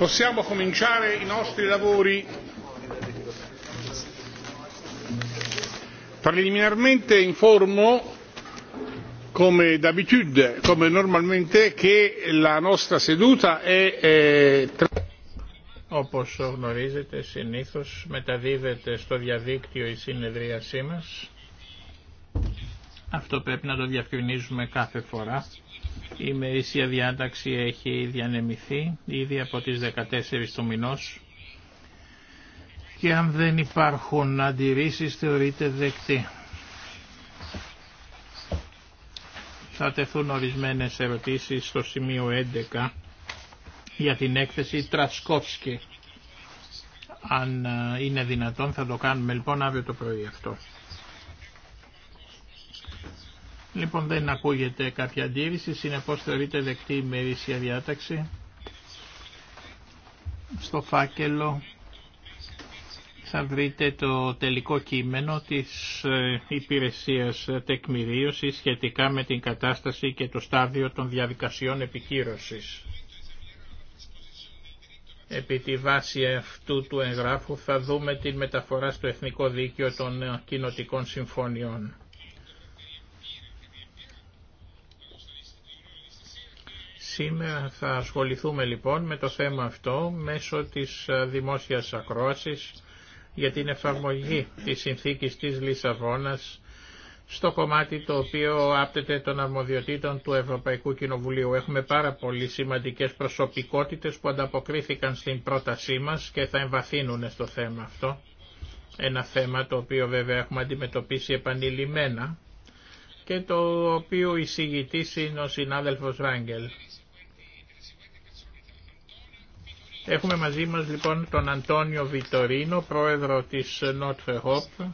Possiamo cominciare i nostri lavori. Preliminarmente informo, come d'abitudine, come normalmente, che la nostra seduta è. Όπως γνωρίζετε συνήθως μεταδίδεται στο διαδίκτυο η συνεδρίασή μας. Αυτό πρέπει να το διευκρινίζουμε κάθε φορά η ημερήσια διάταξη έχει διανεμηθεί ήδη από τις 14 του μηνός και αν δεν υπάρχουν αντιρρήσεις θεωρείται δεκτή. Θα τεθούν ορισμένες ερωτήσεις στο σημείο 11 για την έκθεση Τρασκόφσκι. Αν ε, είναι δυνατόν θα το κάνουμε λοιπόν αύριο το πρωί αυτό. Λοιπόν δεν ακούγεται κάποια αντίρρηση, συνεπώς θεωρείται δεκτή η μερίσια διάταξη. Στο φάκελο θα βρείτε το τελικό κείμενο της ε, υπηρεσίας τεκμηρίωσης σχετικά με την κατάσταση και το στάδιο των διαδικασιών επικύρωσης. Επί τη βάση αυτού του εγγράφου θα δούμε την μεταφορά στο Εθνικό Δίκαιο των ε, Κοινοτικών Συμφωνιών. Σήμερα θα ασχοληθούμε λοιπόν με το θέμα αυτό μέσω της ε, δημόσιας ακρόασης για την εφαρμογή της συνθήκης της Λισαβόνας στο κομμάτι το οποίο άπτεται των αρμοδιοτήτων του Ευρωπαϊκού Κοινοβουλίου. Έχουμε πάρα πολύ σημαντικές προσωπικότητες που ανταποκρίθηκαν στην πρότασή μας και θα εμβαθύνουν στο θέμα αυτό. Ένα θέμα το οποίο βέβαια έχουμε αντιμετωπίσει επανειλημμένα και το οποίο εισηγητής είναι ο συνάδελφος Ράγκελ. Έχουμε μαζί μας λοιπόν τον Αντώνιο Βιτορίνο, πρόεδρο της Notre Hope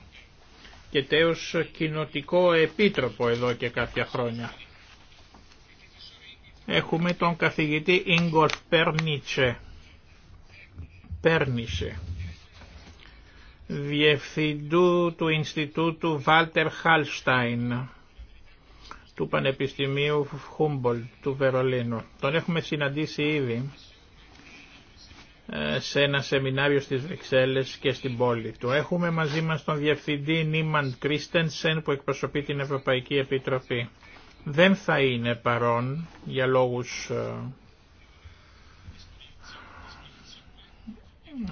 και τέος κοινοτικό επίτροπο εδώ και κάποια χρόνια. Έχουμε τον καθηγητή Ίγκολφ Πέρνιτσε, Πέρνισε, διευθυντού του Ινστιτούτου Βάλτερ Χάλσταϊν του Πανεπιστημίου Χούμπολ του Βερολίνου. Τον έχουμε συναντήσει ήδη ε, σε ένα σεμινάριο στις Βρυξέλλες και στην πόλη του. Έχουμε μαζί μας τον Διευθυντή Νίμαντ Κρίστενσεν που εκπροσωπεί την Ευρωπαϊκή Επιτροπή. Δεν θα είναι παρόν για λόγους ε,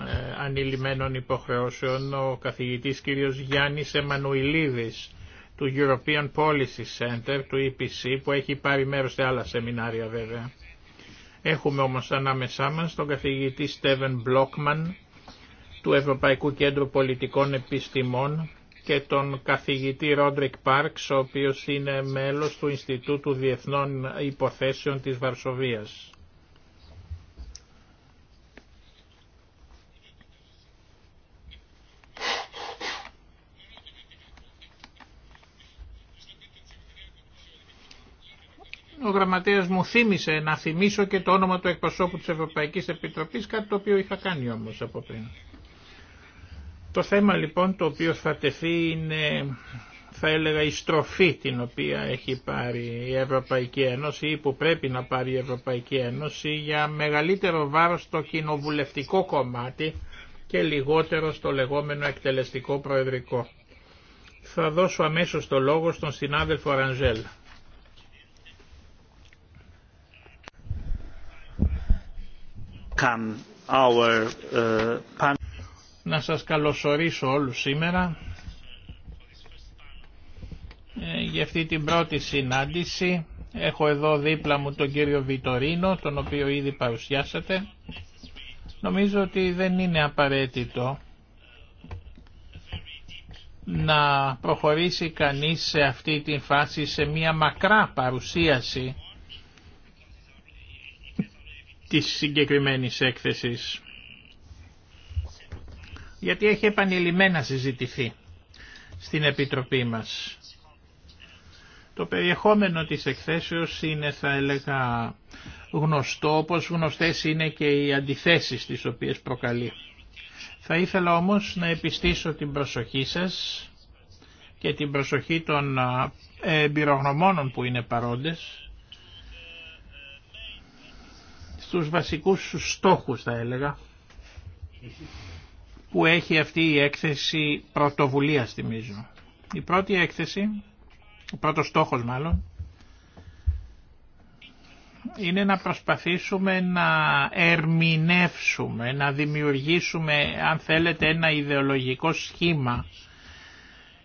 ε, ανηλυμένων υποχρεώσεων ο καθηγητής κ. Γιάννης Εμμανουηλίδης του European Policy Center, του EPC, που έχει πάρει μέρος σε άλλα σεμινάρια βέβαια. Έχουμε όμως ανάμεσά μας τον καθηγητή Στέβεν Μπλόκμαν του Ευρωπαϊκού Κέντρου Πολιτικών Επιστημών και τον καθηγητή Ρόντρικ Πάρξ, ο οποίος είναι μέλος του Ινστιτούτου Διεθνών Υποθέσεων της Βαρσοβίας. Ο γραμματέα μου θύμισε να θυμίσω και το όνομα του εκπροσώπου τη Ευρωπαϊκή Επιτροπή, κάτι το οποίο είχα κάνει όμω από πριν. Το θέμα λοιπόν το οποίο θα τεθεί είναι θα έλεγα η στροφή την οποία έχει πάρει η Ευρωπαϊκή Ένωση ή που πρέπει να πάρει η Ευρωπαϊκή Ένωση για μεγαλύτερο βάρος στο κοινοβουλευτικό κομμάτι και λιγότερο στο λεγόμενο εκτελεστικό προεδρικό. Θα δώσω αμέσως το λόγο στον συνάδελφο Ραντζέλ. Uh, να σας καλωσορίσω όλους σήμερα ε, για αυτή την πρώτη συνάντηση. Έχω εδώ δίπλα μου τον κύριο Βιτορίνο, τον οποίο ήδη παρουσιάσατε. Νομίζω ότι δεν είναι απαραίτητο να προχωρήσει κανείς σε αυτή τη φάση σε μια μακρά παρουσίαση της συγκεκριμένης έκθεσης. Γιατί έχει επανειλημμένα συζητηθεί στην Επιτροπή μας. Το περιεχόμενο της εκθέσεως είναι θα έλεγα γνωστό, όπως γνωστές είναι και οι αντιθέσεις τις οποίες προκαλεί. Θα ήθελα όμως να επιστήσω την προσοχή σας και την προσοχή των ε, εμπειρογνωμόνων που είναι παρόντες Τους βασικούς στόχους θα έλεγα που έχει αυτή η έκθεση πρωτοβουλίας θυμίζω. Η πρώτη έκθεση, ο πρώτος στόχος μάλλον, είναι να προσπαθήσουμε να ερμηνεύσουμε, να δημιουργήσουμε αν θέλετε ένα ιδεολογικό σχήμα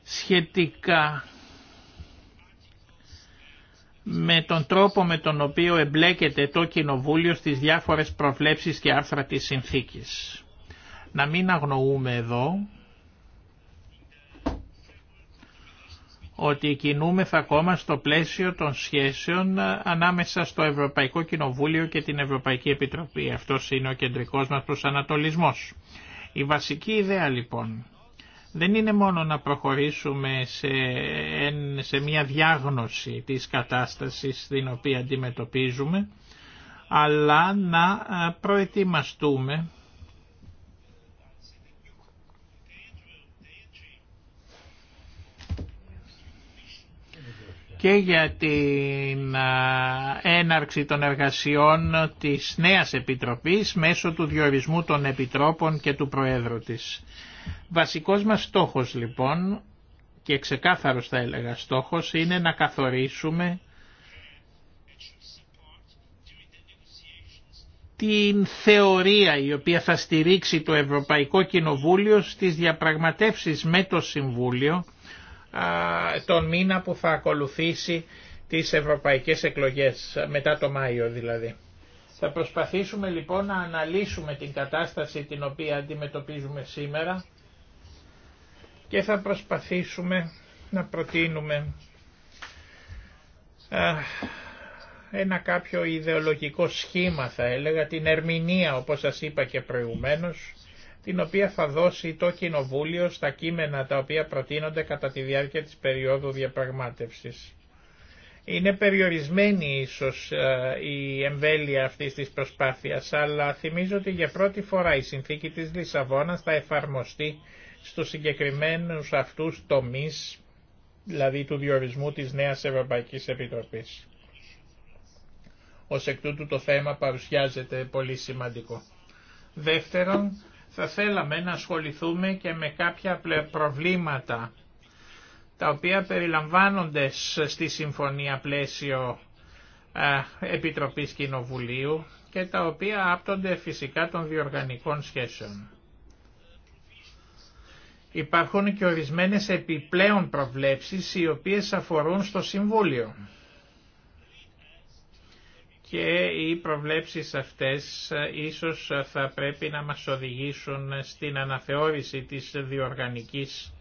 σχετικά με τον τρόπο με τον οποίο εμπλέκεται το Κοινοβούλιο στις διάφορες προβλέψεις και άρθρα της συνθήκης. Να μην αγνοούμε εδώ ότι κινούμεθα ακόμα στο πλαίσιο των σχέσεων ανάμεσα στο Ευρωπαϊκό Κοινοβούλιο και την Ευρωπαϊκή Επιτροπή. Αυτός είναι ο κεντρικός μας προσανατολισμός. Η βασική ιδέα λοιπόν δεν είναι μόνο να προχωρήσουμε σε, μια διάγνωση της κατάστασης την οποία αντιμετωπίζουμε, αλλά να ε, προετοιμαστούμε και για την ε, έναρξη των εργασιών της νέας Επιτροπής μέσω του διορισμού των Επιτρόπων και του Προέδρου της. Βασικός μας στόχος λοιπόν και ξεκάθαρος θα έλεγα στόχος είναι να καθορίσουμε την θεωρία η οποία θα στηρίξει το Ευρωπαϊκό Κοινοβούλιο στις διαπραγματεύσεις με το Συμβούλιο τον μήνα που θα ακολουθήσει τις ευρωπαϊκές εκλογές, μετά το Μάιο δηλαδή. Θα προσπαθήσουμε λοιπόν να αναλύσουμε την κατάσταση την οποία αντιμετωπίζουμε σήμερα και θα προσπαθήσουμε να προτείνουμε ένα κάποιο ιδεολογικό σχήμα θα έλεγα, την ερμηνεία όπως σας είπα και προηγουμένως, την οποία θα δώσει το Κοινοβούλιο στα κείμενα τα οποία προτείνονται κατά τη διάρκεια της περίοδου διαπραγμάτευσης. Είναι περιορισμένη ίσως η εμβέλεια αυτής της προσπάθειας, αλλά θυμίζω ότι για πρώτη φορά η συνθήκη της Λισαβόνας θα εφαρμοστεί στους συγκεκριμένους αυτούς τομείς, δηλαδή του διορισμού της νέας Ευρωπαϊκής Επιτροπής. Ως εκ τούτου το θέμα παρουσιάζεται πολύ σημαντικό. Δεύτερον, θα θέλαμε να ασχοληθούμε και με κάποια προβλήματα τα οποία περιλαμβάνονται στη Συμφωνία Πλαίσιο Επιτροπής Κοινοβουλίου και τα οποία άπτονται φυσικά των διοργανικών σχέσεων. Υπάρχουν και ορισμένες επιπλέον προβλέψεις οι οποίες αφορούν στο Συμβούλιο. Και οι προβλέψεις αυτές ε, ίσως ε, θα πρέπει να μας οδηγήσουν ε, στην αναθεώρηση της διοργανικής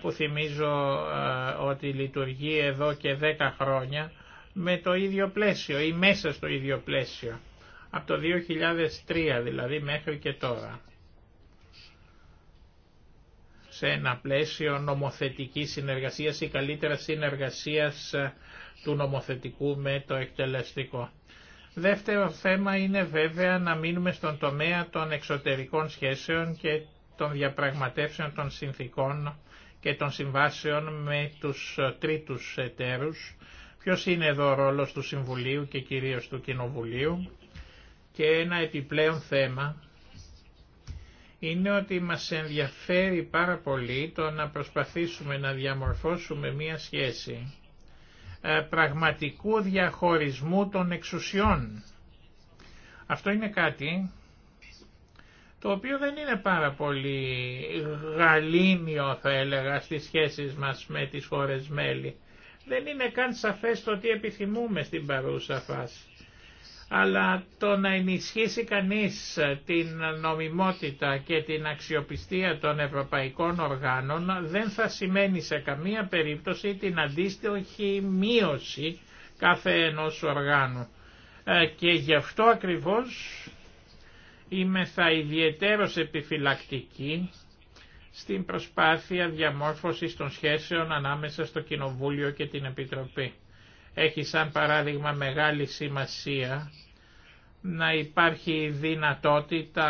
που θυμίζω ότι λειτουργεί εδώ και 10 χρόνια με το ίδιο πλαίσιο ή μέσα στο ίδιο πλαίσιο. Από το 2003 δηλαδή μέχρι και τώρα σε ένα πλαίσιο νομοθετικής συνεργασίας ή καλύτερα συνεργασίας ε, του νομοθετικού με το εκτελεστικό. Δεύτερο θέμα είναι βέβαια να μείνουμε στον τομέα των εξωτερικών σχέσεων και των διαπραγματεύσεων των συνθήκων και των συμβάσεων με τους ε, τρίτους εταίρους. Ποιος είναι εδώ ο ρόλος του Συμβουλίου και κυρίως του Κοινοβουλίου. Και ένα επιπλέον θέμα είναι ότι μας ενδιαφέρει πάρα πολύ το να προσπαθήσουμε να διαμορφώσουμε μία σχέση ε, πραγματικού διαχωρισμού των εξουσιών. Αυτό είναι κάτι το οποίο δεν είναι πάρα πολύ γαλήνιο θα έλεγα στις σχέσεις μας με τις χώρες μέλη. Δεν είναι καν σαφές το τι επιθυμούμε στην παρούσα φάση αλλά το να ενισχύσει κανείς την νομιμότητα και την αξιοπιστία των ευρωπαϊκών οργάνων δεν θα σημαίνει σε καμία περίπτωση την αντίστοιχη μείωση κάθε ενός οργάνου. Ε, και γι' αυτό ακριβώς είμαι θα ιδιαιτέρως επιφυλακτική στην προσπάθεια διαμόρφωσης των σχέσεων ανάμεσα στο Κοινοβούλιο και την Επιτροπή έχει σαν παράδειγμα μεγάλη σημασία να υπάρχει δυνατότητα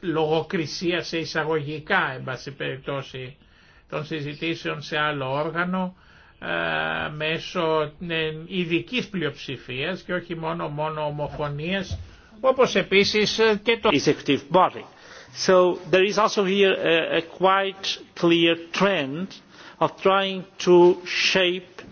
λογοκρισία σε εισαγωγικά, εν πάση περιπτώσει, των συζητήσεων σε άλλο όργανο μέσω ναι, ειδική πλειοψηφία και όχι μόνο, μόνο ομοφωνίας, όπως επίσης και το... So there is also here a quite clear trend of trying to shape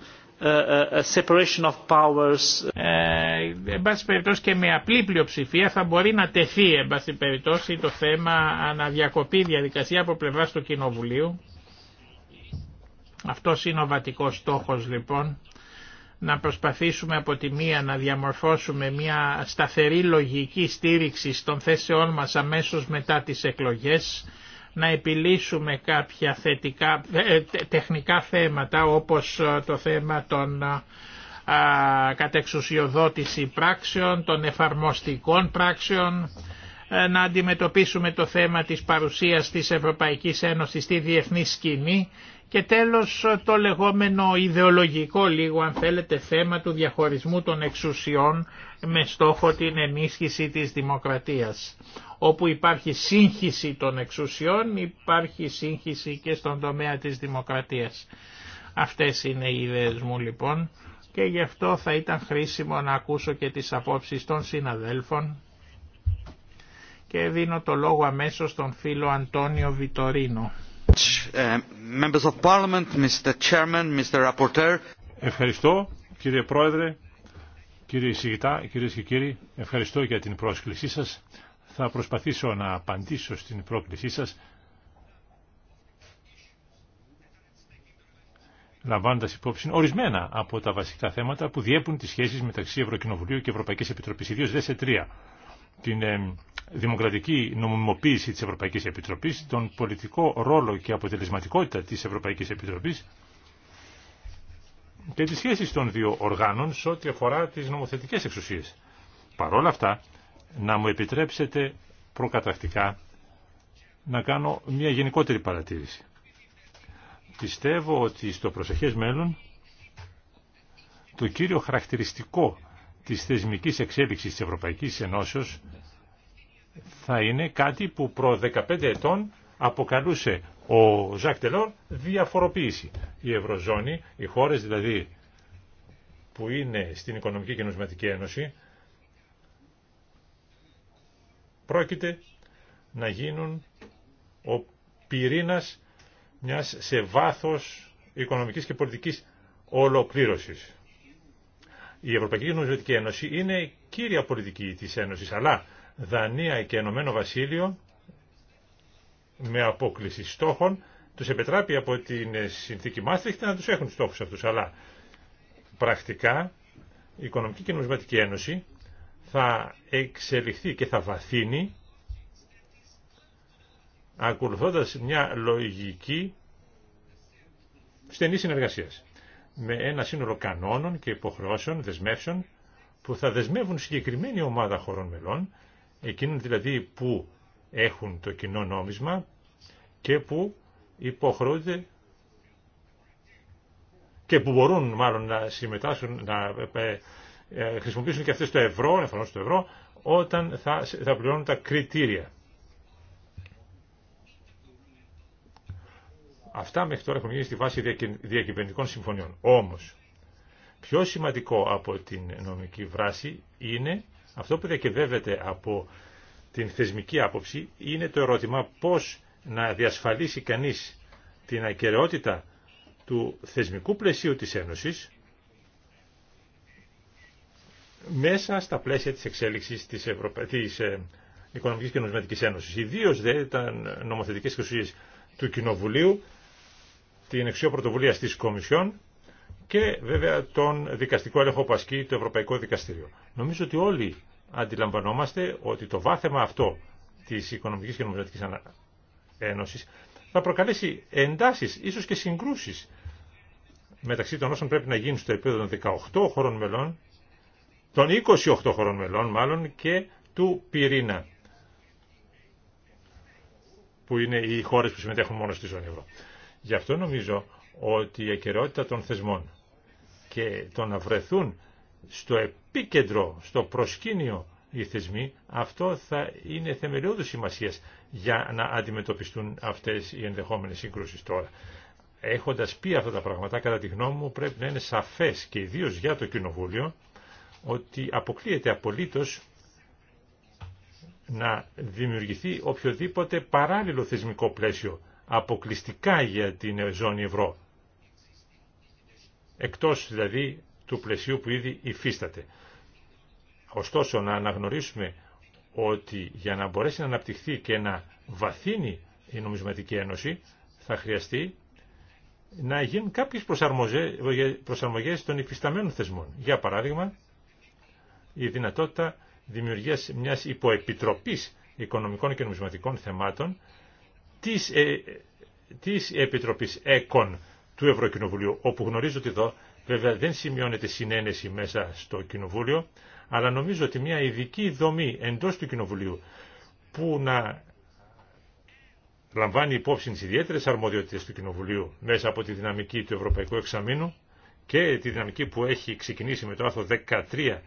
uh, uh, a separation of powers. Ε, εν πάση περιπτώσει και με απλή πλειοψηφία θα μπορεί να τεθεί εν πάση περιπτώσει το θέμα αναδιακοπή διαδικασία από πλευρά του Κοινοβουλίου. Αυτό είναι ο βατικός στόχος λοιπόν να προσπαθήσουμε από τη μία να διαμορφώσουμε μια σταθερή λογική στήριξη των θέσεών μας αμέσως μετά τις εκλογές να επιλύσουμε κάποια θετικά, ε, ε, τεχνικά θέματα όπως ε, το θέμα των κατεξουσιοδότηση πράξεων, των εφαρμοστικών πράξεων, να αντιμετωπίσουμε το θέμα της παρουσίας της Ευρωπαϊκής Ένωσης στη διεθνή σκηνή και τέλος το λεγόμενο ιδεολογικό λίγο αν θέλετε θέμα του διαχωρισμού των εξουσιών με στόχο την ενίσχυση της δημοκρατίας όπου υπάρχει σύγχυση των εξουσιών υπάρχει σύγχυση και στον τομέα της δημοκρατίας. Αυτές είναι οι ιδέες μου λοιπόν και γι' αυτό θα ήταν χρήσιμο να ακούσω και τις απόψεις των συναδέλφων και δίνω το λόγο αμέσως στον φίλο Αντώνιο Βιτορίνο. Ε, ευχαριστώ κύριε Πρόεδρε, κύριε Συγητά, κύριε και κύριοι, ευχαριστώ για την πρόσκλησή σας. Θα προσπαθήσω να απαντήσω στην πρόκλησή σας, λαμβάνοντα υπόψη ορισμένα από τα βασικά θέματα που διέπουν τις σχέσεις μεταξύ Ευρωκοινοβουλίου και Ευρωπαϊκής Επιτροπής, ιδίως σε τρία. την ε, δημοκρατική νομιμοποίηση της Ευρωπαϊκής Επιτροπής, τον πολιτικό ρόλο και αποτελεσματικότητα της Ευρωπαϊκής Επιτροπής, και τις σχέσεις των δύο οργάνων σε ό,τι αφορά τις νομοθετικές εξουσίες. Παρ' αυτά, να μου επιτρέψετε προκατακτικά να κάνω μια γενικότερη παρατήρηση. Πιστεύω ότι στο προσεχές μέλλον το κύριο χαρακτηριστικό της θεσμικής εξέλιξης της Ευρωπαϊκής Ενώσεως θα είναι κάτι που προ 15 ετών αποκαλούσε ο Ζακ Τελόρ διαφοροποίηση. Η Ευρωζώνη, οι χώρες δηλαδή που είναι στην Οικονομική και Ένωση, Πρόκειται να γίνουν ο πυρήνας μιας σε βάθος οικονομικής και πολιτικής ολοκλήρωσης. Η Ευρωπαϊκή Νομισματική Ένωση είναι η κύρια πολιτική της Ένωσης, αλλά Δανία και Ενωμένο Βασίλειο με απόκληση στόχων τους επιτράπει από την συνθήκη Μάστριχτ να τους έχουν στόχους αυτούς, αλλά πρακτικά η Οικονομική και Νομισματική Ένωση θα εξελιχθεί και θα βαθύνει ακολουθώντας μια λογική στενή συνεργασία με ένα σύνολο κανόνων και υποχρεώσεων, δεσμεύσεων που θα δεσμεύουν συγκεκριμένη ομάδα χωρών μελών, εκείνων δηλαδή που έχουν το κοινό νόμισμα και που υποχρεούνται και που μπορούν μάλλον να συμμετάσχουν, να ε, ε, ε, χρησιμοποιήσουν και αυτές το ευρώ, το ευρώ, όταν θα, θα πληρώνουν τα κριτήρια. Αυτά μέχρι τώρα έχουν γίνει στη βάση διακυβερνητικών συμφωνιών. Όμως, πιο σημαντικό από την νομική βράση είναι αυτό που διακυβεύεται από την θεσμική άποψη είναι το ερώτημα πώς να διασφαλίσει κανείς την ακαιρεότητα του θεσμικού πλαισίου της Ένωσης μέσα στα πλαίσια της εξέλιξης της, Ευρωπα... της ε, Οικονομικής και Νομισματικής Ένωσης. Ιδίως δε τα νομοθετικές εξουσίες του Κοινοβουλίου, την εξουσία πρωτοβουλία της Κομισιόν και βέβαια τον δικαστικό έλεγχο που ασκεί το Ευρωπαϊκό Δικαστήριο. Νομίζω ότι όλοι αντιλαμβανόμαστε ότι το βάθεμα αυτό της Οικονομικής και Νομισματικής Ένωσης θα προκαλέσει εντάσεις, ίσως και συγκρούσεις μεταξύ των όσων πρέπει να γίνουν στο επίπεδο των 18 χωρών μελών των 28 χωρών μελών μάλλον και του πυρήνα που είναι οι χώρες που συμμετέχουν μόνο στη ζώνη ευρώ. Γι' αυτό νομίζω ότι η ακαιρεότητα των θεσμών και το να βρεθούν στο επίκεντρο, στο προσκήνιο οι θεσμοί, αυτό θα είναι θεμελιώδους σημασίας για να αντιμετωπιστούν αυτές οι ενδεχόμενες σύγκρουσεις τώρα. Έχοντας πει αυτά τα πράγματα, κατά τη γνώμη μου πρέπει να είναι σαφές και ιδίω για το Κοινοβούλιο ότι αποκλείεται απολύτως να δημιουργηθεί οποιοδήποτε παράλληλο θεσμικό πλαίσιο αποκλειστικά για την ζώνη ευρώ. Εκτός δηλαδή του πλαισίου που ήδη υφίσταται. Ωστόσο να αναγνωρίσουμε ότι για να μπορέσει να αναπτυχθεί και να βαθύνει η νομισματική ένωση θα χρειαστεί να γίνουν κάποιες προσαρμογές των υφισταμένων θεσμών. Για παράδειγμα, η δυνατότητα δημιουργίας μιας υποεπιτροπής οικονομικών και νομισματικών θεμάτων της, ε, της Επιτροπής ΕΚΟΝ του Ευρωκοινοβουλίου, όπου γνωρίζω ότι εδώ βέβαια δεν σημειώνεται συνένεση μέσα στο Κοινοβούλιο, αλλά νομίζω ότι μια ειδική δομή εντός του Κοινοβουλίου που να λαμβάνει υπόψη τις ιδιαίτερες αρμοδιότητες του Κοινοβουλίου μέσα από τη δυναμική του Ευρωπαϊκού Εξαμήνου και τη δυναμική που έχει ξεκινήσει με το άρθρο 13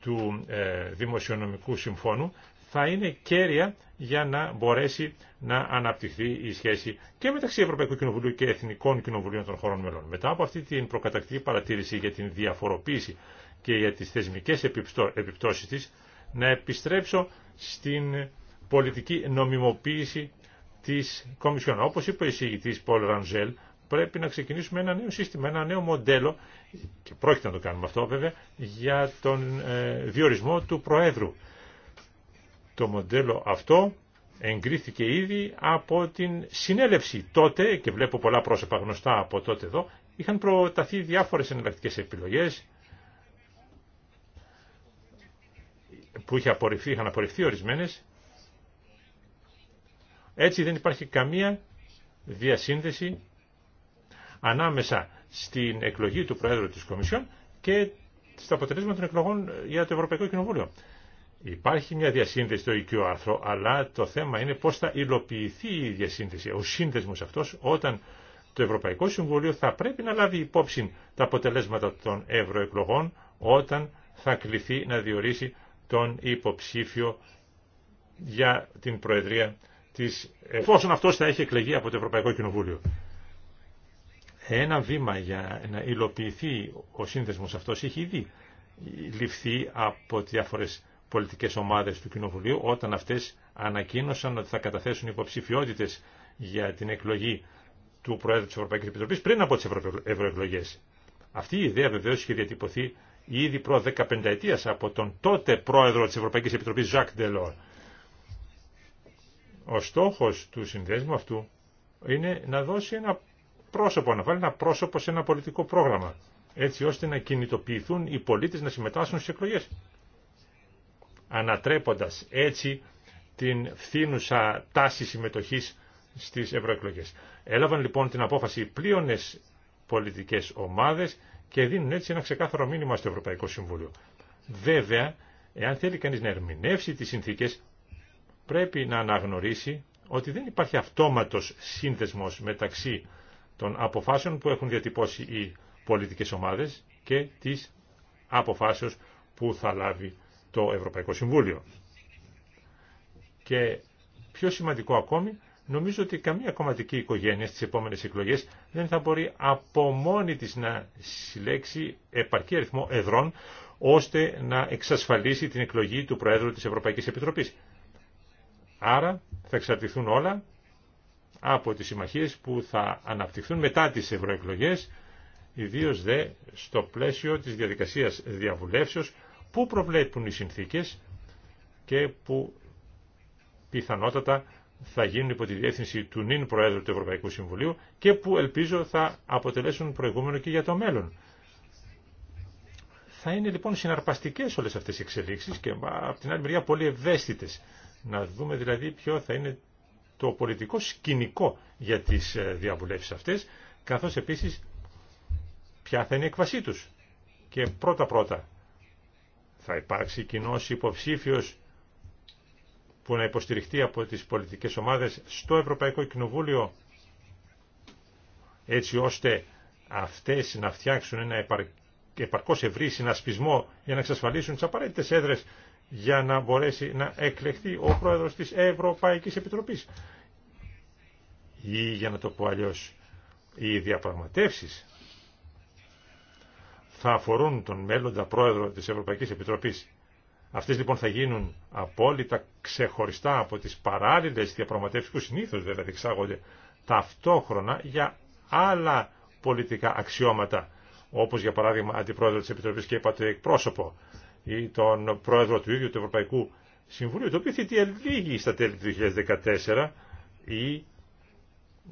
του ε, Δημοσιονομικού Συμφώνου θα είναι κέρια για να μπορέσει να αναπτυχθεί η σχέση και μεταξύ Ευρωπαϊκού Κοινοβουλίου και Εθνικών Κοινοβουλίων των χωρών μελών. Μετά από αυτή την προκατακτική παρατήρηση για την διαφοροποίηση και για τις θεσμικές επιπτώσεις της, να επιστρέψω στην πολιτική νομιμοποίηση της Κομισιόν. Όπως είπε ο εισηγητής Πολ Ραντζέλ, πρέπει να ξεκινήσουμε ένα νέο σύστημα, ένα νέο μοντέλο, και πρόκειται να το κάνουμε αυτό βέβαια, για τον ε, διορισμό του Προέδρου. Το μοντέλο αυτό εγκρίθηκε ήδη από την συνέλευση τότε, και βλέπω πολλά πρόσωπα γνωστά από τότε εδώ, είχαν προταθεί διάφορες εναλλακτικές επιλογές, που είχε απορριφθεί, είχαν απορριφθεί ορισμένες, έτσι δεν υπάρχει καμία διασύνδεση ανάμεσα στην εκλογή του Προέδρου της Κομισιόν και στα αποτελέσματα των εκλογών για το Ευρωπαϊκό Κοινοβούλιο. Υπάρχει μια διασύνδεση στο οικείο άρθρο, αλλά το θέμα είναι πώς θα υλοποιηθεί η διασύνδεση, ο σύνδεσμος αυτός, όταν το Ευρωπαϊκό Συμβουλίο θα πρέπει να λάβει υπόψη τα αποτελέσματα των ευρωεκλογών, όταν θα κληθεί να διορίσει τον υποψήφιο για την Προεδρία της... εφόσον αυτός θα έχει εκλεγεί από το Ευρωπαϊκό Κοινοβούλιο. Ένα βήμα για να υλοποιηθεί ο σύνδεσμος αυτός έχει ήδη ληφθεί από διάφορες πολιτικές ομάδες του Κοινοβουλίου όταν αυτές ανακοίνωσαν ότι θα καταθέσουν υποψηφιότητες για την εκλογή του Προέδρου της Ευρωπαϊκής Επιτροπής πριν από τις ευρωεκλογέ. Αυτή η ιδέα βεβαίω είχε διατυπωθεί ήδη προ 15 ετίας από τον τότε Πρόεδρο της Ευρωπαϊκής Επιτροπής Ζακ Ντελόρ. Ο στόχος του συνδέσμου αυτού είναι να δώσει ένα πρόσωπο, να βάλει ένα πρόσωπο σε ένα πολιτικό πρόγραμμα, έτσι ώστε να κινητοποιηθούν οι πολίτε να συμμετάσχουν στις εκλογέ. Ανατρέποντα έτσι την φθήνουσα τάση συμμετοχή στι ευρωεκλογέ. Έλαβαν λοιπόν την απόφαση πλήρωνε πολιτικέ ομάδε και δίνουν έτσι ένα ξεκάθαρο μήνυμα στο Ευρωπαϊκό Συμβούλιο. Βέβαια, εάν θέλει κανεί να ερμηνεύσει τι συνθήκε, πρέπει να αναγνωρίσει ότι δεν υπάρχει αυτόματος σύνδεσμος μεταξύ των αποφάσεων που έχουν διατυπώσει οι πολιτικές ομάδες και της αποφάσεως που θα λάβει το Ευρωπαϊκό Συμβούλιο. Και πιο σημαντικό ακόμη, νομίζω ότι καμία κομματική οικογένεια στις επόμενες εκλογές δεν θα μπορεί από μόνη της να συλλέξει επαρκή αριθμό εδρών ώστε να εξασφαλίσει την εκλογή του Προέδρου της Ευρωπαϊκής Επιτροπής. Άρα θα εξαρτηθούν όλα από τις συμμαχίες που θα αναπτυχθούν μετά τις ευρωεκλογές, ιδίως δε στο πλαίσιο της διαδικασίας διαβουλεύσεως που προβλέπουν οι συνθήκες και που πιθανότατα θα γίνουν υπό τη διεύθυνση του νυν Προέδρου του Ευρωπαϊκού Συμβουλίου και που ελπίζω θα αποτελέσουν προηγούμενο και για το μέλλον. Θα είναι λοιπόν συναρπαστικές όλες αυτές οι εξελίξεις και από την άλλη μεριά πολύ ευαίσθητες. Να δούμε δηλαδή ποιο θα είναι το πολιτικό σκηνικό για τις ε, διαβουλεύσεις αυτές, καθώς επίσης ποια θα είναι η εκβασή τους. Και πρώτα-πρώτα θα υπάρξει κοινό υποψήφιο που να υποστηριχτεί από τις πολιτικές ομάδες στο Ευρωπαϊκό Κοινοβούλιο έτσι ώστε αυτές να φτιάξουν ένα επαρκώς ευρύ συνασπισμό για να εξασφαλίσουν τις απαραίτητες έδρες για να μπορέσει να εκλεχθεί ο πρόεδρος της Ευρωπαϊκής Επιτροπής. Ή για να το πω αλλιώς, οι διαπραγματεύσεις θα αφορούν τον μέλλοντα πρόεδρο της Ευρωπαϊκής Επιτροπής. Αυτές λοιπόν θα γίνουν απόλυτα ξεχωριστά από τις παράλληλες διαπραγματεύσεις που συνήθως βέβαια διεξάγονται ταυτόχρονα για άλλα πολιτικά αξιώματα, όπως για παράδειγμα αντιπρόεδρο της Επιτροπής και είπατε εκπρόσωπο ή τον πρόεδρο του ίδιου του Ευρωπαϊκού Συμβουλίου, το οποίο λίγη στα τέλη του 2014 ή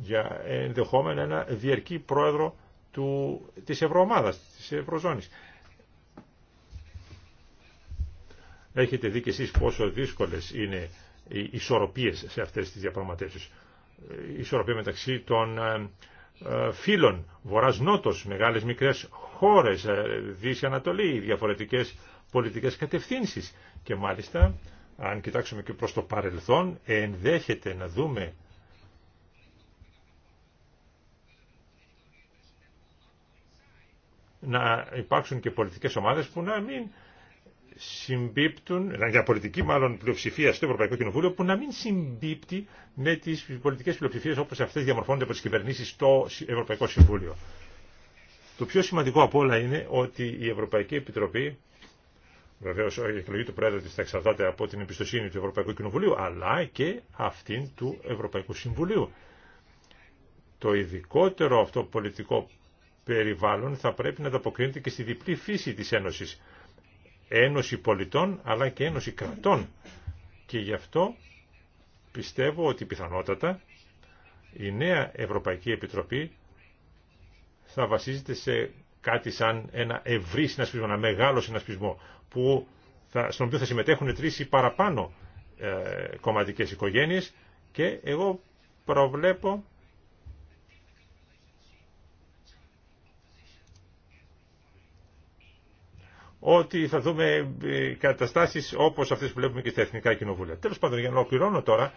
για ενδεχόμενα ένα διερκή πρόεδρο του, της Ευρωομάδας, της Ευρωζώνης. Έχετε δει και εσείς πόσο δύσκολες είναι οι ισορροπίες σε αυτές τις διαπραγματεύσεις. Η ισορροπία μεταξύ των ε, ε, φίλων, βορράς νότος, μεγάλες μικρές χώρες, ε, δύση ανατολή, διαφορετικές πολιτικές κατευθύνσεις. Και μάλιστα, αν κοιτάξουμε και προς το παρελθόν, ενδέχεται να δούμε να υπάρξουν και πολιτικές ομάδες που να μην συμπίπτουν, για πολιτική μάλλον πλειοψηφία στο Ευρωπαϊκό Κοινοβούλιο, που να μην συμπίπτει με τις πολιτικές πλειοψηφίες όπως αυτές διαμορφώνονται από τις κυβερνήσεις στο Ευρωπαϊκό Συμβούλιο. Το πιο σημαντικό από όλα είναι ότι η Ευρωπαϊκή Επιτροπή Βεβαίω η εκλογή του Πρόεδρου τη θα εξαρτάται από την εμπιστοσύνη του Ευρωπαϊκού Κοινοβουλίου αλλά και αυτήν του Ευρωπαϊκού Συμβουλίου. Το ειδικότερο αυτό πολιτικό περιβάλλον θα πρέπει να ανταποκρίνεται και στη διπλή φύση της Ένωσης. Ένωση πολιτών αλλά και ένωση κρατών. Και γι' αυτό πιστεύω ότι πιθανότατα η νέα Ευρωπαϊκή Επιτροπή θα βασίζεται σε κάτι σαν ένα ευρύ συνασπισμό, ένα μεγάλο συνασπισμό, που στον οποίο θα συμμετέχουν τρεις ή παραπάνω ε, κομματικές οικογένειες και εγώ προβλέπω ότι θα δούμε ε, καταστάσεις όπως αυτές που βλέπουμε και στα Εθνικά Κοινοβούλια. Τέλος πάντων, για να ολοκληρώνω τώρα,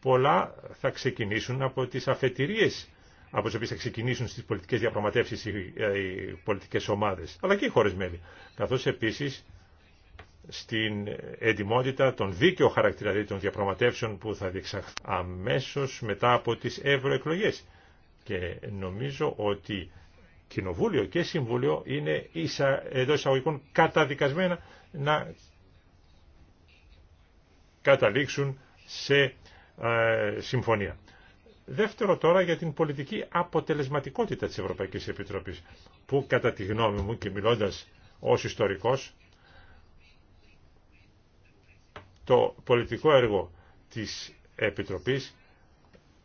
πολλά θα ξεκινήσουν από τις αφετηρίες από τι οποίε θα ξεκινήσουν στις πολιτικές διαπραγματεύσεις ε, οι πολιτικές ομάδες αλλά και οι χώρες μέλη. καθώς επίσης στην ετοιμότητα των δίκαιο χαρακτήρα δηλαδή των διαπραγματεύσεων που θα διεξαχθούν αμέσως μετά από τις ευρωεκλογέ. Και νομίζω ότι Κοινοβούλιο και Συμβούλιο είναι ίσα, εντό εισαγωγικών καταδικασμένα να καταλήξουν σε ε, συμφωνία. Δεύτερο τώρα για την πολιτική αποτελεσματικότητα της Ευρωπαϊκής Επιτροπής που κατά τη γνώμη μου και μιλώντας ως ιστορικός το πολιτικό έργο της Επιτροπής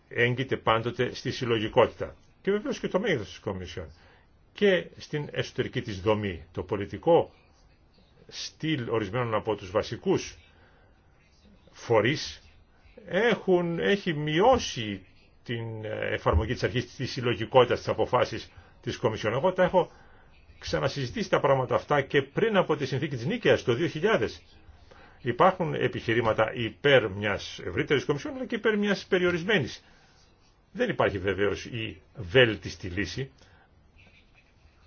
έγκυται πάντοτε στη συλλογικότητα και βεβαίως και το μέγεθος της Κομισιόν και στην εσωτερική της δομή. Το πολιτικό στυλ ορισμένων από τους βασικούς φορείς έχουν, έχει μειώσει την ε, εφαρμογή της αρχής της συλλογικότητας της αποφάσης της Κομισιόν. Εγώ τα έχω ξανασυζητήσει τα πράγματα αυτά και πριν από τη συνθήκη της Νίκαιας το 2000 Υπάρχουν επιχειρήματα υπέρ μιας ευρύτερης κομισιόν αλλά και υπέρ μιας περιορισμένης. Δεν υπάρχει βεβαίως η βέλτιστη λύση,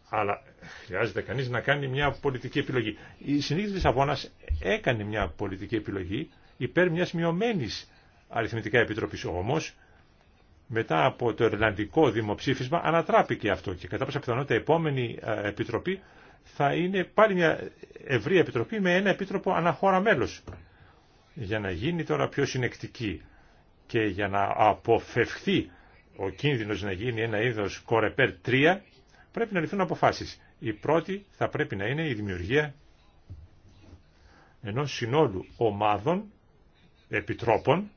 αλλά χρειάζεται κανείς να κάνει μια πολιτική επιλογή. Η συνήθεια της Αβώνας έκανε μια πολιτική επιλογή υπέρ μιας μειωμένης αριθμητικά επιτροπής. Όμως, μετά από το Ιρλανδικό δημοψήφισμα ανατράπηκε αυτό και κατά πάσα πιθανότητα η επόμενη ε, επιτροπή θα είναι πάλι μια ευρία επιτροπή με ένα επίτροπο αναχώρα μέλος. Για να γίνει τώρα πιο συνεκτική και για να αποφευχθεί ο κίνδυνος να γίνει ένα είδος κορεπέρ 3, πρέπει να ληφθούν αποφάσεις. Η πρώτη θα πρέπει να είναι η δημιουργία ενός συνόλου ομάδων επιτρόπων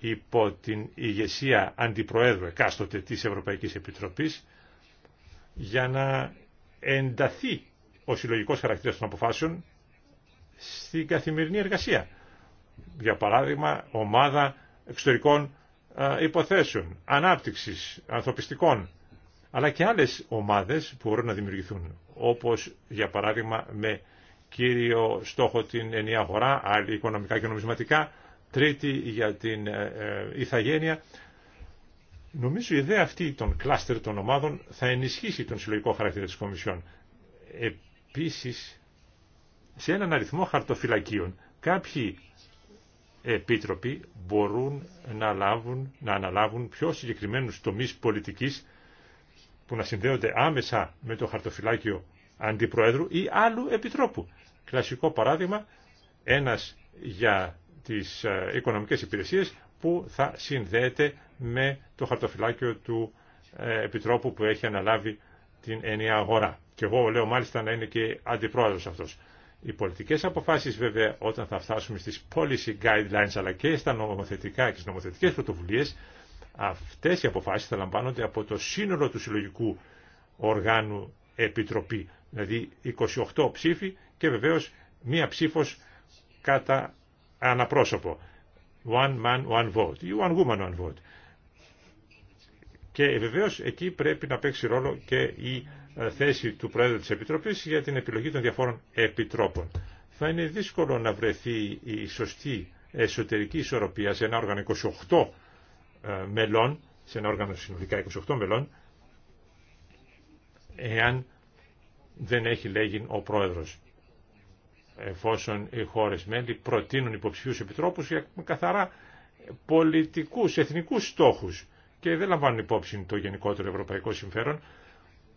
υπό την ηγεσία αντιπροέδρου εκάστοτε της Ευρωπαϊκής Επιτροπής για να ενταθεί ο συλλογικό χαρακτήρα των αποφάσεων στην καθημερινή εργασία. Για παράδειγμα, ομάδα εξωτερικών υποθέσεων, ανάπτυξης, ανθρωπιστικών, αλλά και άλλες ομάδες που μπορούν να δημιουργηθούν, όπως για παράδειγμα με κύριο στόχο την ενιαία αγορά, άλλη οικονομικά και νομισματικά, τρίτη για την ε, ε, ηθαγένεια, Νομίζω η ιδέα αυτή των κλάστερ των ομάδων θα ενισχύσει τον συλλογικό χαρακτήρα της Κομισιόν. Επίσης, σε έναν αριθμό χαρτοφυλακίων, κάποιοι επίτροποι μπορούν να, λάβουν, να αναλάβουν πιο συγκεκριμένους τομείς πολιτικής που να συνδέονται άμεσα με το χαρτοφυλάκιο αντιπροέδρου ή άλλου επιτρόπου. Κλασικό παράδειγμα, ένας για τις ε, οικονομικές υπηρεσίες, που θα συνδέεται με το χαρτοφυλάκιο του ε, Επιτρόπου που έχει αναλάβει την ενιαία αγορά. Και εγώ λέω μάλιστα να είναι και αντιπρόεδρος αυτός. Οι πολιτικές αποφάσεις βέβαια όταν θα φτάσουμε στις policy guidelines αλλά και στα νομοθετικά και στις νομοθετικές πρωτοβουλίες αυτές οι αποφάσεις θα λαμβάνονται από το σύνολο του συλλογικού οργάνου επιτροπή. Δηλαδή 28 ψήφοι και βεβαίως μία ψήφος κατά αναπρόσωπο one man, one vote ή one woman, one vote. Και ε, βεβαίως εκεί πρέπει να παίξει ρόλο και η ε, θέση του Πρόεδρου της Επιτροπής για την επιλογή των διαφόρων επιτρόπων. Θα είναι δύσκολο να βρεθεί η σωστή εσωτερική ισορροπία σε ένα όργανο 28 ε, μελών, σε ένα όργανο συνολικά 28 μελών, εάν δεν έχει λέγει ο Πρόεδρος εφόσον οι χώρες μέλη προτείνουν υποψηφίους επιτρόπους για καθαρά πολιτικούς, εθνικούς στόχους και δεν λαμβάνουν υπόψη το γενικότερο ευρωπαϊκό συμφέρον,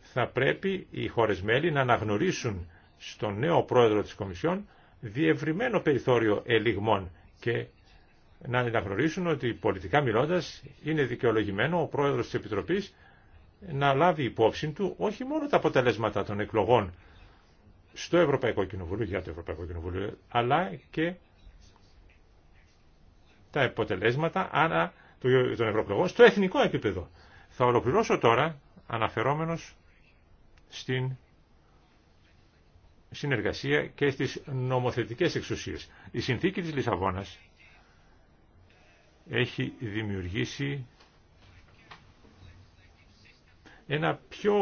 θα πρέπει οι χώρες μέλη να αναγνωρίσουν στον νέο πρόεδρο της Κομισιόν διευρυμένο περιθώριο ελιγμών και να αναγνωρίσουν ότι πολιτικά μιλώντας είναι δικαιολογημένο ο πρόεδρος της Επιτροπής να λάβει υπόψη του όχι μόνο τα αποτελέσματα των εκλογών στο Ευρωπαϊκό Κοινοβούλιο, για το Ευρωπαϊκό Κοινοβούλιο, αλλά και τα αποτελέσματα άρα, των Ευρωπαϊκών στο εθνικό επίπεδο. Θα ολοκληρώσω τώρα αναφερόμενος στην συνεργασία και στις νομοθετικές εξουσίες. Η συνθήκη της Λισαβόνας έχει δημιουργήσει ένα πιο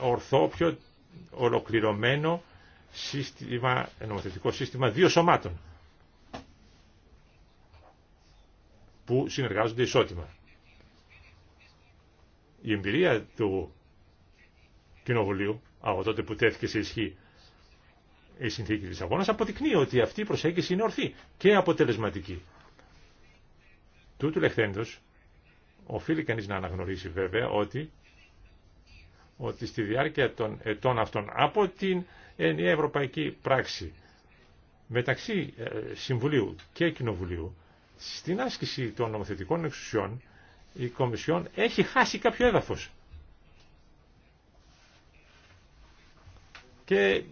ορθό, πιο ολοκληρωμένο σύστημα, νομοθετικό σύστημα δύο σωμάτων που συνεργάζονται ισότιμα. Η εμπειρία του Κοινοβουλίου από τότε που τέθηκε σε ισχύ η συνθήκη της αγώνας αποδεικνύει ότι αυτή η προσέγγιση είναι ορθή και αποτελεσματική. Τούτου λεχθέντος οφείλει κανείς να αναγνωρίσει βέβαια ότι ότι στη διάρκεια των ετών αυτών από την ενιαία ευρωπαϊκή πράξη μεταξύ ε, Συμβουλίου και Κοινοβουλίου στην άσκηση των νομοθετικών εξουσιών η Κομισιόν έχει χάσει κάποιο έδαφος. Και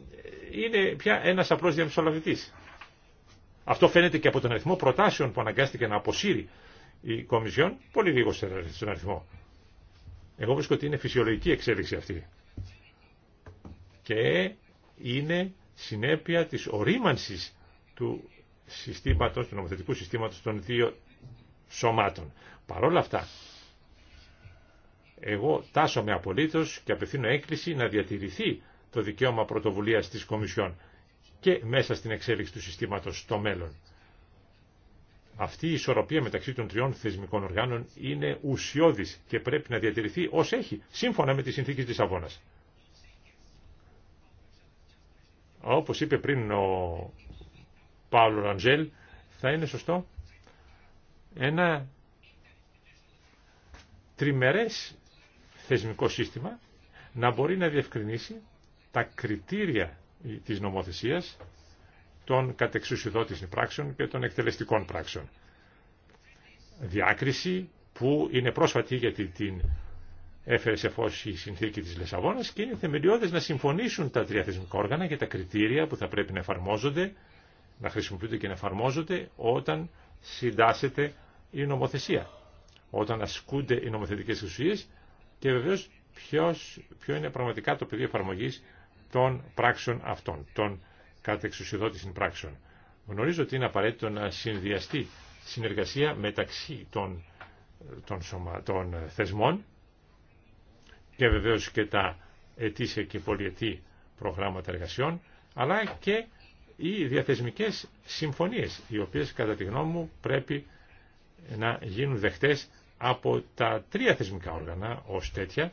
είναι πια ένας απλός διαμεσολαβητής. Αυτό φαίνεται και από τον αριθμό προτάσεων που αναγκάστηκε να αποσύρει η Κομισιόν, πολύ λίγο στον αριθμό. Εγώ βρίσκω ότι είναι φυσιολογική εξέλιξη αυτή. Και είναι συνέπεια της ορίμανσης του συστήματος, του νομοθετικού συστήματος των δύο σωμάτων. Παρόλα αυτά, εγώ τάσομαι απολύτως και απευθύνω έκκληση να διατηρηθεί το δικαίωμα πρωτοβουλίας της Κομισιόν και μέσα στην εξέλιξη του συστήματος στο μέλλον. Αυτή η ισορροπία μεταξύ των τριών θεσμικών οργάνων είναι ουσιώδη και πρέπει να διατηρηθεί ω έχει, σύμφωνα με τις συνθήκες της Αβώνα. Όπω είπε πριν ο Παύλο Ραντζέλ, θα είναι σωστό ένα τριμερές θεσμικό σύστημα να μπορεί να διευκρινίσει τα κριτήρια της νομοθεσίας των κατεξουσιοδότης πράξεων και των εκτελεστικών πράξεων. Διάκριση που είναι πρόσφατη γιατί την έφερε σε φως η συνθήκη της Λεσαβόνας και είναι θεμελιώδες να συμφωνήσουν τα τρία θεσμικά όργανα για τα κριτήρια που θα πρέπει να εφαρμόζονται, να χρησιμοποιούνται και να εφαρμόζονται όταν συντάσσεται η νομοθεσία, όταν ασκούνται οι νομοθετικές ουσίες και βεβαίως ποιος, ποιο είναι πραγματικά το πεδίο εφαρμογής των πράξεων αυτών, των κατά εξουσιοδότηση πράξεων. Γνωρίζω ότι είναι απαραίτητο να συνδυαστεί συνεργασία μεταξύ των, των, θεσμών και βεβαίως και τα ετήσια και πολιετή προγράμματα εργασιών, αλλά και οι διαθεσμικές συμφωνίες, οι οποίες κατά τη γνώμη μου πρέπει να γίνουν δεχτές από τα τρία θεσμικά όργανα ως τέτοια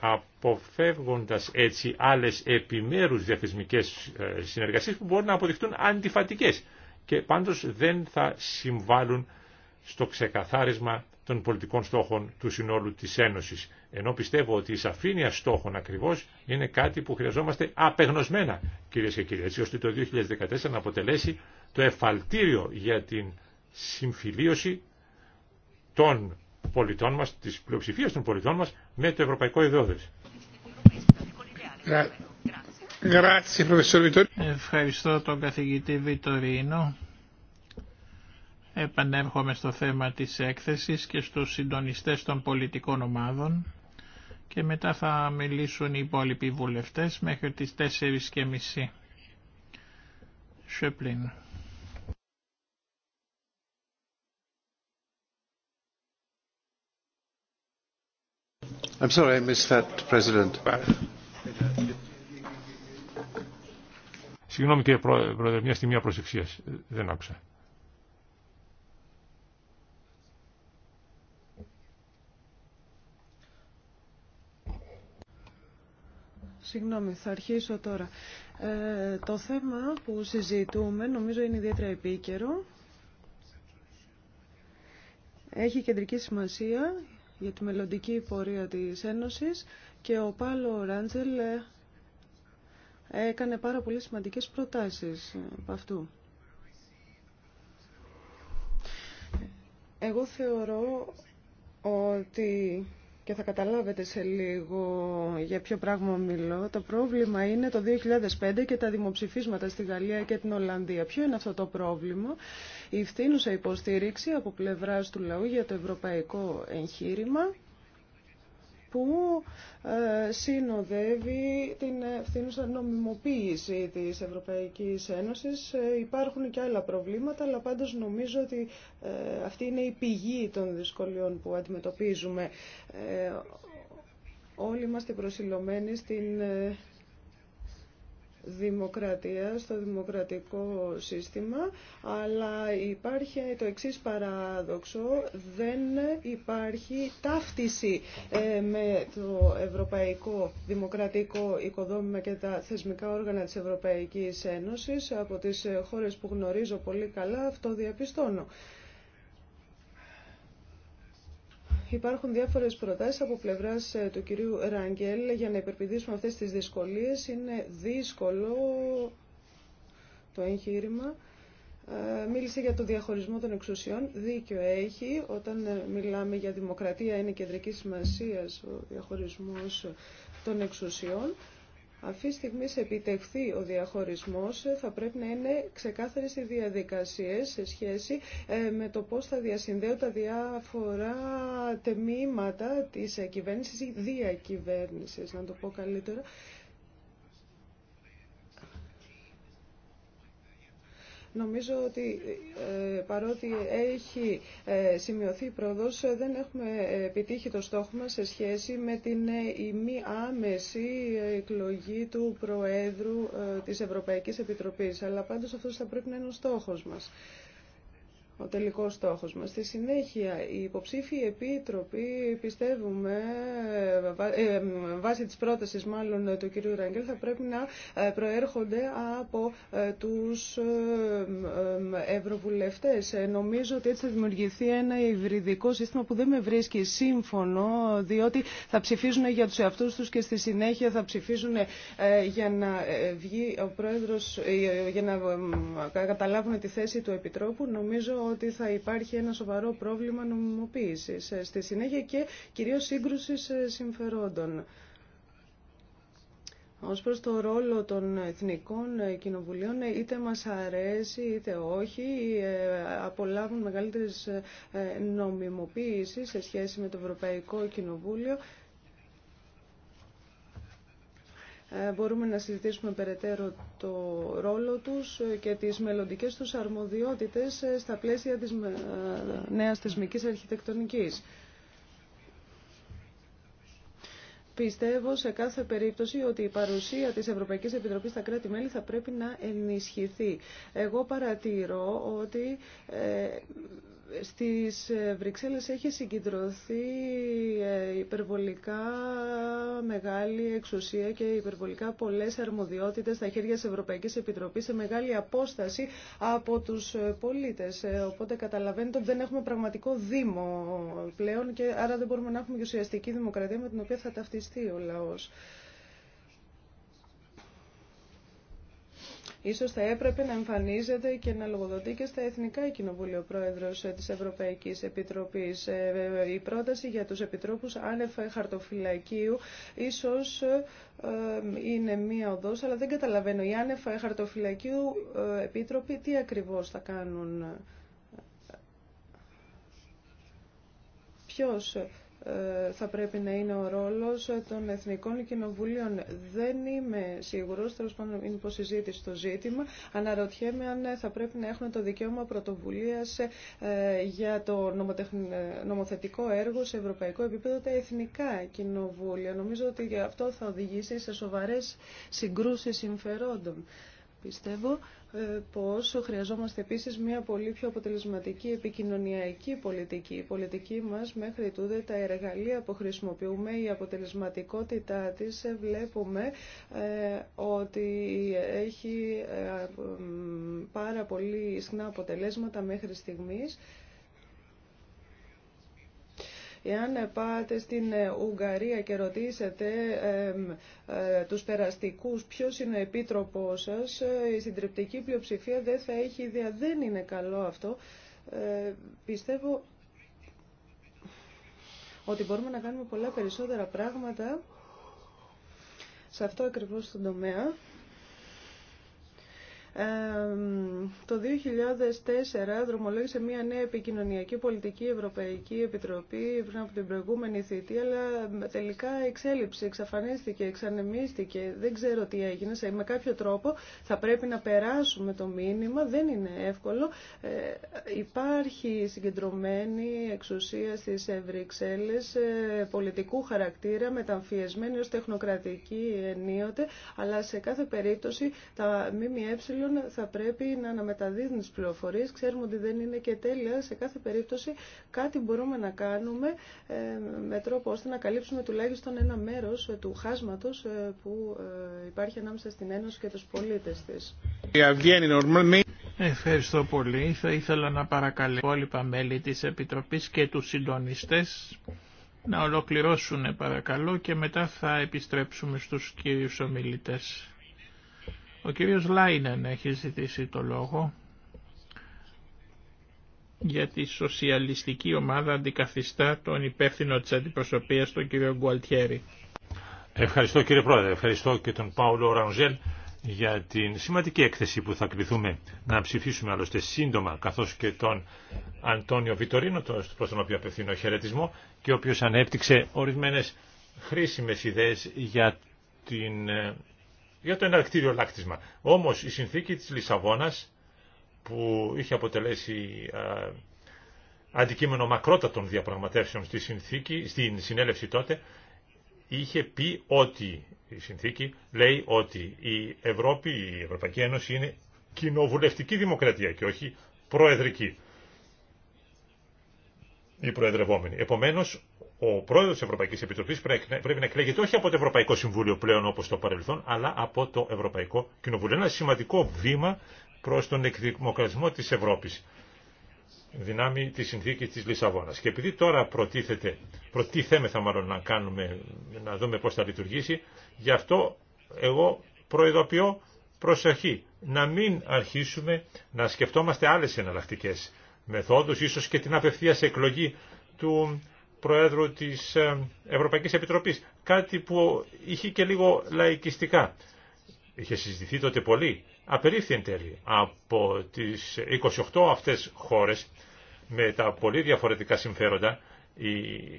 αποφεύγοντας έτσι άλλες επιμέρους διαθεσμικές ε, συνεργασίες που μπορούν να αποδειχτούν αντιφατικές και πάντως δεν θα συμβάλλουν στο ξεκαθάρισμα των πολιτικών στόχων του συνόλου της Ένωσης. Ενώ πιστεύω ότι η σαφήνεια στόχων ακριβώς είναι κάτι που χρειαζόμαστε απεγνωσμένα, κυρίε και κύριοι, έτσι ώστε το 2014 να αποτελέσει το εφαλτήριο για την συμφιλίωση των πολιτών μας, της πλειοψηφίας των πολιτών μας με το ευρωπαϊκό ιδεώδες. Ευχαριστώ τον καθηγητή Βιτορίνο. Επανέρχομαι στο θέμα της έκθεσης και στους συντονιστές των πολιτικών ομάδων και μετά θα μιλήσουν οι υπόλοιποι βουλευτές μέχρι τις 4.30. Σεπλίν. Συγγνώμη κύριε Πρόεδρε, μια στιγμή προσεξίας. Δεν άκουσα. Συγγνώμη, θα αρχίσω τώρα. Ε, το θέμα που συζητούμε νομίζω είναι ιδιαίτερα επίκαιρο. Έχει κεντρική σημασία για τη μελλοντική πορεία της Ένωσης και ο Πάλο Ράντζελ ε, έκανε πάρα πολύ σημαντικές προτάσεις ε, από αυτού. Εγώ θεωρώ ότι και θα καταλάβετε σε λίγο για ποιο πράγμα μιλώ. Το πρόβλημα είναι το 2005 και τα δημοψηφίσματα στη Γαλλία και την Ολλανδία. Ποιο είναι αυτό το πρόβλημα. Η φθήνουσα υποστήριξη από πλευράς του λαού για το ευρωπαϊκό εγχείρημα που ε, συνοδεύει την ευθύνουσα νομιμοποίηση της Ευρωπαϊκής Ένωσης. Ε, υπάρχουν και άλλα προβλήματα, αλλά πάντως νομίζω ότι ε, αυτή είναι η πηγή των δυσκολιών που αντιμετωπίζουμε. Όλοι είμαστε προσιλωμένοι στην δημοκρατία, στο δημοκρατικό σύστημα, αλλά υπάρχει το εξής παράδοξο, δεν υπάρχει ταύτιση ε, με το ευρωπαϊκό δημοκρατικό οικοδόμημα και τα θεσμικά όργανα της Ευρωπαϊκής Ένωσης. Από τις χώρες που γνωρίζω πολύ καλά αυτό διαπιστώνω. υπάρχουν διάφορες προτάσεις από πλευράς ε, του κυρίου Ραγκέλ για να υπερπηδήσουμε αυτές τις δυσκολίες. Είναι δύσκολο το εγχείρημα. Ε, μίλησε για το διαχωρισμό των εξουσιών. Δίκιο έχει. Όταν ε, μιλάμε για δημοκρατία είναι κεντρική σημασία ο διαχωρισμός των εξουσιών. Αυτή τη στιγμή σε επιτευχθεί ο διαχωρισμός θα πρέπει να είναι ξεκάθαρες οι διαδικασίες σε σχέση ε, με το πώς θα διασυνδέω τα διάφορα τεμήματα της ε, κυβέρνησης ή διακυβέρνησης, να το πω καλύτερα. Νομίζω ότι ε, παρότι έχει ε, σημειωθεί πρόοδος, ε, δεν έχουμε επιτύχει το στόχο μας σε σχέση με την μη άμεση εκλογή του Προέδρου της Ευρωπαϊκής Επιτροπής. Αλλά πάντως αυτός θα πρέπει να είναι ο στόχος μας ο τελικός στόχος μας. Στη συνέχεια, οι υποψήφοι επίτροποι, πιστεύουμε, ε, βάσει της πρότασης μάλλον του κυρίου Ραγκέλ, θα πρέπει να ε, προέρχονται από ε, τους ευρωβουλευτές. Νομίζω ότι έτσι θα δημιουργηθεί ένα υβριδικό σύστημα που δεν με βρίσκει σύμφωνο, διότι θα ψηφίζουν για τους εαυτούς τους και στη συνέχεια θα ψηφίζουν για να βγει ο πρόεδρος, για να καταλάβουν τη θέση του επιτρόπου. Νομίζω ότι θα υπάρχει ένα σοβαρό πρόβλημα νομιμοποίησης ε, στη συνέχεια και κυρίως σύγκρουσης ε, συμφερόντων. Ως προς το ρόλο των εθνικών ε, κοινοβουλίων, είτε μας αρέσει είτε όχι, απολάβουν μεγαλύτερες νομιμοποίηση σε σχέση με το Ευρωπαϊκό Κοινοβούλιο ε, μπορούμε να συζητήσουμε περαιτέρω το ρόλο τους και τις μελλοντικές τους αρμοδιότητες ε, στα πλαίσια της ε, νέας θεσμικής αρχιτεκτονικής. Πιστεύω σε κάθε περίπτωση ότι η παρουσία της Ευρωπαϊκής Επιτροπής στα κράτη-μέλη θα πρέπει να ενισχυθεί. Εγώ παρατηρώ ότι στις ε, Βρυξέλλες έχει συγκεντρωθεί ε, υπερβολικά μεγάλη εξουσία και υπερβολικά πολλές αρμοδιότητες στα χέρια της Ευρωπαϊκής Επιτροπής σε μεγάλη απόσταση από τους ε, πολίτες. Οπότε καταλαβαίνετε ότι δεν έχουμε πραγματικό δήμο πλέον και άρα δεν μπορούμε να έχουμε ουσιαστική δημοκρατία με την οποία θα ταυτιστεί ο λαός. Ίσως θα έπρεπε να εμφανίζεται και να λογοδοτεί και στα Εθνικά Κοινοβούλια ο Πρόεδρος ε, της Ευρωπαϊκής Επιτροπής. Ε, ε, η πρόταση για τους Επιτρόπους άνευ χαρτοφυλακίου ίσως είναι μία οδός, αλλά δεν καταλαβαίνω. Οι άνευ χαρτοφυλακίου Επίτροποι τι ακριβώς θα κάνουν. Ποιος θα πρέπει να είναι ο ρόλος των Εθνικών Κοινοβουλίων. Δεν είμαι σίγουρος, τέλος πάντων είναι υποσυζήτηση το ζήτημα. Αναρωτιέμαι αν ε, θα πρέπει να έχουν το δικαίωμα πρωτοβουλίας ε, για το νομοθετικό έργο σε ευρωπαϊκό επίπεδο τα Εθνικά Κοινοβούλια. Νομίζω ότι αυτό θα οδηγήσει σε σοβαρές συγκρούσεις συμφερόντων. Πιστεύω ε, πως χρειαζόμαστε επίσης μια πολύ πιο αποτελεσματική επικοινωνιακή πολιτική. Η πολιτική μας μέχρι τούδε τα εργαλεία που χρησιμοποιούμε, η αποτελεσματικότητά της ε, βλέπουμε ε, ότι έχει πάρα πολύ συχνά αποτελέσματα μέχρι στιγμής. Εάν πάτε στην ε, Ουγγαρία και ρωτήσετε ε, τους περαστικούς ποιος είναι ο επίτροπός σας, ε, η συντριπτική πλειοψηφία δεν θα έχει ιδέα. Δεν είναι καλό αυτό. πιστεύω ότι μπορούμε να κάνουμε πολλά περισσότερα πράγματα σε αυτό ακριβώς το τομέα το 2004 δρομολόγησε μια νέα επικοινωνιακή πολιτική Ευρωπαϊκή Επιτροπή πριν από την προηγούμενη θητή, αλλά τελικά εξέλιψε, εξαφανίστηκε, εξανεμίστηκε. Δεν ξέρω τι έγινε. Με κάποιο τρόπο θα πρέπει να περάσουμε το μήνυμα. Δεν είναι εύκολο. Ε, υπάρχει συγκεντρωμένη εξουσία στις ε, πολιτικού χαρακτήρα, μεταμφιεσμένη ως τεχνοκρατική ενίοτε, αλλά σε κάθε περίπτωση τα ΜΜΕ θα πρέπει να αναμεταδίδουν τι πληροφορίε. Ξέρουμε ότι δεν είναι και τέλεια. Σε κάθε περίπτωση κάτι μπορούμε να κάνουμε ε, με τρόπο ώστε να καλύψουμε τουλάχιστον ένα μέρος ε, του χάσματος ε, που υπάρχει ανάμεσα στην Ένωση και του πολίτε τη. Ευχαριστώ πολύ. Θα ήθελα να παρακαλέσω υπόλοιπα μέλη τη Επιτροπής και του συντονιστέ να ολοκληρώσουν παρακαλώ και μετά θα επιστρέψουμε στους κύριους ομιλητές. Ο κύριος Λάινεν έχει ζητήσει το λόγο για τη σοσιαλιστική ομάδα αντικαθιστά τον υπεύθυνο της αντιπροσωπείας τον κύριο Γκουαλτιέρη. Ευχαριστώ κύριε Πρόεδρε, ευχαριστώ και τον Πάουλο Ραουζέλ για την σημαντική έκθεση που θα κληθούμε να ψηφίσουμε άλλωστε σύντομα καθώς και τον Αντώνιο Βιτορίνο προς τον οποίο απευθύνω χαιρετισμό και ο οποίος ανέπτυξε ορισμένες χρήσιμες ιδέες για την ε, για το εναρκτήριο λάκτισμα. Όμως η συνθήκη της Λισαβόνας που είχε αποτελέσει ε, αντικείμενο μακρότατων διαπραγματεύσεων στη συνθήκη, στην συνέλευση τότε, είχε πει ότι η συνθήκη λέει ότι η Ευρώπη, η Ευρωπαϊκή Ένωση είναι κοινοβουλευτική δημοκρατία και όχι προεδρική. Η προεδρευόμενη. Επομένως, ο πρόεδρος τη Ευρωπαϊκή Επιτροπή πρέπει να εκλέγεται όχι από το Ευρωπαϊκό Συμβούλιο πλέον όπω το παρελθόν, αλλά από το Ευρωπαϊκό Κοινοβούλιο. Ένα σημαντικό βήμα προ τον εκδημοκρατισμό τη Ευρώπη, δυνάμει τη συνθήκη τη Λισαβόνα. Και επειδή τώρα προτίθεται, προτίθεμεθα μάλλον να κάνουμε, να δούμε πώ θα λειτουργήσει, γι' αυτό εγώ προειδοποιώ προσοχή, να μην αρχίσουμε να σκεφτόμαστε άλλες εναλλακτικέ μεθόδους, ίσως και την απευθείας εκλογή του Προέδρου της ε, Ευρωπαϊκής Επιτροπής. Κάτι που είχε και λίγο λαϊκιστικά. Είχε συζητηθεί τότε πολύ. Απερίφθη εν τέλει από τις 28 αυτές χώρες με τα πολύ διαφορετικά συμφέροντα η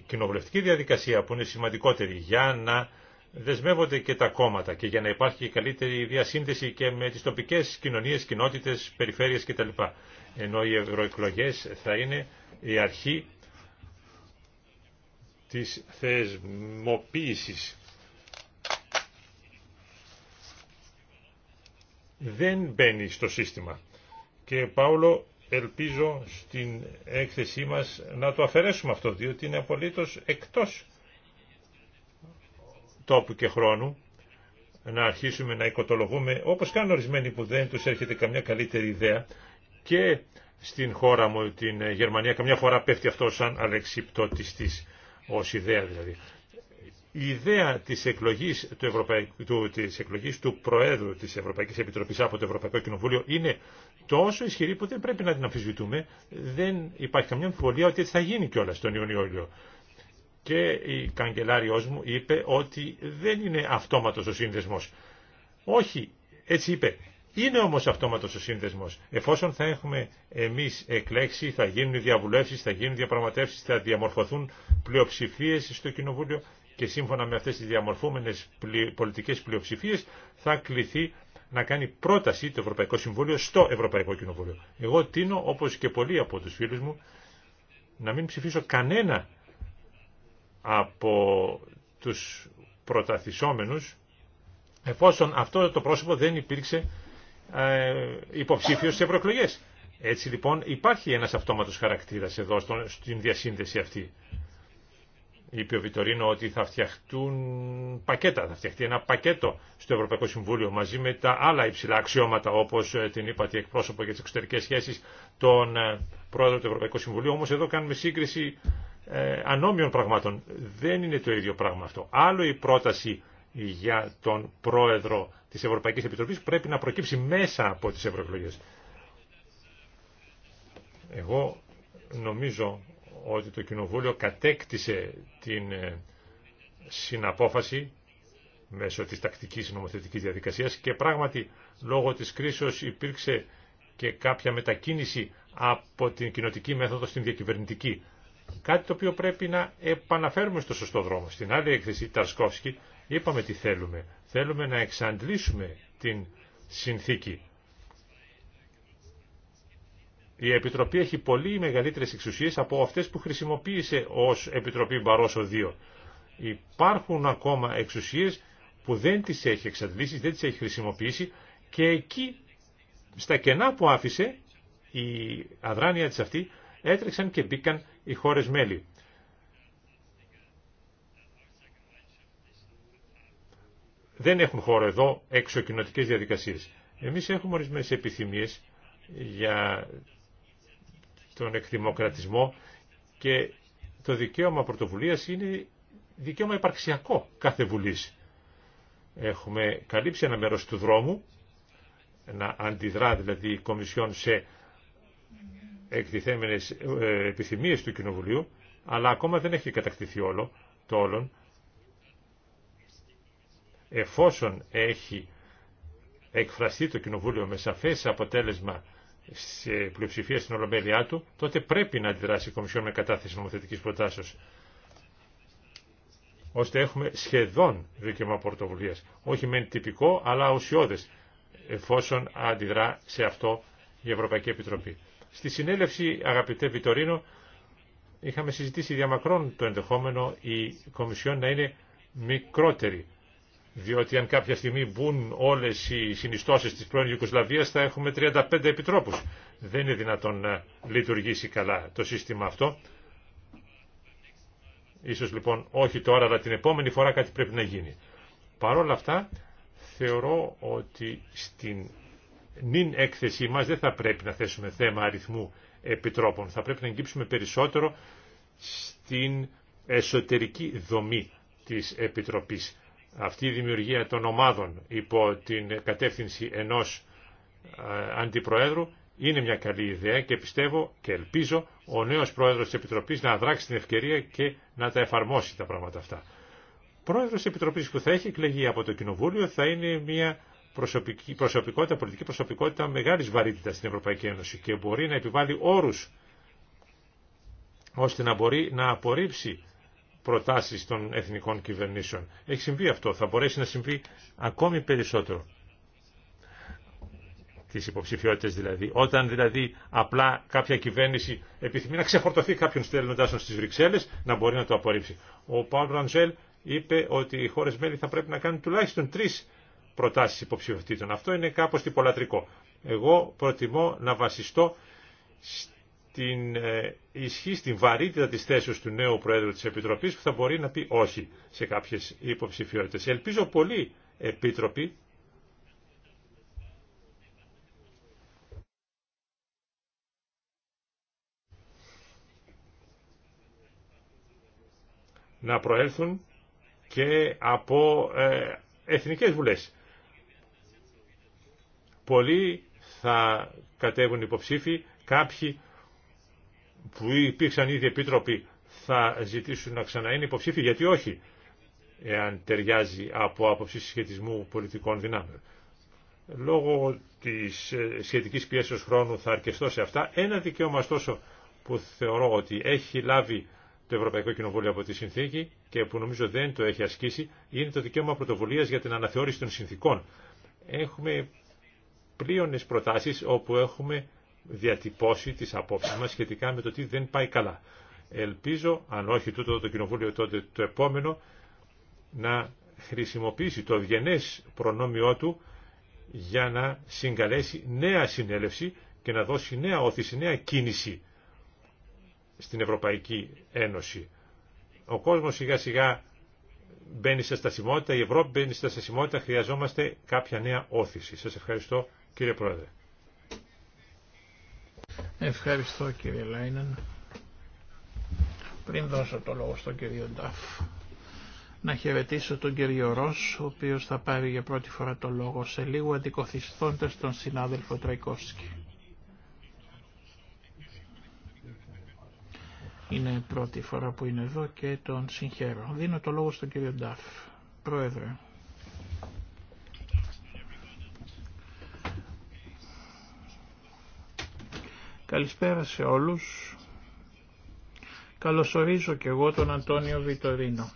κοινοβουλευτική διαδικασία που είναι σημαντικότερη για να δεσμεύονται και τα κόμματα και για να υπάρχει καλύτερη διασύνδεση και με τις τοπικές κοινωνίες, κοινότητες, περιφέρειες κτλ. Ενώ οι ευρωεκλογέ θα είναι η αρχή της θεσμοποίησης. Δεν μπαίνει στο σύστημα. Και Παύλο, ελπίζω στην έκθεσή μας να το αφαιρέσουμε αυτό, διότι είναι απολύτως εκτός τόπου και χρόνου να αρχίσουμε να οικοτολογούμε, όπως κάνουν ορισμένοι που δεν τους έρχεται καμιά καλύτερη ιδέα και στην χώρα μου, την Γερμανία, καμιά φορά πέφτει αυτό σαν αλεξιπτότης ως ιδέα δηλαδή. Η ιδέα της εκλογής του, του... Της εκλογής του Προέδρου της Ευρωπαϊκής Επιτροπής από το Ευρωπαϊκό Κοινοβούλιο είναι τόσο ισχυρή που δεν πρέπει να την αμφισβητούμε. Δεν υπάρχει καμιά αμφιβολία ότι έτσι θα γίνει κιόλα τον Ιούνιο. Και η καγκελάριος μου είπε ότι δεν είναι αυτόματος ο σύνδεσμος. Όχι, έτσι είπε. Είναι όμως αυτόματος ο σύνδεσμος. Εφόσον θα έχουμε εμείς εκλέξει, θα γίνουν διαβουλεύσεις, θα γίνουν διαπραγματεύσεις, θα διαμορφωθούν πλειοψηφίες στο Κοινοβούλιο και σύμφωνα με αυτές τις διαμορφούμενες πολιτικές πλειοψηφίες θα κληθεί να κάνει πρόταση το Ευρωπαϊκό Συμβούλιο στο Ευρωπαϊκό Κοινοβούλιο. Εγώ τίνω, όπως και πολλοί από τους φίλους μου, να μην ψηφίσω κανένα από τους προταθισόμενους, εφόσον αυτό το πρόσωπο δεν υπήρξε ε, υποψήφιος σε ευρωεκλογέ. Έτσι λοιπόν υπάρχει ένας αυτόματος χαρακτήρας εδώ στην διασύνδεση αυτή. Είπε ο Βιτορίνο ότι θα φτιαχτούν πακέτα, θα φτιαχτεί ένα πακέτο στο Ευρωπαϊκό Συμβούλιο μαζί με τα άλλα υψηλά αξιώματα όπω ε, την είπα τη εκπρόσωπο για τι εξωτερικέ σχέσει, τον ε, πρόεδρο του Ευρωπαϊκού Συμβουλίου. όμω εδώ κάνουμε σύγκριση ανώμιων πραγμάτων. Δεν είναι το ίδιο πράγμα αυτό. Άλλο η πρόταση για τον πρόεδρο της Ευρωπαϊκής Επιτροπής πρέπει να προκύψει μέσα από τις ευρωεκλογέ. Εγώ νομίζω ότι το Κοινοβούλιο κατέκτησε την ε, συναπόφαση μέσω της τακτικής νομοθετικής διαδικασίας και πράγματι λόγω της κρίσεως υπήρξε και κάποια μετακίνηση από την κοινοτική μέθοδο στην διακυβερνητική. Κάτι το οποίο πρέπει να επαναφέρουμε στο σωστό δρόμο. Στην άλλη έκθεση Είπαμε τι θέλουμε. Θέλουμε να εξαντλήσουμε την συνθήκη. Η Επιτροπή έχει πολύ μεγαλύτερες εξουσίες από αυτές που χρησιμοποίησε ως Επιτροπή Μπαρόσο 2. Υπάρχουν ακόμα εξουσίες που δεν τις έχει εξαντλήσει, δεν τις έχει χρησιμοποιήσει και εκεί στα κενά που άφησε η αδράνεια της αυτή έτρεξαν και μπήκαν οι χώρες μέλη. δεν έχουν χώρο εδώ εξωκοινωτικέ διαδικασίες. Εμείς έχουμε ορισμένες επιθυμίες για τον εκδημοκρατισμό και το δικαίωμα πρωτοβουλία είναι δικαίωμα υπαρξιακό κάθε βουλής. Έχουμε καλύψει ένα μέρος του δρόμου, να αντιδρά δηλαδή η Κομισιόν σε εκτιθέμενες ε, επιθυμίες του Κοινοβουλίου, αλλά ακόμα δεν έχει κατακτηθεί όλο το όλον εφόσον έχει εκφραστεί το Κοινοβούλιο με σαφέ αποτέλεσμα σε πλειοψηφία στην ολομέλειά του, τότε πρέπει να αντιδράσει η Κομισιόν με κατάθεση νομοθετικής προτάσεως ώστε έχουμε σχεδόν δίκαιο πρωτοβουλία. Όχι μεν τυπικό, αλλά ουσιώδε, εφόσον αντιδρά σε αυτό η Ευρωπαϊκή Επιτροπή. Στη συνέλευση, αγαπητέ Βιτορίνο, είχαμε συζητήσει διαμακρών το ενδεχόμενο η Κομισιόν να είναι μικρότερη διότι αν κάποια στιγμή μπουν όλες οι συνιστώσεις της πρώην Ιουκοσλαβίας θα έχουμε 35 επιτρόπους. Δεν είναι δυνατόν να λειτουργήσει καλά το σύστημα αυτό. Ίσως λοιπόν όχι τώρα, αλλά την επόμενη φορά κάτι πρέπει να γίνει. Παρ' όλα αυτά, θεωρώ ότι στην νυν έκθεσή μας δεν θα πρέπει να θέσουμε θέμα αριθμού επιτρόπων. Θα πρέπει να εγγύψουμε περισσότερο στην εσωτερική δομή της Επιτροπής αυτή η δημιουργία των ομάδων υπό την κατεύθυνση ενός ε, αντιπροέδρου είναι μια καλή ιδέα και πιστεύω και ελπίζω ο νέος πρόεδρος της Επιτροπής να δράξει την ευκαιρία και να τα εφαρμόσει τα πράγματα αυτά. Πρόεδρος της Επιτροπής που θα έχει εκλεγεί από το Κοινοβούλιο θα είναι μια προσωπική, προσωπικότητα, πολιτική προσωπικότητα μεγάλης βαρύτητας στην Ευρωπαϊκή Ένωση και μπορεί να επιβάλλει όρους ώστε να μπορεί να απορρίψει προτάσεις των εθνικών κυβερνήσεων. Έχει συμβεί αυτό, θα μπορέσει να συμβεί ακόμη περισσότερο. Τις υποψηφιότητες δηλαδή. Όταν δηλαδή απλά κάποια κυβέρνηση επιθυμεί να ξεφορτωθεί κάποιον στέλνοντάς τον στις Βρυξέλλες, να μπορεί να το απορρίψει. Ο Παύλ Ραντζέλ είπε ότι οι χώρες μέλη θα πρέπει να κάνουν τουλάχιστον τρεις προτάσεις υποψηφιότητων. Αυτό είναι κάπως τυπολατρικό. Εγώ προτιμώ να βασιστώ την ε, ισχύ, την βαρύτητα της θέσης του νέου Προέδρου της Επιτροπής που θα μπορεί να πει όχι σε κάποιες υποψηφιότητες. Ελπίζω πολύ, Επίτροποι, να προέλθουν και από ε, εθνικές βουλές. Πολλοί θα κατέβουν υποψήφοι, κάποιοι που υπήρξαν ήδη επίτροποι θα ζητήσουν να ξαναείνε υποψήφοι, γιατί όχι, εάν ταιριάζει από άποψη σχετισμού πολιτικών δυνάμεων. Λόγω τη ε, σχετική πιέση χρόνου θα αρκεστώ σε αυτά. Ένα δικαίωμα ωστόσο που θεωρώ ότι έχει λάβει το Ευρωπαϊκό Κοινοβούλιο από τη συνθήκη και που νομίζω δεν το έχει ασκήσει, είναι το δικαίωμα πρωτοβουλία για την αναθεώρηση των συνθήκων. Έχουμε πλήρωνε προτάσει όπου έχουμε διατυπώσει τις απόψεις μας σχετικά με το τι δεν πάει καλά. Ελπίζω, αν όχι τούτο το κοινοβούλιο τότε το επόμενο, να χρησιμοποιήσει το διενές προνόμιό του για να συγκαλέσει νέα συνέλευση και να δώσει νέα όθηση, νέα κίνηση στην Ευρωπαϊκή Ένωση. Ο κόσμος σιγά σιγά μπαίνει στα στασιμότητα, η Ευρώπη μπαίνει στα στασιμότητα, χρειαζόμαστε κάποια νέα όθηση. Σας ευχαριστώ κύριε Πρόεδρε. Ευχαριστώ κύριε Λάινεν. Πριν δώσω το λόγο στον κύριο Νταφ, να χαιρετήσω τον κύριο Ρος, ο οποίος θα πάρει για πρώτη φορά το λόγο σε λίγο αντικοθιστώντας τον συνάδελφο Τραϊκόσκι. Είναι πρώτη φορά που είναι εδώ και τον συγχαίρω. Δίνω το λόγο στον κύριο Νταφ. Πρόεδρε. Καλησπέρα σε όλους. Καλωσορίζω και εγώ τον Αντώνιο Βιτορίνο.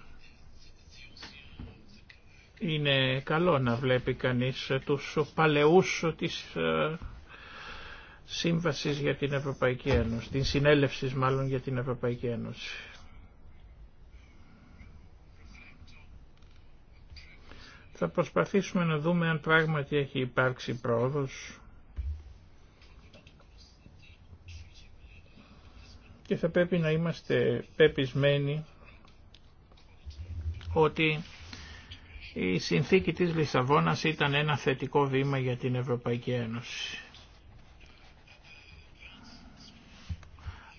Είναι καλό να βλέπει κανείς τους παλαιούς της ε, Σύμβασης για την Ευρωπαϊκή Ένωση, την συνέλευση μάλλον για την Ευρωπαϊκή Ένωση. Θα προσπαθήσουμε να δούμε αν πράγματι έχει υπάρξει πρόοδος και θα πρέπει να είμαστε πεπισμένοι ότι η συνθήκη της Λισαβόνας ήταν ένα θετικό βήμα για την Ευρωπαϊκή Ένωση.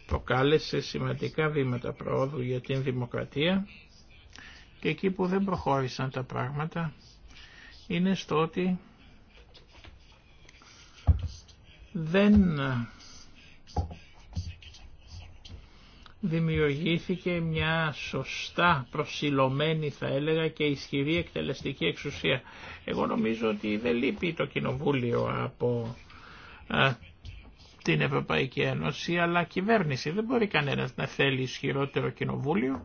Προκάλεσε σημαντικά βήματα προόδου για την δημοκρατία και εκεί που δεν προχώρησαν τα πράγματα είναι στο ότι δεν δημιουργήθηκε μια σωστά προσιλωμένη θα έλεγα και ισχυρή εκτελεστική εξουσία. Εγώ νομίζω ότι δεν λείπει το Κοινοβούλιο από την Ευρωπαϊκή Ένωση αλλά κυβέρνηση. Δεν μπορεί κανένας να θέλει ισχυρότερο Κοινοβούλιο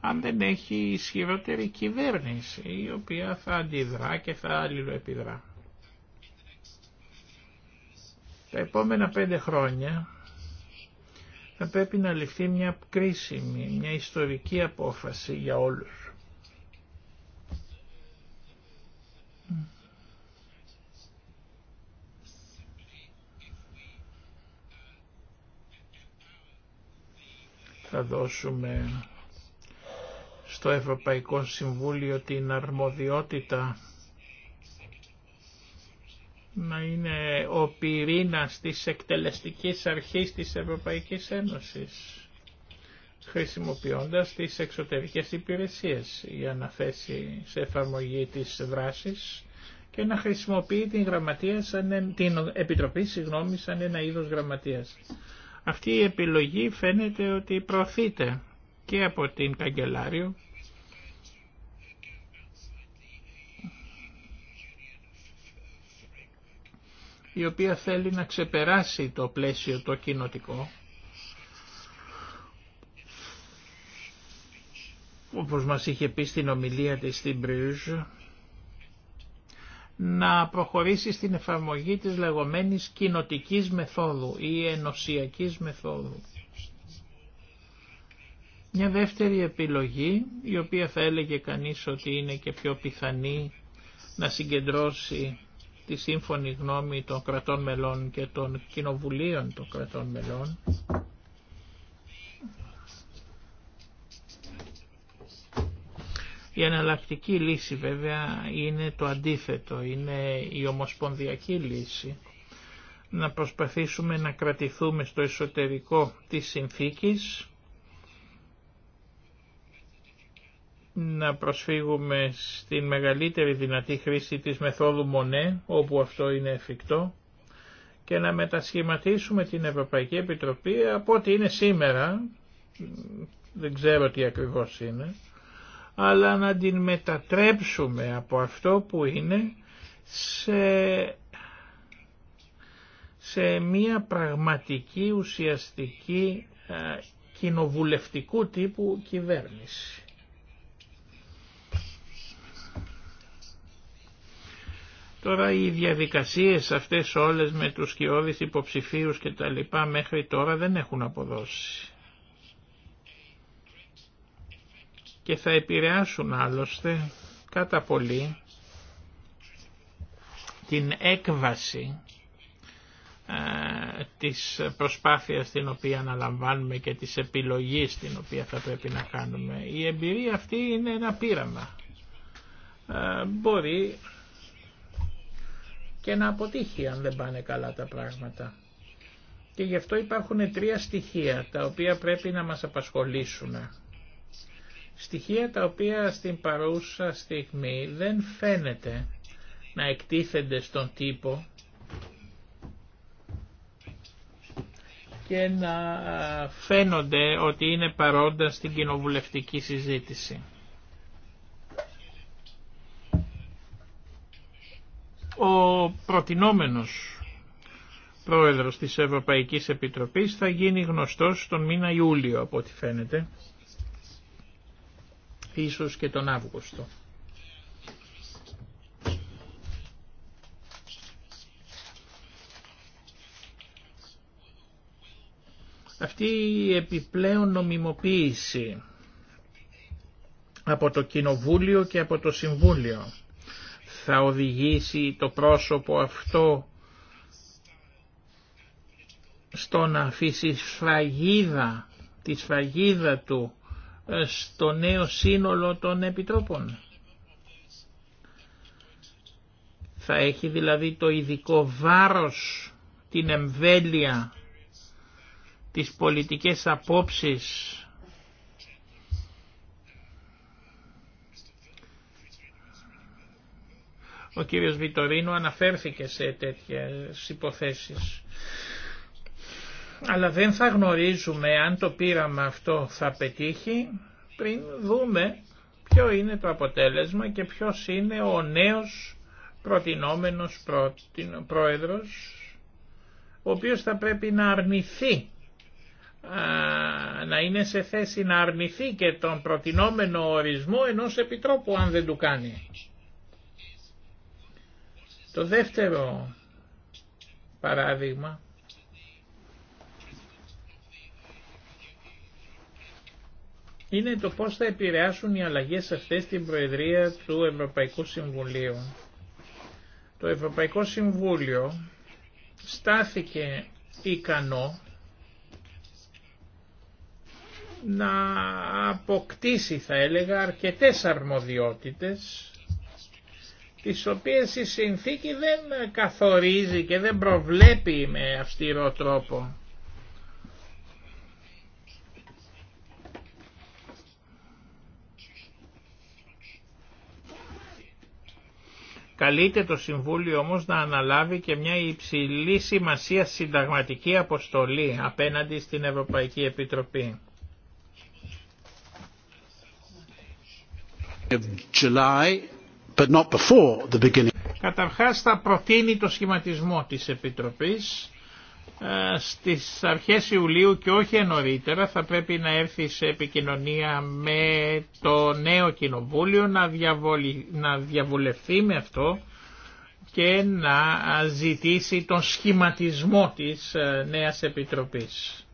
αν δεν έχει ισχυρότερη κυβέρνηση η οποία θα αντιδρά και θα αλληλοεπιδρά. Τα επόμενα πέντε χρόνια θα πρέπει να ληφθεί μια κρίσιμη, μια ιστορική απόφαση για όλους. Θα δώσουμε στο Ευρωπαϊκό Συμβούλιο την αρμοδιότητα να είναι ο πυρήνας της εκτελεστικής αρχής της Ευρωπαϊκής Ένωσης χρησιμοποιώντας τις εξωτερικές υπηρεσίες για να θέσει σε εφαρμογή τις δράσεις και να χρησιμοποιεί την, γραμματεία σαν, την Επιτροπή συγγνώμη, σαν ένα είδος γραμματείας. Αυτή η επιλογή φαίνεται ότι προωθείται και από την Καγκελάριο η οποία θέλει να ξεπεράσει το πλαίσιο το κοινοτικό. Όπως μας είχε πει στην ομιλία της στην Μπρίζ, να προχωρήσει στην εφαρμογή της λεγόμενης κοινοτικής μεθόδου ή εννοσία μεθόδου. Μια δεύτερη επιλογή, η οποία θα έλεγε κανείς ότι είναι και πιο πιθανή να συγκεντρώσει τη σύμφωνη γνώμη των κρατών μελών και των κοινοβουλίων των κρατών μελών Η εναλλακτική λύση βέβαια είναι το αντίθετο, είναι η ομοσπονδιακή λύση. Να προσπαθήσουμε να κρατηθούμε στο εσωτερικό της συνθήκης να προσφύγουμε στην μεγαλύτερη δυνατή χρήση της μεθόδου Μονέ, όπου αυτό είναι εφικτό, και να μετασχηματίσουμε την Ευρωπαϊκή Επιτροπή από ό,τι είναι σήμερα, δεν ξέρω τι ακριβώς είναι, αλλά να την μετατρέψουμε από αυτό που είναι σε, σε μια πραγματική ουσιαστική ε, κοινοβουλευτικού τύπου κυβέρνηση. Τώρα οι διαδικασίες αυτές όλες με τους σκιώδεις υποψηφίους και τα λοιπά μέχρι τώρα δεν έχουν αποδώσει. Και θα επηρεάσουν άλλωστε κατά πολύ την έκβαση ε, της προσπάθειας την οποία αναλαμβάνουμε και της επιλογής την οποία θα πρέπει να κάνουμε. Η εμπειρία αυτή είναι ένα πείραμα. Ε, μπορεί και να αποτύχει αν δεν πάνε καλά τα πράγματα. Και γι' αυτό υπάρχουν τρία στοιχεία τα οποία πρέπει να μας απασχολήσουν. Στοιχεία τα οποία στην παρούσα στιγμή δεν φαίνεται να εκτίθενται στον τύπο και να φαίνονται ότι είναι παρόντα στην κοινοβουλευτική συζήτηση. Ο προτινόμενος πρόεδρος της Ευρωπαϊκής Επιτροπής θα γίνει γνωστός τον μήνα Ιούλιο από ό,τι φαίνεται, ίσως και τον Αύγουστο. Αυτή η επιπλέον νομιμοποίηση από το Κοινοβούλιο και από το Συμβούλιο θα οδηγήσει το πρόσωπο αυτό στο να αφήσει σφαγίδα, τη σφαγίδα του ε, στο νέο σύνολο των επιτρόπων. Θα έχει δηλαδή το ειδικό βάρος, την εμβέλεια, τις πολιτικές απόψεις Ο κύριος Βιτορίνου αναφέρθηκε σε τέτοιες υποθέσεις. Αλλά δεν θα γνωρίζουμε αν το πείραμα αυτό θα πετύχει πριν δούμε ποιο είναι το αποτέλεσμα και ποιος είναι ο νέος προτινόμενος πρόεδρος ο οποίος θα πρέπει να αρνηθεί να είναι σε θέση να αρνηθεί και τον προτινόμενο ορισμό ενός επιτρόπου αν δεν του κάνει. Το δεύτερο παράδειγμα είναι το πώς θα επηρεάσουν οι αλλαγές αυτές την Προεδρία του Ευρωπαϊκού Συμβουλίου. Το Ευρωπαϊκό Συμβούλιο στάθηκε ικανό να αποκτήσει θα έλεγα αρκετές αρμοδιότητες τις οποίες η συνθήκη δεν καθορίζει και δεν προβλέπει με αυστηρό τρόπο. Καλείται το Συμβούλιο όμως να αναλάβει και μια υψηλή σημασία συνταγματική αποστολή απέναντι στην Ευρωπαϊκή Επιτροπή but not before the Καταρχάς θα προτείνει το σχηματισμό της Επιτροπής ε, στις αρχές Ιουλίου και όχι νωρίτερα θα πρέπει να έρθει σε επικοινωνία με το νέο κοινοβούλιο να, διαβολη, να διαβουλευτεί με αυτό και να ζητήσει τον σχηματισμό της ε, νέας επιτροπής.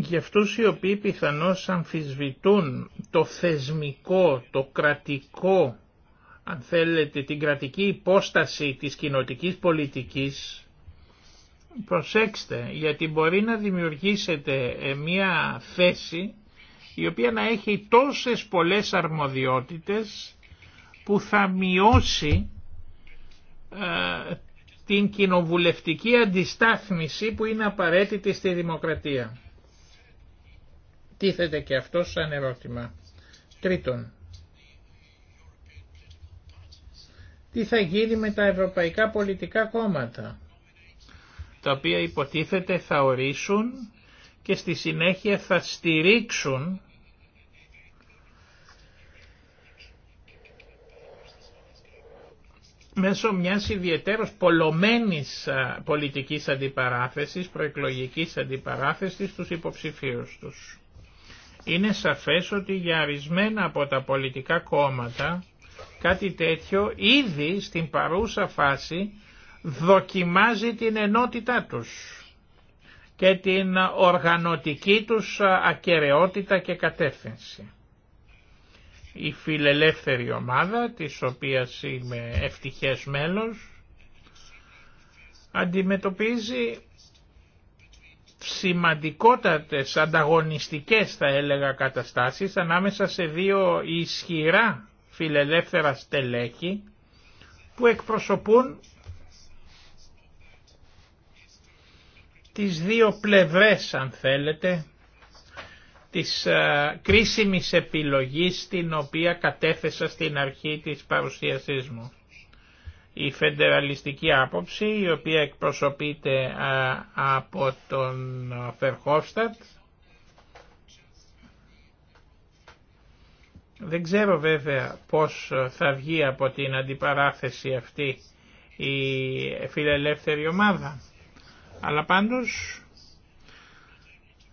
για αυτούς οι οποίοι πιθανώς αμφισβητούν το θεσμικό, το κρατικό, αν θέλετε, την κρατική υπόσταση της κοινοτικής πολιτικής, προσέξτε, γιατί μπορεί να δημιουργήσετε ε, μια θέση η οποία να έχει τόσες πολλές αρμοδιότητες που θα μειώσει ε, την κοινοβουλευτική αντιστάθμιση που είναι απαραίτητη στη δημοκρατία. Τίθεται και αυτό σαν ερώτημα. Τρίτον, τι θα γίνει με τα ευρωπαϊκά πολιτικά κόμματα, τα οποία υποτίθεται θα ορίσουν και στη συνέχεια θα στηρίξουν μέσω μιας ιδιαίτερως πολλωμένης πολιτικής αντιπαράθεσης, προεκλογικής αντιπαράθεσης τους υποψηφίους τους. Είναι σαφές ότι για αρισμένα από τα πολιτικά κόμματα κάτι τέτοιο ήδη στην παρούσα φάση δοκιμάζει την ενότητά τους και την οργανωτική τους ακαιρεότητα και κατεύθυνση. Η φιλελεύθερη ομάδα, της οποίας είμαι ευτυχές μέλος, αντιμετωπίζει σημαντικότατες ανταγωνιστικές θα έλεγα καταστάσεις ανάμεσα σε δύο ισχυρά φιλελεύθερα στελέχη που εκπροσωπούν τις δύο πλευρές αν θέλετε της ε, κρίσιμης επιλογής την οποία κατέθεσα στην αρχή της παρουσίασής μου η φεντεραλιστική άποψη η οποία εκπροσωπείται από τον Φερχόφστατ. Δεν ξέρω βέβαια πώς θα βγει από την αντιπαράθεση αυτή η φιλελεύθερη ομάδα. Αλλά πάντως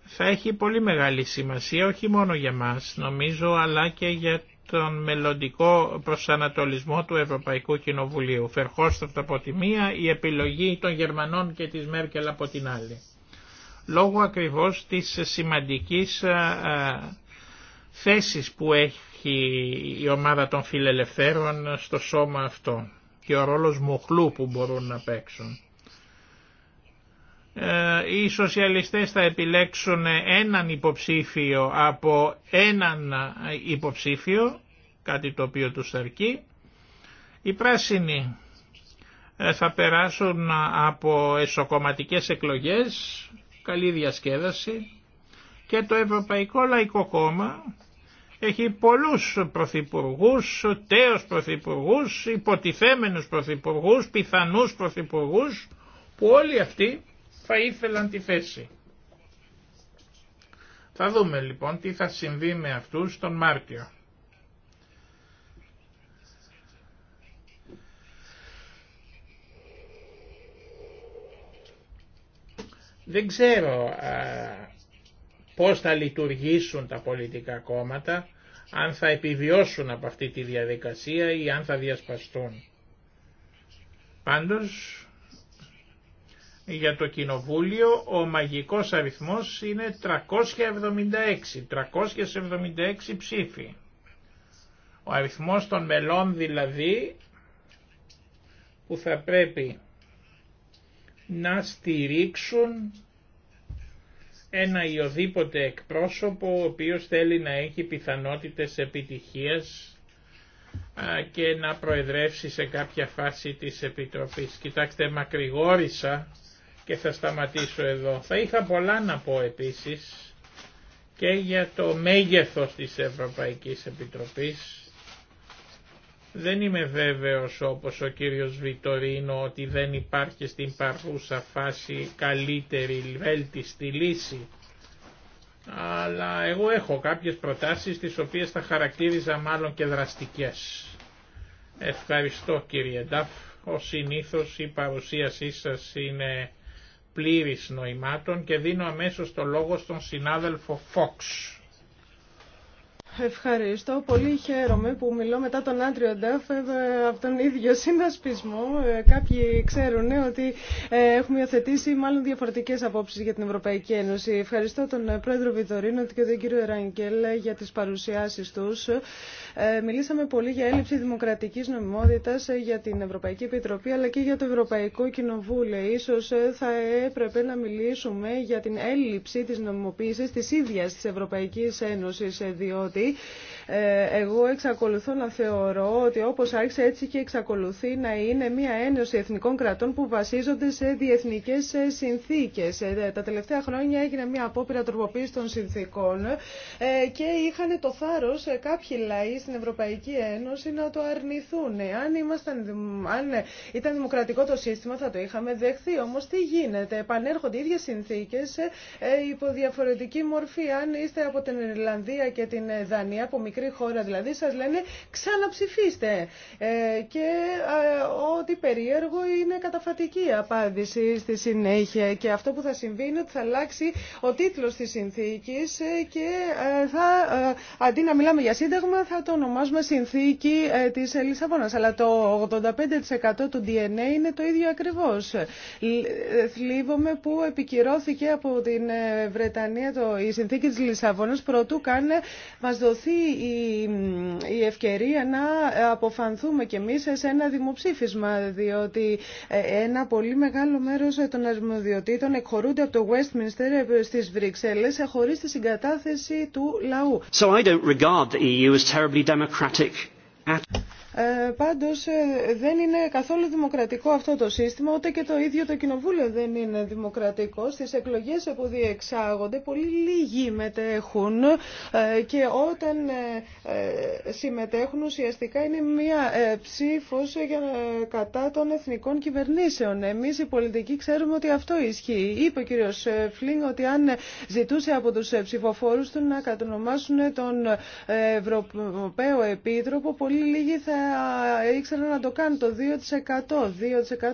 θα έχει πολύ μεγάλη σημασία όχι μόνο για μας νομίζω αλλά και για τον μελλοντικό προσανατολισμό του Ευρωπαϊκού Κοινοβουλίου. Φερχόστατ από τη μία, η επιλογή των Γερμανών και της Μέρκελ από την άλλη. Λόγω ακριβώς της σημαντικής θέσης που έχει η ομάδα των φιλελευθέρων στο σώμα αυτό και ο ρόλος μοχλού που μπορούν να παίξουν. Ε, οι σοσιαλιστές θα επιλέξουν έναν υποψήφιο από έναν υποψήφιο, κάτι το οποίο τους αρκεί. Οι πράσινοι ε, θα περάσουν από εσωκομματικές εκλογές, καλή διασκέδαση και το Ευρωπαϊκό Λαϊκό Κόμμα έχει πολλούς πρωθυπουργούς, τέος πρωθυπουργούς, υποτιθέμενους πρωθυπουργούς, πιθανούς πρωθυπουργούς που όλοι αυτοί θα ήθελαν τη θέση. Θα δούμε λοιπόν τι θα συμβεί με αυτούς τον Μάρτιο. Δεν ξέρω α, πώς θα λειτουργήσουν τα πολιτικά κόμματα, αν θα επιβιώσουν από αυτή τη διαδικασία ή αν θα διασπαστούν. Πάντως για το Κοινοβούλιο ο μαγικός αριθμός είναι 376, 376 ψήφοι. Ο αριθμός των μελών δηλαδή που θα πρέπει να στηρίξουν ένα ή οδήποτε εκπρόσωπο ο οποίος θέλει να έχει πιθανότητες επιτυχίας και να προεδρεύσει σε κάποια φάση της Επιτροπής. Κοιτάξτε, μακρηγόρησα και θα σταματήσω εδώ. Θα είχα πολλά να πω επίσης και για το μέγεθος της Ευρωπαϊκής Επιτροπής. Δεν είμαι βέβαιος όπως ο κύριος Βιτορίνο ότι δεν υπάρχει στην παρούσα φάση καλύτερη βέλτιστη λύση. Αλλά εγώ έχω κάποιες προτάσεις τις οποίες θα χαρακτήριζα μάλλον και δραστικές. Ευχαριστώ κύριε Νταφ. Ο συνήθως η παρουσίασή σας είναι πλήρης νοημάτων και δίνω αμέσως το λόγο στον συνάδελφο Φόξ. Ευχαριστώ. Πολύ χαίρομαι που μιλώ μετά τον Άντριο Ντάφ ε, από τον ίδιο συνασπισμό. Ε, κάποιοι ξέρουν ε, ότι έχουμε υιοθετήσει μάλλον διαφορετικές απόψεις για την Ευρωπαϊκή Ένωση. Ευχαριστώ τον Πρόεδρο Βιτορίνο και τον κύριο Ράγκελ για τις παρουσιάσεις τους. Μιλήσαμε πολύ για έλλειψη δημοκρατικής νομιμότητας για την Ευρωπαϊκή Επιτροπή αλλά και για το Ευρωπαϊκό Κοινοβούλιο. Ίσως θα έπρεπε να μιλήσουμε για την έλλειψη της νομιμοποίησης της ίδιας της Ευρωπαϊκής Ένωσης διότι Επιτροπή ε, εγώ εξακολουθώ να θεωρώ ότι όπως άρχισε έτσι και εξακολουθεί να είναι μια ένωση εθνικών κρατών που βασίζονται σε διεθνικές ε, συνθήκες. Ε, τα τελευταία χρόνια έγινε μια απόπειρα τροποποίηση των συνθήκων και είχαν το θάρρος κάποιοι λαοί στην Ευρωπαϊκή Ένωση να το αρνηθούν. Αν, ήμασταν, αν ήταν δημοκρατικό το σύστημα θα το είχαμε δεχθεί. Όμως τι γίνεται, επανέρχονται οι ίδιες συνθήκες υπό διαφορετική μορφή. Αν είστε από την Ιρλανδία και την Δανία, μικρή δηλαδή σας λένε ξαναψηφίστε ε, και ε, ότι περίεργο είναι καταφατική απάντηση στη συνέχεια και αυτό που θα συμβεί είναι ότι θα αλλάξει ο τίτλος της συνθήκης ε, και ε, θα, αντί να μιλάμε για σύνταγμα θα το ονομάζουμε συνθήκη της Λισαβόνας αλλά το 85% του DNA είναι το ίδιο ακριβώς. Θλίβομαι που επικυρώθηκε από την Βρετανία το, η συνθήκη της Λισαβόνας προτού καν μας δοθεί η, η ευκαιρία να αποφανθούμε κι εμείς σε ένα δημοψήφισμα, διότι ε, ένα πολύ μεγάλο μέρος των αρμοδιοτήτων εκχωρούνται από το Westminster ε, στις Βρυξέλλες ε, χωρίς τη συγκατάθεση του λαού. So I don't regard the EU as terribly democratic at... Ε, πάντως ε, δεν είναι καθόλου δημοκρατικό αυτό το σύστημα, ούτε και το ίδιο το κοινοβούλιο δεν είναι δημοκρατικό. Στι εκλογές που διεξάγονται πολύ λίγοι μετέχουν ε, και όταν συμμετέχουν ουσιαστικά είναι μία για κατά των εθνικών κυβερνήσεων. Εμείς οι πολιτικοί ξέρουμε ότι αυτό ισχύει. Είπε ο κύριος Φλίνγκ ότι αν ζητούσε από τους ψηφοφόρου του να κατονομάσουν τον Ευρωπαίο Επίτροπο, πολύ λίγοι θα ε, ήξερα να το κάνουν το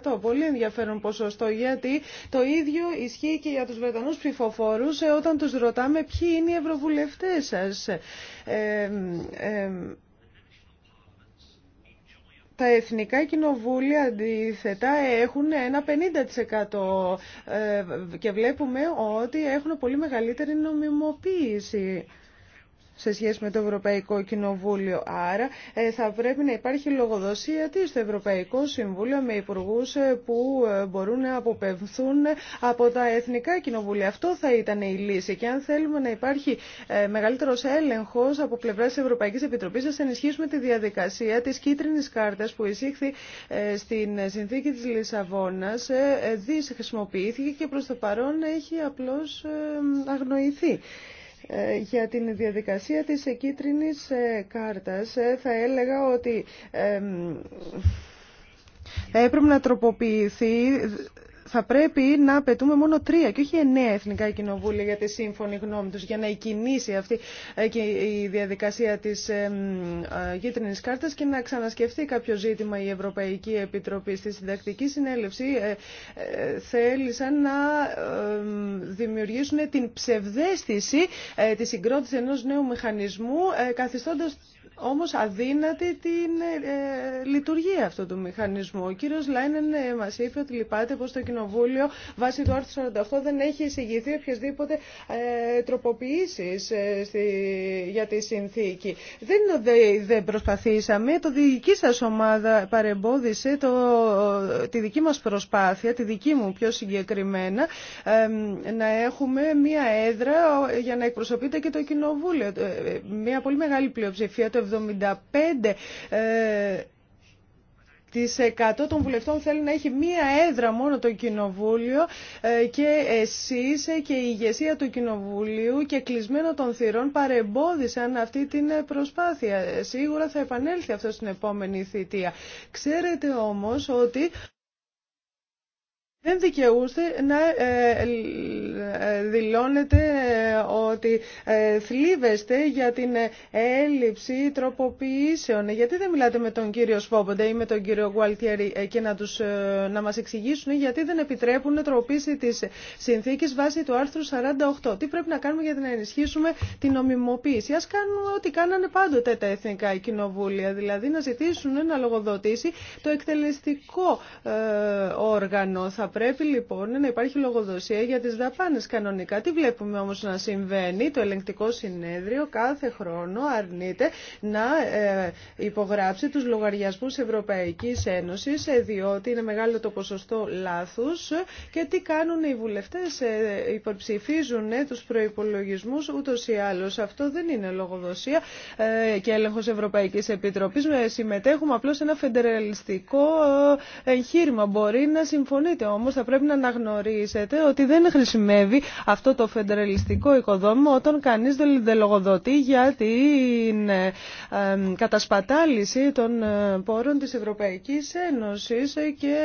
2%. 2%. Πολύ ενδιαφέρον ποσοστό γιατί το ίδιο ισχύει και για τους Βρετανούς ψηφοφόρους ε, όταν τους ρωτάμε ποιοι είναι οι ευρωβουλευτές σας. Ε, τα εθνικά κοινοβούλια αντίθετα έχουν ένα 50% και βλέπουμε ότι έχουν πολύ μεγαλύτερη νομιμοποίηση σε σχέση με το Ευρωπαϊκό Κοινοβούλιο. Άρα ε, θα πρέπει να υπάρχει λογοδοσία τη στο Ευρωπαϊκό Συμβούλιο με υπουργού ε, που ε, μπορούν να αποπευθούν από τα Εθνικά Κοινοβούλια. Αυτό θα ήταν η λύση. Και αν θέλουμε να υπάρχει μεγαλύτερο έλεγχο από πλευρά τη Ευρωπαϊκή Επιτροπή, θα ενισχύσουμε τη διαδικασία τη κίτρινη κάρτα που εισήχθη στην συνθήκη τη Λισαβόνα. δυσχρησιμοποιήθηκε χρησιμοποιήθηκε και προ το παρόν έχει απλώ αγνοηθεί για την διαδικασία της κίτρινης ε, κάρτας ε, θα έλεγα ότι θα έπρεπε να τροποποιηθεί θα πρέπει να απαιτούμε μόνο τρία και όχι εννέα εθνικά κοινοβούλια για τη σύμφωνη γνώμη τους για να εκκινήσει αυτή ε, η διαδικασία της ε, ε, γίτρινη κάρτα και να ξανασκεφτεί κάποιο ζήτημα η Ευρωπαϊκή Επιτροπή στη συντακτική συνέλευση θέλησαν να δημιουργήσουν την ψευδέστηση της συγκρότηση ενός νέου μηχανισμού καθιστώντα όμως αδύνατη την ε, ε, λειτουργία αυτού του μηχανισμού. Ο κύριος Λάινεν ε, μας είπε ότι λυπάται πως το Κοινοβούλιο βάσει του άρθρου 48 δεν έχει εισηγηθεί οποιασδήποτε ε, τροποποιήσεις στη, για τη συνθήκη. Δεν προσπαθήσαμε, το δική σας ομάδα παρεμπόδισε το, τη δική μας προσπάθεια, τη δική μου πιο συγκεκριμένα, να έχουμε μία έδρα για να εκπροσωπείται και το Κοινοβούλιο. μία πολύ μεγάλη πλειοψηφία, το 75 ε, των βουλευτών θέλει να έχει μία έδρα μόνο το Κοινοβούλιο ε, και εσείς ε, και η ηγεσία του Κοινοβουλίου και κλεισμένο των θυρών παρεμπόδισαν αυτή την προσπάθεια. Σίγουρα θα επανέλθει αυτό στην επόμενη θητεία. Ξέρετε όμως ότι... Δεν δικαιούστε να δηλώνετε ότι ε, θλίβεστε για την ε, έλλειψη τροποποιήσεων. Γιατί δεν μιλάτε με τον κύριο Σβόμποντα ή με τον κύριο Γουαλτιέρη ε, και να, τους, να μας εξηγήσουν γιατί δεν επιτρέπουν τροποποίηση της συνθήκης βάσει του άρθρου 48. Τι πρέπει να κάνουμε για να ενισχύσουμε την νομιμοποίηση. Ας κάνουν ό,τι κάνανε πάντοτε τα εθνικά κοινοβούλια, δηλαδή να ζητήσουν να λογοδοτήσει το εκτελεστικό όργανο. Θα πρέπει λοιπόν να υπάρχει λογοδοσία για τις δαπάνες κανονικά. Τι βλέπουμε όμως να συμβαίνει το ελεγκτικό συνέδριο κάθε χρόνο αρνείται να ε, υπογράψει τους λογαριασμούς Ευρωπαϊκής Ένωσης, ε, διότι είναι μεγάλο το ποσοστό λάθους και τι κάνουν οι βουλευτές, ε, υποψηφίζουν τους προϋπολογισμούς ούτως ή άλλως. Αυτό δεν είναι λογοδοσία και έλεγχος Ευρωπαϊκής Επιτροπής. Συμμετέχουμε απλώς σε ένα φεντερελιστικό εγχείρημα. Μπορεί να συμφωνείτε όμως, θα πρέπει να αναγνωρίσετε ότι δεν χρησιμεύει αυτό το φεντερελιστικό οικοδόμημα όταν κανείς δεν λογοδοτεί για την ε, κατασπατάληση των ε, πόρων της Ευρωπαϊκής Ένωσης και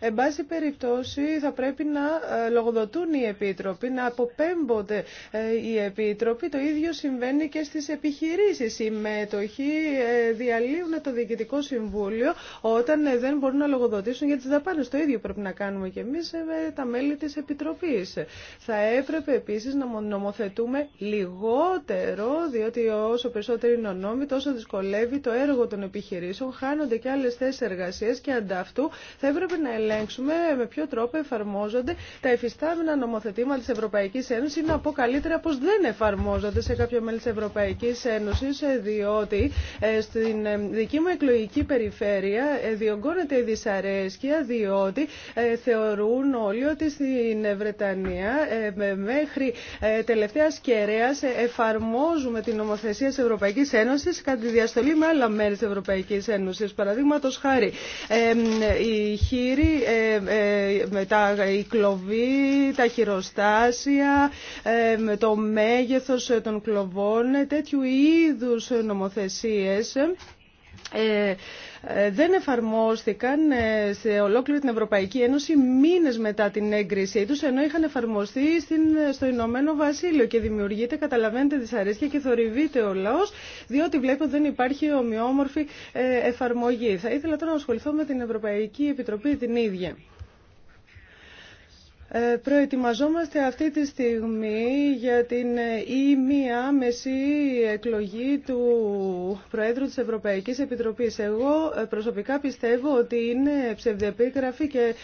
εν πάση περιπτώσει θα πρέπει να ε, λογοδοτούν οι επίτροποι, να αποπέμπονται οι επίτροποι. Το ίδιο συμβαίνει και στις επιχειρήσεις. Οι μέτοχοι διαλύουν το Διοικητικό Συμβούλιο όταν δεν μπορούν να λογοδοτήσουν για τις δαπάνες. Το ίδιο πρέπει να κάνουμε και εμείς με τα μέλη της Επιτροπής. Θα έπρεπε επίσης να νομοθετήσουμε Ευχαριστούμε λιγότερο, διότι όσο περισσότερο είναι ο νόμοι, τόσο δυσκολεύει το έργο των επιχειρήσεων, χάνονται και άλλε θέσει εργασία και ανταυτού θα έπρεπε να ελέγξουμε με ποιο τρόπο εφαρμόζονται τα εφιστάμενα νομοθετήματα τη Ευρωπαϊκή Ένωση ή να πω καλύτερα πω δεν εφαρμόζονται σε κάποιο μέλη τη Ευρωπαϊκή Ένωση, ε, διότι ε, στην ε, δική μου εκλογική περιφέρεια διωγγώνεται η δυσαρέσκεια, διότι θεωρούν όλοι ότι στην Βρετανία μέχρι τελευταία τελευταίας κεραίας εφαρμόζουμε την νομοθεσία της Ευρωπαϊκής Ένωσης κατά τη διαστολή με άλλα μέρη της Ευρωπαϊκής Ένωσης. Παραδείγματος χάρη, ε, με τα, η κλοβή, τα χειροστάσια, με το μέγεθος των κλοβών, τέτοιου είδους νομοθεσίες ε, ε, δεν εφαρμόστηκαν ε, σε ολόκληρη την Ευρωπαϊκή Ένωση μήνες μετά την έγκρισή τους, ενώ είχαν εφαρμοστεί στην, στο Ηνωμένο Βασίλειο και δημιουργείται, καταλαβαίνετε, δυσαρέσκεια και θορυβείται ο λαός, διότι βλέπω δεν υπάρχει ομοιόμορφη ε, εφαρμογή. Θα ήθελα τώρα να ασχοληθώ με την Ευρωπαϊκή Επιτροπή την ίδια. Ε, προετοιμαζόμαστε αυτή τη στιγμή για την ή ε, μία μεσή εκλογή του Προέδρου της Ευρωπαϊκής Επιτροπής. Εγώ ε, προσωπικά πιστεύω ότι είναι ψευδεπίγραφη και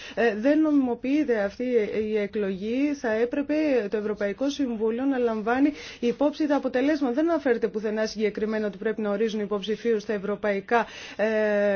δεν νομιμοποιείται αυτή η εκλογή. Θα έπρεπε το Ευρωπαϊκό Συμβούλιο να λαμβάνει υπόψη τα αποτελέσματα. Δεν αναφέρεται πουθενά συγκεκριμένα ότι πρέπει να ορίζουν υποψηφίου στα ευρωπαϊκά,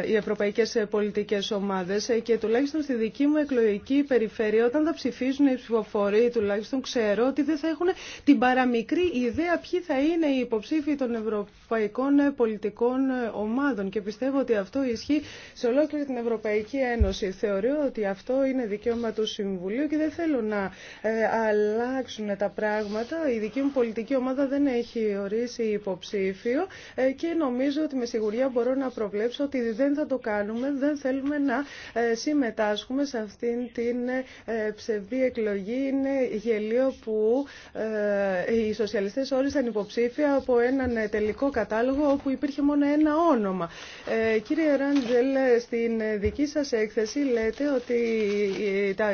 οι ευρωπαϊκές πολιτικές ομάδες και τουλάχιστον στη δική μου εκλογική περιφέρεια όταν ψηφίζουν οι ψηφοφοροί, τουλάχιστον ξέρω ότι δεν θα έχουν την παραμικρή ιδέα ποιοι θα είναι οι υποψήφοι των ευρωπαϊκών πολιτικών ομάδων. Και πιστεύω ότι αυτό ισχύει σε ολόκληρη την Ευρωπαϊκή Ένωση. Θεωρώ ότι αυτό είναι δικαίωμα του Συμβουλίου και δεν θέλω να ε, αλλάξουν τα πράγματα. Η δική μου πολιτική ομάδα δεν έχει ορίσει υποψήφιο ε, και νομίζω ότι με σιγουριά μπορώ να προβλέψω ότι δεν θα το κάνουμε, δεν θέλουμε να ε, συμμετάσχουμε σε αυτήν την εκλογή είναι γελίο που ε, οι σοσιαλιστές όρισαν υποψήφια από έναν τελικό κατάλογο όπου υπήρχε μόνο ένα όνομα. Ε, κύριε Ράντζελ, στην δική σας έκθεση λέτε ότι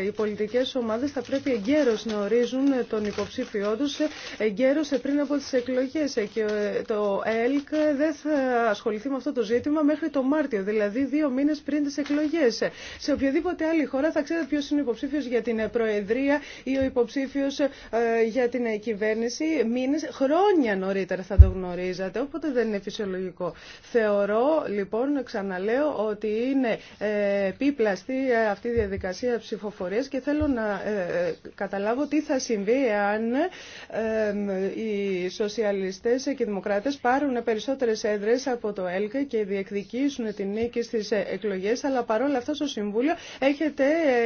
οι πολιτικές ομάδες θα πρέπει εγκαίρως να ορίζουν τον υποψήφιό τους εγκαίρως πριν από τις εκλογές ε, και το ΕΛΚ δεν θα ασχοληθεί με αυτό το ζήτημα μέχρι το Μάρτιο, δηλαδή δύο μήνες πριν τις εκλογές. Σε οποιαδήποτε άλλη χώρα θα ξέρετε ποιος είναι υποψήφιος για την Προεδρία ή ο υποψήφιο ε, για την κυβέρνηση μήνε, χρόνια νωρίτερα θα το γνωρίζατε, οπότε δεν είναι φυσιολογικό. Θεωρώ, λοιπόν, ξαναλέω, ότι είναι ε, επίπλαστη ε, αυτή η διαδικασία ψηφοφορία και θέλω να καταλάβω τι θα συμβεί αν οι σοσιαλιστέ και οι δημοκράτε πάρουν περισσότερε έδρε από το ΕΛΚΑ και διεκδικήσουν την νίκη στι εκλογέ, αλλά παρόλα αυτά στο Συμβούλιο έχετε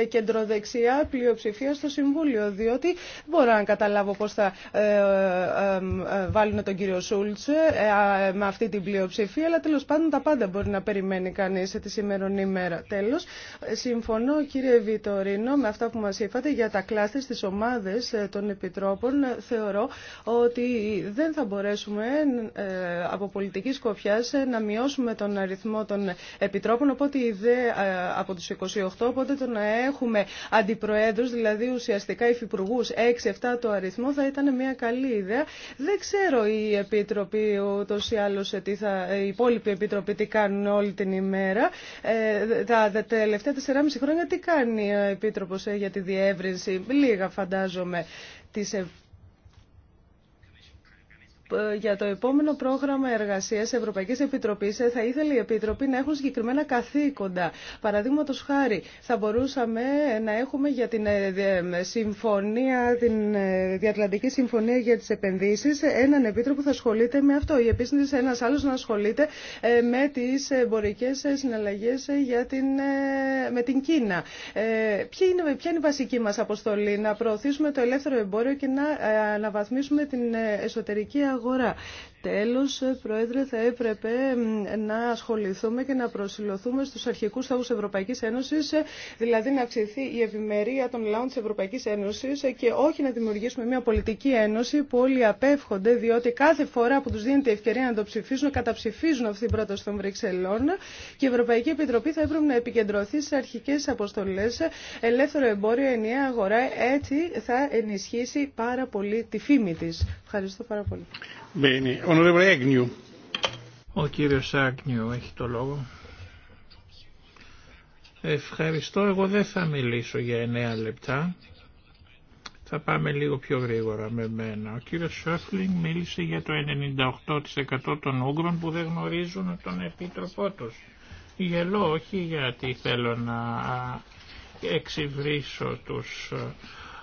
κεντροδεξιά πλειοψηφία υποψηφία στο Συμβούλιο, διότι μπορώ να καταλάβω πώς θα ε, ε, ε, βάλουν τον κύριο Σούλτσε με αυτή την πλειοψηφία, αλλά τέλος πάντων τα πάντα μπορεί να περιμένει κανείς τη σημερινή ημέρα. Τέλος, συμφωνώ κύριε Βιτορίνο με αυτά που μας είπατε για τα κλάστερ στις ομάδες των επιτρόπων. Θεωρώ ότι δεν θα μπορέσουμε από πολιτική σκοπιά να μειώσουμε τον αριθμό των επιτρόπων, οπότε η ιδέα από τους 28, οπότε το να έχουμε αντιπροέδρους, δηλαδή ουσιαστικά υφυπουργού 6-7 το αριθμό θα ήταν μια καλή ιδέα. Δεν ξέρω η Επίτροπη ή οι υπόλοιποι Επίτροποι τι κάνουν όλη την ημέρα. Ε, τα, τελευταία 4,5 χρόνια τι κάνει ο επίτροπο ε, για τη διεύρυνση. Λίγα φαντάζομαι τις ε, για το επόμενο πρόγραμμα εργασία Ευρωπαϊκή Επιτροπή ε, θα ήθελε οι Επίτροπη να έχουν συγκεκριμένα καθήκοντα. Παραδείγματο χάρη, θα μπορούσαμε να έχουμε για την ε, συμφωνία, την Διατλαντική Συμφωνία για τι Επενδύσει, έναν Επίτροπο που θα ασχολείται με αυτό. Ή επίση ένα άλλο να ασχολείται με τι εμπορικέ συναλλαγέ με την Κίνα. Ποια είναι, ποια η βασική μα αποστολή, να προωθήσουμε το ελεύθερο εμπόριο και να αναβαθμίσουμε την εσωτερική αγορά αγορά. Τέλος, Πρόεδρε, θα έπρεπε να ασχοληθούμε και να προσιλωθούμε στους αρχικούς στόχους Ευρωπαϊκής Ένωσης, δηλαδή να αυξηθεί η ευημερία των λαών της Ευρωπαϊκής Ένωσης και όχι να δημιουργήσουμε μια πολιτική ένωση που όλοι απέφχονται, διότι κάθε φορά που τους δίνεται η ευκαιρία να το ψηφίσουν, καταψηφίζουν αυτή την πρόταση των Βρυξελών και η Ευρωπαϊκή Επιτροπή θα έπρεπε να επικεντρωθεί σε αρχικές αποστολές, ελεύθερο εμπόριο, ενιαία αγορά, έτσι θα ενισχύσει πάρα πολύ τη φήμη της. Ευχαριστώ πάρα πολύ. Ο κύριος Άγνιου έχει το λόγο. Ευχαριστώ. Εγώ δεν θα μιλήσω για 9 λεπτά. Θα πάμε λίγο πιο γρήγορα με μένα. Ο κύριος Σόφλινγκ μίλησε για το 98% των Ούγγρων που δεν γνωρίζουν τον επίτροπό τους. Γελώ, όχι γιατί θέλω να εξυβρίσω τους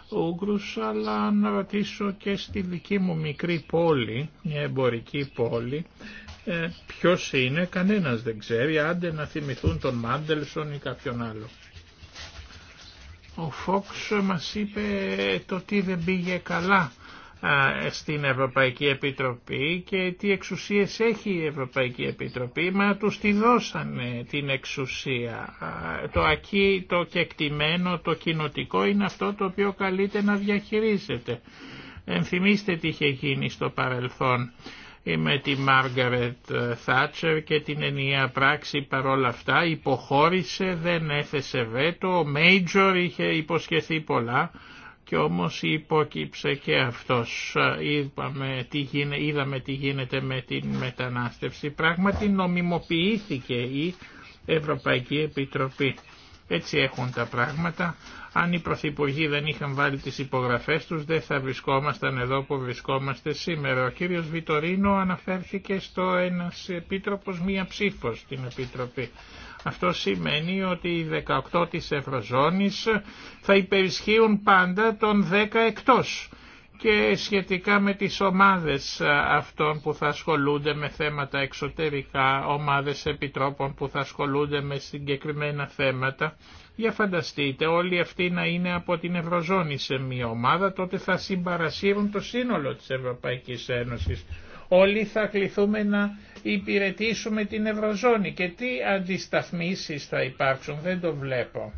Ούγκρους, αλλά να ρωτήσω και στη δική μου μικρή πόλη, μια εμπορική πόλη, ε, ποιος είναι, κανένας δεν ξέρει, άντε να θυμηθούν τον Μάντελσον ή κάποιον άλλο. Ο Φόξ μας είπε «Ε, το τι δεν πήγε καλά στην Ευρωπαϊκή Επιτροπή και τι εξουσίες έχει η Ευρωπαϊκή Επιτροπή, μα τους τη δώσανε την εξουσία. Το ακεί, το κεκτημένο, το κοινοτικό είναι αυτό το οποίο καλείται να διαχειρίζεται. Ενθυμίστε τι είχε γίνει στο παρελθόν με τη Μάργαρετ Θάτσερ και την ενιαία πράξη παρόλα αυτά υποχώρησε, δεν έθεσε βέτο, ο Μέιτζορ είχε υποσχεθεί πολλά κι όμως υπόκυψε και αυτός. Είδαμε τι γίνεται, είδαμε τι γίνεται με την μετανάστευση. Πράγματι νομιμοποιήθηκε η Ευρωπαϊκή Επιτροπή. Έτσι έχουν τα πράγματα. Αν οι πρωθυπουργοί δεν είχαν βάλει τις υπογραφές τους δεν θα βρισκόμασταν εδώ που βρισκόμαστε σήμερα. Ο κύριος Βιτορίνο αναφέρθηκε στο ένας επίτροπος μία ψήφος στην Επιτροπή. Αυτό σημαίνει ότι οι 18 της Ευρωζώνης θα υπερισχύουν πάντα των 10 εκτός και σχετικά με τις ομάδες αυτών που θα ασχολούνται με θέματα εξωτερικά, ομάδες επιτρόπων που θα ασχολούνται με συγκεκριμένα θέματα. Για φανταστείτε όλοι αυτοί να είναι από την Ευρωζώνη σε μια ομάδα, τότε θα συμπαρασύρουν το σύνολο της Ευρωπαϊκής Ένωσης όλοι θα κληθούμε να υπηρετήσουμε την Ευρωζώνη και τι αντισταθμίσεις θα υπάρξουν, δεν το βλέπω.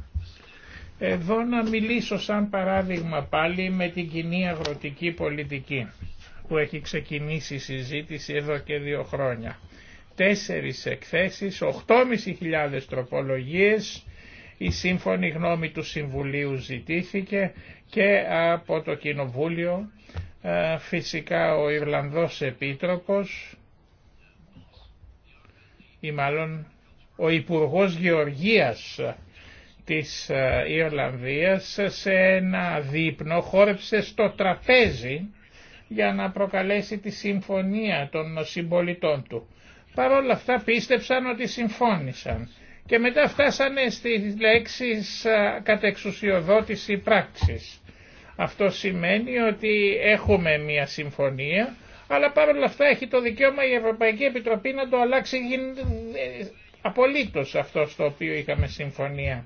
Εδώ να μιλήσω σαν παράδειγμα πάλι με την κοινή αγροτική πολιτική που έχει ξεκινήσει η συζήτηση εδώ και δύο χρόνια. Τέσσερις εκθέσεις, 8.500 τροπολογίες, η σύμφωνη γνώμη του Συμβουλίου ζητήθηκε και από το Κοινοβούλιο ε, φυσικά ο Ιρλανδός Επίτροπος ή μάλλον ο Υπουργός Γεωργίας της ε, Ιρλανδίας σε ένα δείπνο χόρεψε στο τραπέζι για να προκαλέσει τη συμφωνία των συμπολιτών του. Παρ' όλα αυτά πίστεψαν ότι συμφώνησαν και μετά φτάσανε στις λέξεις ε, κατεξουσιοδότηση πράξης. Αυτό σημαίνει ότι έχουμε μια συμφωνία, αλλά παρόλα αυτά έχει το δικαίωμα η Ευρωπαϊκή Επιτροπή να το αλλάξει απολύτως αυτό στο οποίο είχαμε συμφωνία.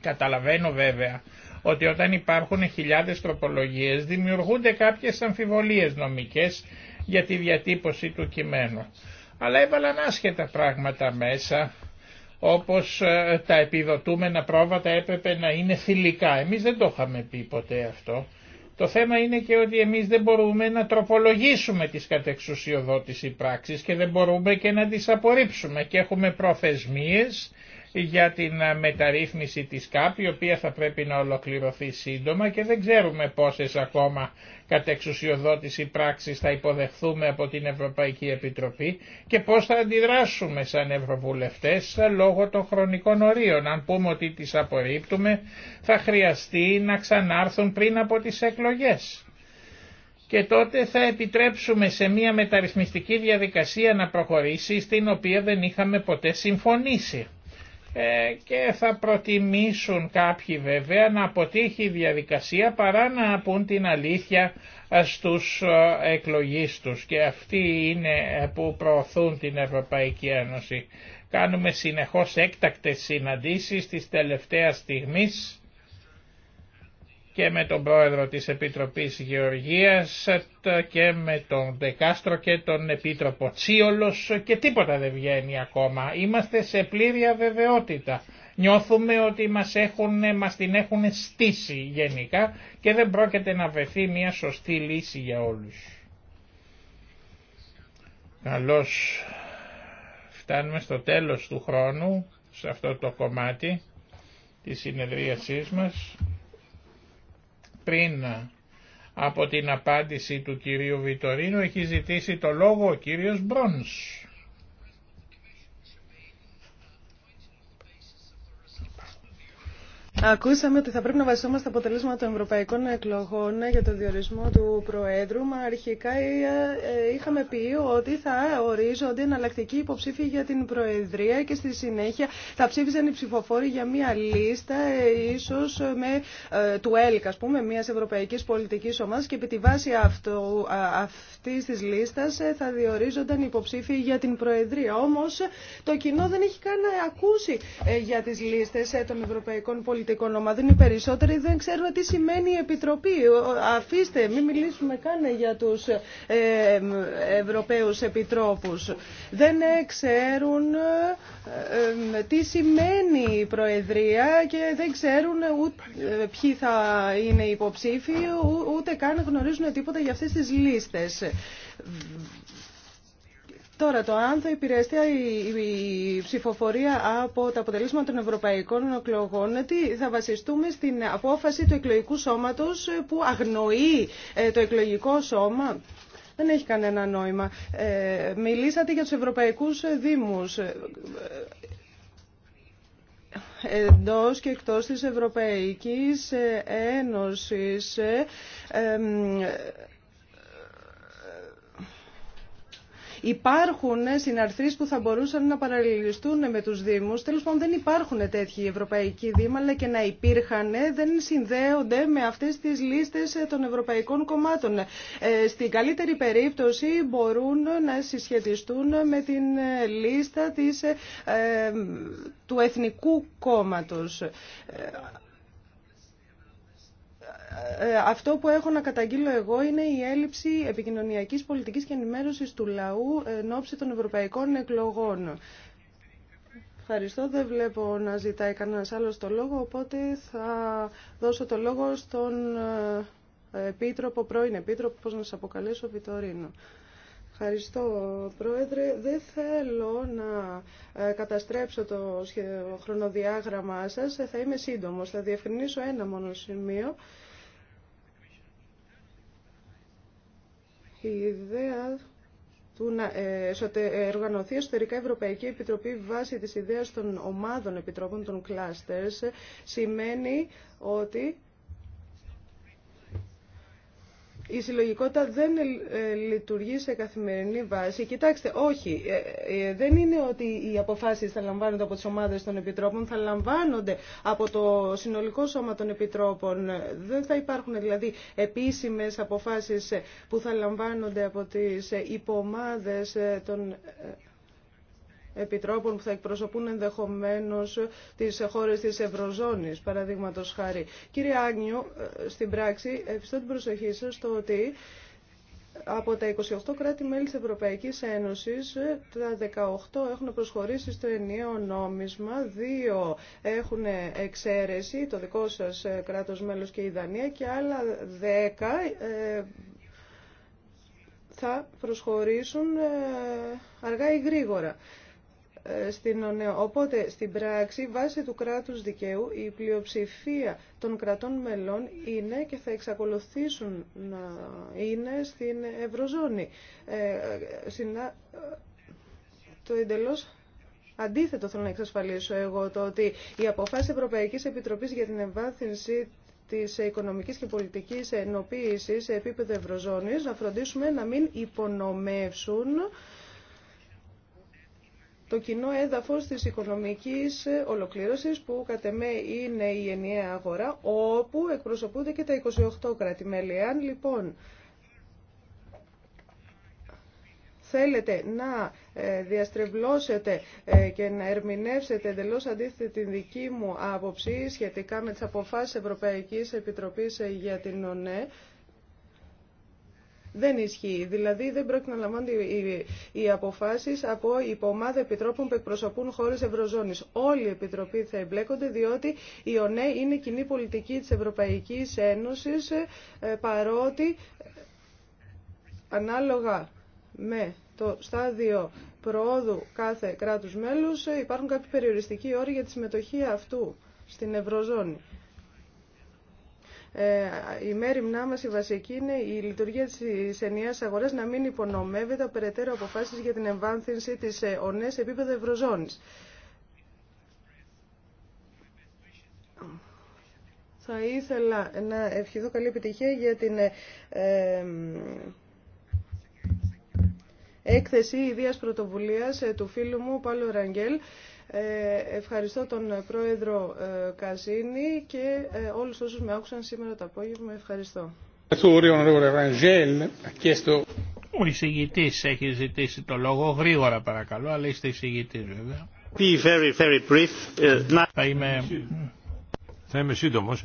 Καταλαβαίνω βέβαια ότι όταν υπάρχουν χιλιάδες τροπολογίες δημιουργούνται κάποιες αμφιβολίες νομικές για τη διατύπωση του κειμένου. Αλλά έβαλαν άσχετα πράγματα μέσα όπως ε, τα επιδοτούμενα πρόβατα έπρεπε να είναι θηλυκά. Εμείς δεν το είχαμε πει ποτέ αυτό. Το θέμα είναι και ότι εμείς δεν μπορούμε να τροπολογήσουμε τις κατεξουσιοδότηση πράξεις και δεν μπορούμε και να τις απορρίψουμε και έχουμε προθεσμίες για την ε, μεταρρύθμιση της ΚΑΠ, η οποία θα πρέπει να ολοκληρωθεί σύντομα και δεν ξέρουμε πόσες ακόμα εξουσιοδότηση πράξης θα υποδεχθούμε από την Ευρωπαϊκή Επιτροπή και πώς θα αντιδράσουμε σαν Ευρωβουλευτές ε, λόγω των χρονικών ορίων. Αν πούμε ότι τις απορρίπτουμε θα χρειαστεί να ξανάρθουν πριν από τις εκλογές και τότε θα επιτρέψουμε σε μια μεταρρυθμιστική διαδικασία να προχωρήσει στην οποία δεν είχαμε ποτέ συμφωνήσει. Ε, και θα προτιμήσουν κάποιοι βέβαια να αποτύχει η διαδικασία παρά να πούν την αλήθεια ε, στους ε, εκλογείς τους και αυτοί είναι που προωθούν την Ευρωπαϊκή Ένωση. Κάνουμε συνεχώς έκτακτες συναντήσεις της τελευταίας στιγμής και με τον πρόεδρο της Επιτροπής Γεωργίας και με τον Δεκάστρο και τον Επίτροπο Τσίολος και τίποτα δεν βγαίνει ακόμα. Είμαστε σε πλήρη αβεβαιότητα. Νιώθουμε ότι μας, έχουν, μας την έχουν στήσει γενικά και δεν πρόκειται να βρεθεί μια σωστή λύση για όλους. Καλώς φτάνουμε στο τέλος του χρόνου σε αυτό το κομμάτι της συνεδρίασής μας πριν από την απάντηση του κυρίου Βιτορίνου έχει ζητήσει το λόγο ο κύριος Μπρόνς. Ακούσαμε ότι θα πρέπει να βασιζόμαστε στα αποτελέσματα των ευρωπαϊκών εκλογών για το διορισμό του Προέδρου. Μα αρχικά ε, ε, είχαμε πει ότι θα ορίζονται εναλλακτικοί υποψήφοι για την Προεδρία και στη συνέχεια θα ψήφιζαν οι ψηφοφόροι για μία λίστα, ε, ίσω με του ΕΛΚ, α πούμε, μια ευρωπαϊκή πολιτική ομάδα και επί τη βάση αυτή τη λίστα θα διορίζονταν υποψήφοι για την Προεδρία. Όμω το κοινό δεν έχει καν ακούσει για τι λίστε των ευρωπαϊκών πολιτικών πολιτικό Δεν οι περισσότεροι δεν ξέρουν τι σημαίνει η Επιτροπή. Αφήστε, μην μιλήσουμε καν για τους ε, Ευρωπαίους Επιτρόπους. Δεν ξέρουν ε, ε, τι σημαίνει η Προεδρία και δεν ξέρουν ούτε, ποιοι θα είναι οι υποψήφοι, ούτε καν γνωρίζουν τίποτα για αυτές τις λίστες. Τώρα, το αν θα επηρεαστεί η ψηφοφορία από τα αποτελέσματα των ευρωπαϊκών εκλογών, ότι θα βασιστούμε στην απόφαση του εκλογικού σώματος ε, που αγνοεί ε, το εκλογικό σώμα. Δεν έχει κανένα νόημα. Ε, μιλήσατε για τους ευρωπαϊκούς δήμους εντός και εκτός της Ευρωπαϊκής Ένωσης Υπάρχουν συναρθρεί που θα μπορούσαν να παραλληλιστούν με τους Δήμους. Τέλος πάντων δεν υπάρχουν τέτοιοι ευρωπαϊκοί Δήμοι, αλλά και να υπήρχαν ε, δεν συνδέονται με αυτές τις λίστες ε, των ευρωπαϊκών κομμάτων. Ε, στην καλύτερη περίπτωση μπορούν να συσχετιστούν με την λίστα της, του Εθνικού Κόμματος. Ε, αυτό που έχω να καταγγείλω εγώ είναι η έλλειψη επικοινωνιακής πολιτικής και ενημέρωσης του λαού εν ώψη των ευρωπαϊκών εκλογών. Ευχαριστώ. Δεν βλέπω να ζητάει κανένα άλλο το λόγο, οπότε θα δώσω το λόγο στον ε, Επίτροπο, πρώην Επίτροπο, πώς να σας αποκαλέσω, Βιτορίνο. Ευχαριστώ, Πρόεδρε. Δεν θέλω να ε, καταστρέψω το χρονοδιάγραμμά σας. Θα είμαι σύντομος. Θα διευκρινίσω ένα μόνο σημείο. η ιδέα του να ε, ε, οργανωθεί εσωτερικά Ευρωπαϊκή Επιτροπή βάσει της ιδέας των ομάδων επιτρόπων των κλάστερς σημαίνει ότι η συλλογικότητα δεν ε, λειτουργεί σε καθημερινή βάση. Κοιτάξτε, όχι, ε, ε, δεν είναι ότι οι αποφάσεις θα λαμβάνονται από τις ομάδες των επιτρόπων, θα λαμβάνονται από το συνολικό σώμα των επιτρόπων. Δεν θα υπάρχουν δηλαδή επίσημες αποφάσεις που θα λαμβάνονται από τις υπομάδες των επιτρόπων που θα εκπροσωπούν ενδεχομένω τι χώρε της Ευρωζώνης, παραδείγματο χάρη. Κύριε Άγνιο, ε, στην πράξη, ευχαριστώ την προσοχή σα στο ότι από τα 28 κράτη-μέλη της Ευρωπαϊκής Ένωσης, ε, τα 18 έχουν προσχωρήσει στο ενιαίο νόμισμα, δύο έχουν εξαίρεση, το δικό σας ε, κράτος μέλος και η Δανία, και άλλα 10 θα προσχωρήσουν αργά ή γρήγορα. Ε, στην Οπότε, στην πράξη, βάσει του κράτους δικαίου, η πλειοψηφία των κρατών μελών είναι και θα εξακολουθήσουν να είναι στην Ευρωζώνη. Ε, ε, το εντελώς αντίθετο θέλω να εξασφαλίσω εγώ, το ότι η αποφάση Ευρωπαϊκής Επιτροπής για την εμβάθυνση τη οικονομική και πολιτικής ενοποίηση σε επίπεδο Ευρωζώνη, να φροντίσουμε να μην υπονομεύσουν το κοινό έδαφος της οικονομικής ολοκλήρωσης που κατ' εμέ είναι η ενιαία αγορά όπου εκπροσωπούνται και τα 28 κράτη-μέλη. Αν λοιπόν θέλετε να ε, διαστρεβλώσετε ε, και να ερμηνεύσετε εντελώ αντίθετη την δική μου άποψη σχετικά με τις αποφάσεις Ευρωπαϊκής Επιτροπής ε, για την ΟΝΕ, δεν ισχύει. Δηλαδή δεν πρόκειται να λαμβάνονται οι αποφάσει από υπομάδα επιτρόπων που εκπροσωπούν χώρε Ευρωζώνη. Όλοι οι επιτροπή θα εμπλέκονται διότι η ΟΝΕ είναι κοινή πολιτική τη Ευρωπαϊκή Ένωση ε, παρότι ανάλογα με το στάδιο προόδου κάθε κράτους μέλους ε, υπάρχουν κάποιοι περιοριστικοί όροι για τη συμμετοχή αυτού στην Ευρωζώνη. Ε, η μνά μας η βασική είναι η λειτουργία της ενιαίας αγοράς να μην υπονομεύεται από περαιτέρω αποφάσεις για την εμβάνθυνση της ε, ΟΝΕ σε επίπεδο ευρωζώνης. Θα ήθελα να ευχηθώ καλή επιτυχία για την ε, έκθεση ιδίας πρωτοβουλίας του φίλου μου Πάλο Ραγγέλ. Ε, ευχαριστώ τον ε, πρόεδρο ε, Καζίνη και όλους όσους με άκουσαν σήμερα το απόγευμα. Ευχαριστώ. Ο εισηγητή έχει ζητήσει το λόγο γρήγορα παρακαλώ, αλλά είστε εισηγητή βέβαια. Θα είμαι, είμαι σύντομο.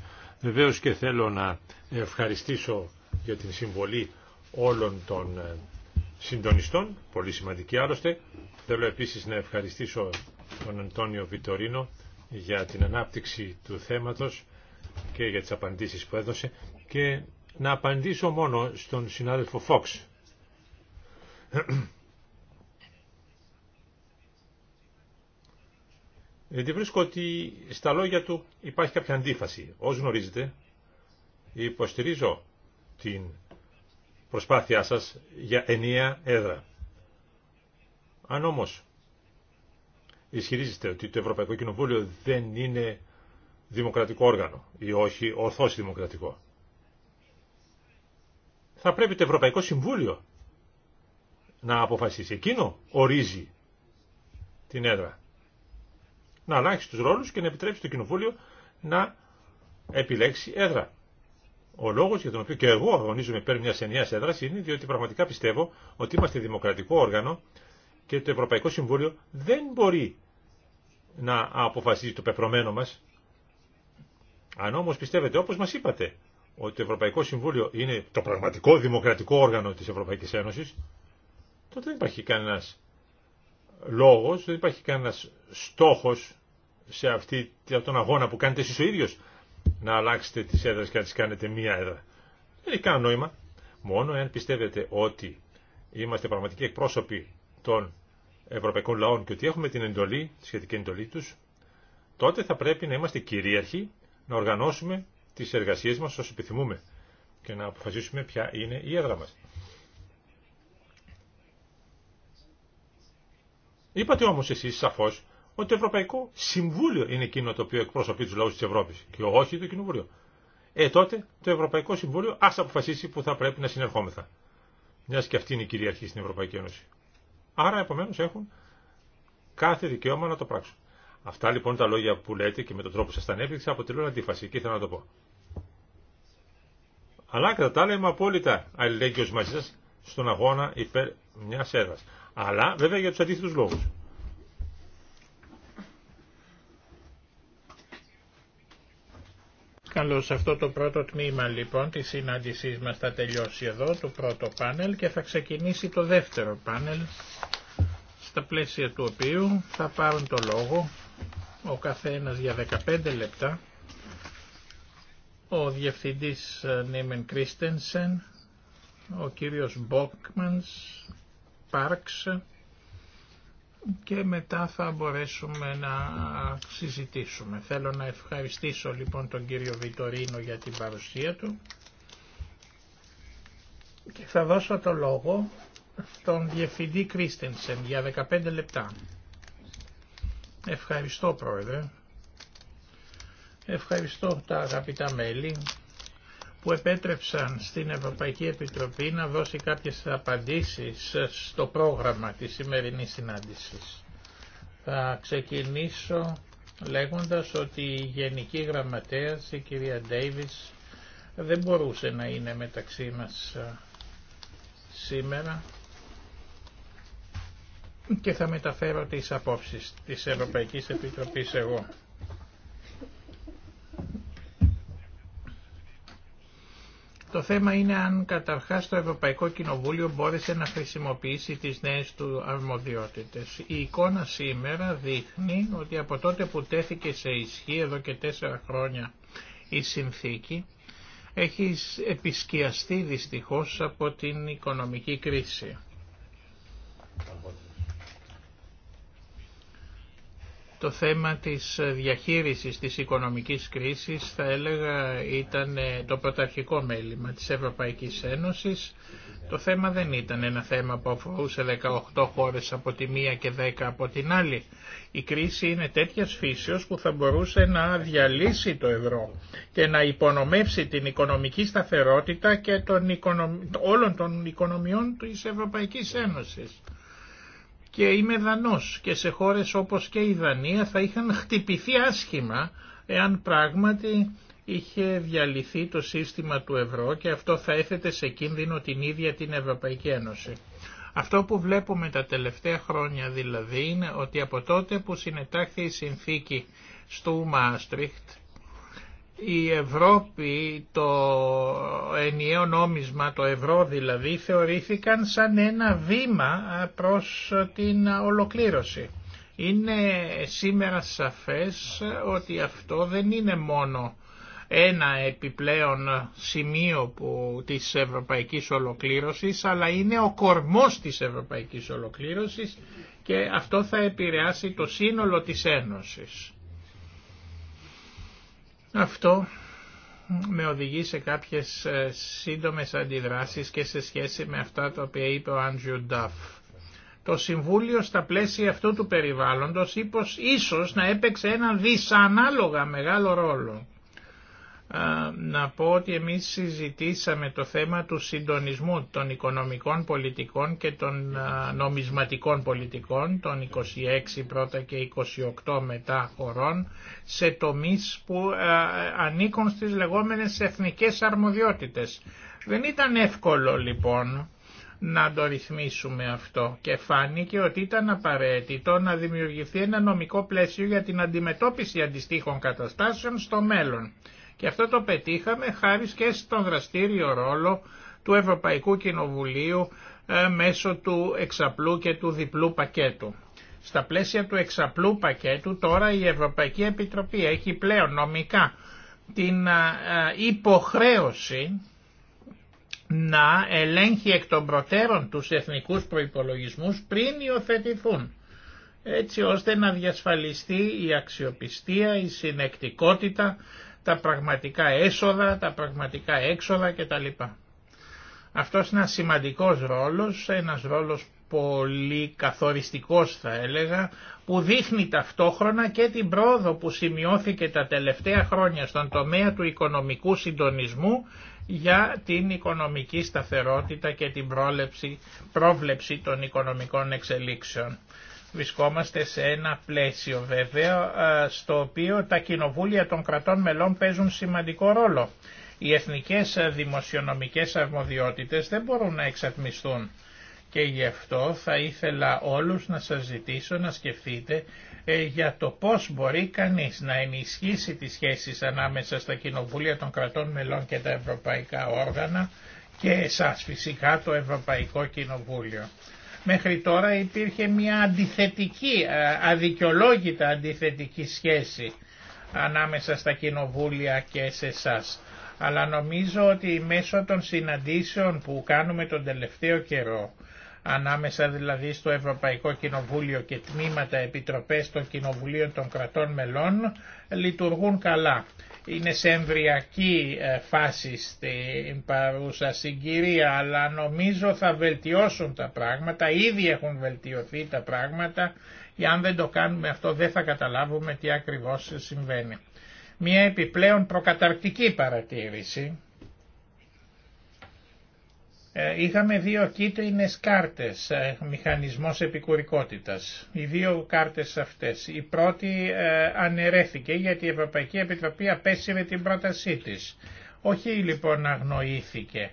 Βεβαίω και θέλω να ευχαριστήσω για την συμβολή όλων των συντονιστών, πολύ σημαντική άλλωστε. Θέλω επίσης να ευχαριστήσω τον Αντώνιο Βιτορίνο για την ανάπτυξη του θέματος και για τις απαντήσεις που έδωσε και να απαντήσω μόνο στον συνάδελφο Φόξ. Γιατί βρίσκω ότι στα λόγια του υπάρχει κάποια αντίφαση. Ως γνωρίζετε, υποστηρίζω την προσπάθειά σας για ενιαία έδρα. Αν όμως ισχυρίζεστε ότι το Ευρωπαϊκό Κοινοβούλιο δεν είναι δημοκρατικό όργανο ή όχι ορθώς δημοκρατικό. Θα πρέπει το Ευρωπαϊκό Συμβούλιο να αποφασίσει. Εκείνο ορίζει την έδρα. Να αλλάξει τους ρόλους και να επιτρέψει το Κοινοβούλιο να επιλέξει έδρα. Ο λόγος για τον οποίο και εγώ αγωνίζομαι υπέρ μιας ενιαίας έδρας είναι διότι πραγματικά πιστεύω ότι είμαστε δημοκρατικό όργανο και το Ευρωπαϊκό Συμβούλιο δεν μπορεί να αποφασίζει το πεπρωμένο μας. Αν όμως πιστεύετε, όπως μας είπατε, ότι το Ευρωπαϊκό Συμβούλιο είναι το πραγματικό δημοκρατικό όργανο της Ευρωπαϊκής Ένωσης, τότε δεν υπάρχει κανένας λόγος, δεν υπάρχει κανένας στόχος σε αυτή, τον αγώνα που κάνετε εσείς ο ίδιος να αλλάξετε τις έδρες και να τις κάνετε μία έδρα. Δεν έχει κανένα νόημα. Μόνο εάν πιστεύετε ότι είμαστε πραγματικοί εκπρόσωποι των ευρωπαϊκών λαών και ότι έχουμε την εντολή, τη σχετική εντολή τους, τότε θα πρέπει να είμαστε κυρίαρχοι να οργανώσουμε τις εργασίες μας όσο επιθυμούμε και να αποφασίσουμε ποια είναι η έδρα μας. Είπατε όμως εσείς σαφώς ότι το Ευρωπαϊκό Συμβούλιο είναι εκείνο το οποίο εκπροσωπεί τους λαούς της Ευρώπης και όχι το Κοινοβούλιο. Ε, τότε το Ευρωπαϊκό Συμβούλιο ας αποφασίσει που θα πρέπει να συνερχόμεθα. Μια και αυτή είναι η κυριαρχή στην Ευρωπαϊκή Ένωση. Άρα επομένως έχουν κάθε δικαίωμα να το πράξουν. Αυτά λοιπόν τα λόγια που λέτε και με τον τρόπο που σας τα ανέπτυξα αποτελούν αντίφαση και ήθελα να το πω. Αλλά κατά τα άλλα είμαι απόλυτα αλληλέγγυος μαζί σας στον αγώνα υπέρ μιας έδρας. Αλλά βέβαια για τους αντίθετους λόγους. Καλώς αυτό το πρώτο τμήμα λοιπόν της συνάντησής μας θα τελειώσει εδώ, το πρώτο πάνελ και θα ξεκινήσει το δεύτερο πάνελ στα πλαίσια του οποίου θα πάρουν το λόγο ο καθένας για 15 λεπτά ο διευθυντής ε, Νίμεν Κρίστενσεν, ο κύριος Μπόκμανς, Πάρξ, και μετά θα μπορέσουμε να συζητήσουμε. Θέλω να ευχαριστήσω λοιπόν τον κύριο Βιτορίνο για την παρουσία του και θα δώσω το λόγο στον Διευθυντή Κρίστενσεν για 15 λεπτά. Ευχαριστώ Πρόεδρε. Ευχαριστώ τα αγαπητά μέλη που επέτρεψαν στην Ευρωπαϊκή Επιτροπή να δώσει κάποιες απαντήσεις στο πρόγραμμα της σημερινής συνάντησης. Θα ξεκινήσω λέγοντας ότι η Γενική Γραμματέας, η κυρία Ντέιβις, δεν μπορούσε να είναι μεταξύ μας ε, σήμερα και θα μεταφέρω τις απόψεις της Ευρωπαϊκής Επιτροπής εγώ. Το θέμα είναι αν καταρχάς το Ευρωπαϊκό Κοινοβούλιο μπόρεσε να χρησιμοποιήσει τις νέες του αρμοδιότητες. Η εικόνα σήμερα δείχνει ότι από τότε που τέθηκε σε ισχύ εδώ και τέσσερα χρόνια η συνθήκη έχει επισκιαστεί δυστυχώς από την οικονομική κρίση. Το θέμα της διαχείρισης της οικονομικής κρίσης θα έλεγα ήταν ε, το πρωταρχικό μέλημα της Ευρωπαϊκής Ένωσης. Το θέμα δεν ήταν ένα θέμα που αφορούσε 18 χώρες από τη μία και 10 από την άλλη. Η κρίση είναι τέτοια φύσεως που θα μπορούσε να διαλύσει το ευρώ και να υπονομεύσει την οικονομική σταθερότητα και όλων των οικονομιών της Ευρωπαϊκής Ένωσης και είμαι Δανός και σε χώρες όπως και η Δανία θα είχαν χτυπηθεί άσχημα εάν πράγματι είχε διαλυθεί το σύστημα του ευρώ και αυτό θα έθετε σε κίνδυνο την ίδια την Ευρωπαϊκή Ένωση. Αυτό που βλέπουμε τα τελευταία χρόνια δηλαδή είναι ότι από τότε που συνετάχθη η συνθήκη στο Μάστριχτ η Ευρώπη, το ενιαίο νόμισμα, το ευρώ δηλαδή, θεωρήθηκαν σαν ένα βήμα προς την ολοκλήρωση. Είναι σήμερα σαφές ότι αυτό δεν είναι μόνο ένα επιπλέον σημείο που, της ευρωπαϊκής ολοκλήρωσης, αλλά είναι ο κορμός της ευρωπαϊκής ολοκλήρωσης και αυτό θα επηρεάσει το σύνολο της Ένωσης. Αυτό με οδηγεί σε κάποιες ε, σύντομες αντιδράσεις και σε σχέση με αυτά τα οποία είπε ο Άντζιου Νταφ. Το Συμβούλιο στα πλαίσια αυτού του περιβάλλοντος ίσως να έπαιξε έναν δυσανάλογα μεγάλο ρόλο να πω ότι εμείς συζητήσαμε το θέμα του συντονισμού των οικονομικών πολιτικών και των νομισματικών πολιτικών, των 26 πρώτα και 28 μετά χωρών, σε τομείς που ανήκουν στις λεγόμενες εθνικές αρμοδιότητες. Δεν ήταν εύκολο λοιπόν να το ρυθμίσουμε αυτό και φάνηκε ότι ήταν απαραίτητο να δημιουργηθεί ένα νομικό πλαίσιο για την αντιμετώπιση αντιστοίχων καταστάσεων στο μέλλον. Και αυτό το πετύχαμε χάρη και στον δραστήριο ρόλο του Ευρωπαϊκού Κοινοβουλίου ε, μέσω του εξαπλού και του διπλού πακέτου. Στα πλαίσια του εξαπλού πακέτου τώρα η Ευρωπαϊκή Επιτροπή έχει πλέον νομικά την ε, ε, υποχρέωση να ελέγχει εκ των προτέρων τους εθνικούς προϋπολογισμούς πριν υιοθετηθούν, έτσι ώστε να διασφαλιστεί η αξιοπιστία, η συνεκτικότητα τα πραγματικά έσοδα, τα πραγματικά έξοδα κτλ. Αυτός είναι ένας σημαντικός ρόλος, ένας ρόλος πολύ καθοριστικός θα έλεγα, που δείχνει ταυτόχρονα και την πρόοδο που σημειώθηκε τα τελευταία χρόνια στον τομέα του οικονομικού συντονισμού για την οικονομική σταθερότητα και την πρόβλεψη, πρόβλεψη των οικονομικών εξελίξεων. Βρισκόμαστε σε ένα πλαίσιο βέβαια στο οποίο τα κοινοβούλια των κρατών μελών παίζουν σημαντικό ρόλο. Οι εθνικές δημοσιονομικές αρμοδιότητες δεν μπορούν να εξατμιστούν και γι' αυτό θα ήθελα όλους να σας ζητήσω να σκεφτείτε ε, για το πώς μπορεί κανείς να ενισχύσει τις σχέσεις ανάμεσα στα κοινοβούλια των κρατών μελών και τα ευρωπαϊκά όργανα και εσάς φυσικά το Ευρωπαϊκό Κοινοβούλιο. Μέχρι τώρα υπήρχε μια αντιθετική, ε, αδικαιολόγητα αντιθετική σχέση ανάμεσα στα κοινοβούλια και σε εσά. Αλλά νομίζω ότι μέσω των συναντήσεων που κάνουμε τον τελευταίο καιρό ανάμεσα δηλαδή στο Ευρωπαϊκό Κοινοβούλιο και τμήματα επιτροπές των Κοινοβουλίων των κρατών μελών λειτουργούν καλά. Είναι σε εμβριακή ε, φάση στην παρούσα συγκυρία αλλά νομίζω θα βελτιώσουν τα πράγματα, ήδη έχουν βελτιωθεί τα πράγματα και αν δεν το κάνουμε αυτό δεν θα καταλάβουμε τι ακριβώς συμβαίνει. Μια επιπλέον προκαταρκτική παρατήρηση ε, είχαμε δύο κίτρινες κάρτες, ε, μηχανισμός επικουρικότητας. Οι δύο κάρτες αυτές. Η πρώτη ε, αναιρέθηκε γιατί η Ευρωπαϊκή Επιτροπή απέσυρε την πρότασή της. Όχι λοιπόν αγνοήθηκε.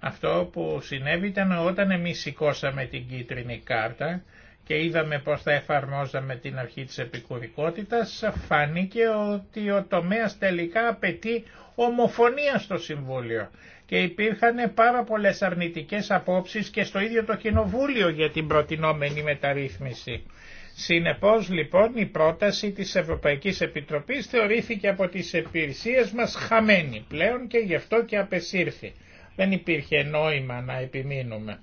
Αυτό που συνέβη ήταν όταν εμείς σηκώσαμε την κίτρινη κάρτα, και είδαμε πώς θα εφαρμόζαμε την αρχή της επικουρικότητας, φάνηκε ότι ο τομέας τελικά απαιτεί ομοφωνία στο Συμβούλιο και υπήρχαν πάρα πολλές αρνητικές απόψεις και στο ίδιο το Κοινοβούλιο για την προτινόμενη μεταρρύθμιση. Συνεπώς λοιπόν η πρόταση της Ευρωπαϊκής Επιτροπής θεωρήθηκε από τις υπηρεσίε μας χαμένη πλέον και γι' αυτό και απεσύρθη. Δεν υπήρχε νόημα να επιμείνουμε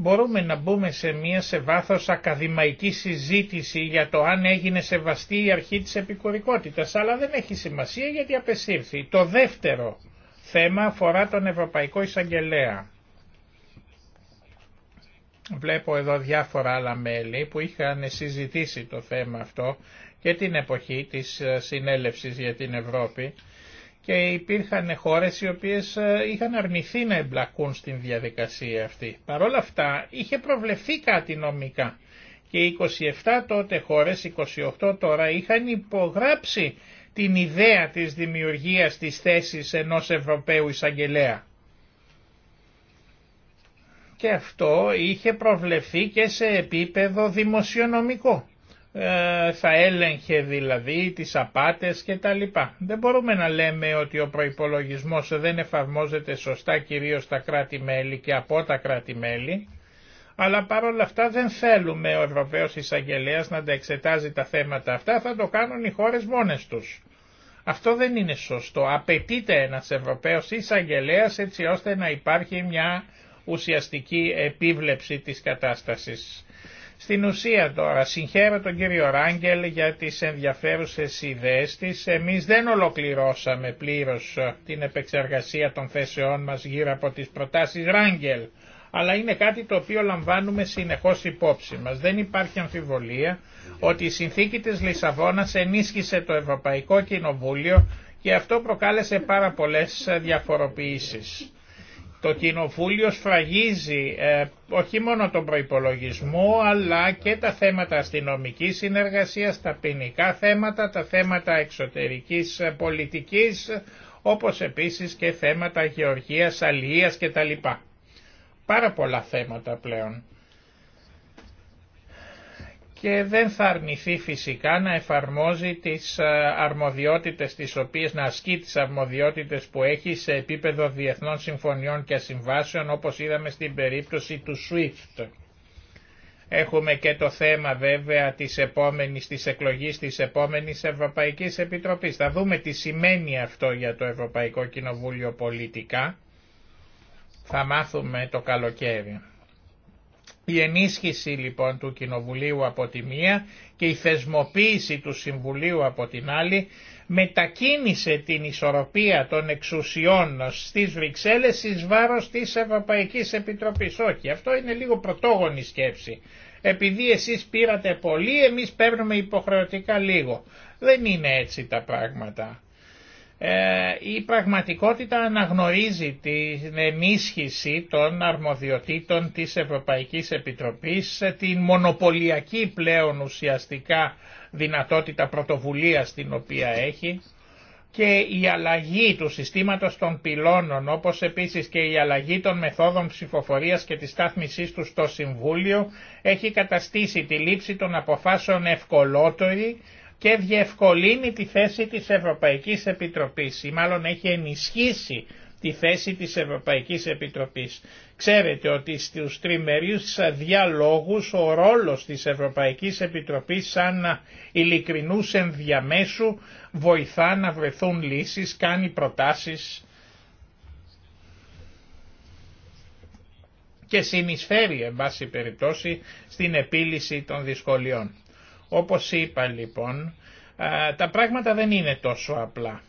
μπορούμε να μπούμε σε μία σε βάθος ακαδημαϊκή συζήτηση για το αν έγινε σεβαστή η αρχή της επικουρικότητας, αλλά δεν έχει σημασία γιατί απεσήρθη. Το δεύτερο θέμα αφορά τον Ευρωπαϊκό Εισαγγελέα. Βλέπω εδώ διάφορα άλλα μέλη που είχαν συζητήσει το θέμα αυτό και την εποχή της ε, συνέλευσης για την Ευρώπη και υπήρχαν χώρες οι οποίες ε, είχαν αρνηθεί να εμπλακούν στην διαδικασία αυτή. Παρ' όλα αυτά είχε προβλεφθεί κάτι νομικά και οι 27 τότε χώρες, 28 τώρα, είχαν υπογράψει την ιδέα της δημιουργίας της θέσης ενός Ευρωπαίου εισαγγελέα. Και αυτό είχε προβλεφθεί και σε επίπεδο δημοσιονομικό. Ε, θα έλεγχε δηλαδή τις απάτες και τα λοιπά. Δεν μπορούμε να λέμε ότι ο προϋπολογισμός δεν εφαρμόζεται σωστά κυρίως στα κράτη-μέλη και από τα κράτη-μέλη, αλλά παρόλα αυτά δεν θέλουμε ο Ευρωπαίος Εισαγγελέας να τα εξετάζει τα θέματα αυτά, θα το κάνουν οι χώρες μόνες τους. Αυτό δεν είναι σωστό. Απαιτείται ένας Ευρωπαίος Εισαγγελέας έτσι ώστε να υπάρχει μια ουσιαστική επίβλεψη της κατάστασης. Στην ουσία τώρα συγχαίρω τον κύριο Ράγκελ για τις ενδιαφέρουσες ιδέες της. Εμείς δεν ολοκληρώσαμε πλήρως ε, την επεξεργασία των θέσεών μας γύρω από τις προτάσεις Ράγκελ, αλλά είναι κάτι το οποίο λαμβάνουμε συνεχώς υπόψη μας. Δεν υπάρχει αμφιβολία ότι η συνθήκη της Λισαβόνας ενίσχυσε το Ευρωπαϊκό Κοινοβούλιο και αυτό προκάλεσε πάρα πολλές ε, διαφοροποιήσεις. Το Κοινοβούλιο σφραγίζει ε, όχι μόνο τον προϋπολογισμό αλλά και τα θέματα αστυνομικής συνεργασίας, τα ποινικά θέματα, τα θέματα εξωτερικής ε, πολιτικής όπως επίσης και θέματα γεωργίας, αλληλείας κτλ. Πάρα πολλά θέματα πλέον και δεν θα αρνηθεί φυσικά να εφαρμόζει τις ε, αρμοδιότητες τις οποίες να ασκεί τις αρμοδιότητες που έχει σε επίπεδο διεθνών συμφωνιών και συμβάσεων όπως είδαμε στην περίπτωση του SWIFT. Έχουμε και το θέμα βέβαια της επόμενης, της εκλογής της επόμενης Ευρωπαϊκής Επιτροπής. Θα δούμε τι σημαίνει αυτό για το Ευρωπαϊκό Κοινοβούλιο πολιτικά. Θα μάθουμε το καλοκαίρι. Η ενίσχυση λοιπόν του Κοινοβουλίου από τη μία και η θεσμοποίηση του Συμβουλίου από την άλλη μετακίνησε την ισορροπία των εξουσιών στις Βρυξέλλες εις βάρος της Ευρωπαϊκής Επιτροπής. Όχι, αυτό είναι λίγο πρωτόγονη σκέψη. Επειδή εσείς πήρατε πολύ, εμείς παίρνουμε υποχρεωτικά λίγο. Δεν είναι έτσι τα πράγματα. Ε, η πραγματικότητα αναγνωρίζει την ενίσχυση των αρμοδιοτήτων της Ευρωπαϊκής Επιτροπής, ε, την μονοπωλιακή πλέον ουσιαστικά δυνατότητα πρωτοβουλίας την οποία έχει και η αλλαγή του συστήματος των πυλώνων όπως επίσης και η αλλαγή των μεθόδων ψηφοφορίας και της στάθμισής του στο Συμβούλιο έχει καταστήσει τη λήψη των αποφάσεων ευκολότερη και διευκολύνει τη θέση της Ευρωπαϊκής Επιτροπής ή μάλλον έχει ενισχύσει τη θέση της Ευρωπαϊκής Επιτροπής. Ξέρετε ότι στους τριμερίους διαλόγους ο ρόλος της Ευρωπαϊκής Επιτροπής σαν ειλικρινούς ενδιαμέσου βοηθά να βρεθούν λύσεις, κάνει προτάσεις και συνεισφέρει εν πάση περιπτώσει στην επίλυση των δυσκολιών. Όπως είπα λοιπόν, τα πράγματα δεν είναι τόσο απλά.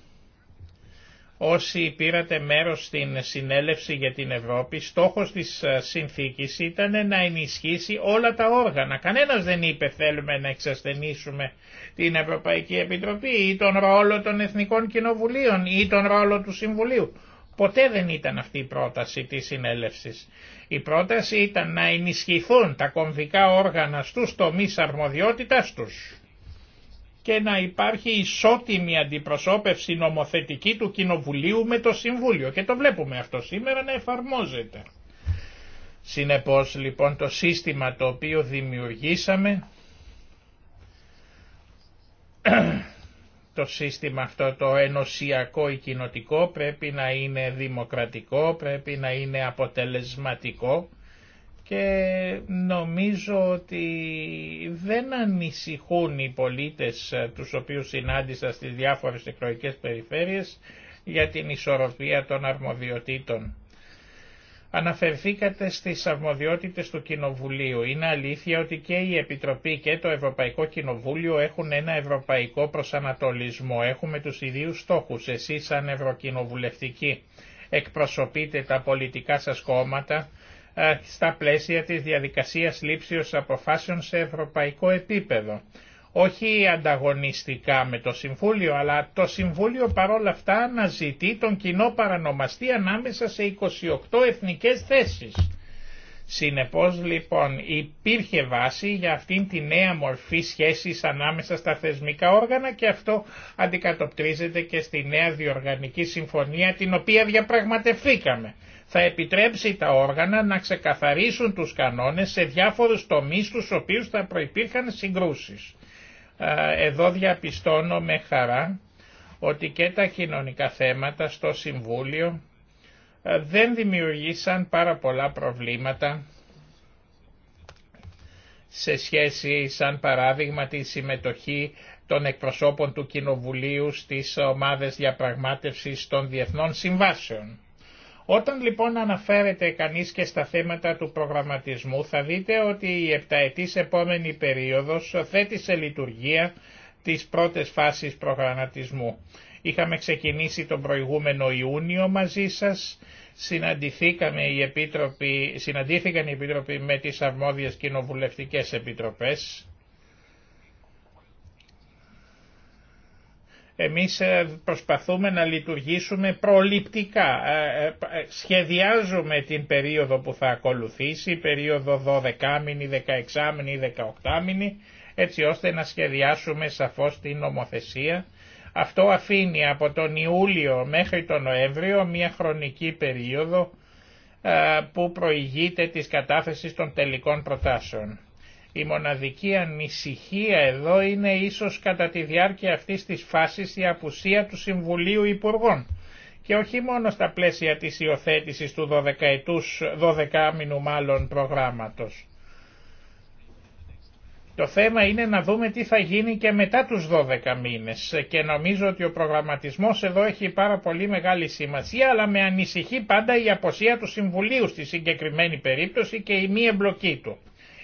Όσοι πήρατε μέρος στην συνέλευση για την Ευρώπη, στόχος της συνθήκης ήταν να ενισχύσει όλα τα όργανα. Κανένας δεν είπε θέλουμε να εξασθενήσουμε την Ευρωπαϊκή Επιτροπή ή τον ρόλο των Εθνικών Κοινοβουλίων ή τον ρόλο του Συμβουλίου. Ποτέ δεν ήταν αυτή η πρόταση της συνέλευσης. Η πρόταση ήταν να ενισχυθούν τα κομβικά όργανα στους τομείς αρμοδιότητας τους και να υπάρχει ισότιμη αντιπροσώπευση νομοθετική του Κοινοβουλίου με το Συμβούλιο και το βλέπουμε αυτό σήμερα να εφαρμόζεται. Συνεπώς λοιπόν το σύστημα το οποίο δημιουργήσαμε το σύστημα αυτό το ενωσιακό ή κοινοτικό πρέπει να είναι δημοκρατικό, πρέπει να είναι αποτελεσματικό και νομίζω ότι δεν ανησυχούν οι πολίτες ε, τους οποίους συνάντησα στις διάφορες εκλογικές περιφέρειες για την ισορροπία των αρμοδιοτήτων. Αναφερθήκατε στις αρμοδιότητες του Κοινοβουλίου. Είναι αλήθεια ότι και η Επιτροπή και το Ευρωπαϊκό Κοινοβούλιο έχουν ένα ευρωπαϊκό προσανατολισμό. Έχουμε τους ιδίους στόχους. Εσείς σαν Ευρωκοινοβουλευτική, εκπροσωπείτε τα πολιτικά σας κόμματα ε, στα πλαίσια της διαδικασίας λήψης αποφάσεων σε ευρωπαϊκό επίπεδο όχι ανταγωνιστικά με το Συμβούλιο, αλλά το Συμβούλιο παρόλα αυτά αναζητεί τον κοινό παρανομαστή ανάμεσα σε 28 εθνικές θέσεις. Συνεπώς λοιπόν υπήρχε βάση για αυτήν τη νέα μορφή σχέσης ανάμεσα στα θεσμικά όργανα και αυτό αντικατοπτρίζεται και στη νέα διοργανική συμφωνία την οποία διαπραγματευθήκαμε. Θα επιτρέψει τα όργανα να ξεκαθαρίσουν τους κανόνες σε διάφορους τομείς τους οποίους θα προϋπήρχαν συγκρούσεις. Ε, εδώ διαπιστώνω με χαρά ότι και τα κοινωνικά θέματα στο Συμβούλιο ε, δεν δημιουργήσαν πάρα πολλά προβλήματα σε σχέση σαν παράδειγμα τη συμμετοχή των εκπροσώπων του Κοινοβουλίου στις ομάδες διαπραγμάτευσης των διεθνών συμβάσεων. Όταν λοιπόν αναφέρεται κανείς και στα θέματα του προγραμματισμού θα δείτε ότι η επταετής επόμενη περίοδος θέτει σε λειτουργία τις πρώτες φάσεις προγραμματισμού. Είχαμε ξεκινήσει τον προηγούμενο Ιούνιο μαζί σας, συναντηθήκαμε οι επίτροποι, συναντήθηκαν οι επίτροποι με τις αρμόδιες κοινοβουλευτικές επιτροπές Εμείς ε, προσπαθούμε να λειτουργήσουμε προληπτικά. Ε, ε, σχεδιάζουμε την περίοδο που θα ακολουθήσει, περίοδο 12 μήνη, 16 μήνη, 18 μήνη, έτσι ώστε να σχεδιάσουμε σαφώς την νομοθεσία. Αυτό αφήνει από τον Ιούλιο μέχρι τον Νοέμβριο μια χρονική περίοδο που προηγείται της κατάθεσης των τελικών προτάσεων. Η μοναδική ανησυχία εδώ είναι ίσως κατά τη διάρκεια αυτής της φάσης η απουσία του Συμβουλίου Υπουργών και όχι μόνο στα πλαίσια της υιοθέτηση του 12 μήνου μάλλον προγράμματος. Το θέμα είναι να δούμε τι θα γίνει και μετά τους 12 μήνες και νομίζω ότι ο προγραμματισμός εδώ έχει πάρα πολύ μεγάλη σημασία αλλά με ανησυχεί πάντα η αποσία του Συμβουλίου στη συγκεκριμένη περίπτωση και η μη εμπλοκή του.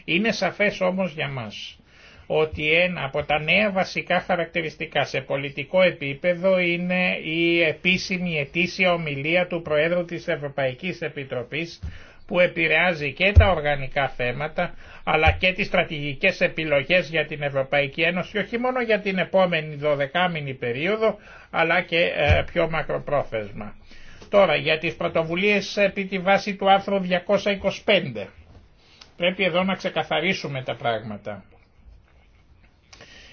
Είναι σαφές όμως για μας ότι ένα από τα νέα βασικά χαρακτηριστικά σε πολιτικό επίπεδο είναι η επίσημη ετήσια ομιλία του Προέδρου της Ευρωπαϊκής Επιτροπής που επηρεάζει και τα οργανικά θέματα αλλά και τις στρατηγικές επιλογές για την Ευρωπαϊκή Ένωση όχι μόνο για την επόμενη περίοδο αλλά και ε, πιο μακροπρόθεσμα. Τώρα για τις πρωτοβουλίες επί τη βάση του άρθρου 225 Πρέπει εδώ να ξεκαθαρίσουμε τα πράγματα.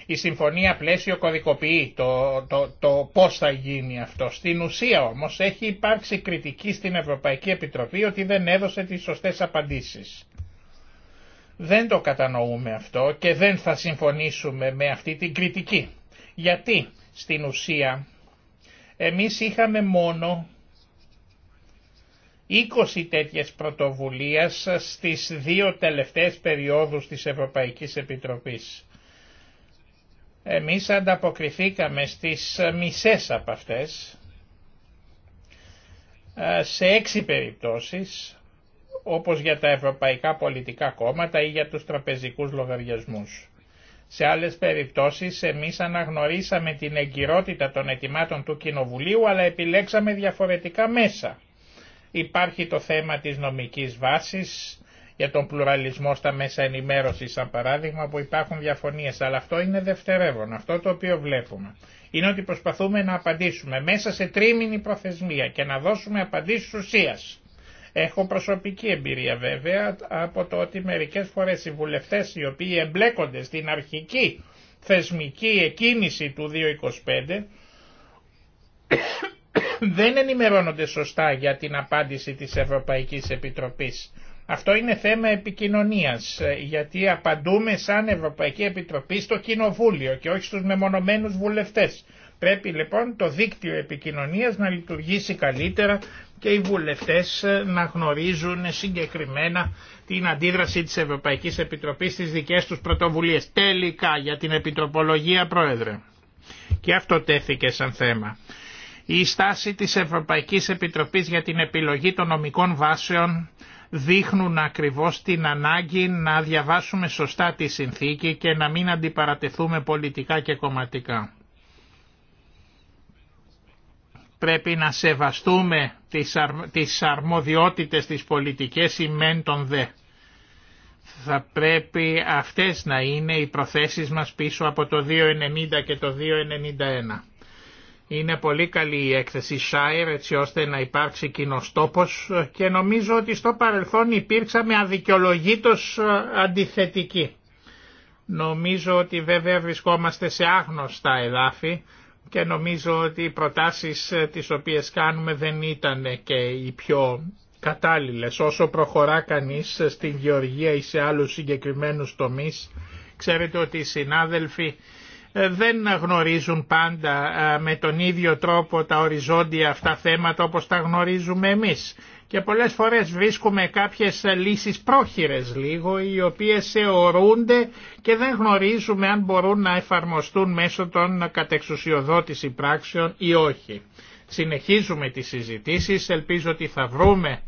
Η συμφωνία πλαίσιο κωδικοποιεί το, το, το πώς θα γίνει αυτό. Στην ουσία όμως έχει υπάρξει κριτική στην Ευρωπαϊκή Επιτροπή ότι δεν έδωσε τις σωστές απαντήσεις. Δεν το κατανοούμε αυτό και δεν θα συμφωνήσουμε με αυτή την κριτική. Γιατί στην ουσία εμείς είχαμε μόνο 20 τέτοιες πρωτοβουλίες στις δύο τελευταίες περιόδους της Ευρωπαϊκής Επιτροπής. Εμείς ανταποκριθήκαμε στις μισές από αυτές, ε, σε έξι περιπτώσεις, όπως για τα ευρωπαϊκά πολιτικά κόμματα ή για τους τραπεζικούς λογαριασμούς. Σε άλλες περιπτώσεις εμείς αναγνωρίσαμε την εγκυρότητα των ετοιμάτων του Κοινοβουλίου αλλά επιλέξαμε διαφορετικά μέσα. Υπάρχει το θέμα της νομικής βάσης για τον πλουραλισμό στα μέσα ενημέρωσης σαν παράδειγμα που υπάρχουν διαφωνίες αλλά αυτό είναι δευτερεύον, αυτό το οποίο βλέπουμε είναι ότι προσπαθούμε να απαντήσουμε μέσα σε τρίμηνη προθεσμία και να δώσουμε απαντήσεις ουσίας. Έχω προσωπική εμπειρία βέβαια από το ότι μερικές φορές οι βουλευτές οι οποίοι εμπλέκονται στην αρχική θεσμική εκκίνηση του 2025 δεν ενημερώνονται σωστά για την απάντηση της Ευρωπαϊκής Επιτροπής. Αυτό είναι θέμα επικοινωνίας, ε, γιατί απαντούμε σαν Ευρωπαϊκή Επιτροπή στο Κοινοβούλιο και όχι στους μεμονωμένους βουλευτές. Πρέπει λοιπόν το δίκτυο επικοινωνίας να λειτουργήσει καλύτερα και οι βουλευτές ε, να γνωρίζουν συγκεκριμένα την αντίδραση της Ευρωπαϊκής Επιτροπής στις δικές τους πρωτοβουλίες. Τελικά για την Επιτροπολογία Πρόεδρε. Και αυτό τέθηκε σαν θέμα. Η στάση της Ευρωπαϊκής Επιτροπής για την επιλογή των νομικών βάσεων δείχνουν ακριβώς την ανάγκη να διαβάσουμε σωστά τη συνθήκη και να μην αντιπαρατεθούμε πολιτικά και κομματικά. Πρέπει να σεβαστούμε τις, αρμοδιότητες της πολιτικές ημέν των δε. Θα πρέπει αυτές να είναι οι προθέσεις μας πίσω από το 2.90 και το 2.91. Είναι πολύ καλή η έκθεση Shire έτσι ώστε να υπάρξει κοινό και νομίζω ότι στο παρελθόν υπήρξαμε αδικαιολογήτως ε, αντιθετικοί. Νομίζω ότι βέβαια βρισκόμαστε σε άγνωστα εδάφη και νομίζω ότι οι προτάσεις ε, τις οποίες κάνουμε δεν ήταν και οι πιο κατάλληλες. Όσο προχωρά κανείς ε, στην γεωργία ή σε άλλους συγκεκριμένους τομείς, ξέρετε ότι οι συνάδελφοι δεν γνωρίζουν πάντα με τον ίδιο τρόπο τα οριζόντια αυτά θέματα όπως τα γνωρίζουμε εμείς. Και πολλές φορές βρίσκουμε κάποιες λύσεις πρόχειρες λίγο, οι οποίες θεωρούνται και δεν γνωρίζουμε αν μπορούν να εφαρμοστούν μέσω των κατεξουσιοδότηση πράξεων ή όχι. Συνεχίζουμε τις συζητήσεις, ελπίζω ότι θα βρούμε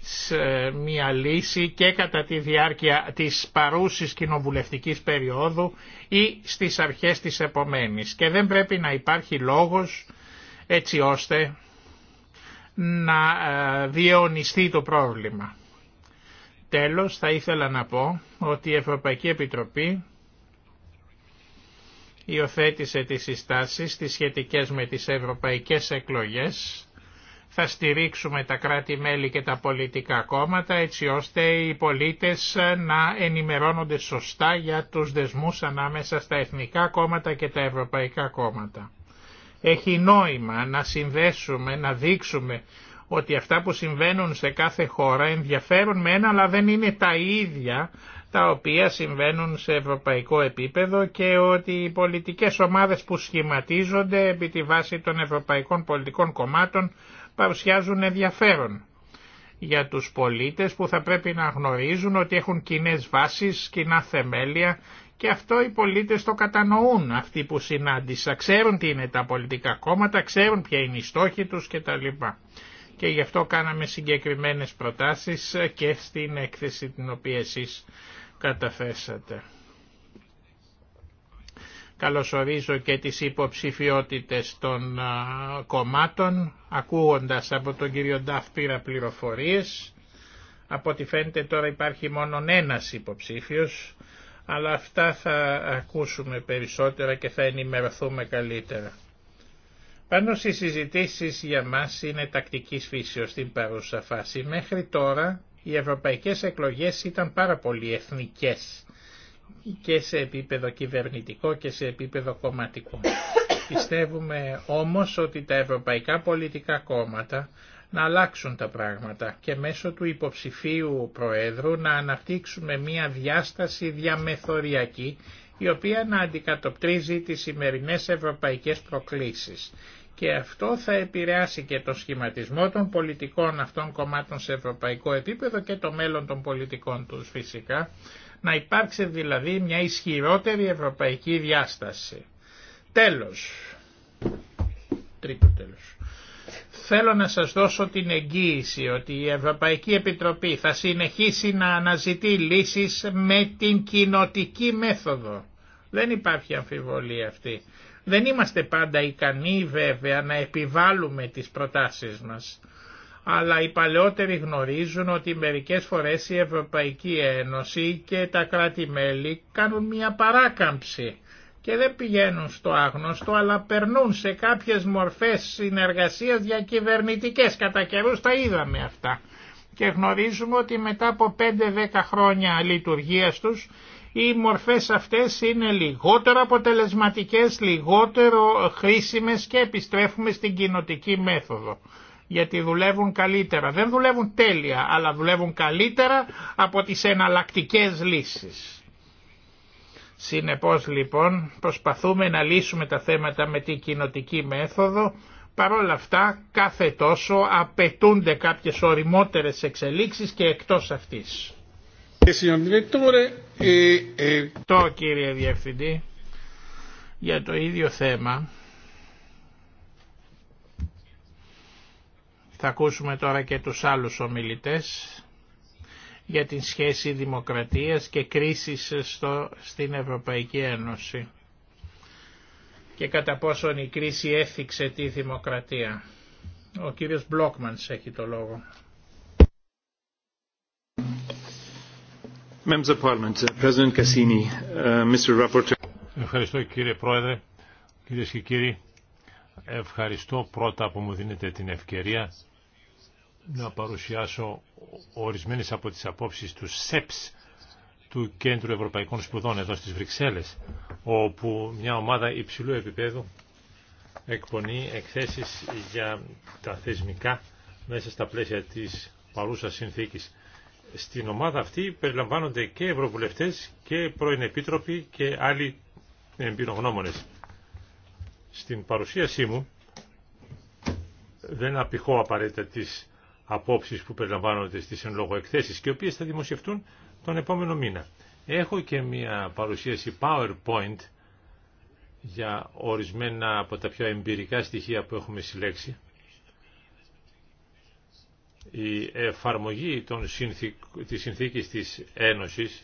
σε μια λύση και κατά τη διάρκεια της παρούσης κοινοβουλευτικής περίοδου ή στις αρχές της επομένης. Και δεν πρέπει να υπάρχει λόγος έτσι ώστε να ε, διαιωνιστεί το πρόβλημα. Τέλος θα ήθελα να πω ότι η Ευρωπαϊκή Επιτροπή υιοθέτησε τις συστάσεις τις σχετικές με τις ευρωπαϊκές εκλογές θα στηρίξουμε τα κράτη-μέλη και τα πολιτικά κόμματα έτσι ώστε οι πολίτες ε, να ενημερώνονται σωστά για τους δεσμούς ανάμεσα στα εθνικά κόμματα και τα ευρωπαϊκά κόμματα. Έχει νόημα να συνδέσουμε, να δείξουμε ότι αυτά που συμβαίνουν σε κάθε χώρα ενδιαφέρουν με ένα αλλά δεν είναι τα ίδια τα οποία συμβαίνουν σε ευρωπαϊκό επίπεδο και ότι οι πολιτικές ομάδες που σχηματίζονται επί τη βάση των ευρωπαϊκών πολιτικών κομμάτων παρουσιάζουν ενδιαφέρον για τους πολίτες που θα πρέπει να γνωρίζουν ότι έχουν κοινέ βάσεις, κοινά θεμέλια και αυτό οι πολίτες το κατανοούν αυτοί που συνάντησα. Ξέρουν τι είναι τα πολιτικά κόμματα, ξέρουν ποια είναι η στόχη τους κτλ. Και γι' αυτό κάναμε συγκεκριμένες προτάσεις και στην έκθεση την οποία εσείς καταθέσατε. Καλωσορίζω και τις υποψηφιότητες των κομμάτων, ακούγοντας από τον κύριο Νταφ πήρα πληροφορίες. Από ό,τι φαίνεται τώρα υπάρχει μόνο ένας υποψήφιος, αλλά αυτά θα ακούσουμε περισσότερα και θα ενημερωθούμε καλύτερα. Πάνω στις συζητήσεις για μας είναι τακτικής φύσεως στην παρούσα φάση. Μέχρι τώρα οι ευρωπαϊκές εκλογές ήταν πάρα πολύ εθνικές και σε επίπεδο κυβερνητικό και σε επίπεδο κομματικό. Πιστεύουμε όμως ότι τα ευρωπαϊκά πολιτικά κόμματα να αλλάξουν τα πράγματα και μέσω του υποψηφίου Προέδρου να αναπτύξουμε μια διάσταση διαμεθοριακή η οποία να αντικατοπτρίζει τις σημερινές ευρωπαϊκές προκλήσεις. Και αυτό θα επηρεάσει και το σχηματισμό των πολιτικών αυτών κομμάτων σε ευρωπαϊκό επίπεδο και το μέλλον των πολιτικών τους φυσικά, να υπάρξει δηλαδή μια ισχυρότερη ευρωπαϊκή διάσταση. Τέλος, τρίτο τέλος, θέλω να σας δώσω την εγγύηση ότι η Ευρωπαϊκή Επιτροπή θα συνεχίσει να αναζητεί λύσεις με την κοινοτική μέθοδο. Δεν υπάρχει αμφιβολία αυτή. Δεν είμαστε πάντα ικανοί βέβαια να επιβάλλουμε τις προτάσεις μας αλλά οι παλαιότεροι γνωρίζουν ότι μερικές φορές η Ευρωπαϊκή Ένωση και τα κράτη-μέλη κάνουν μια παράκαμψη και δεν πηγαίνουν στο άγνωστο αλλά περνούν σε κάποιες μορφές συνεργασίας διακυβερνητικές. Κατά καιρού τα είδαμε αυτά και γνωρίζουμε ότι μετά από 5-10 χρόνια λειτουργίας τους οι μορφές αυτές είναι λιγότερο αποτελεσματικές, λιγότερο χρήσιμες και επιστρέφουμε στην κοινοτική μέθοδο γιατί δουλεύουν καλύτερα. Δεν δουλεύουν τέλεια, αλλά δουλεύουν καλύτερα από τις εναλλακτικέ λύσεις. Συνεπώς λοιπόν προσπαθούμε να λύσουμε τα θέματα με την κοινοτική μέθοδο, παρόλα αυτά κάθε τόσο απαιτούνται κάποιες οριμότερες εξελίξεις και εκτός αυτής. Ε, ε, ε, το κύριε Διευθυντή, για το ίδιο θέμα Θα ακούσουμε τώρα και τους άλλους ομιλητές για την σχέση δημοκρατίας και κρίσης στο, στην Ευρωπαϊκή Ένωση και κατά πόσον η κρίση έφυξε τη δημοκρατία. Ο κύριος Μπλόκμανς έχει το λόγο. Uh, uh, ευχαριστώ κύριε Πρόεδρε, κυρίε και κύριοι. Ευχαριστώ πρώτα που μου δίνετε την ευκαιρία να παρουσιάσω ορισμένες από τις απόψεις του ΣΕΠΣ, του Κέντρου Ευρωπαϊκών Σπουδών εδώ στις Βρυξέλλες, όπου μια ομάδα υψηλού επίπεδου εκπονεί εκθέσεις για τα θεσμικά μέσα στα πλαίσια της παρούσας συνθήκης. Στην ομάδα αυτή περιλαμβάνονται και ευρωβουλευτές και πρώην επίτροποι και άλλοι εμπειρογνώμονες. Στην παρουσίασή μου δεν απηχώ απαραίτητα τις απόψεις που περιλαμβάνονται στις εν λόγω εκθέσεις και οι οποίες θα δημοσιευτούν τον επόμενο μήνα. Έχω και μια παρουσίαση PowerPoint για ορισμένα από τα πιο εμπειρικά στοιχεία που έχουμε συλλέξει. Η εφαρμογή των συνθήκ, της συνθήκης της Ένωσης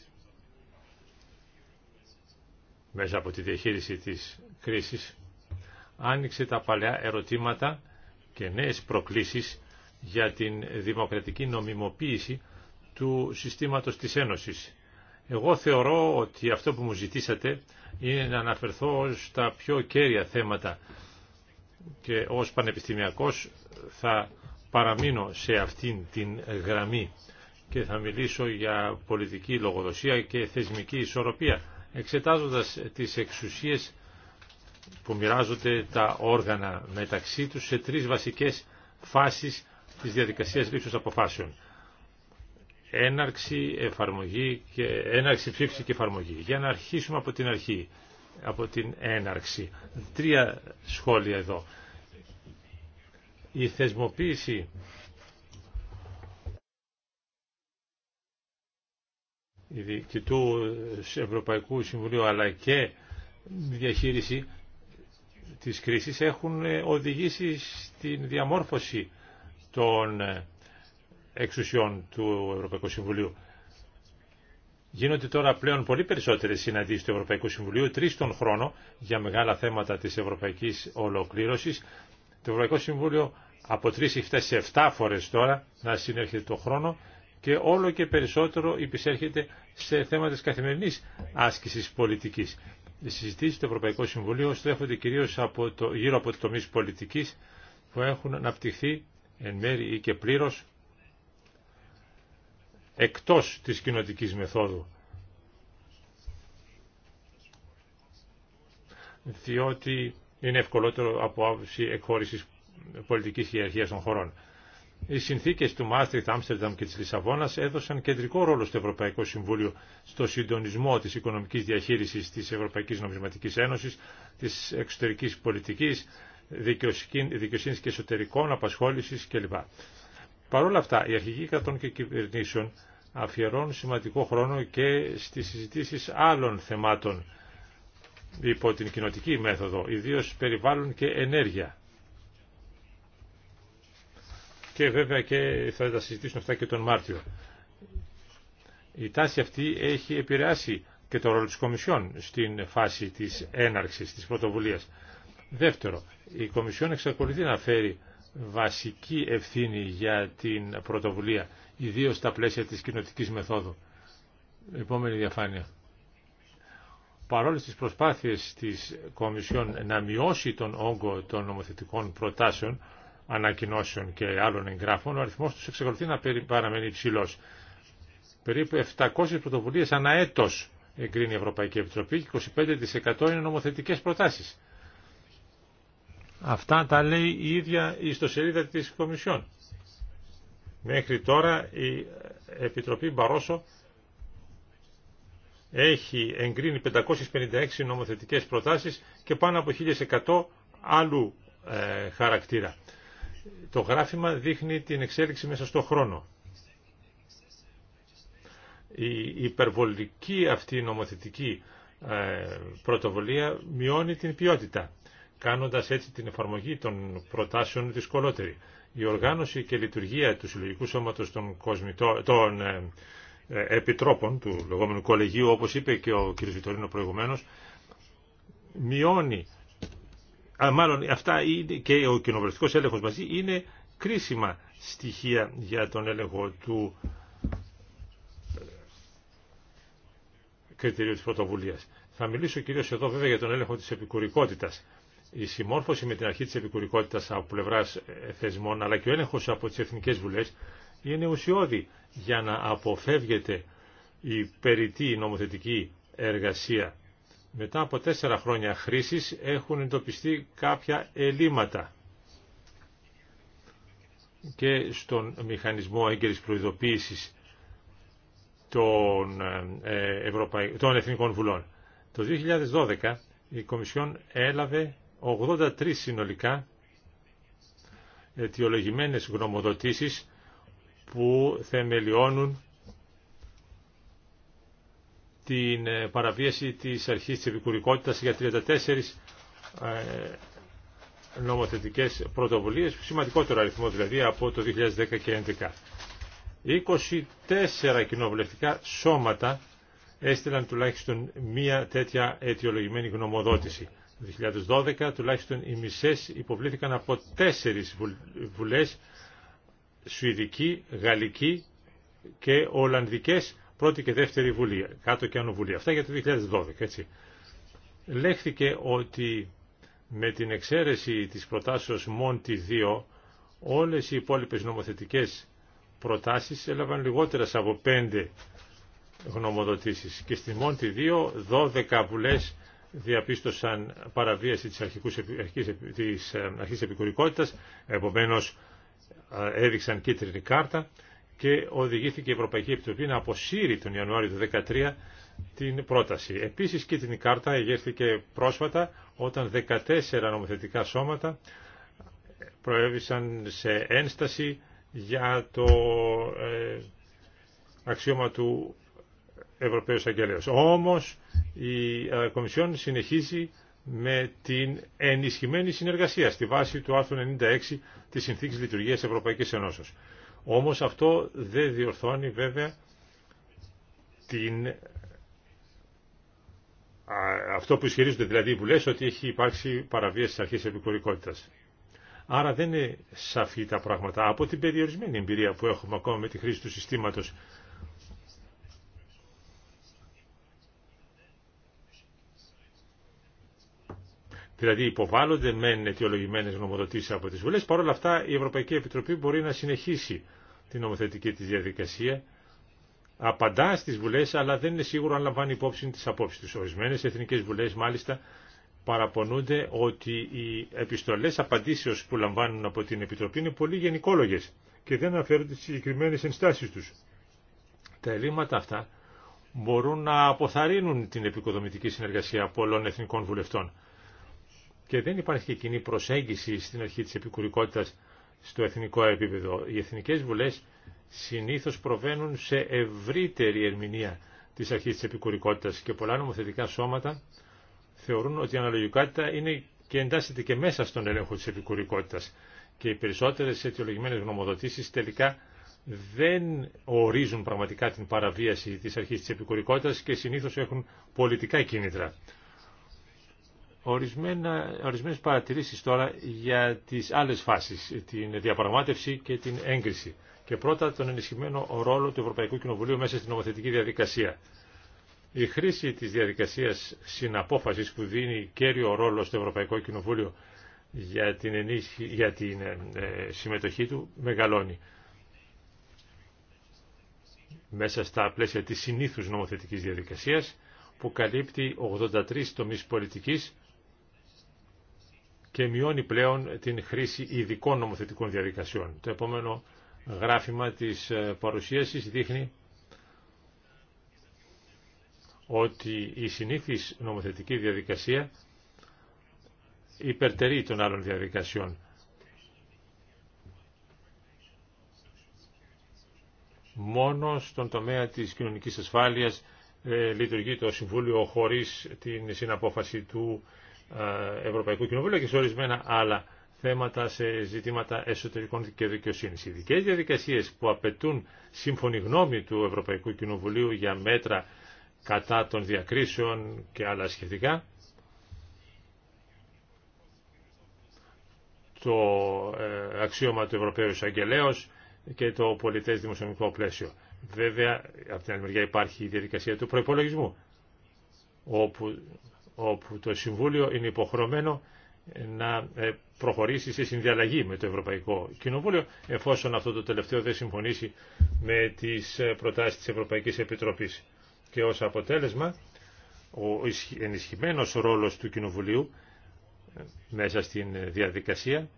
μέσα από τη διαχείριση της κρίσης άνοιξε τα παλιά ερωτήματα και νέες προκλήσεις για την δημοκρατική νομιμοποίηση του συστήματος της Ένωσης. Εγώ θεωρώ ότι αυτό που μου ζητήσατε είναι να αναφερθώ στα πιο κέρια θέματα και ως πανεπιστημιακός θα παραμείνω σε αυτήν την γραμμή και θα μιλήσω για πολιτική λογοδοσία και θεσμική ισορροπία εξετάζοντας τις εξουσίες που μοιράζονται τα όργανα μεταξύ τους σε τρεις βασικές φάσεις της διαδικασίας λήψης αποφάσεων. Έναρξη, εφαρμογή και, έναρξη ψήφιση και εφαρμογή. Για να αρχίσουμε από την αρχή, από την έναρξη. Τρία σχόλια εδώ. Η θεσμοποίηση και του Ευρωπαϊκού Συμβουλίου αλλά και διαχείριση της κρίσης έχουν οδηγήσει στην διαμόρφωση των ε, εξουσιών του Ευρωπαϊκού Συμβουλίου. Γίνονται τώρα πλέον πολύ περισσότερες συναντήσεις του Ευρωπαϊκού Συμβουλίου, τρεις τον χρόνο, για μεγάλα θέματα της ευρωπαϊκής ολοκλήρωσης. Το Ευρωπαϊκό Συμβούλιο από τρεις έχει φτάσει σε 7 φορές τώρα να συνέρχεται το χρόνο και όλο και περισσότερο υπησέρχεται σε θέματα της καθημερινής άσκησης πολιτικής. Οι συζητήσεις του Ευρωπαϊκού Συμβουλίου στρέφονται κυρίως από το, γύρω από τομείς πολιτικής που έχουν αναπτυχθεί εν μέρη ή και πλήρως εκτός της κοινοτικής μεθόδου. Διότι είναι ευκολότερο από άποψη εκχώρησης πολιτικής ιεραρχίας των χωρών. Οι συνθήκες του Μάστριχτ, Άμστερνταμ και της Λισαβόνας έδωσαν κεντρικό ρόλο στο Ευρωπαϊκό Συμβούλιο στο συντονισμό της οικονομικής διαχείρισης της Ευρωπαϊκής Νομισματικής Ένωσης, της εξωτερικής πολιτικής, δικαιοσύνης και εσωτερικών, απασχόλησης κλπ. Παρ' όλα αυτά, οι αρχηγοί κρατών και κυβερνήσεων αφιερώνουν σημαντικό χρόνο και στις συζητήσεις άλλων θεμάτων υπό την κοινοτική μέθοδο, ιδίως περιβάλλον και ενέργεια. Και βέβαια και θα τα συζητήσουν αυτά και τον Μάρτιο. Η τάση αυτή έχει επηρεάσει και το ρόλο της Κομισιόν στην φάση της έναρξης της πρωτοβουλίας. Δεύτερο, η Κομισιόν εξακολουθεί να φέρει βασική ευθύνη για την πρωτοβουλία, ιδίω στα πλαίσια της κοινοτικής μεθόδου. Επόμενη διαφάνεια. Παρόλες τις προσπάθειες της Κομισιόν να μειώσει τον όγκο των νομοθετικών προτάσεων, ανακοινώσεων και άλλων εγγράφων, ο αριθμός τους εξακολουθεί να παραμένει υψηλό. Περίπου 700 πρωτοβουλίες ανά έτος εγκρίνει η Ευρωπαϊκή Επιτροπή και 25% είναι νομοθετικές προτάσεις. Αυτά τα λέει η ίδια η ιστοσελίδα της Κομισιόν. Μέχρι τώρα η Επιτροπή Μπαρόσο έχει εγκρίνει 556 νομοθετικές προτάσεις και πάνω από 1100 άλλου ε, χαρακτήρα. Το γράφημα δείχνει την εξέλιξη μέσα στον χρόνο. Η υπερβολική αυτή νομοθετική ε, πρωτοβουλία μειώνει την ποιότητα κάνοντας έτσι την εφαρμογή των προτάσεων δυσκολότερη. Η οργάνωση και λειτουργία του Συλλογικού Σώματος των, των ε, ε, Επιτρόπων, του λεγόμενου κολεγίου, όπως είπε και ο κ. Βιτορίνο προηγουμένως, μειώνει, α, μάλλον αυτά και ο κοινοβουλευτικός έλεγχος μαζί είναι κρίσιμα στοιχεία για τον έλεγχο του ε, κριτηρίου της πρωτοβουλίας. Θα μιλήσω κυρίως εδώ βέβαια για τον έλεγχο της επικουρικότητας η συμμόρφωση με την αρχή της επικουρικότητας από πλευράς ε, θεσμών αλλά και ο έλεγχος από τις εθνικές βουλές είναι ουσιώδη για να αποφεύγεται η περιττή νομοθετική εργασία. Μετά από τέσσερα χρόνια χρήσης έχουν εντοπιστεί κάποια ελλείμματα και στον μηχανισμό έγκαιρης προειδοποίησης των, ε, των Εθνικών Βουλών. Το 2012 η Κομισιόν έλαβε 83 συνολικά αιτιολογημένες γνωμοδοτήσεις που θεμελιώνουν την ε, παραβίαση της αρχής της επικουρικότητας για 34 ε, νομοθετικές πρωτοβουλίες, σημαντικότερο αριθμό δηλαδή από το 2010 και 2011. 24 κοινοβουλευτικά σώματα έστειλαν τουλάχιστον μία τέτοια αιτιολογημένη γνωμοδότηση. Το 2012 τουλάχιστον οι μισές υποβλήθηκαν από τέσσερις βουλές, Σουηδική, Γαλλική και Ολλανδικές, πρώτη και δεύτερη βουλή, κάτω και ανωβουλή. Αυτά για το 2012, έτσι. Λέχθηκε ότι με την εξαίρεση της προτάσεως Μόντι 2, όλες οι υπόλοιπες νομοθετικές προτάσεις έλαβαν λιγότερες από πέντε γνωμοδοτήσεις και στη Μόντι 2 12 βουλές διαπίστωσαν παραβίαση της, αρχικής, της ε, αρχής επικουρικότητας, επομένως ε, έδειξαν κίτρινη κάρτα και οδηγήθηκε η Ευρωπαϊκή Επιτροπή να αποσύρει τον Ιανουάριο του 2013 την πρόταση. Επίσης κίτρινη κάρτα εγέρθηκε πρόσφατα όταν 14 νομοθετικά σώματα προέβησαν σε ένσταση για το ε, αξιώμα του Ευρωπαίος Αγγελέος. Όμως η ε, Κομισιόν συνεχίζει με την ενισχυμένη συνεργασία στη βάση του άρθρου 96 της Συνθήκης Λειτουργίας Ευρωπαϊκής Ενώσεως. Όμως αυτό δεν διορθώνει βέβαια την... αυτό που ισχυρίζονται δηλαδή οι βουλές ότι έχει υπάρξει παραβίαση της αρχής επικουρικότητας. Άρα δεν είναι σαφή τα πράγματα από την περιορισμένη εμπειρία που έχουμε ακόμα με τη χρήση του συστήματος Δηλαδή υποβάλλονται μεν αιτιολογημένε γνωμοδοτήσει από τις βουλές, παρόλα αυτά η Ευρωπαϊκή Επιτροπή μπορεί να συνεχίσει την νομοθετική τη διαδικασία, απαντά στις βουλέ, αλλά δεν είναι σίγουρο αν λαμβάνει υπόψη τι απόψει του. Ορισμένε εθνικέ βουλέ μάλιστα παραπονούνται ότι οι επιστολέ απαντήσεω που λαμβάνουν από την Επιτροπή είναι πολύ γενικόλογε και δεν αναφέρονται στι συγκεκριμένε ενστάσει του. Τα ελλείμματα αυτά μπορούν να αποθαρρύνουν την επικοδομητική συνεργασία πολλών εθνικών βουλευτών και δεν υπάρχει και κοινή προσέγγιση στην αρχή της επικουρικότητας στο εθνικό επίπεδο. Οι εθνικές βουλές συνήθως προβαίνουν σε ευρύτερη ερμηνεία της αρχής της επικουρικότητας και πολλά νομοθετικά σώματα θεωρούν ότι η αναλογικότητα είναι και εντάσσεται και μέσα στον έλεγχο της επικουρικότητας και οι περισσότερες αιτιολογημένες γνωμοδοτήσεις τελικά δεν ορίζουν πραγματικά την παραβίαση της αρχής της επικουρικότητας και συνήθως έχουν πολιτικά κίνητρα. Ορισμένα, ορισμένες παρατηρήσεις τώρα για τις άλλες φάσεις, την διαπραγμάτευση και την έγκριση. Και πρώτα τον ενισχυμένο ρόλο του Ευρωπαϊκού Κοινοβουλίου μέσα στην νομοθετική διαδικασία. Η χρήση της διαδικασίας συναπόφασης που δίνει κέριο ρόλο στο Ευρωπαϊκό Κοινοβούλιο για την, ενίσχυ, για την ε, συμμετοχή του μεγαλώνει μέσα στα πλαίσια της συνήθους νομοθετικής διαδικασίας που καλύπτει 83 τομείς πολιτικής και μειώνει πλέον την χρήση ειδικών νομοθετικών διαδικασιών. Το επόμενο γράφημα της ε, παρουσίασης δείχνει ότι η συνήθις νομοθετική διαδικασία υπερτερεί των άλλων διαδικασιών. Μόνο στον τομέα της κοινωνικής ασφάλειας ε, λειτουργεί το Συμβούλιο χωρίς την συναπόφαση του ε, Ευρωπαϊκού Κοινοβουλίου και σε ορισμένα άλλα θέματα σε ζητήματα εσωτερικών και δικαιοσύνης. Οι ειδικές διαδικασίες που απαιτούν σύμφωνη γνώμη του Ευρωπαϊκού Κοινοβουλίου για μέτρα κατά των διακρίσεων και άλλα σχετικά, το ε, αξίωμα του Ευρωπαίου Εισαγγελέως και το πολιτές δημοσιονομικό πλαίσιο. Βέβαια, από την άλλη μεριά υπάρχει η διαδικασία του προπολογισμού, όπου όπου το Συμβούλιο είναι υποχρεωμένο να ε, προχωρήσει σε συνδιαλλαγή με το Ευρωπαϊκό Κοινοβούλιο, εφόσον αυτό το τελευταίο δεν συμφωνήσει με τις ε, προτάσεις της Ευρωπαϊκής Επιτροπής. Και ως αποτέλεσμα, ο ενισχυμένος ρόλος του Κοινοβουλίου ε, μέσα στην διαδικασία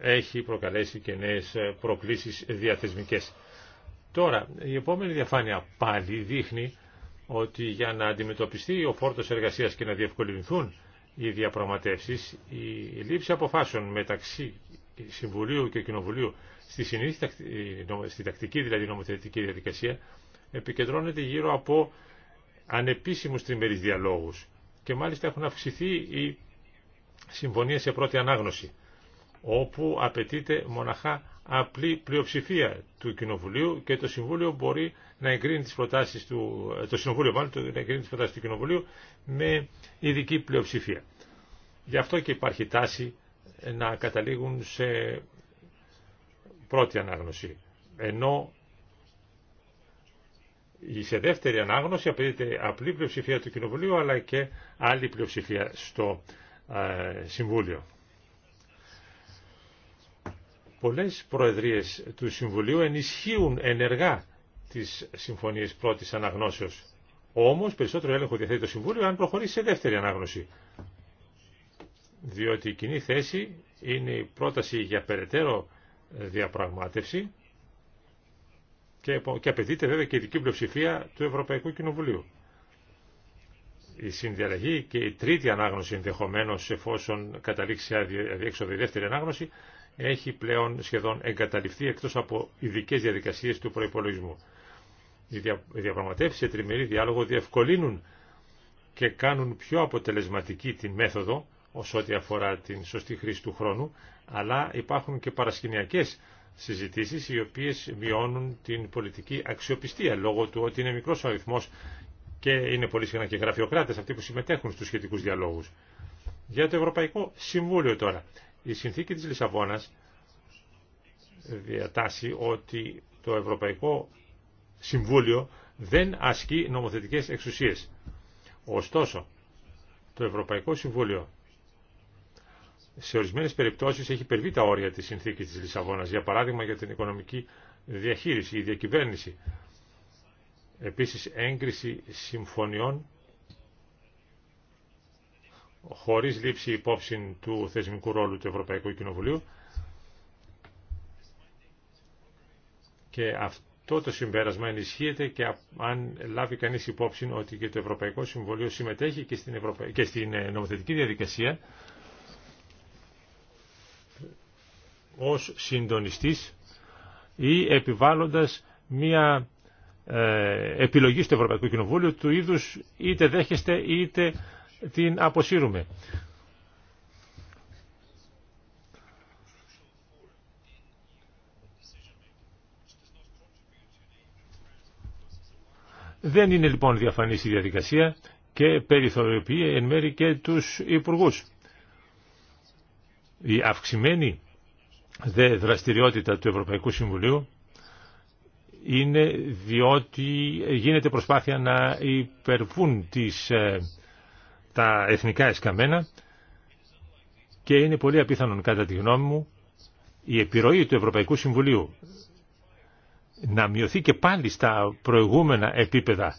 έχει προκαλέσει και νέες προκλήσεις διαθεσμικές. Τώρα, η επόμενη διαφάνεια πάλι δείχνει ότι για να αντιμετωπιστεί ο φόρτος εργασίας και να διευκολυνθούν οι διαπραγματεύσεις, η λήψη αποφάσεων μεταξύ Συμβουλίου και Κοινοβουλίου στη, συνήθεια, στη τακτική δηλαδή νομοθετική διαδικασία επικεντρώνεται γύρω από ανεπίσημους τριμερείς διαλόγους και μάλιστα έχουν αυξηθεί οι συμφωνίες σε πρώτη ανάγνωση όπου απαιτείται μοναχά απλή πλειοψηφία του Κοινοβουλίου και το Συμβούλιο μπορεί να εγκρίνει τις προτάσεις του, το Συμβούλιο μάλλον, να εγκρίνει τις προτάσεις του Κοινοβουλίου με ειδική πλειοψηφία. Γι' αυτό και υπάρχει τάση να καταλήγουν σε πρώτη ανάγνωση. Ενώ σε δεύτερη ανάγνωση απαιτείται απλή πλειοψηφία του Κοινοβουλίου αλλά και άλλη πλειοψηφία στο ε, Συμβούλιο πολλές προεδρίες του Συμβουλίου ενισχύουν ενεργά τις συμφωνίες πρώτης αναγνώσεως. Όμως περισσότερο έλεγχο διαθέτει το Συμβούλιο αν προχωρήσει σε δεύτερη ανάγνωση. Διότι η κοινή θέση είναι η πρόταση για περαιτέρω διαπραγμάτευση και απαιτείται βέβαια και η δική πλειοψηφία του Ευρωπαϊκού Κοινοβουλίου. Η συνδιαλλαγή και η τρίτη ανάγνωση ενδεχομένω εφόσον καταλήξει αδιέξοδο η δεύτερη ανάγνωση έχει πλέον σχεδόν εγκαταλειφθεί εκτός από ειδικέ διαδικασίες του προϋπολογισμού. Οι διαπραγματεύσεις σε τριμερή διάλογο διευκολύνουν και κάνουν πιο αποτελεσματική την μέθοδο ως ό,τι αφορά την σωστή χρήση του χρόνου, αλλά υπάρχουν και παρασκηνιακές συζητήσεις οι οποίες μειώνουν την πολιτική αξιοπιστία λόγω του ότι είναι μικρός ο αριθμός και είναι πολύ συχνά και γραφειοκράτες αυτοί που συμμετέχουν στους σχετικούς διαλόγους. Για το Ευρωπαϊκό Συμβούλιο τώρα. Η συνθήκη της Λισαβόνας διατάσσει ότι το Ευρωπαϊκό Συμβούλιο δεν ασκεί νομοθετικές εξουσίες. Ωστόσο, το Ευρωπαϊκό Συμβούλιο σε ορισμένες περιπτώσεις έχει υπερβεί τα όρια της συνθήκης της Λισαβόνας, για παράδειγμα για την οικονομική διαχείριση ή διακυβέρνηση. Επίσης, έγκριση συμφωνιών χωρίς λήψη υπόψη του θεσμικού ρόλου του Ευρωπαϊκού Κοινοβουλίου και αυτό το συμπέρασμα ενισχύεται και αν λάβει κανείς υπόψη ότι και το Ευρωπαϊκό Συμβολίο συμμετέχει και στην, Ευρωπα... και στην ε, νομοθετική διαδικασία ως συντονιστής ή επιβάλλοντας μια ε, επιλογή στο Ευρωπαϊκό Κοινοβούλιο του είδους είτε δέχεστε είτε την αποσύρουμε. Δεν είναι λοιπόν διαφανής η διαδικασία και περιθωριοποιεί εν μέρη και τους υπουργούς. Η αυξημένη δε δραστηριότητα του Ευρωπαϊκού Συμβουλίου είναι διότι γίνεται προσπάθεια να υπερβούν τις ε, τα εθνικά εσκαμμένα και είναι πολύ απίθανον κατά τη γνώμη μου η επιρροή του Ευρωπαϊκού Συμβουλίου να μειωθεί και πάλι στα προηγούμενα επίπεδα.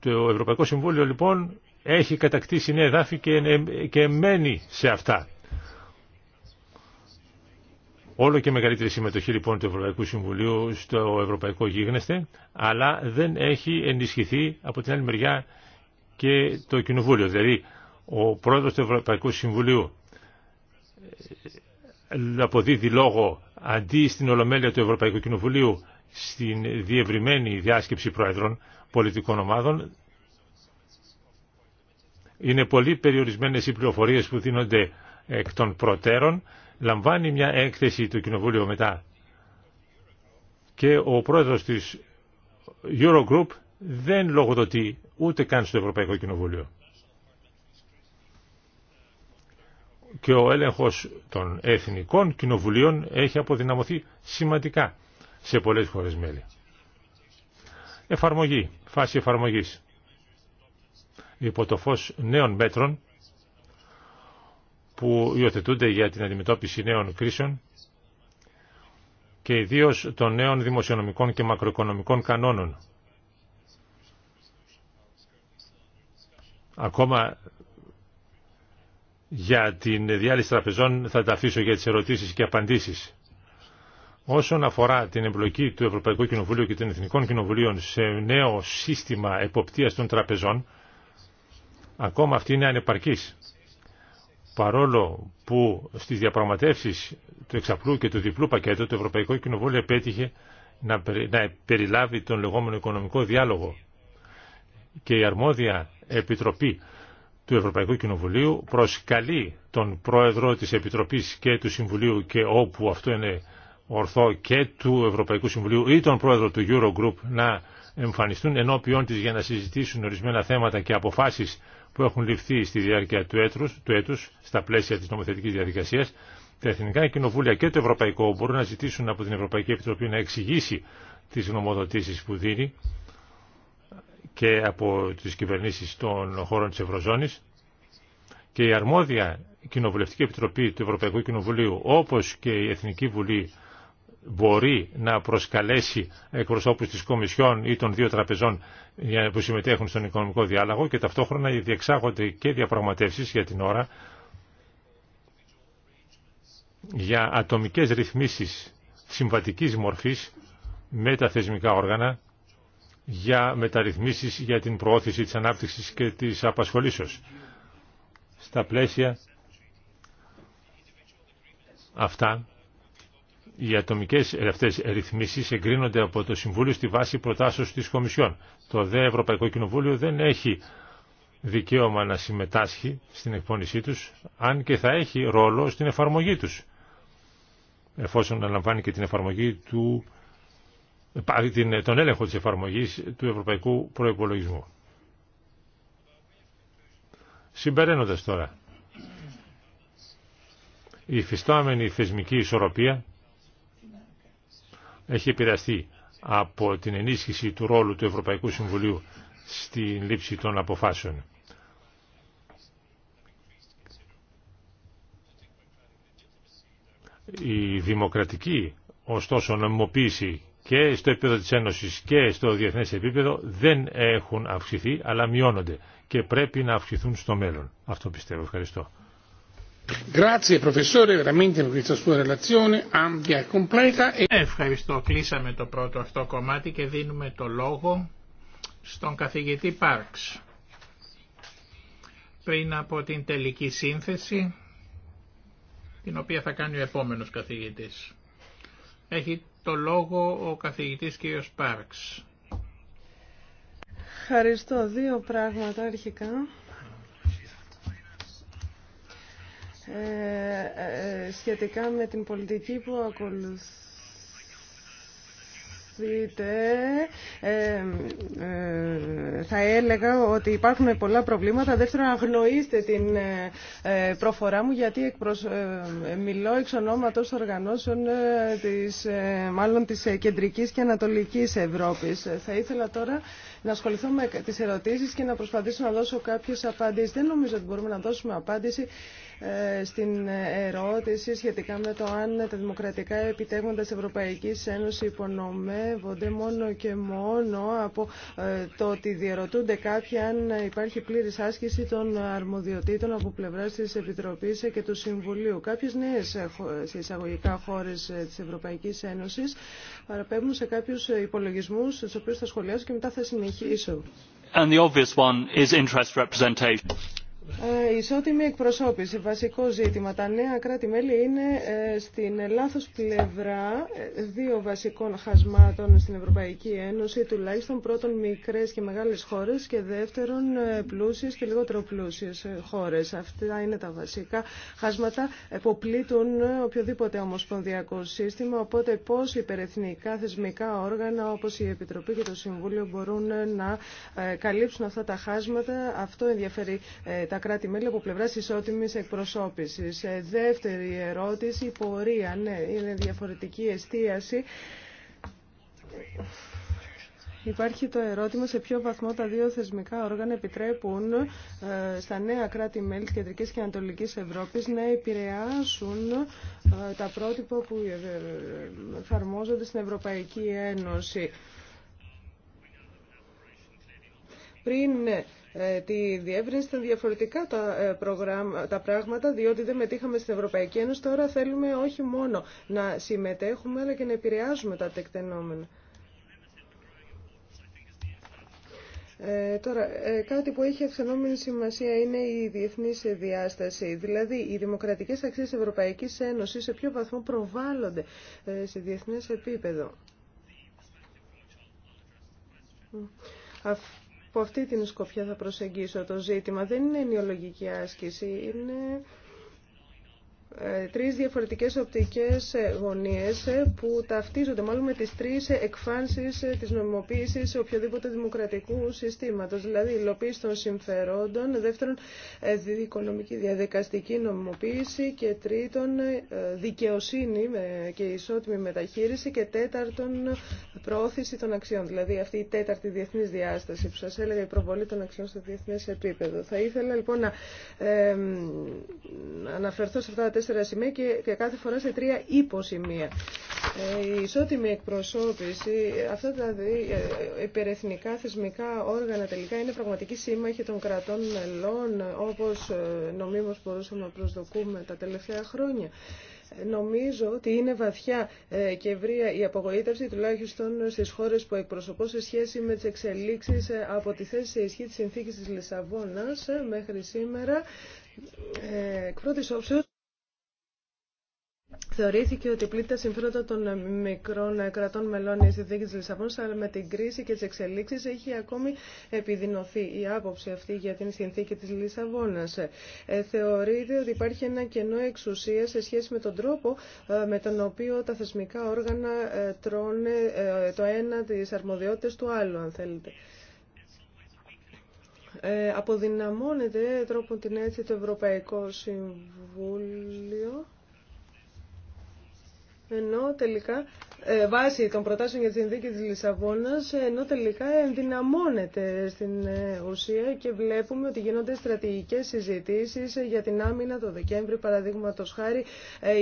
Το Ευρωπαϊκό Συμβούλιο λοιπόν έχει κατακτήσει νέα εδάφη και, και μένει σε αυτά. Όλο και μεγαλύτερη συμμετοχή λοιπόν του Ευρωπαϊκού Συμβουλίου στο Ευρωπαϊκό Γίγνεσθε, αλλά δεν έχει ενισχυθεί από την άλλη μεριά και το Κοινοβούλιο. Δηλαδή, ο πρόεδρος του Ευρωπαϊκού Συμβουλίου ε, αποδίδει λόγο αντί στην Ολομέλεια του Ευρωπαϊκού Κοινοβουλίου στην διευρυμένη διάσκεψη πρόεδρων πολιτικών ομάδων. Είναι πολύ περιορισμένες οι πληροφορίες που δίνονται εκ των προτέρων. Λαμβάνει μια έκθεση το Κοινοβούλιο μετά. Και ο πρόεδρος της Eurogroup δεν λογοδοτεί ούτε καν στο Ευρωπαϊκό Κοινοβούλιο. Και ο έλεγχος των εθνικών κοινοβουλίων έχει αποδυναμωθεί σημαντικά σε πολλές χώρες μέλη. Εφαρμογή, φάση εφαρμογής. Υπό το φως νέων μέτρων που υιοθετούνται για την αντιμετώπιση νέων κρίσεων και ιδίως των νέων δημοσιονομικών και μακροοικονομικών κανόνων Ακόμα για την διάλυση τραπεζών θα τα αφήσω για τις ερωτήσεις και απαντήσεις. Όσον αφορά την εμπλοκή του Ευρωπαϊκού Κοινοβουλίου και των Εθνικών Κοινοβουλίων σε νέο σύστημα εποπτείας των τραπεζών, ακόμα αυτή είναι ανεπαρκής. Παρόλο που στις διαπραγματεύσεις του εξαπλού και του διπλού πακέτου το Ευρωπαϊκό Κοινοβούλιο επέτυχε να περιλάβει τον λεγόμενο οικονομικό διάλογο και η αρμόδια Επιτροπή του Ευρωπαϊκού Κοινοβουλίου προσκαλεί τον Πρόεδρο της Επιτροπής και του Συμβουλίου και όπου αυτό είναι ορθό και του Ευρωπαϊκού Συμβουλίου ή τον Πρόεδρο του Eurogroup να εμφανιστούν ενώπιον της για να συζητήσουν ορισμένα θέματα και αποφάσεις που έχουν ληφθεί στη διάρκεια του έτους, του έτους στα πλαίσια της νομοθετικής διαδικασίας. Τα Εθνικά Κοινοβούλια και το Ευρωπαϊκό μπορούν να ζητήσουν από την Ευρωπαϊκή Επιτροπή να εξηγήσει τις νομοδοτήσεις που δίνει και από τις κυβερνήσεις των χώρων της Ευρωζώνης και η αρμόδια Κοινοβουλευτική Επιτροπή του Ευρωπαϊκού Κοινοβουλίου όπως και η Εθνική Βουλή μπορεί να προσκαλέσει εκπροσώπους της Κομισιόν ή των δύο τραπεζών που συμμετέχουν στον οικονομικό διάλογο και ταυτόχρονα διεξάγονται και διαπραγματεύσεις για την ώρα για ατομικές ρυθμίσεις συμβατικής μορφής με τα θεσμικά όργανα για μεταρρυθμίσεις για την προώθηση της ανάπτυξης και της απασχολήσεως. Στα πλαίσια αυτά, οι ατομικέ αυτές ρυθμίσει εγκρίνονται από το Συμβούλιο στη βάση προτάσεως της Κομισιόν. Το ΔΕ Ευρωπαϊκό Κοινοβούλιο δεν έχει δικαίωμα να συμμετάσχει στην εκπόνησή τους, αν και θα έχει ρόλο στην εφαρμογή τους, εφόσον αναλαμβάνει και την εφαρμογή του τον έλεγχο της εφαρμογής του ευρωπαϊκού προϋπολογισμού. Συμπεραίνοντας τώρα, η φυστάμενη θεσμική ισορροπία έχει επηρεαστεί από την ενίσχυση του ρόλου του Ευρωπαϊκού Συμβουλίου στην λήψη των αποφάσεων. Η δημοκρατική, ωστόσο, νομιμοποίηση και στο επίπεδο της Ένωσης και στο διεθνές επίπεδο δεν έχουν αυξηθεί αλλά μειώνονται και πρέπει να αυξηθούν στο μέλλον. Αυτό πιστεύω. Ευχαριστώ. E Ευχαριστώ. Κλείσαμε το πρώτο αυτό κομμάτι και δίνουμε το λόγο στον καθηγητή Πάρξ. Πριν από την τελική σύνθεση, την οποία θα κάνει ο επόμενος καθηγητής. Έχει το λόγο ο καθηγητής κ. Πάρξ. Ευχαριστώ. Δύο πράγματα αρχικά. Ε, ε, ε, σχετικά με την πολιτική που ακολουθεί ε, ε, θα έλεγα ότι υπάρχουν πολλά προβλήματα. Δεύτερον, αγνοήστε την ε, προφορά μου, γιατί μιλώ εξ ονόματος οργανώσεων της, μάλλον της Κεντρικής και Ανατολικής Ευρώπης. Θα ήθελα τώρα να ασχοληθώ με τις ερωτήσεις και να προσπαθήσω να δώσω κάποιες απαντήσεις. Δεν νομίζω ότι μπορούμε να δώσουμε απάντηση ε, στην ερώτηση σχετικά με το αν τα δημοκρατικά επιτεύγματα της Ευρωπαϊκής Ένωσης υπονομεύονται μόνο και μόνο από ε, το ότι διαρωτούνται κάποιοι αν υπάρχει πλήρης άσκηση των αρμοδιοτήτων από πλευρά της Επιτροπής και του Συμβουλίου. Κάποιες νέες εισαγωγικά χώρες ε, της Ευρωπαϊκής Ένωσης παραπέμπουν σε κάποιους ε, υπολογισμούς, στους οποίους θα σχολιάσω και μετά θα συνεχίσω. And the obvious one is interest representation. Ε, ισότιμη εκπροσώπηση, βασικό ζήτημα. Τα νέα κράτη-μέλη είναι ε, στην λάθος πλευρά ε, δύο βασικών χασμάτων στην Ευρωπαϊκή Ένωση, τουλάχιστον πρώτον μικρές και μεγάλες χώρες και δεύτερον πλούσιες και λιγότερο πλούσιες χώρες. Αυτά είναι τα βασικά χάσματα που πλήττουν οποιοδήποτε ομοσπονδιακό σύστημα, οπότε πώς υπερεθνικά θεσμικά όργανα όπως η Επιτροπή και το Συμβούλιο μπορούν να καλύψουν αυτά τα χάσματα. Αυτό ενδιαφέρει τα κράτη-μέλη από πλευράς ισότιμης Σε Δεύτερη ερώτηση, η πορεία, ναι, είναι διαφορετική εστίαση. Υπάρχει το ερώτημα σε ποιο βαθμό τα δύο θεσμικά όργανα επιτρέπουν ε, στα νέα κράτη-μέλη της Κεντρικής και Ανατολικής Ευρώπης να επηρεάσουν ε, τα πρότυπα που ε, εφαρμόζονται στην Ευρωπαϊκή Ένωση. Πριν ε, τη διεύρυνση ήταν διαφορετικά τα, ε, τα πράγματα διότι δεν μετήχαμε στην Ευρωπαϊκή Ένωση. Τώρα θέλουμε όχι μόνο να συμμετέχουμε αλλά και να επηρεάζουμε τα τεκτενόμενα. Ε, τώρα, ε, κάτι που έχει αυξανόμενη σημασία είναι η διεθνή διάσταση. Δηλαδή, οι δημοκρατικέ αξίε Ευρωπαϊκή Ένωση σε ποιο βαθμό προβάλλονται σε διεθνέ επίπεδο από αυτή την σκοπιά θα προσεγγίσω το ζήτημα. Δεν είναι ενοιολογική άσκηση, είναι ε, τρεις διαφορετικές οπτικές ε, γωνίες ε, που ταυτίζονται μάλλον με τις τρεις εκφάνσεις της νομιμοποίησης οποιοδήποτε δημοκρατικού συστήματος, δηλαδή υλοποίηση των συμφερόντων, δεύτερον οικονομική διαδικαστική νομιμοποίηση και τρίτον δικαιοσύνη και ισότιμη μεταχείριση και τέταρτον προώθηση των αξιών, δηλαδή αυτή η τέταρτη διεθνής διάσταση που σας έλεγα η προβολή των αξιών στο διεθνές επίπεδο. Θα ήθελα λοιπόν να αναφερθώ σε αυτά τα τέσσερα σημεία και κάθε φορά σε τρία υποσημεία. Ε, η ισότιμη εκπροσώπηση, αυτά τα ε, υπερεθνικά θεσμικά όργανα τελικά είναι πραγματικοί σύμμαχοι των κρατών μελών, όπως ε, νομίμως μπορούσαμε να προσδοκούμε τα τελευταία χρόνια. Νομίζω ότι είναι βαθιά και ευρία η απογοήτευση, τουλάχιστον στι χώρε που εκπροσωπώ, σε σχέση με τι εξελίξει από τη θέση σε ισχύ τη συνθήκη τη Λισαβόνα μέχρι σήμερα. Εκ πρώτη Θεωρήθηκε ότι πλήττει τα συμφέροντα των μικρών κρατών μελών η συνθήκη τη Λισαβόνα, αλλά με την κρίση και τι εξελίξει έχει ακόμη επιδεινωθεί η άποψη αυτή για την συνθήκη τη Λισαβόνα. Ε, θεωρείται ότι υπάρχει ένα κενό εξουσία σε σχέση με τον τρόπο ε, με τον οποίο τα θεσμικά όργανα ε, τρώνε το ένα τι αρμοδιότητε του άλλου, αν θέλετε αποδυναμώνεται τρόπον την έτσι το Ευρωπαϊκό Συμβούλιο ενώ τελικά ε, βάσει των προτάσεων για τη συνθήκη της Λισαβόνας, ε, ενώ τελικά ενδυναμώνεται στην ε, ουσία και βλέπουμε ότι γίνονται στρατηγικές συζητήσεις ε, για την άμυνα το Δεκέμβρη, παραδείγματο χάρη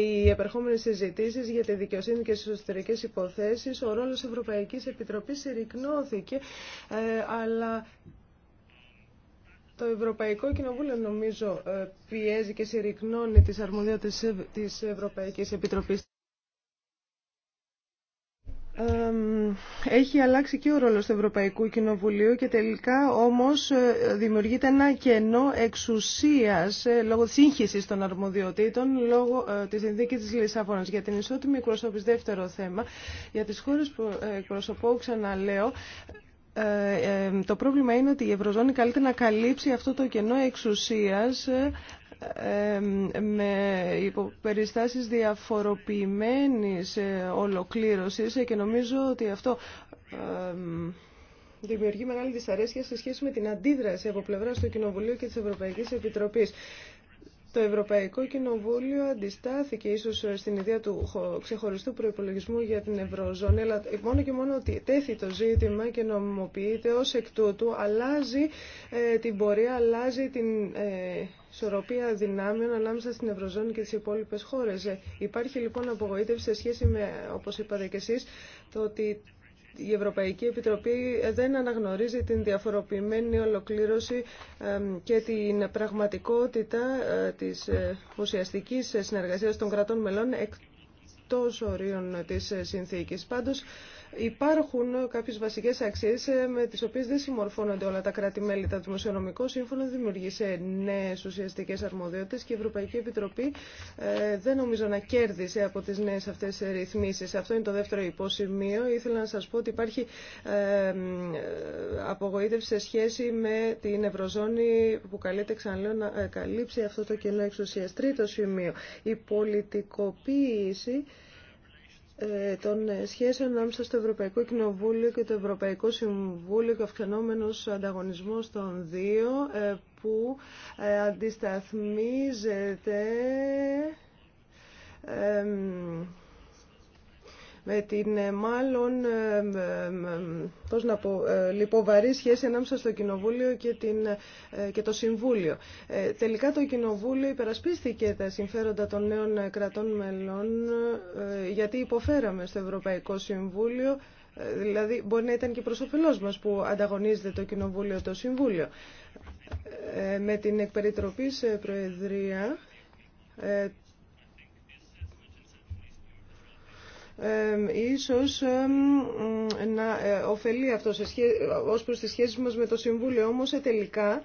οι επερχόμενες συζητήσεις για τη δικαιοσύνη και στις εσωτερικές υποθέσεις. Ο ρόλος Ευρωπαϊκής Επιτροπής συρρυκνώθηκε, αλλά το Ευρωπαϊκό Κοινοβούλιο νομίζω πιέζει και συρρυκνώνει τις αρμοδιότητες της Ευρωπαϊκής Επιτροπής έχει αλλάξει και ο ρόλος του Ευρωπαϊκού Κοινοβουλίου και τελικά όμως ε, δημιουργείται ένα κενό εξουσίας ε, λόγω της σύγχυσης των αρμοδιοτήτων λόγω ε, της συνθήκης της Λισαβόνας για την ισότιμη εκπροσώπηση δεύτερο θέμα για τις χώρες που εκπροσωπώ ξαναλέω το πρόβλημα είναι ότι η Ευρωζώνη καλείται να καλύψει αυτό το κενό εξουσίας με υποπεριστάσεις διαφοροποιημένης ε, ολοκλήρωσης ε, και νομίζω ότι αυτό δημιουργεί μεγάλη δυσαρέσκεια σε σχέση με την αντίδραση από πλευρά του Κοινοβουλίου και της Ευρωπαϊκής Επιτροπής. Το Ευρωπαϊκό Κοινοβούλιο αντιστάθηκε ίσως ε, στην ιδέα του ξεχωριστού προϋπολογισμού για την Ευρωζώνη, αλλά μόνο και μόνο ότι τέθη το ζήτημα και νομιμοποιείται ως εκ τούτου, αλλάζει την πορεία, αλλάζει την ισορροπία δυνάμεων ανάμεσα στην Ευρωζώνη και τις υπόλοιπες χώρες. Ε, υπάρχει λοιπόν απογοήτευση σε σχέση με, όπως είπατε και εσείς, το ότι η Ευρωπαϊκή Επιτροπή ε, δεν αναγνωρίζει την διαφοροποιημένη ολοκλήρωση και την πραγματικότητα ε, της ουσιαστικής συνεργασίας των κρατών μελών εκτός ορίων της συνθήκης. Υπάρχουν κάποιε βασικέ αξίε ε, με τι οποίε δεν συμμορφώνονται όλα τα κράτη-μέλη. Το δημοσιονομικό σύμφωνο δημιούργησε νέε νέες αρμοδιότητε και η Ευρωπαϊκή Επιτροπή ε, δεν νομίζω να κέρδισε από τι νέε αυτέ ρυθμίσει. Αυτό είναι το δεύτερο υπόσημείο. Ήθελα να σα πω ότι υπάρχει ε, απογοήτευση σε σχέση με την Ευρωζώνη που καλείται ξαναλέω να καλύψει αυτό το κενό εξουσία. Τρίτο σημείο, η πολιτικοποίηση ε, των σχέσεων ανάμεσα στο Ευρωπαϊκό Κοινοβούλιο και το Ευρωπαϊκό Συμβούλιο και αυξανόμενος ανταγωνισμός των δύο ε, που ε, αντισταθμίζεται με την ε, μάλλον ε, ε, πώς να πω, λιποβαρή σχέση ανάμεσα στο Κοινοβούλιο και, την, το Συμβούλιο. Τελικά το Κοινοβούλιο υπερασπίστηκε τα συμφέροντα των νέων κρατών μελών γιατί υποφέραμε στο Ευρωπαϊκό Συμβούλιο Δηλαδή μπορεί να ήταν και προς μας που ανταγωνίζεται το Κοινοβούλιο το Συμβούλιο. με την σε Προεδρία ίσως να ε, ωφελεί αυτό σε σχέ... ως προς τις σχέσεις μας με το Συμβούλιο. Όμως ε, τελικά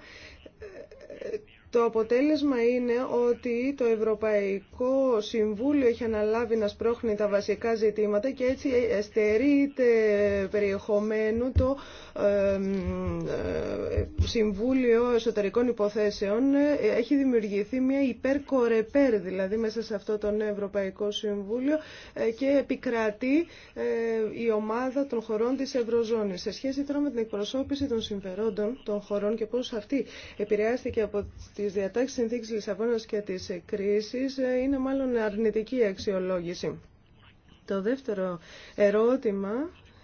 ε, το αποτέλεσμα είναι ότι το Ευρωπαϊκό Συμβούλιο έχει αναλάβει να σπρώχνει τα βασικά ζητήματα και έτσι στερείται περιεχομένου το ε, Συμβούλιο Εσωτερικών Υποθέσεων. Έχει δημιουργηθεί μια υπερκορεπέρ δηλαδή μέσα σε αυτό το Ευρωπαϊκό Συμβούλιο ε, και επικρατεί ε, η ομάδα των χωρών της Ευρωζώνης. Σε σχέση τώρα με την εκπροσώπηση των συμφερόντων των χωρών και πώς αυτή επηρεάστηκε από τις διατάξεις συνθήκης Λισαβόνας και της κρίσης ε, είναι μάλλον αρνητική αξιολόγηση. Το δεύτερο ερώτημα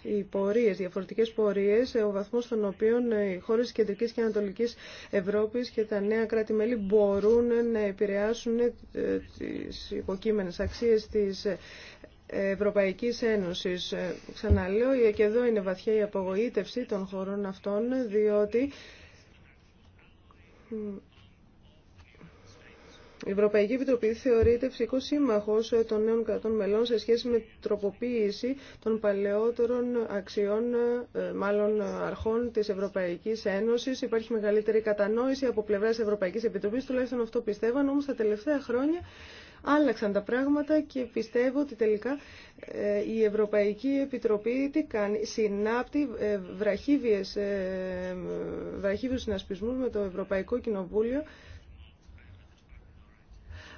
οι πορείε, διαφορετικέ πορείε, ε, ο βαθμό των οποίων ε, οι χώρε τη Κεντρική και Ανατολική Ευρώπη και τα νέα κράτη-μέλη μπορούν να επηρεάσουν τι υποκείμενε αξίε τη Ευρωπαϊκής Ένωσης. Ξαναλέω, και εδώ είναι βαθιά η απογοήτευση των χωρών αυτών, διότι η Ευρωπαϊκή Επιτροπή θεωρείται ψυχικό σύμμαχο των νέων κρατών μελών σε σχέση με τροποποίηση των παλαιότερων αξιών, ε, μάλλον αρχών τη Ευρωπαϊκή Ένωση. Υπάρχει μεγαλύτερη κατανόηση από πλευρά τη Ευρωπαϊκή Επιτροπή, τουλάχιστον αυτό πιστεύαν, όμω τα τελευταία χρόνια άλλαξαν τα πράγματα και πιστεύω ότι τελικά ε, η Ευρωπαϊκή Επιτροπή τι κάνει, συνάπτει ε, βραχύβιες, συνασπισμού με το Ευρωπαϊκό Κοινοβούλιο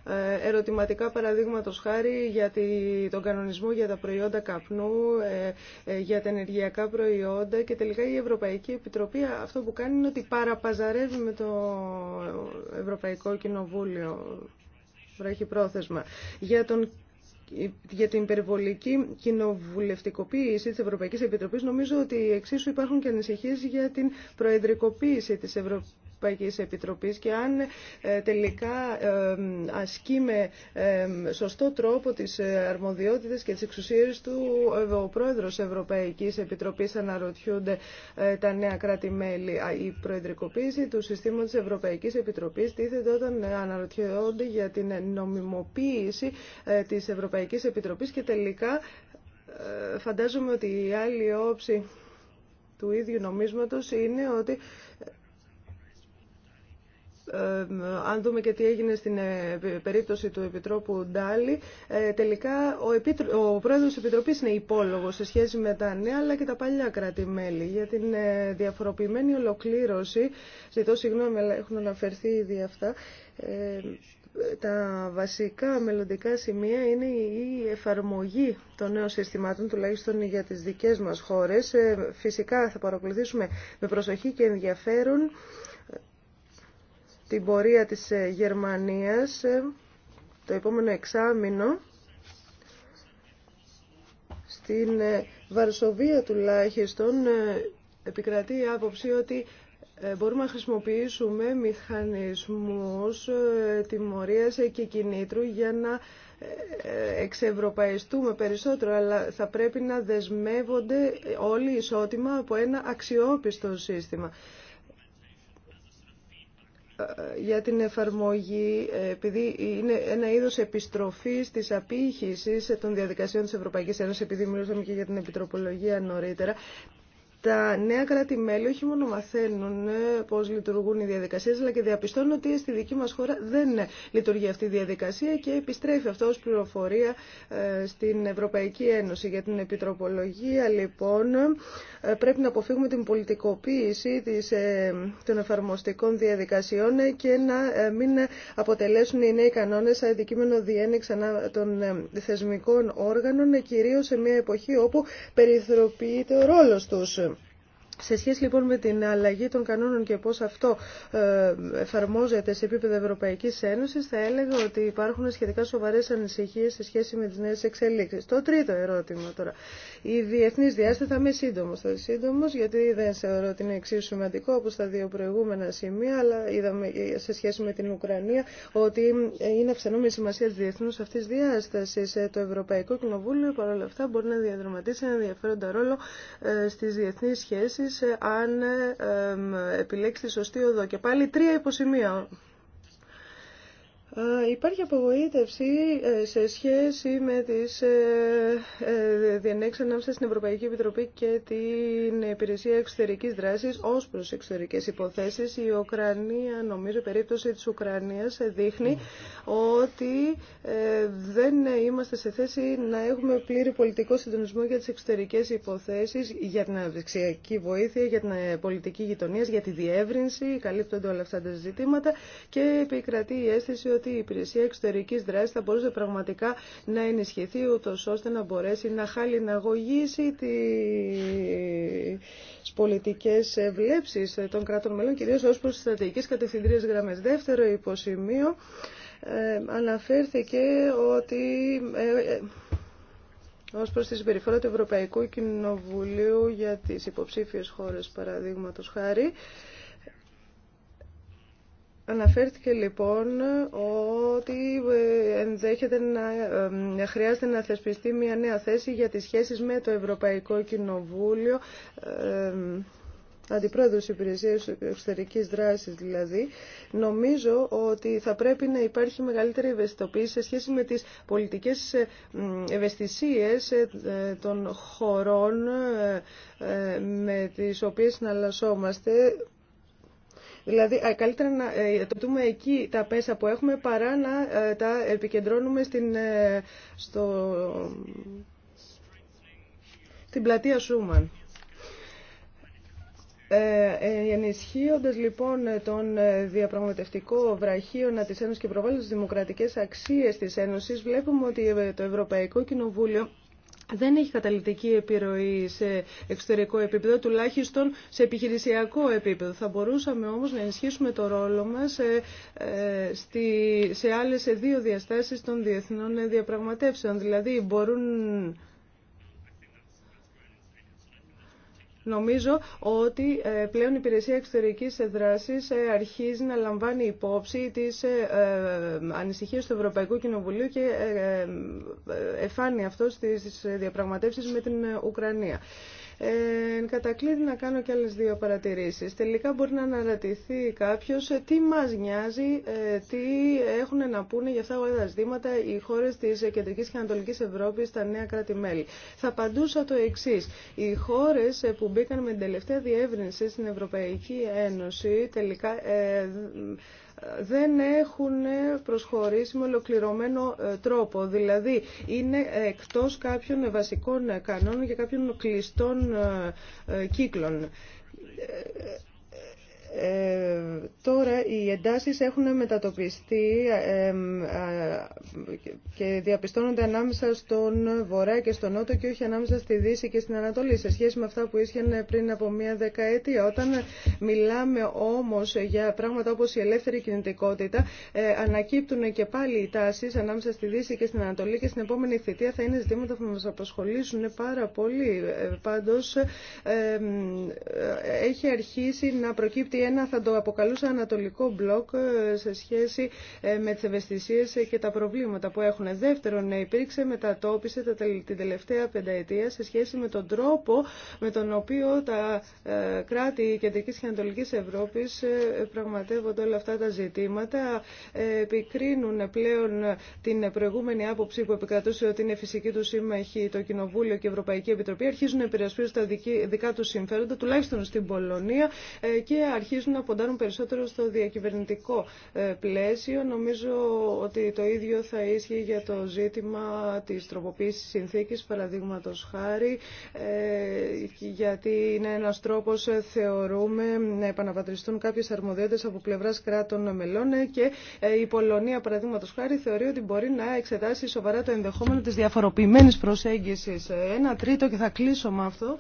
ε, ερωτηματικά παραδείγματο χάρη για τον κανονισμό για τα προϊόντα καπνού, ε, ε, για τα ενεργειακά προϊόντα και τελικά η Ευρωπαϊκή Επιτροπή αυτό που κάνει είναι ότι παραπαζαρεύει με το Ευρωπαϊκό Κοινοβούλιο βράχει πρόθεσμα. Για τον για την υπερβολική κοινοβουλευτικοποίηση της Ευρωπαϊκής Επιτροπής νομίζω ότι εξίσου υπάρχουν και ανησυχίες για την προεδρικοποίηση της Ευρωπαϊκής Ευρωπαϊκής Επιτροπής και αν ε, τελικά ε, ασκεί με ε, σωστό τρόπο τις αρμοδιότητες και τις εξουσίες του ο πρόεδρος Ευρωπαϊκής Επιτροπής αναρωτιούνται τα νέα κράτη-μέλη. Η προεδρικοποίηση του συστήματος της Ευρωπαϊκής Επιτροπής τίθεται όταν αναρωτιόνται για την νομιμοποίηση της Ευρωπαϊκής Επιτροπής και τελικά φαντάζομαι ότι η άλλη όψη του ίδιου νομίσματος είναι ότι αν δούμε και τι έγινε στην ε, περίπτωση του Επιτρόπου Ντάλι, ε, τελικά ο, Επίτρο... ο πρόεδρος της Επιτροπής είναι υπόλογο σε σχέση με τα νέα αλλά και τα παλιά κράτη-μέλη. Για την ε, διαφοροποιημένη ολοκλήρωση, ζητώ συγγνώμη αλλά έχουν αναφερθεί ήδη αυτά, τα βασικά μελλοντικά σημεία είναι η εφαρμογή των νέων συστημάτων, τουλάχιστον για τις δικές μας χώρες. Φυσικά θα παρακολουθήσουμε με προσοχή και ενδιαφέρον την πορεία της ε, Γερμανίας ε, το επόμενο εξάμηνο στην ε, Βαρσοβία τουλάχιστον επικρατεί η άποψη ότι μπορούμε να χρησιμοποιήσουμε μηχανισμούς τιμωρίας και κινήτρου για να εξευρωπαϊστούμε περισσότερο, αλλά θα πρέπει να δεσμεύονται όλοι ισότιμα από ένα αξιόπιστο σύστημα για την εφαρμογή, ε, επειδή είναι ένα είδος επιστροφής της απήχησης των διαδικασιών της Ευρωπαϊκής Ένωσης, επειδή μιλούσαμε και για την επιτροπολογία νωρίτερα, τα νέα κράτη-μέλη όχι μόνο μαθαίνουν ε, πώς λειτουργούν οι διαδικασίες, αλλά και διαπιστώνουν ότι στη δική μας χώρα δεν λειτουργεί αυτή η διαδικασία και επιστρέφει αυτό ως πληροφορία ε, στην Ευρωπαϊκή Ένωση. Για την επιτροπολογία, λοιπόν, ε, πρέπει να αποφύγουμε την πολιτικοποίηση των εφαρμοστικών διαδικασιών και να μην αποτελέσουν οι νέοι κανόνες αντικείμενο διένεξη των θεσμικών όργανων, κυρίως σε μια εποχή όπου περιθωριοποιείται ο ρόλος τους. Σε σχέση λοιπόν με την αλλαγή των κανόνων και πώς αυτό ε, εφαρμόζεται σε επίπεδο Ευρωπαϊκής Ένωσης, θα έλεγα ότι υπάρχουν σχετικά σοβαρές ανησυχίες σε σχέση με τις νέες εξελίξεις. Το τρίτο ερώτημα τώρα. Η διεθνής διάσταση θα είμαι σύντομο. Θα είμαι σύντομος γιατί δεν θεωρώ ότι είναι εξίσου σημαντικό όπως τα δύο προηγούμενα σημεία, αλλά είδαμε σε σχέση με την Ουκρανία ότι είναι αυξανόμενη σημασία της διεθνούς αυτής διάστασης. Ε, το Ευρωπαϊκό Κοινοβούλιο παρόλα αυτά μπορεί να διαδραματίσει ένα ενδιαφέροντα ρόλο ε, στις διεθνείς σχέσεις ε, αν ε, επιλέξει τη σωστή οδό. Και πάλι τρία υποσημεία Υπάρχει απογοήτευση ε, σε σχέση με τις ε, ε, διενέξεις ανάμεσα στην Ευρωπαϊκή Επιτροπή και την Υπηρεσία Εξωτερικής Δράσης ως προς εξωτερικές υποθέσεις. Η Ουκρανία, νομίζω, η περίπτωση της Ουκρανίας δείχνει ότι δεν είμαστε σε θέση να έχουμε πλήρη πολιτικό συντονισμό για τις εξωτερικές υποθέσεις, για την αυξιακή βοήθεια, για την πολιτική γειτονία, για τη διεύρυνση, καλύπτονται όλα αυτά τα ζητήματα και επικρατεί η αίσθηση ότι η υπηρεσία εξωτερικής δράσης θα μπορούσε πραγματικά να ενισχυθεί ούτω ώστε να μπορέσει να χαλιναγωγήσει τι πολιτικέ βλέψεις των κρατών μελών, κυρίως ως προ τι στρατηγικέ κατευθυντήριες γραμμές. Δεύτερο υποσημείο, ε, αναφέρθηκε ότι... Ε, ε, Ω προ τη συμπεριφορά του Ευρωπαϊκού Κοινοβουλίου για τι υποψήφιε χώρε, παραδείγματο χάρη, Αναφέρθηκε λοιπόν ότι ε, ενδέχεται να ε, χρειάζεται να θεσπιστεί μια νέα θέση για τις σχέσεις με το Ευρωπαϊκό Κοινοβούλιο, ε, αντιπρόεδρος υπηρεσίας εξωτερικής δράσης δηλαδή. Νομίζω ότι θα πρέπει να υπάρχει μεγαλύτερη ευαισθητοποίηση σε σχέση με τις πολιτικές ευαισθησίες των χωρών με τις οποίες συναλλασσόμαστε Δηλαδή, καλύτερα να ε, δούμε εκεί τα πέσα που έχουμε παρά να ε, τα επικεντρώνουμε στην, ε, στο, στην πλατεία Σούμαν. Ε, ενισχύοντας λοιπόν τον διαπραγματευτικό να της Ένωσης και προβάλλοντας τις δημοκρατικές αξίες της Ένωσης, βλέπουμε ότι το Ευρωπαϊκό Κοινοβούλιο δεν έχει καταλητική επιρροή σε εξωτερικό επίπεδο, τουλάχιστον σε επιχειρησιακό επίπεδο. Θα μπορούσαμε όμως να ενισχύσουμε το ρόλο μας ε, ε, σε άλλες δύο διαστάσεις των διεθνών διαπραγματεύσεων. Δηλαδή μπορούν Νομίζω ότι πλέον η υπηρεσία εξωτερικής δράσης αρχίζει να λαμβάνει υπόψη τις ανησυχίες του Ευρωπαϊκού Κοινοβουλίου και εφάνει αυτό στις διαπραγματεύσεις με την Ουκρανία. Εν κατακλείδη να κάνω και άλλες δύο παρατηρήσεις. Τελικά μπορεί να αναρωτηθεί κάποιος ε, τι μας νοιάζει, ε, τι έχουν να πούνε για αυτά τα ζητήματα οι χώρες της Κεντρικής και Ανατολικής Ευρώπης, τα νέα κράτη-μέλη. Θα απαντούσα το εξή. Οι χώρες ε, που μπήκαν με την τελευταία διεύρυνση στην Ευρωπαϊκή Ένωση τελικά δεν έχουν προσχωρήσει με ολοκληρωμένο ε, τρόπο. Δηλαδή είναι εκτός κάποιων βασικών κανόνων και κάποιων κλειστών ε, ε, κύκλων ε, τώρα οι εντάσεις έχουν μετατοπιστεί ε, και διαπιστώνονται ανάμεσα στον Βορρά και στον Νότο και όχι ανάμεσα στη Δύση και στην Ανατολή σε σχέση με αυτά που ήσχαν πριν από μία δεκαετία. Όταν μιλάμε όμως για πράγματα όπως η ελεύθερη κινητικότητα ε, ανακύπτουν και πάλι οι τάσεις ανάμεσα στη Δύση και στην Ανατολή και στην επόμενη θητεία θα είναι ζητήματα που μας απασχολήσουν πάρα πολύ. Ε, πάντως ε, έχει αρχίσει να προκύπτει ένα θα το αποκαλούσα ανατολικό μπλοκ ε, σε σχέση ε, με τις ευαισθησίες ε, και τα προβλήματα που έχουν. Δεύτερον, υπήρξε μετατόπιση την τελευταία πενταετία σε σχέση με τον τρόπο με τον οποίο τα κράτη Κεντρικής και Ανατολικής Ευρώπης πραγματεύονται όλα αυτά τα ζητήματα. Επικρίνουν πλέον την προηγούμενη άποψη που επικρατούσε ότι είναι φυσική του σύμμαχη το Κοινοβούλιο και η Ευρωπαϊκή Επιτροπή. Αρχίζουν να επηρεασπίζουν τα δικά του συμφέροντα, τουλάχιστον στην Πολωνία, και αρχίζουν αρχίζουν να ποντάρουν περισσότερο στο διακυβερνητικό ε, πλαίσιο. Νομίζω ότι το ίδιο θα ίσχυε για το ζήτημα της τροποποίηση συνθήκης, παραδείγματο χάρη, ε, γιατί είναι ένας τρόπος, ε, θεωρούμε, να επαναπατριστούν κάποιες αρμοδιότητες από πλευρά κράτων μελών και η Πολωνία, παραδείγματο χάρη, θεωρεί ότι μπορεί να εξετάσει σοβαρά το ενδεχόμενο της διαφοροποιημένης προσέγγισης. Ένα τρίτο και θα κλείσω με αυτό.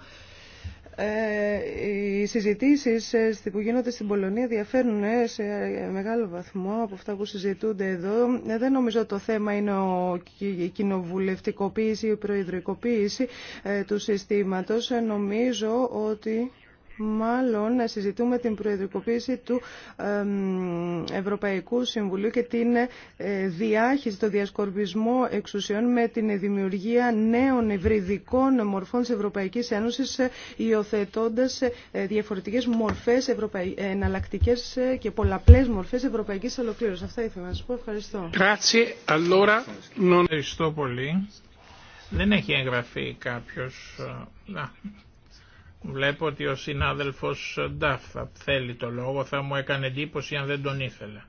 Ε, οι συζητήσεις ε, που γίνονται στην Πολωνία διαφέρουν ε, σε μεγάλο βαθμό από αυτά που συζητούνται εδώ. Δεν νομίζω το θέμα είναι η κοινοβουλευτικοποίηση ή η προεδρικοποίηση του συστήματος. Νομίζω ότι Μάλλον να συζητούμε την προεδρικοποίηση του Ευρωπαϊκού Συμβουλίου και την ε, διάχυση, το διασκορπισμό εξουσιών με την δημιουργία νέων ευρυδικών μορφών της Ευρωπαϊκής Ένωσης ε, υιοθετώντα ε, διαφορετικές μορφές ευρωπαϊ... εναλλακτικές και πολλαπλές μορφές ευρωπαϊκής ολοκλήρωσης. Αυτά ήθελα να σας πω. Ευχαριστώ. Ευχαριστώ πολύ. Δεν έχει εγγραφεί κάποιος... Βλέπω ότι ο συνάδελφος Νταφ θέλει το λόγο, θα μου έκανε εντύπωση αν δεν τον ήθελε.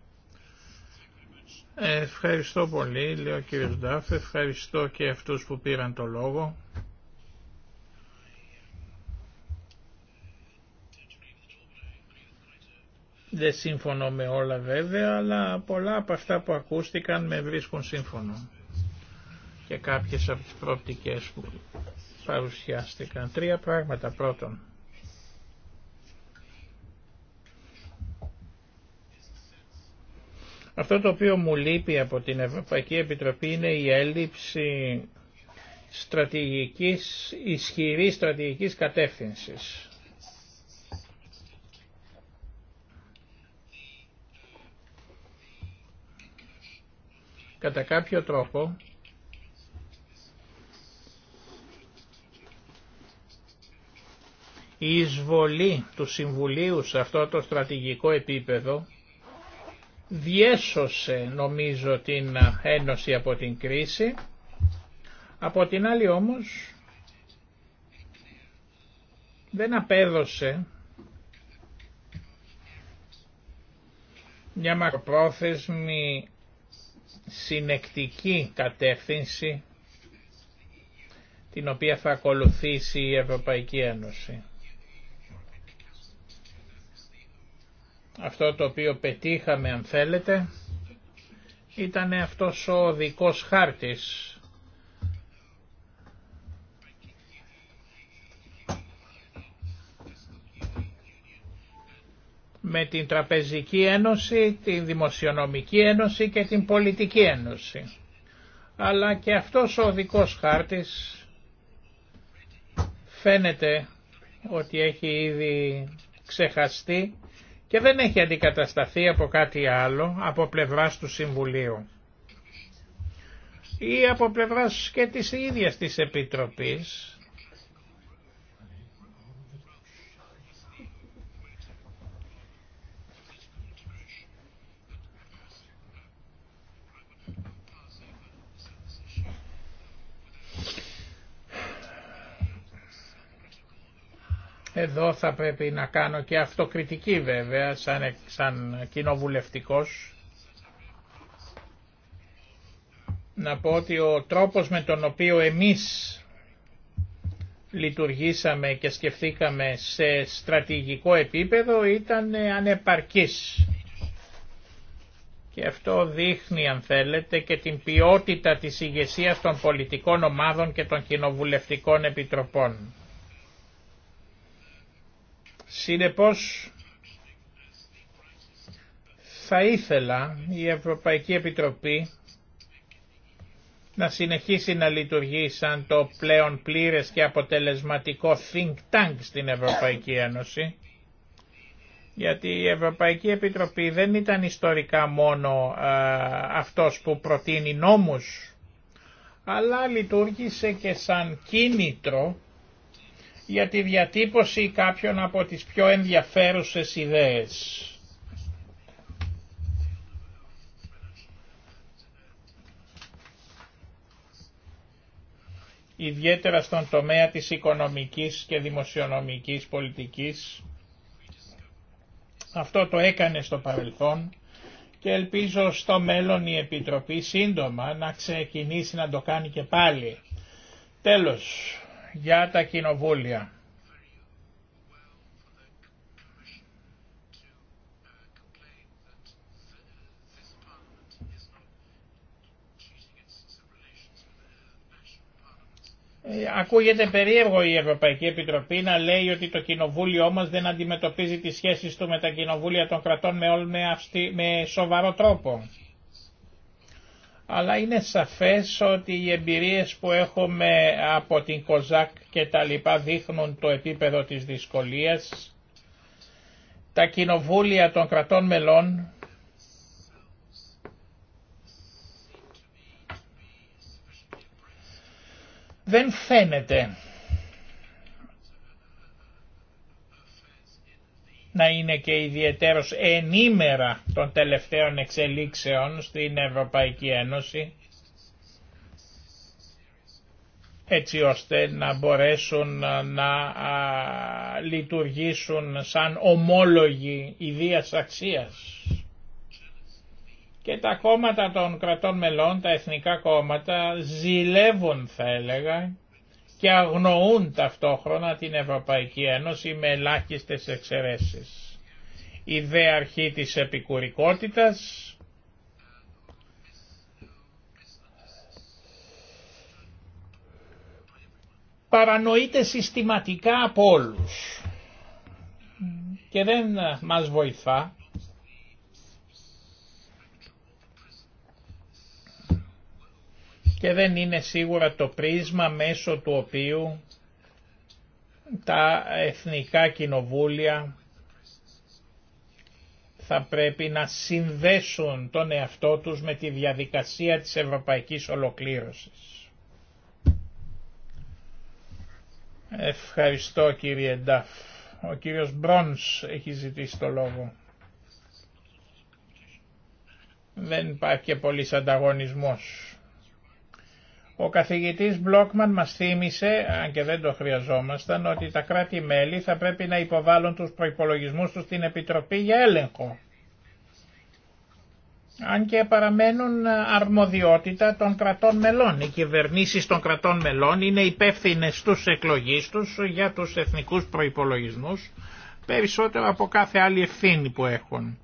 Ευχαριστώ πολύ, λέει ο κύριος Νταφ, ευχαριστώ και αυτούς που πήραν το λόγο. Δεν σύμφωνο με όλα βέβαια, αλλά πολλά από αυτά που ακούστηκαν με βρίσκουν σύμφωνο και κάποιες από τις πρόπτικες που παρουσιάστηκαν. Τρία πράγματα. Πρώτον, Αυτό το οποίο μου λείπει από την Ευρωπαϊκή Επιτροπή είναι η έλλειψη στρατηγικής, ισχυρής στρατηγικής κατεύθυνσης. Κατά κάποιο τρόπο η εισβολή του Συμβουλίου σε αυτό το στρατηγικό επίπεδο διέσωσε νομίζω την Ένωση από την κρίση. Από την άλλη όμως δεν απέδωσε μια μακροπρόθεσμη συνεκτική κατεύθυνση την οποία θα ακολουθήσει η Ευρωπαϊκή Ένωση. Αυτό το οποίο πετύχαμε αν θέλετε ήταν αυτός ο δικός χάρτης με την Τραπεζική Ένωση, την Δημοσιονομική Ένωση και την Πολιτική Ένωση. Αλλά και αυτός ο δικός χάρτης φαίνεται ότι έχει ήδη ξεχαστεί και δεν έχει αντικατασταθεί από κάτι άλλο από πλευράς του Συμβουλίου ή από πλευράς και της ίδιας της Επιτροπής Εδώ θα πρέπει να κάνω και αυτοκριτική βέβαια σαν, σαν κοινοβουλευτικός. Να πω ότι ο τρόπος με τον οποίο εμείς λειτουργήσαμε και σκεφτήκαμε σε στρατηγικό επίπεδο ήταν ανεπαρκής. Και αυτό δείχνει αν θέλετε και την ποιότητα της ηγεσία των πολιτικών ομάδων και των κοινοβουλευτικών επιτροπών. Συνεπώς θα ήθελα η Ευρωπαϊκή Επιτροπή να συνεχίσει να λειτουργεί σαν το πλέον πλήρες και αποτελεσματικό think tank στην Ευρωπαϊκή Ένωση γιατί η Ευρωπαϊκή Επιτροπή δεν ήταν ιστορικά μόνο αυτός που προτείνει νόμους αλλά λειτουργήσε και σαν κίνητρο για τη διατύπωση κάποιων από τις πιο ενδιαφέρουσες ιδέες. ιδιαίτερα στον τομέα της οικονομικής και δημοσιονομικής πολιτικής. Αυτό το έκανε στο παρελθόν και ελπίζω στο μέλλον η Επιτροπή σύντομα να ξεκινήσει να το κάνει και πάλι. Τέλος, για τα κοινοβούλια. Ακούγεται περίεργο η Ευρωπαϊκή Επιτροπή να λέει ότι το κοινοβούλιο όμως δεν αντιμετωπίζει τις σχέσεις του με τα κοινοβούλια των κρατών με, με, αυστη, με σοβαρό τρόπο αλλά είναι σαφές ότι οι εμπειρίες που έχουμε από την Κοζάκ και τα λοιπά δείχνουν το επίπεδο της δυσκολίας. Τα κοινοβούλια των κρατών μελών δεν φαίνεται να είναι και ιδιαίτερος ενήμερα των τελευταίων εξελίξεων στην Ευρωπαϊκή Ένωση έτσι ώστε να μπορέσουν να λειτουργήσουν σαν ομόλογοι ιδίας αξίας. Και τα κόμματα των κρατών μελών, τα εθνικά κόμματα, ζηλεύουν θα έλεγα και αγνοούν ταυτόχρονα την Ευρωπαϊκή Ένωση με ελάχιστες εξαιρέσεις. Η δε αρχή της επικουρικότητας παρανοείται συστηματικά από όλους και δεν μας βοηθά και δεν είναι σίγουρα το πρίσμα μέσω του οποίου τα εθνικά κοινοβούλια θα πρέπει να συνδέσουν τον εαυτό τους με τη διαδικασία της ευρωπαϊκής ολοκλήρωσης. Ευχαριστώ κύριε Νταφ. Ο κύριος Μπρόνς έχει ζητήσει το λόγο. Δεν υπάρχει και πολύς ανταγωνισμός. Ο καθηγητής Μπλόκμαν μας θύμισε, αν και δεν το χρειαζόμασταν, ότι τα κράτη-μέλη θα πρέπει να υποβάλουν τους προϋπολογισμούς τους στην Επιτροπή για έλεγχο. Αν και παραμένουν αρμοδιότητα των κρατών μελών. Οι κυβερνήσεις των κρατών μελών είναι υπεύθυνε στους εκλογείς τους για τους εθνικούς προϋπολογισμούς, περισσότερο από κάθε άλλη ευθύνη που έχουν.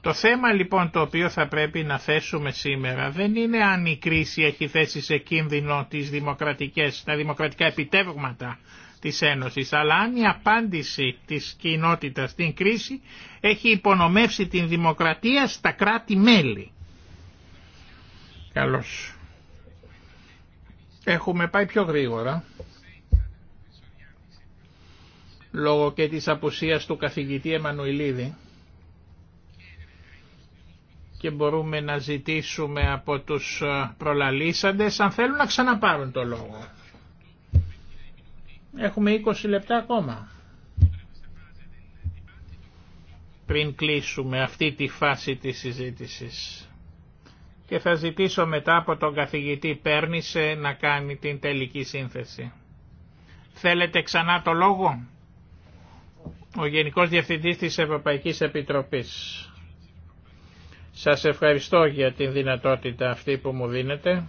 Το θέμα λοιπόν το οποίο θα πρέπει να θέσουμε σήμερα δεν είναι αν η κρίση έχει θέσει σε κίνδυνο τις δημοκρατικές, τα δημοκρατικά επιτεύγματα της Ένωσης, αλλά αν η απάντηση της κοινότητας στην κρίση έχει υπονομεύσει την δημοκρατία στα κράτη-μέλη. Καλώς. Έχουμε πάει πιο γρήγορα. Λόγω και της απουσίας του καθηγητή Εμμανουηλίδη και μπορούμε να ζητήσουμε από τους ε, προλαλήσαντες αν θέλουν να ξαναπάρουν το λόγο. Έχουμε 20 λεπτά ακόμα. Πριν κλείσουμε αυτή τη φάση της συζήτησης. Και θα ζητήσω μετά από τον καθηγητή Πέρνησε να κάνει την τελική σύνθεση. Θέλετε ξανά το λόγο. Ο Γενικός Διευθυντής της Ευρωπαϊκής Επιτροπής. Σας ευχαριστώ για την δυνατότητα αυτή που μου δίνετε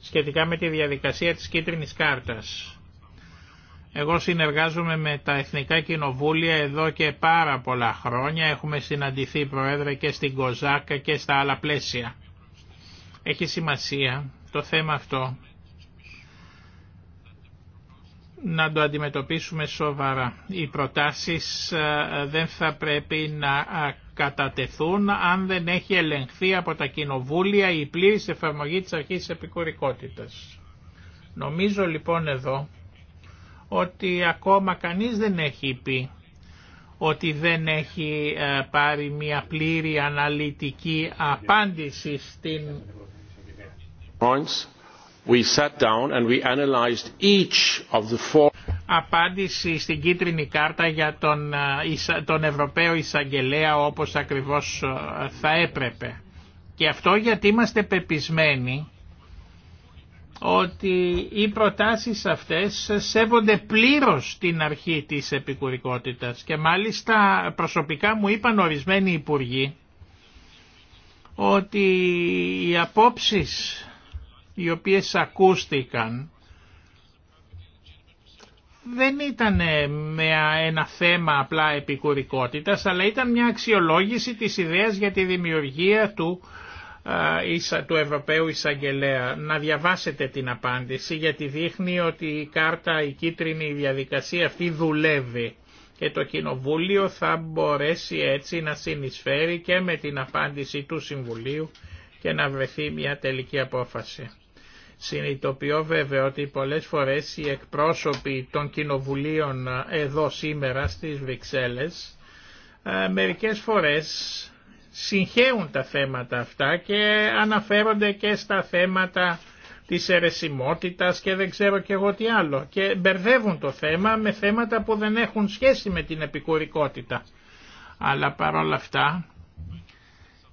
σχετικά με τη διαδικασία της κίτρινης κάρτας. Εγώ συνεργάζομαι με τα Εθνικά Κοινοβούλια εδώ και πάρα πολλά χρόνια. Έχουμε συναντηθεί, Πρόεδρε, και στην Κοζάκα και στα άλλα πλαίσια. Έχει σημασία το θέμα αυτό να το αντιμετωπίσουμε σοβαρά. Οι προτάσεις ε, δεν θα πρέπει να ε, κατατεθούν αν δεν έχει ελεγχθεί από τα κοινοβούλια η πλήρης εφαρμογή της αρχής επικουρικότητας. Νομίζω λοιπόν εδώ ότι ακόμα κανείς δεν έχει πει ότι δεν έχει ε, πάρει μια πλήρη αναλυτική απάντηση στην... Points We Απάντηση στην κίτρινη κάρτα για τον, ε, Ευρωπαίο Ισαγγελέα όπως ακριβώς ε, θα έπρεπε. Και αυτό γιατί είμαστε πεπισμένοι ότι οι προτάσεις αυτές σέβονται πλήρως την αρχή της επικουρικότητας και μάλιστα προσωπικά μου είπαν ορισμένοι υπουργοί ότι οι απόψεις οι οποίες ακούστηκαν δεν ήταν ε, ένα θέμα απλά επικουρικότητας, αλλά ήταν μια αξιολόγηση της ιδέας για τη δημιουργία του, του Ευρωπαίου Εισαγγελέα. Να διαβάσετε την απάντηση, γιατί δείχνει ότι η κάρτα, η κίτρινη διαδικασία αυτή δουλεύει και το Κοινοβούλιο θα μπορέσει έτσι να συνεισφέρει και με την απάντηση του Συμβουλίου και να βρεθεί μια τελική απόφαση. Συνειδητοποιώ βέβαια ότι πολλές φορές οι εκπρόσωποι των κοινοβουλίων εδώ σήμερα στις Βρυξέλλες ε, μερικές φορές συγχέουν τα θέματα αυτά και αναφέρονται και στα θέματα της αιρεσιμότητας και δεν ξέρω και εγώ τι άλλο και μπερδεύουν το θέμα με θέματα που δεν έχουν σχέση με την επικουρικότητα. Αλλά παρόλα αυτά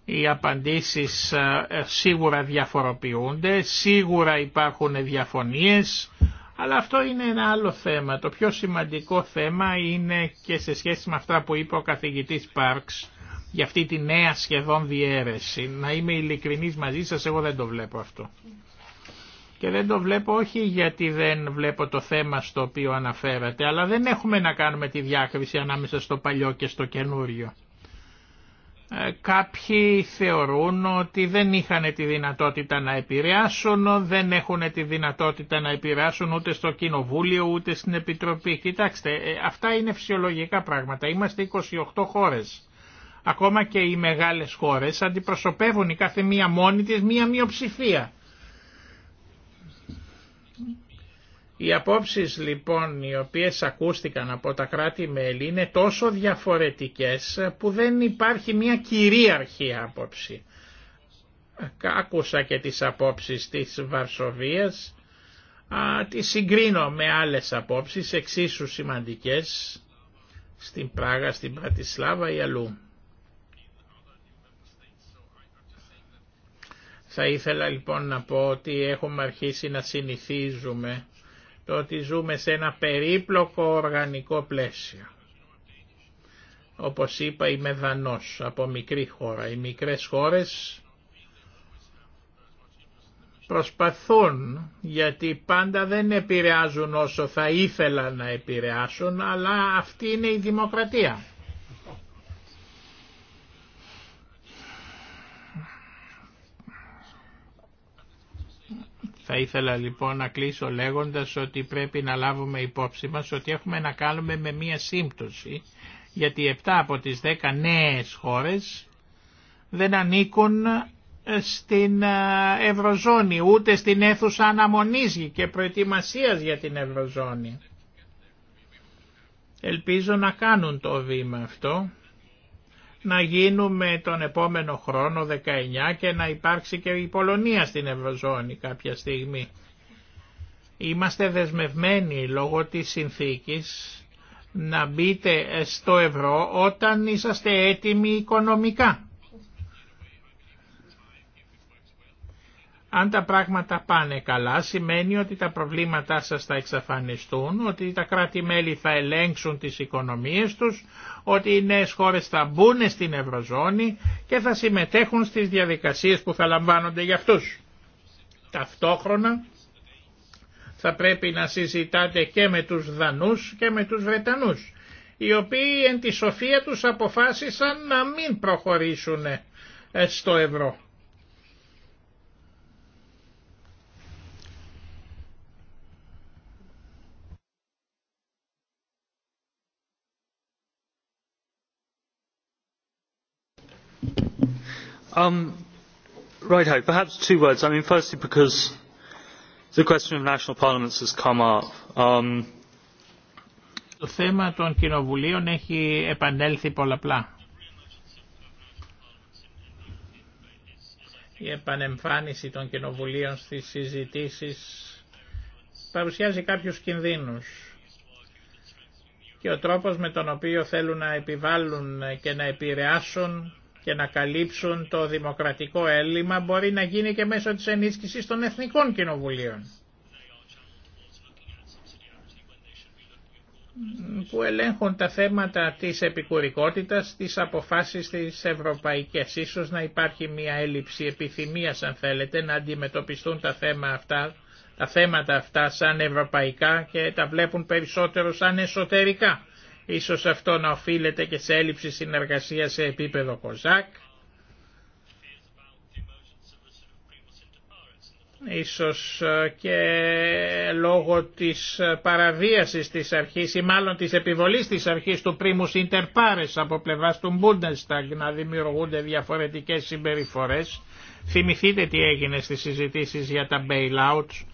οι απαντήσεις ε, ε, σίγουρα διαφοροποιούνται, σίγουρα υπάρχουν διαφωνίες, αλλά αυτό είναι ένα άλλο θέμα. Το πιο σημαντικό θέμα είναι και σε σχέση με αυτά που είπε ο καθηγητής Πάρξ για αυτή τη νέα σχεδόν διαίρεση. Να είμαι ειλικρινής μαζί σας, εγώ δεν το βλέπω αυτό. Και δεν το βλέπω όχι γιατί δεν βλέπω το θέμα στο οποίο αναφέρατε, αλλά δεν έχουμε να κάνουμε τη διάκριση ανάμεσα στο παλιό και στο καινούριο. Ε, κάποιοι θεωρούν ότι δεν είχαν τη δυνατότητα να επηρεάσουν, δεν έχουν τη δυνατότητα να επηρεάσουν ούτε στο Κοινοβούλιο ούτε στην Επιτροπή. Κοιτάξτε, ε, αυτά είναι φυσιολογικά πράγματα. Είμαστε 28 χώρες. Ακόμα και οι μεγάλες χώρες αντιπροσωπεύουν η κάθε μία μόνη της μία μειοψηφία. Οι απόψεις λοιπόν οι οποίες ακούστηκαν από τα κράτη-μέλη είναι τόσο διαφορετικές που δεν υπάρχει μια κυρίαρχη άποψη. Άκουσα και τις απόψεις της Βαρσοβίας, Τι τις συγκρίνω με άλλες απόψεις εξίσου σημαντικές στην Πράγα, στην Πρατισλάβα ή αλλού. Θα ήθελα λοιπόν να πω ότι έχουμε αρχίσει να συνηθίζουμε το ότι ζούμε σε ένα περίπλοκο οργανικό πλαίσιο. Όπως είπα είμαι δανός από μικρή χώρα. Οι μικρές χώρες προσπαθούν γιατί πάντα δεν επηρεάζουν όσο θα ήθελα να επηρεάσουν αλλά αυτή είναι η δημοκρατία. Θα ήθελα λοιπόν να κλείσω λέγοντας ότι πρέπει να λάβουμε υπόψη μας ότι έχουμε να κάνουμε με μία σύμπτωση, γιατί 7 από τις 10 νέες χώρες δεν ανήκουν ε, στην ε, Ευρωζώνη, ούτε στην αίθουσα αναμονής και προετοιμασίας για την Ευρωζώνη. Ελπίζω να κάνουν το βήμα αυτό να γίνουμε τον επόμενο χρόνο 19 και να υπάρξει και η Πολωνία στην Ευρωζώνη κάποια στιγμή. Είμαστε δεσμευμένοι λόγω της συνθήκης να μπείτε στο ευρώ όταν είσαστε έτοιμοι οικονομικά. Αν τα πράγματα πάνε καλά σημαίνει ότι τα προβλήματά σας θα εξαφανιστούν, ότι τα κράτη-μέλη θα ελέγξουν τις οικονομίες τους, ότι οι νέες χώρες θα μπουν στην Ευρωζώνη και θα συμμετέχουν στις διαδικασίες που θα λαμβάνονται για αυτούς. Ταυτόχρονα θα πρέπει να συζητάτε και με τους Δανούς και με τους Βρετανούς, οι οποίοι εν τη σοφία τους αποφάσισαν να μην προχωρήσουν ε, στο ευρώ. Um, perhaps two words. firstly, because the question of national parliaments has come um, το θέμα των κοινοβουλίων έχει επανέλθει πολλαπλά. Η επανεμφάνιση των κοινοβουλίων στις συζητήσεις παρουσιάζει κάποιους κινδύνους και ο τρόπος με τον οποίο θέλουν να επιβάλλουν και να επηρεάσουν και να καλύψουν το δημοκρατικό έλλειμμα μπορεί να γίνει και μέσω της ενίσχυσης των εθνικών κοινοβουλίων που ελέγχουν τα θέματα της επικουρικότητας, της αποφάσεις της ευρωπαϊκές. Ίσως να υπάρχει μια έλλειψη επιθυμίας, αν θέλετε, να αντιμετωπιστούν τα, θέμα αυτά, τα θέματα αυτά σαν ευρωπαϊκά και τα βλέπουν περισσότερο σαν εσωτερικά. Ίσως αυτό να οφείλεται και σε έλλειψη συνεργασία σε επίπεδο ΚΟΖΑΚ. Ίσως ε, και λόγω της ε, παραβίασης της αρχής ή μάλλον της επιβολής της αρχής του πρίμους Ιντερπάρες από πλευράς του Bundestag να δημιουργούνται διαφορετικές συμπεριφορές. Θυμηθείτε τι έγινε στις συζητήσεις για τα bailouts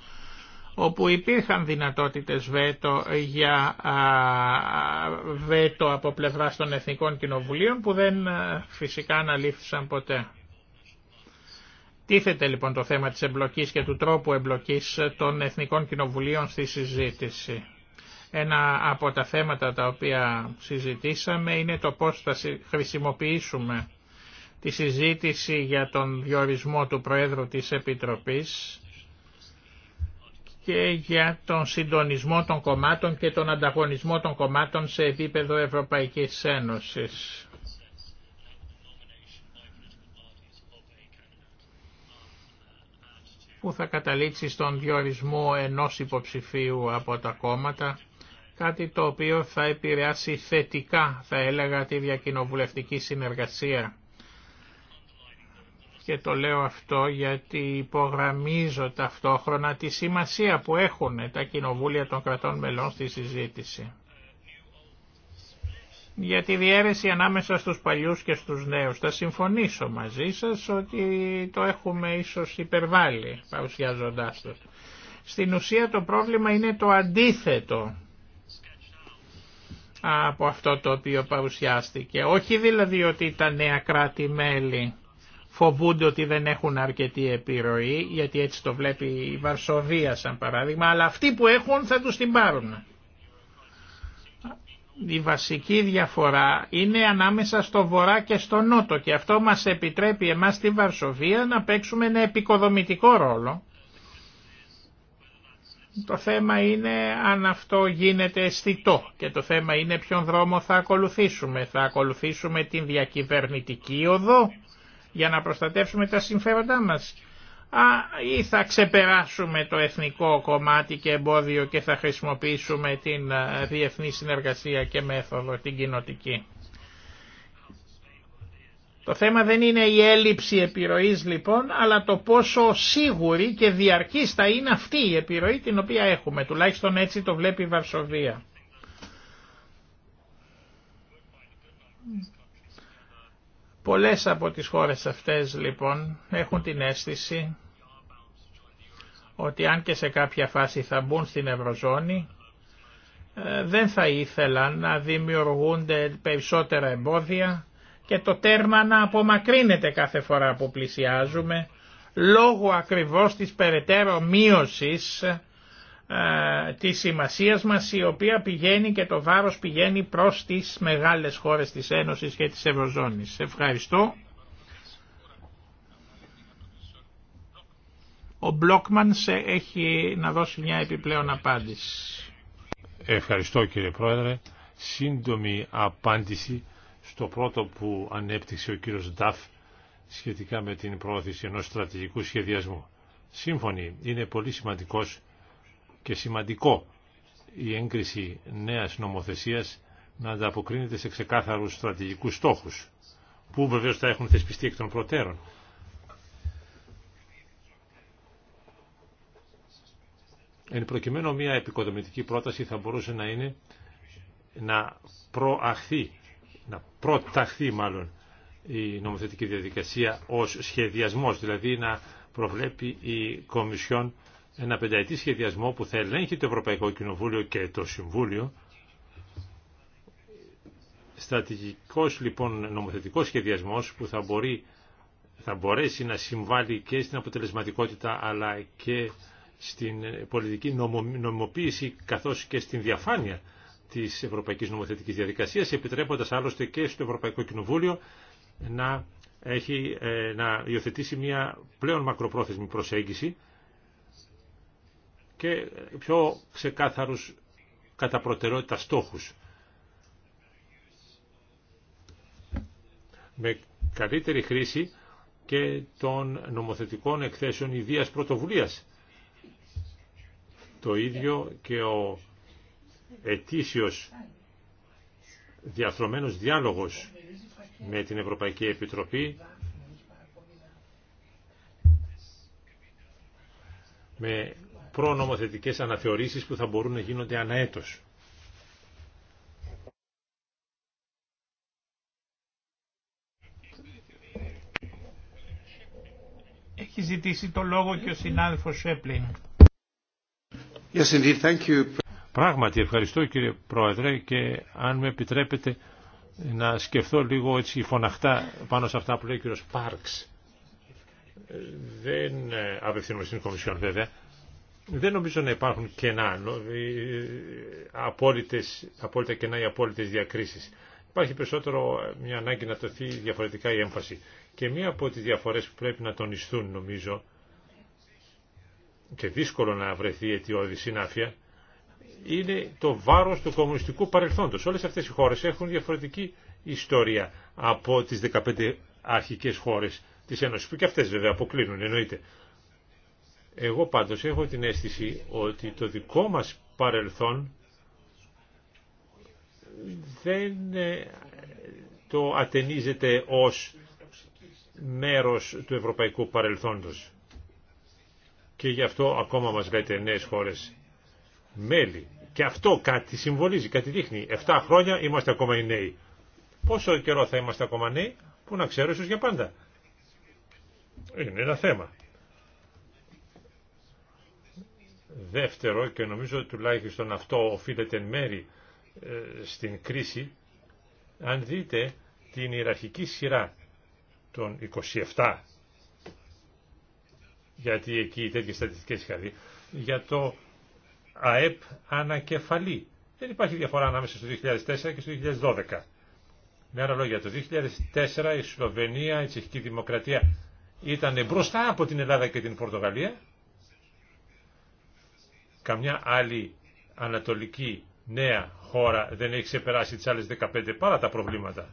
όπου υπήρχαν δυνατότητες βέτο για βέτο από πλευρά των Εθνικών Κοινοβουλίων που δεν φυσικά αναλήφθησαν ποτέ. Τίθεται λοιπόν το θέμα της εμπλοκής και του τρόπου εμπλοκής των Εθνικών Κοινοβουλίων στη συζήτηση. Ένα από τα θέματα τα οποία συζητήσαμε είναι το πώς θα χρησιμοποιήσουμε τη συζήτηση για τον διορισμό του Προέδρου της Επιτροπής και για τον συντονισμό των κομμάτων και τον ανταγωνισμό των κομμάτων σε επίπεδο Ευρωπαϊκής Ένωσης. που θα καταλήξει στον διορισμό ενός υποψηφίου από τα κόμματα, κάτι το οποίο θα επηρεάσει θετικά, θα έλεγα, τη διακοινοβουλευτική συνεργασία και το λέω αυτό γιατί υπογραμμίζω ταυτόχρονα τη σημασία που έχουν τα κοινοβούλια των κρατών μελών στη συζήτηση. Για τη διαίρεση ανάμεσα στους παλιούς και στους νέους. Θα συμφωνήσω μαζί σας ότι το έχουμε ίσως υπερβάλει παρουσιάζοντάς το. Στην ουσία το πρόβλημα είναι το αντίθετο από αυτό το οποίο παρουσιάστηκε. Όχι δηλαδή ότι τα νέα κράτη-μέλη φοβούνται ότι δεν έχουν αρκετή επιρροή, γιατί έτσι το βλέπει η Βαρσοβία σαν παράδειγμα, αλλά αυτοί που έχουν θα τους την πάρουν. Η βασική διαφορά είναι ανάμεσα στο βορρά και στο νότο και αυτό μας επιτρέπει εμάς στη Βαρσοβία να παίξουμε ένα επικοδομητικό ρόλο. Το θέμα είναι αν αυτό γίνεται αισθητό και το θέμα είναι ποιον δρόμο θα ακολουθήσουμε. Θα ακολουθήσουμε την διακυβερνητική οδό για να προστατεύσουμε τα συμφέροντά μας. Α, ή θα ξεπεράσουμε το εθνικό κομμάτι και εμπόδιο και θα χρησιμοποιήσουμε την διεθνή συνεργασία και μέθοδο, την κοινοτική. Το θέμα δεν είναι η έλλειψη επιρροής λοιπόν, αλλά το πόσο σίγουρη και διαρκής θα είναι αυτή η επιρροή την οποία έχουμε. Τουλάχιστον έτσι το βλέπει η Βαρσοβία. Πολλές από τις χώρες αυτές λοιπόν έχουν την αίσθηση ότι αν και σε κάποια φάση θα μπουν στην Ευρωζώνη, ε, δεν θα ήθελαν να δημιουργούνται περισσότερα εμπόδια και το τέρμα να απομακρύνεται κάθε φορά που πλησιάζουμε, λόγω ακριβώς της περαιτέρω μείωσης ε, της σημασία μας η οποία πηγαίνει και το βάρος πηγαίνει προς τις μεγάλες χώρες της Ένωσης και της Ευρωζώνης. Ευχαριστώ. Ο Μπλόκμαν σε έχει να δώσει μια επιπλέον απάντηση. Ευχαριστώ κύριε Πρόεδρε. Σύντομη απάντηση στο πρώτο που ανέπτυξε ο κύριος Νταφ σχετικά με την πρόθεση ενός στρατηγικού σχεδιασμού. Σύμφωνοι, είναι πολύ σημαντικός και σημαντικό η έγκριση νέας νομοθεσίας να ανταποκρίνεται σε ξεκάθαρους στρατηγικούς στόχους, που βεβαίως θα έχουν θεσπιστεί εκ των προτέρων. Εν προκειμένου μια επικοδομητική πρόταση θα μπορούσε να είναι να προαχθεί, να προταχθεί μάλλον η νομοθετική διαδικασία ως σχεδιασμός, δηλαδή να προβλέπει η Κομισιόν ένα πενταετή σχεδιασμό που θα ελέγχει το Ευρωπαϊκό Κοινοβούλιο και το Συμβούλιο. Στρατηγικός λοιπόν νομοθετικός σχεδιασμός που θα, μπορεί, θα μπορέσει να συμβάλλει και στην αποτελεσματικότητα αλλά και στην ε, πολιτική νομιμοποίηση καθώς και στην διαφάνεια της Ευρωπαϊκής Νομοθετικής Διαδικασίας επιτρέποντας άλλωστε και στο Ευρωπαϊκό Κοινοβούλιο να, έχει, ε, να υιοθετήσει μια πλέον μακροπρόθεσμη προσέγγιση και πιο ξεκάθαρους κατά προτεραιότητα στόχους. Με καλύτερη χρήση και των νομοθετικών εκθέσεων ιδίας πρωτοβουλίας. Το ίδιο και ο ετήσιος διαθρωμένος διάλογος με την Ευρωπαϊκή Επιτροπή με προνομοθετικές αναθεωρήσεις που θα μπορούν να γίνονται έτος. Έχει ζητήσει το λόγο και ο συνάδελφος Σέπλιν. Yes, Thank you. Πράγματι, ευχαριστώ κύριε Πρόεδρε και αν με επιτρέπετε να σκεφτώ λίγο έτσι φωναχτά πάνω σε αυτά που λέει ο κύριος Πάρξ. Ε, δεν ε, απευθύνομαι στην Κομισιόν βέβαια, δεν νομίζω να υπάρχουν κενά, ε, ε, απόλυτες, απόλυτα κενά ή απόλυτες διακρίσεις. Υπάρχει περισσότερο ε, μια ανάγκη να τοθεί διαφορετικά η έμφαση. Και μία από τις διαφορές που πρέπει να τονιστούν νομίζω και δύσκολο να βρεθεί αιτιώδη συνάφεια είναι το βάρος του κομμουνιστικού παρελθόντος. Όλες αυτές οι χώρες έχουν διαφορετική ιστορία από τις 15 αρχικές χώρες της Ένωσης που και αυτές βέβαια αποκλίνουν εννοείται. Εγώ πάντως έχω την αίσθηση ότι το δικό μας παρελθόν δεν ε, το ατενίζεται ως μέρος του ευρωπαϊκού παρελθόντος. Και γι' αυτό ακόμα μας λέτε νέες χώρες μέλη. Και αυτό κάτι συμβολίζει, κάτι δείχνει. Εφτά χρόνια είμαστε ακόμα οι νέοι. Πόσο καιρό θα είμαστε ακόμα νέοι, που να ξέρω ίσως για πάντα. Είναι ένα θέμα. Δεύτερο, και νομίζω τουλάχιστον αυτό οφείλεται εν μέρη ε, στην κρίση, αν δείτε την ιεραρχική σειρά των 27, γιατί εκεί τέτοιες στατιστικές είχα δει, για το ΑΕΠ ανακεφαλή. Δεν υπάρχει διαφορά ανάμεσα στο 2004 και στο 2012. Με άλλα λόγια, το 2004 η Σλοβενία, η Τσεχική Δημοκρατία ήταν μπροστά από την Ελλάδα και την Πορτογαλία Καμιά άλλη ανατολική νέα χώρα δεν έχει ξεπεράσει τις άλλες 15 παρά τα προβλήματα.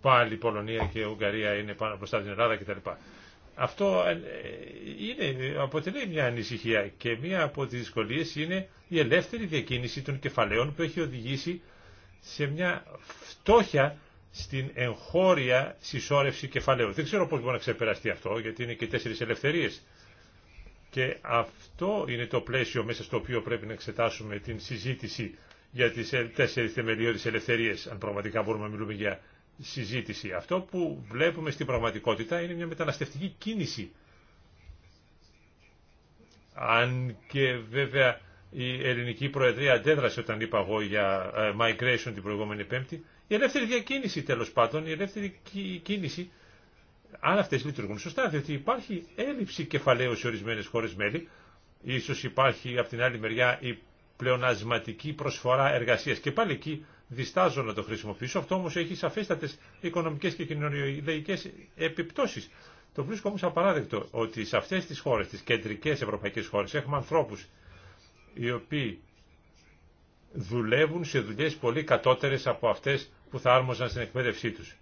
Πάλι η Πολωνία και Ουγγαρία είναι πάνω μπροστά την Ελλάδα κτλ. Αυτό ε, είναι, αποτελεί μια ανησυχία και μια από τις δυσκολίες είναι η ελεύθερη διακίνηση των κεφαλαίων που έχει οδηγήσει σε μια φτώχεια στην εγχώρια συσσόρευση κεφαλαίου. Δεν ξέρω πώς μπορεί να ξεπεραστεί αυτό, γιατί είναι και τέσσερις ελευθερίες και αυτό είναι το πλαίσιο μέσα στο οποίο πρέπει να εξετάσουμε την συζήτηση για τις ε, τέσσερις θεμελιώδεις ελευθερίες, αν πραγματικά μπορούμε να μιλούμε για συζήτηση. Αυτό που βλέπουμε στην πραγματικότητα είναι μια μεταναστευτική κίνηση. Αν και βέβαια η ελληνική προεδρία αντέδρασε όταν είπα εγώ για ε, migration την προηγούμενη πέμπτη, η ελεύθερη διακίνηση τέλος πάντων, η ελεύθερη κίνηση αν αυτές λειτουργούν σωστά, διότι υπάρχει έλλειψη κεφαλαίου σε ορισμένες χώρες μέλη, ίσως υπάρχει από την άλλη μεριά η πλεονασματική προσφορά εργασίας και πάλι εκεί διστάζω να το χρησιμοποιήσω, αυτό όμως έχει σαφέστατες οικονομικές και κοινωνιολογικές επιπτώσεις. Το βρίσκω όμως απαράδεκτο ότι σε αυτές τις χώρες, τις κεντρικές ευρωπαϊκές χώρες, έχουμε ανθρώπους οι οποίοι δουλεύουν σε δουλειές πολύ κατώτερες από αυτές που θα άρμοζαν στην εκπαίδευσή τους.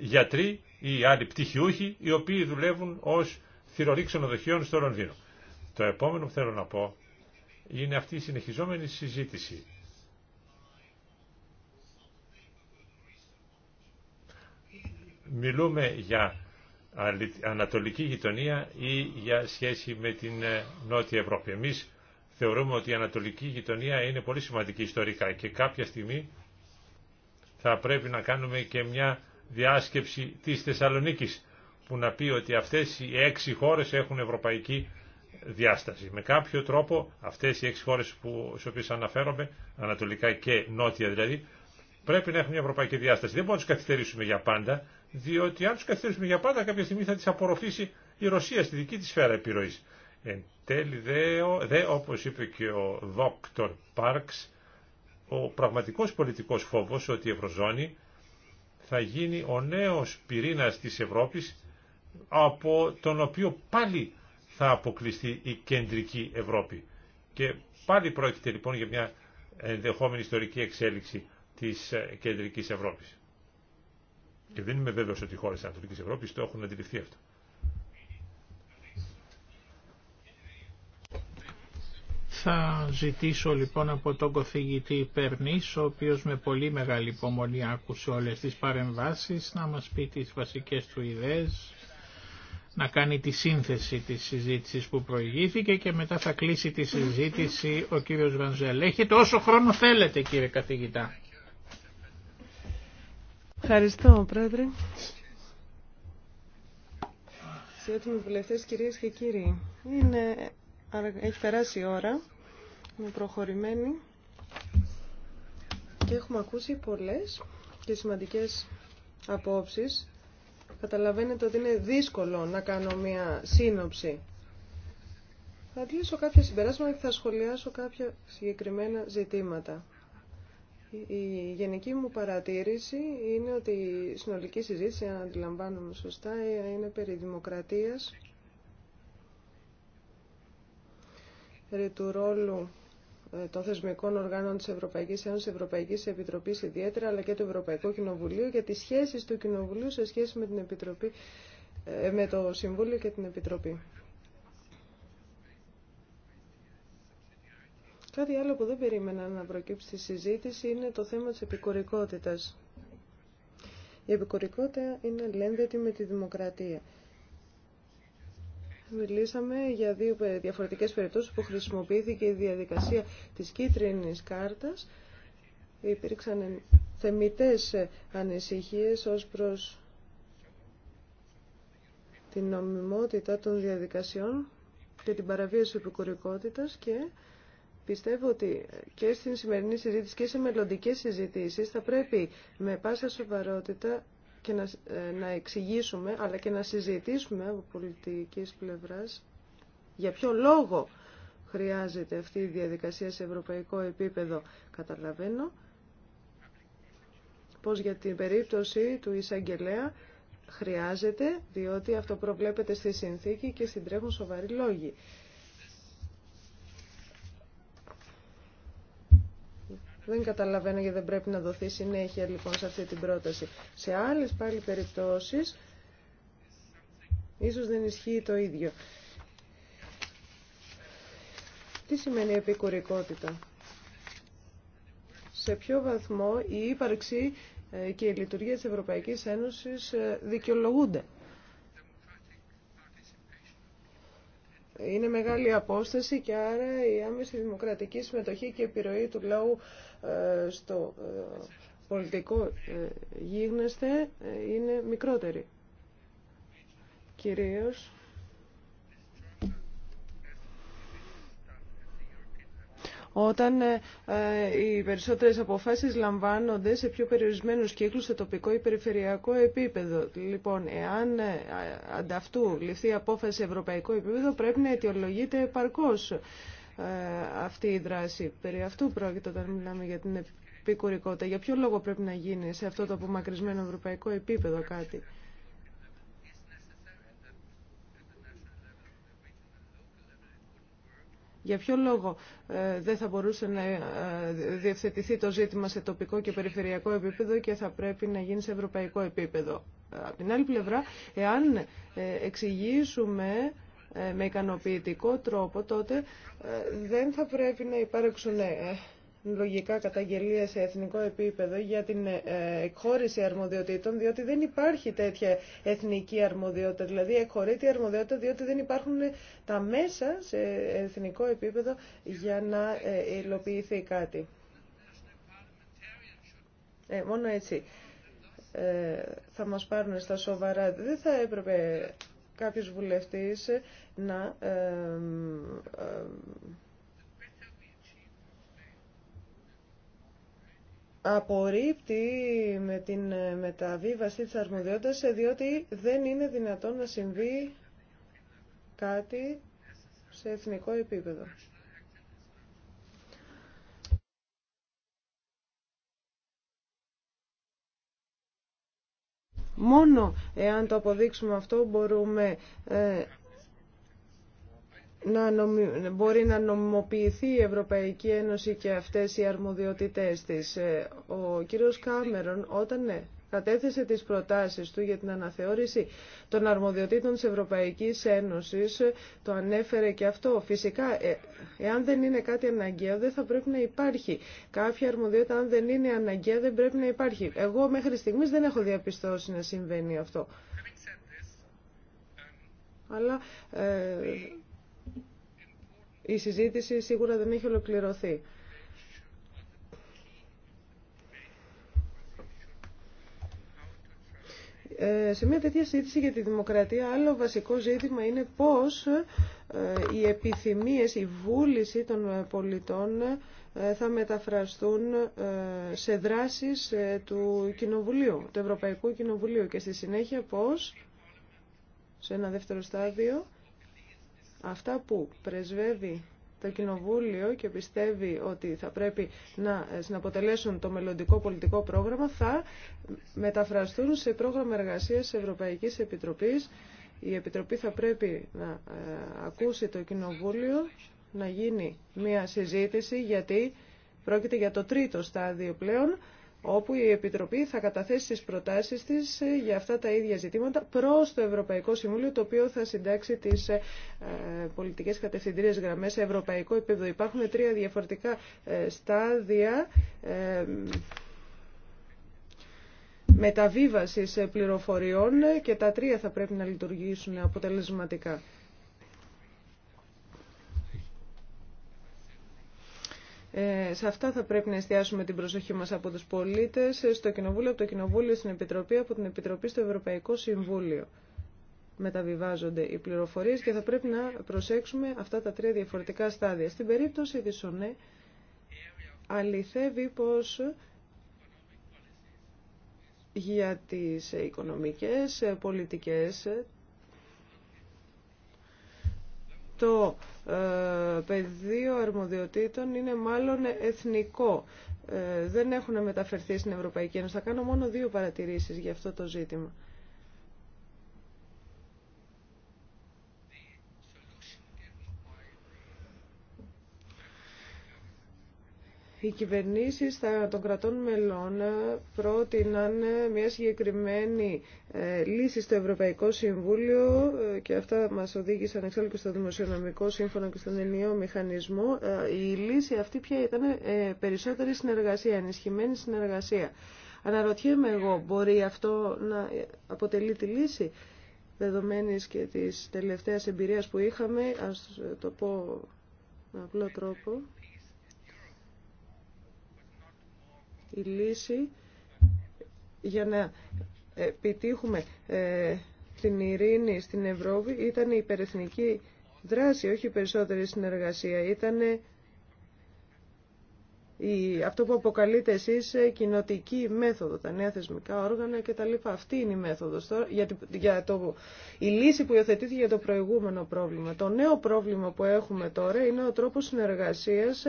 γιατροί ή άλλοι πτυχιούχοι οι οποίοι δουλεύουν ως θηρορή ξενοδοχείων στο Λονδίνο. Το επόμενο που θέλω να πω είναι αυτή η συνεχιζόμενη συζήτηση. Μιλούμε για ανατολική γειτονία ή για σχέση με την ε, Νότια Ευρώπη. Εμείς θεωρούμε ότι η ανατολική γειτονία είναι πολύ σημαντική ιστορικά και κάποια στιγμή θα πρέπει να κάνουμε και μια διάσκεψη της Θεσσαλονίκης που να πει ότι αυτές οι έξι χώρες έχουν ευρωπαϊκή διάσταση. Με κάποιο τρόπο αυτές οι έξι χώρες που, σε οποίες αναφέρομαι, ανατολικά και νότια δηλαδή, πρέπει να έχουν μια ευρωπαϊκή διάσταση. Δεν μπορούμε να τους καθυστερήσουμε για πάντα, διότι αν τους καθυστερήσουμε για πάντα κάποια στιγμή θα τις απορροφήσει η Ρωσία στη δική της σφαίρα επιρροής. Εν τέλει δε, δε όπως είπε και ο Δόκτωρ Πάρξ, ο πραγματικός πολιτικός φόβος ότι η Ευρωζώνη θα γίνει ο νέος πυρήνας της Ευρώπης από τον οποίο πάλι θα αποκλειστεί η κεντρική Ευρώπη. Και πάλι πρόκειται λοιπόν για μια ενδεχόμενη ιστορική εξέλιξη της ε, κεντρικής Ευρώπης. Και δεν είμαι βέβαιος ότι οι χώρες της Ανατολικής Ευρώπης το έχουν αντιληφθεί αυτό. Θα ζητήσω λοιπόν από τον κοθήγητή Περνής, ο οποίος με πολύ μεγάλη υπομονή άκουσε όλες τις παρεμβάσεις, να μας πει τις βασικές του ιδέες, να κάνει τη σύνθεση της συζήτησης που προηγήθηκε και μετά θα κλείσει τη συζήτηση ο κύριος Βανζέλ. Έχετε όσο χρόνο θέλετε κύριε καθηγητά. Ευχαριστώ πρόεδρε. κυρίες και κύριοι, είναι... έχει περάσει η ώρα με προχωρημένη και έχουμε ακούσει πολλές και σημαντικές απόψεις. Καταλαβαίνετε ότι είναι δύσκολο να κάνω μια σύνοψη. Θα αντλήσω κάποια συμπεράσματα και θα σχολιάσω κάποια συγκεκριμένα ζητήματα. Η γενική μου παρατήρηση είναι ότι η συνολική συζήτηση, αν αντιλαμβάνομαι σωστά, είναι περί δημοκρατίας, περί του ρόλου ε, των θεσμικών οργάνων της Ευρωπαϊκής Ένωσης, τη Ευρωπαϊκής Επιτροπής ιδιαίτερα, αλλά και του Ευρωπαϊκού Κοινοβουλίου για τις σχέσεις του Κοινοβουλίου σε σχέση με, την Επιτροπή, ε, με το Συμβούλιο και την Επιτροπή. Κάτι άλλο που δεν περίμενα να προκύψει στη συζήτηση είναι το θέμα της επικορικότητας. Η επικορικότητα είναι λένδετη με τη δημοκρατία μιλήσαμε για δύο διαφορετικές περιπτώσεις που χρησιμοποιήθηκε η διαδικασία της κίτρινης κάρτας. Υπήρξαν θεμητές ανησυχίες ως προς την νομιμότητα των διαδικασιών και την παραβίαση επικουρικότητας και πιστεύω ότι και στην σημερινή συζήτηση και σε μελλοντικέ συζητήσεις θα πρέπει με πάσα σοβαρότητα και ε, να, εξηγήσουμε αλλά και να συζητήσουμε από πολιτικής πλευράς για ποιο λόγο χρειάζεται αυτή η διαδικασία σε ευρωπαϊκό επίπεδο. Καταλαβαίνω πως για την περίπτωση του εισαγγελέα χρειάζεται, διότι αυτό προβλέπεται στη συνθήκη και συντρέχουν σοβαροί λόγοι. Δεν καταλαβαίνω γιατί δεν πρέπει να δοθεί συνέχεια λοιπόν σε αυτή την πρόταση. Σε άλλες πάλι περιπτώσεις ίσως δεν ισχύει το ίδιο. Τι σημαίνει επικουρικότητα. Σε ποιο βαθμό η ύπαρξη ε, και η λειτουργία της Ευρωπαϊκής Ένωσης ε, δικαιολογούνται. Είναι μεγάλη απόσταση και άρα η άμεση δημοκρατική συμμετοχή και επιρροή του λαού ε, στο ε, πολιτικό ε, γίγνεσθε είναι μικρότερη. Κυρίως όταν ε, ε, οι περισσότερες αποφάσεις λαμβάνονται σε πιο περιορισμένους κύκλους σε τοπικό ή περιφερειακό επίπεδο. Λοιπόν, εάν ε, ανταυτού ληφθεί η απόφαση σε ευρωπαϊκό επίπεδο πρέπει να αιτιολογείται επαρκώς αυτή η δράση. Περί αυτού πρόκειται όταν μιλάμε για την επικουρικότητα. Για ποιο λόγο πρέπει να γίνει σε αυτό το απομακρυσμένο ευρωπαϊκό επίπεδο κάτι. Για ποιο λόγο ε, δεν θα μπορούσε να ε, διευθετηθεί το ζήτημα σε τοπικό και περιφερειακό επίπεδο και θα πρέπει να γίνει σε ευρωπαϊκό επίπεδο. Ε, Από την άλλη πλευρά, εάν εξηγήσουμε με ικανοποιητικό τρόπο, τότε δεν θα πρέπει να υπάρξουν λογικά καταγγελία σε εθνικό επίπεδο για την ε, εκχώρηση αρμοδιοτήτων, διότι δεν υπάρχει τέτοια εθνική αρμοδιότητα. Δηλαδή, εκχωρείται η αρμοδιότητα διότι δεν υπάρχουν τα μέσα σε εθνικό επίπεδο για να ε, υλοποιηθεί κάτι. Ε, μόνο έτσι ε, θα μας πάρουν στα σοβαρά. Δεν θα έπρεπε κάποιος βουλευτής να... Ε, ε απορρίπτει με την μεταβίβαση της αρμοδιότητας διότι δεν είναι δυνατόν να συμβεί κάτι σε εθνικό επίπεδο. Μόνο εάν το αποδείξουμε αυτό μπορούμε ε, να νομι... μπορεί να νομιμοποιηθεί η Ευρωπαϊκή Ένωση και αυτές οι αρμοδιότητές της. Ε, ο κύριος Κάμερον όταν ναι, κατέθεσε τις προτάσεις του για την αναθεώρηση των αρμοδιοτήτων της Ευρωπαϊκής Ένωσης, ε, το ανέφερε και αυτό. Φυσικά, ε, εάν δεν είναι κάτι αναγκαίο, δεν θα πρέπει να υπάρχει. Κάποια αρμοδιότητα, αν δεν είναι αναγκαία, δεν πρέπει να υπάρχει. Εγώ μέχρι στιγμής δεν έχω διαπιστώσει να συμβαίνει αυτό. Αλλά η συζήτηση σίγουρα δεν έχει ολοκληρωθεί. Ε, σε μια τέτοια συζήτηση για τη δημοκρατία άλλο βασικό ζήτημα είναι πώς ε, οι επιθυμίες, η βούληση των πολιτών ε, θα μεταφραστούν σε δράσεις του Κοινοβουλίου, του Ευρωπαϊκού Κοινοβουλίου και στη συνέχεια πώς, σε ένα δεύτερο στάδιο, Αυτά που πρεσβεύει το Κοινοβούλιο και πιστεύει ότι θα πρέπει να συναποτελέσουν το μελλοντικό πολιτικό πρόγραμμα θα μεταφραστούν σε πρόγραμμα εργασίας Ευρωπαϊκής Επιτροπής. Η Επιτροπή θα πρέπει να ε, ακούσει το Κοινοβούλιο, να γίνει μια συζήτηση γιατί πρόκειται για το τρίτο στάδιο πλέον όπου η Επιτροπή θα καταθέσει τις προτάσεις της ε, για αυτά τα ίδια ζητήματα προς το Ευρωπαϊκό Συμβούλιο, το οποίο θα συντάξει τις ε, ε, πολιτικές κατευθυντήριες γραμμές σε ευρωπαϊκό επίπεδο. Υπάρχουν τρία διαφορετικά στάδια μεταβίβασης πληροφοριών και τα τρία θα πρέπει να λειτουργήσουν αποτελεσματικά. Ε, σε αυτά θα πρέπει να εστιάσουμε την προσοχή μας από τους πολίτες, ε, στο Κοινοβούλιο, από το Κοινοβούλιο στην Επιτροπή, από την Επιτροπή στο Ευρωπαϊκό Συμβούλιο. Μεταβιβάζονται οι πληροφορίες και θα πρέπει να προσέξουμε αυτά τα τρία διαφορετικά στάδια. Στην περίπτωση της ΟΝΕ αληθεύει πως για τις οικονομικές ε, πολιτικές το ε, πεδίο αρμοδιοτήτων είναι μάλλον εθνικό. Ε, δεν έχουν μεταφερθεί στην Ευρωπαϊκή Ένωση. Θα κάνω μόνο δύο παρατηρήσεις για αυτό το ζήτημα. Οι κυβερνήσει των κρατών μελών ε, πρότειναν ε, μια συγκεκριμένη ε, λύση στο Ευρωπαϊκό Συμβούλιο και αυτά μας οδήγησαν εξάλλου και στο Δημοσιονομικό Σύμφωνο και στον Ενιαίο Μηχανισμό. Η λύση αυτή πια ήταν περισσότερη συνεργασία, ενισχυμένη συνεργασία. Αναρωτιέμαι εγώ, μπορεί αυτό να αποτελεί τη λύση δεδομένης και της τελευταίας εμπειρίας που είχαμε, ας το πω με απλό τρόπο. η λύση για να επιτύχουμε ε, την ειρήνη στην Ευρώπη ήταν η υπερεθνική δράση, όχι η περισσότερη συνεργασία. Ήταν ε, αυτό που αποκαλείτε εσείς ε, κοινοτική μέθοδο, τα νέα θεσμικά όργανα κτλ. Αυτή είναι η μέθοδος τώρα, για, το, η λύση που υιοθετήθηκε για το προηγούμενο πρόβλημα. Το νέο πρόβλημα που έχουμε τώρα είναι ο τρόπος συνεργασίας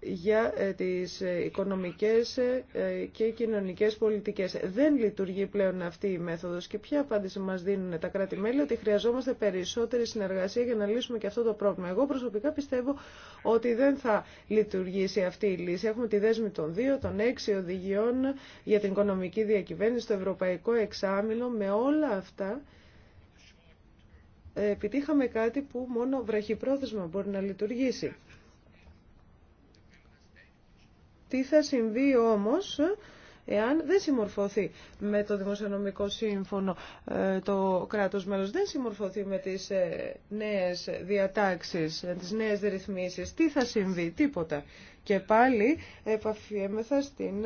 για ε, τις ε, οικονομικές ε, και κοινωνικές πολιτικές. Δεν λειτουργεί πλέον αυτή η μέθοδος και ποια απάντηση μας δίνουν τα κράτη-μέλη ότι χρειαζόμαστε περισσότερη συνεργασία για να λύσουμε και αυτό το πρόβλημα. Εγώ προσωπικά πιστεύω ότι δεν θα λειτουργήσει αυτή η λύση. Έχουμε τη δέσμη των δύο, των έξι οδηγιών για την οικονομική διακυβέρνηση, το ευρωπαϊκό εξάμεινο, με όλα αυτά επιτύχαμε κάτι που μόνο βραχυπρόθεσμα μπορεί να λειτουργήσει. Τι θα συμβεί όμως ε, εάν δεν συμμορφωθεί με το Δημοσιονομικό Σύμφωνο ε, το κράτος μέλος, δεν συμμορφωθεί με τις ε, νέες διατάξεις, τις νέες ρυθμίσεις, τι θα συμβεί, τίποτα. Και πάλι επαφιέμεθα στην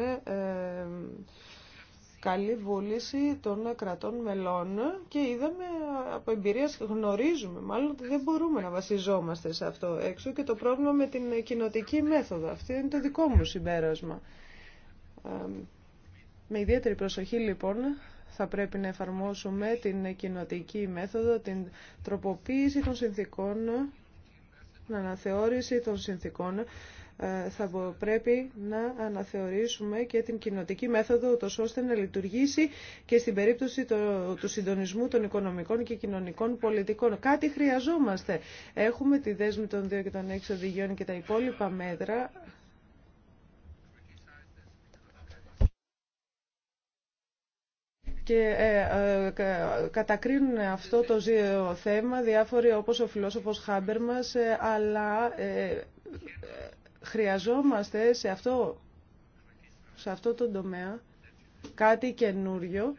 καλή βούληση των κρατών μελών και είδαμε από εμπειρία, γνωρίζουμε μάλλον ότι δεν μπορούμε να βασιζόμαστε σε αυτό έξω και το πρόβλημα με την κοινοτική μέθοδο. Αυτό είναι το δικό μου συμπέρασμα. Με ιδιαίτερη προσοχή λοιπόν θα πρέπει να εφαρμόσουμε την κοινοτική μέθοδο, την τροποποίηση των συνθήκων, την αναθεώρηση των συνθήκων ε, θα πρέπει να αναθεωρήσουμε και την κοινοτική μέθοδο, ώστε να λειτουργήσει και στην περίπτωση του συντονισμού των οικονομικών και κοινωνικών πολιτικών. Κάτι χρειαζόμαστε. Έχουμε τη δέσμη των δύο και των έξι οδηγιών και τα υπόλοιπα μέτρα. και ε, ε, κατακρίνουν αυτό το θέμα διάφοροι όπως ο φιλόσοφος Χάμπερμας, αλλά Χρειαζόμαστε σε αυτό, σε αυτό το τομέα κάτι καινούριο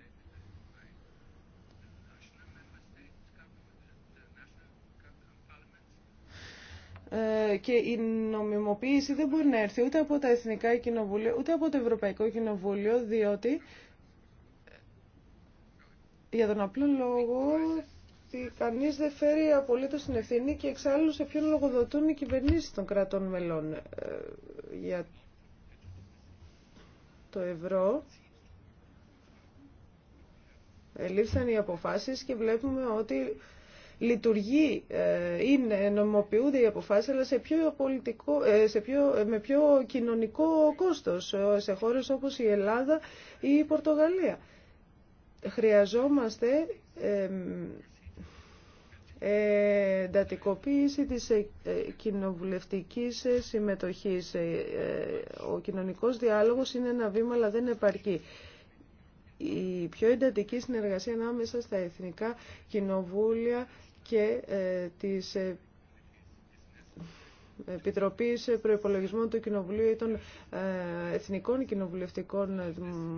ε, και η νομιμοποίηση δεν μπορεί να έρθει ούτε από τα Εθνικά Κοινοβούλια, ούτε από το Ευρωπαϊκό Κοινοβούλιο, διότι για τον απλό λόγο ότι κανείς δεν φέρει απολύτω την ευθύνη και εξάλλου σε ποιον λογοδοτούν οι κυβερνήσει των κρατών μελών ε, για το ευρώ. Ελήφθαν οι αποφάσεις και βλέπουμε ότι λειτουργεί, ε, είναι, νομοποιούνται οι αποφάσεις, αλλά σε πιο πολιτικό, ε, σε πιο, με πιο κοινωνικό κόστος σε χώρες όπως η Ελλάδα ή η Πορτογαλία. Χρειαζόμαστε εντατικοποίηση της ε, κοινοβουλευτικής ε, συμμετοχής. Ε, ο κοινωνικός διάλογος είναι ένα βήμα, αλλά δεν επαρκεί. Η πιο εντατική συνεργασία ανάμεσα στα εθνικά κοινοβούλια και τις Επιτροπή Προπολογισμών του Κοινοβουλίου ή των ε, Εθνικών Κοινοβουλευτικών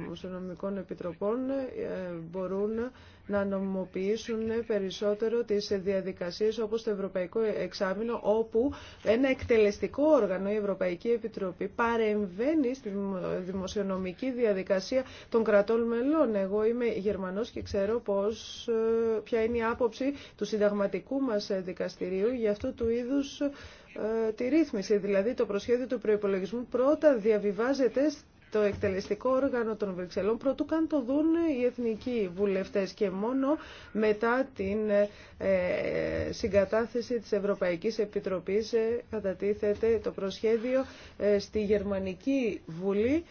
Δημοσιονομικών Επιτροπών ε, μπορούν να νομιμοποιήσουν περισσότερο τις διαδικασίες όπως το Ευρωπαϊκό Εξάμεινο όπου ένα εκτελεστικό όργανο, η Ευρωπαϊκή Επιτροπή, παρεμβαίνει στη δημοσιονομική διαδικασία των κρατών μελών. Εγώ είμαι Γερμανός και ξέρω πώς, ε, ποια είναι η άποψη του συνταγματικού μα δικαστηρίου για αυτού του είδου. Ε, τη ρύθμιση. Δηλαδή το προσχέδιο του προϋπολογισμού πρώτα διαβιβάζεται το εκτελεστικό όργανο των Βρυξελών πρωτού καν το δουν οι εθνικοί βουλευτές και μόνο μετά την ε, συγκατάθεση της Ευρωπαϊκής Επιτροπής ε, κατατίθεται το προσχέδιο στη Γερμανική Βουλή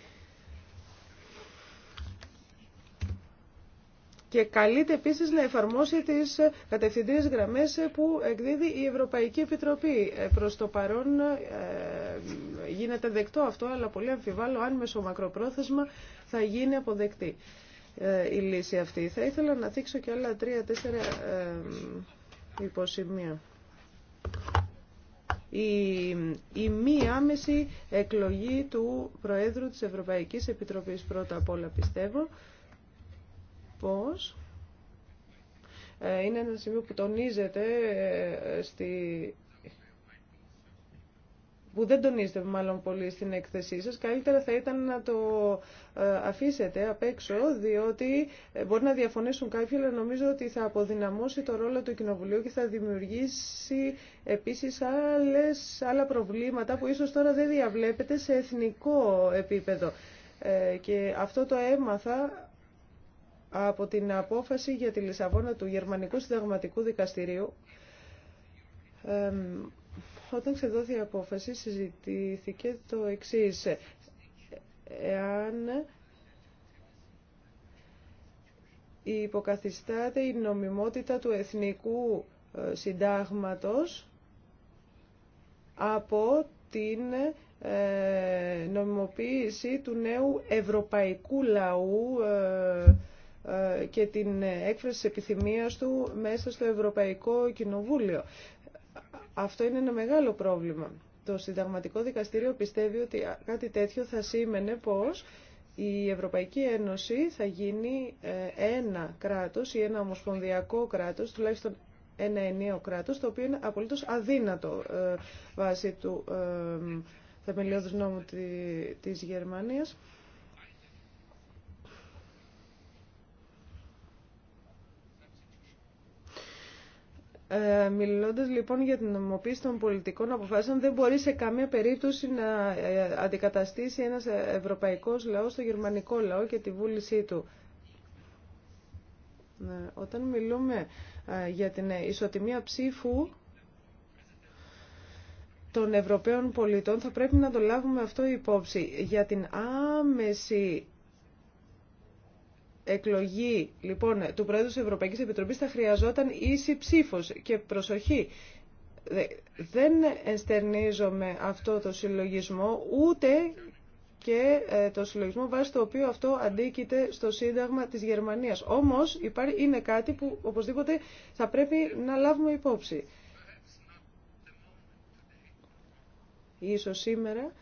και καλείται επίσης να εφαρμόσει τις κατευθυντήριες γραμμές που εκδίδει η Ευρωπαϊκή Επιτροπή. Ε, προς το παρόν ε, γίνεται δεκτό αυτό, αλλά πολύ αμφιβάλλω αν μακροπρόθεσμα θα γίνει αποδεκτή ε, η λύση αυτή. Θα ήθελα να δείξω και άλλα τρία-τέσσερα υποσημεία. Η, η μη άμεση εκλογή του Προέδρου της Ευρωπαϊκής Επιτροπής πρώτα απ' όλα πιστεύω ε, είναι ένα σημείο που τονίζεται ε, στη που δεν τονίζετε μάλλον πολύ στην έκθεσή σας, καλύτερα θα ήταν να το ε, αφήσετε απ' έξω, διότι ε, μπορεί να διαφωνήσουν κάποιοι, αλλά νομίζω ότι θα αποδυναμώσει το ρόλο του Κοινοβουλίου και θα δημιουργήσει επίσης άλλες, άλλα προβλήματα που ίσως τώρα δεν διαβλέπετε σε εθνικό επίπεδο. και αυτό το έμαθα από την απόφαση για τη Λισαβόνα του Γερμανικού Συνταγματικού Δικαστηρίου. όταν ξεδόθη η απόφαση συζητήθηκε το εξής. Εάν υποκαθιστάται η νομιμότητα του Εθνικού ε, Συντάγματος από την ε, νομιμοποίηση του νέου ευρωπαϊκού λαού ε, ε, και την έκφραση της επιθυμίας του μέσα στο Ευρωπαϊκό Κοινοβούλιο. Αυτό είναι ένα μεγάλο πρόβλημα. Το Συνταγματικό Δικαστήριο πιστεύει ότι κάτι τέτοιο θα σήμαινε πως η Ευρωπαϊκή Ένωση θα γίνει ε, ένα κράτος ή ένα ομοσπονδιακό κράτος, τουλάχιστον ένα ενιαίο κράτος, το οποίο είναι απολύτως αδύνατο ε, βάσει του θεμελιώδους νόμου της Γερμανίας. Ε, μιλώντας λοιπόν για την νομοποίηση των πολιτικών αποφάσεων δεν μπορεί σε καμία περίπτωση να ε, αντικαταστήσει ένας ε, ευρωπαϊκός λαός στο γερμανικό λαό και τη βούλησή του. Ναι, όταν μιλούμε ε, για την ισοτιμία ψήφου των Ευρωπαίων πολιτών θα πρέπει να το λάβουμε αυτό υπόψη. Για την άμεση εκλογή λοιπόν του Πρόεδρου της Ευρωπαϊκής Επιτροπής θα χρειαζόταν ίση ψήφος και προσοχή. Δεν ενστερνίζομαι αυτό το συλλογισμό ούτε και ε, το συλλογισμό βάσει το οποίο αυτό αντίκειται στο Σύνταγμα της Γερμανίας. Όμως υπάρχει, είναι κάτι που οπωσδήποτε θα πρέπει να λάβουμε υπόψη. Ίσως σήμερα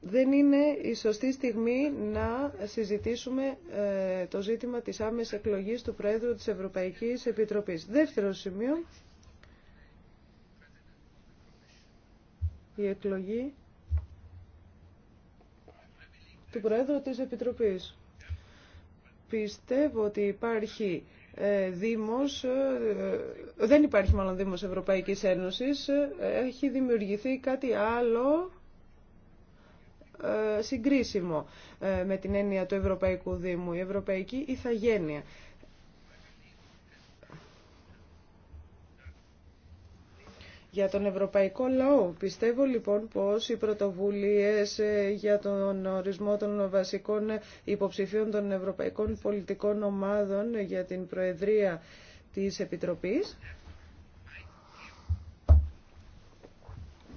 δεν είναι η σωστή στιγμή να συζητήσουμε ε, το ζήτημα της άμεσης εκλογής του Πρόεδρου της Ευρωπαϊκής Επιτροπής. Δεύτερο σημείο, η εκλογή του Πρόεδρου της Επιτροπής. Πιστεύω ότι υπάρχει ε, Δήμος, ε, δεν υπάρχει μάλλον Δήμος Ευρωπαϊκής Ένωσης, έχει δημιουργηθεί κάτι άλλο ε, συγκρίσιμο ε, με την έννοια του Ευρωπαϊκού Δήμου, η Ευρωπαϊκή Ιθαγένεια. Για τον ευρωπαϊκό λαό πιστεύω λοιπόν πως οι πρωτοβουλίες ε, για τον ορισμό των βασικών υποψηφίων των ευρωπαϊκών πολιτικών ομάδων για την Προεδρία της Επιτροπής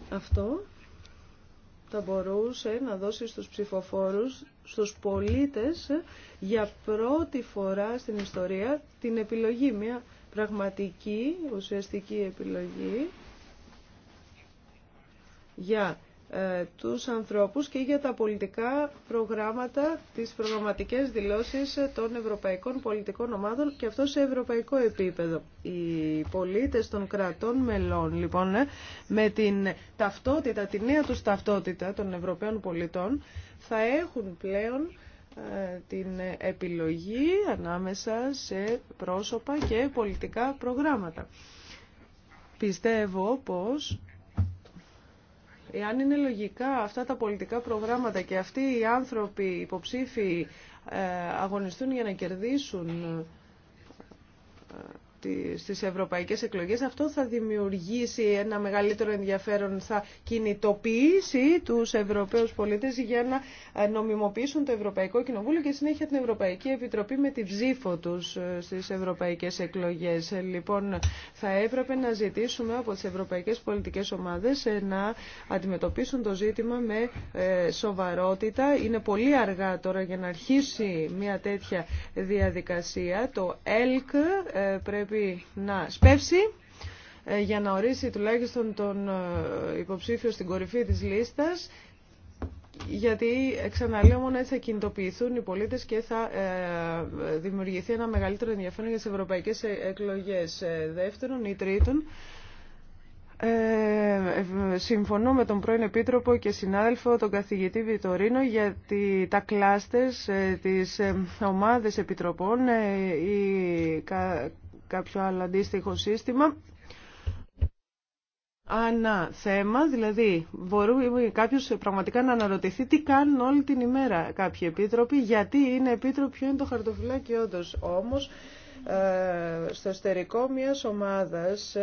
αυτό θα μπορούσε να δώσει στους ψηφοφόρους, στους πολίτες, για πρώτη φορά στην ιστορία, την επιλογή, μια πραγματική, ουσιαστική επιλογή για ε, τους ανθρώπους και για τα πολιτικά προγράμματα, τις προγραμματικές δηλώσεις των ευρωπαϊκών πολιτικών ομάδων και αυτό σε ευρωπαϊκό επίπεδο. Οι πολίτες των κρατών μελών, λοιπόν, ε, με την ταυτότητα, τη νέα τους ταυτότητα των Ευρωπαίων πολιτών, θα έχουν πλέον ε, την επιλογή ανάμεσα σε πρόσωπα και πολιτικά προγράμματα. Πιστεύω πως Εάν είναι λογικά αυτά τα πολιτικά προγράμματα και αυτοί οι άνθρωποι υποψήφοι ε, αγωνιστούν για να κερδίσουν ε, στις ευρωπαϊκές εκλογές. Αυτό θα δημιουργήσει ένα μεγαλύτερο ενδιαφέρον, θα κινητοποιήσει τους Ευρωπαίους πολίτες για να ε, νομιμοποιήσουν το Ευρωπαϊκό Κοινοβούλιο και συνέχεια την Ευρωπαϊκή Επιτροπή με τη ψήφο τους ε, στις ευρωπαϊκές εκλογές. Ε, λοιπόν, θα έπρεπε να ζητήσουμε από τις ευρωπαϊκές πολιτικές ομάδες να αντιμετωπίσουν το ζήτημα με σοβαρότητα. Είναι πολύ αργά τώρα για να αρχίσει μια τέτοια διαδικασία. Το ΕΛΚ πρέπει πρέπει να σπεύσει ε, για να ορίσει τουλάχιστον τον ε, υποψήφιο στην κορυφή της λίστας γιατί ξαναλέω μόνο έτσι θα κινητοποιηθούν οι πολίτες και θα ε, δημιουργηθεί ένα μεγαλύτερο ενδιαφέρον για τις ευρωπαϊκές ε, εκλογές. δεύτερον ή τρίτον, ε, συμφωνώ με τον πρώην Επίτροπο και συνάδελφο τον καθηγητή Βιτορίνο γιατί τα κλάστες, ε, τις ομάδες επιτροπών, κάποιο άλλο αντίστοιχο σύστημα ανά θέμα, δηλαδή μπορεί κάποιο πραγματικά να αναρωτηθεί τι κάνουν όλη την ημέρα κάποιοι επίτροποι, γιατί είναι επίτροποι, ποιο είναι το χαρτοφυλάκι όντως όμως ε, στο εστερικό μιας ομάδας,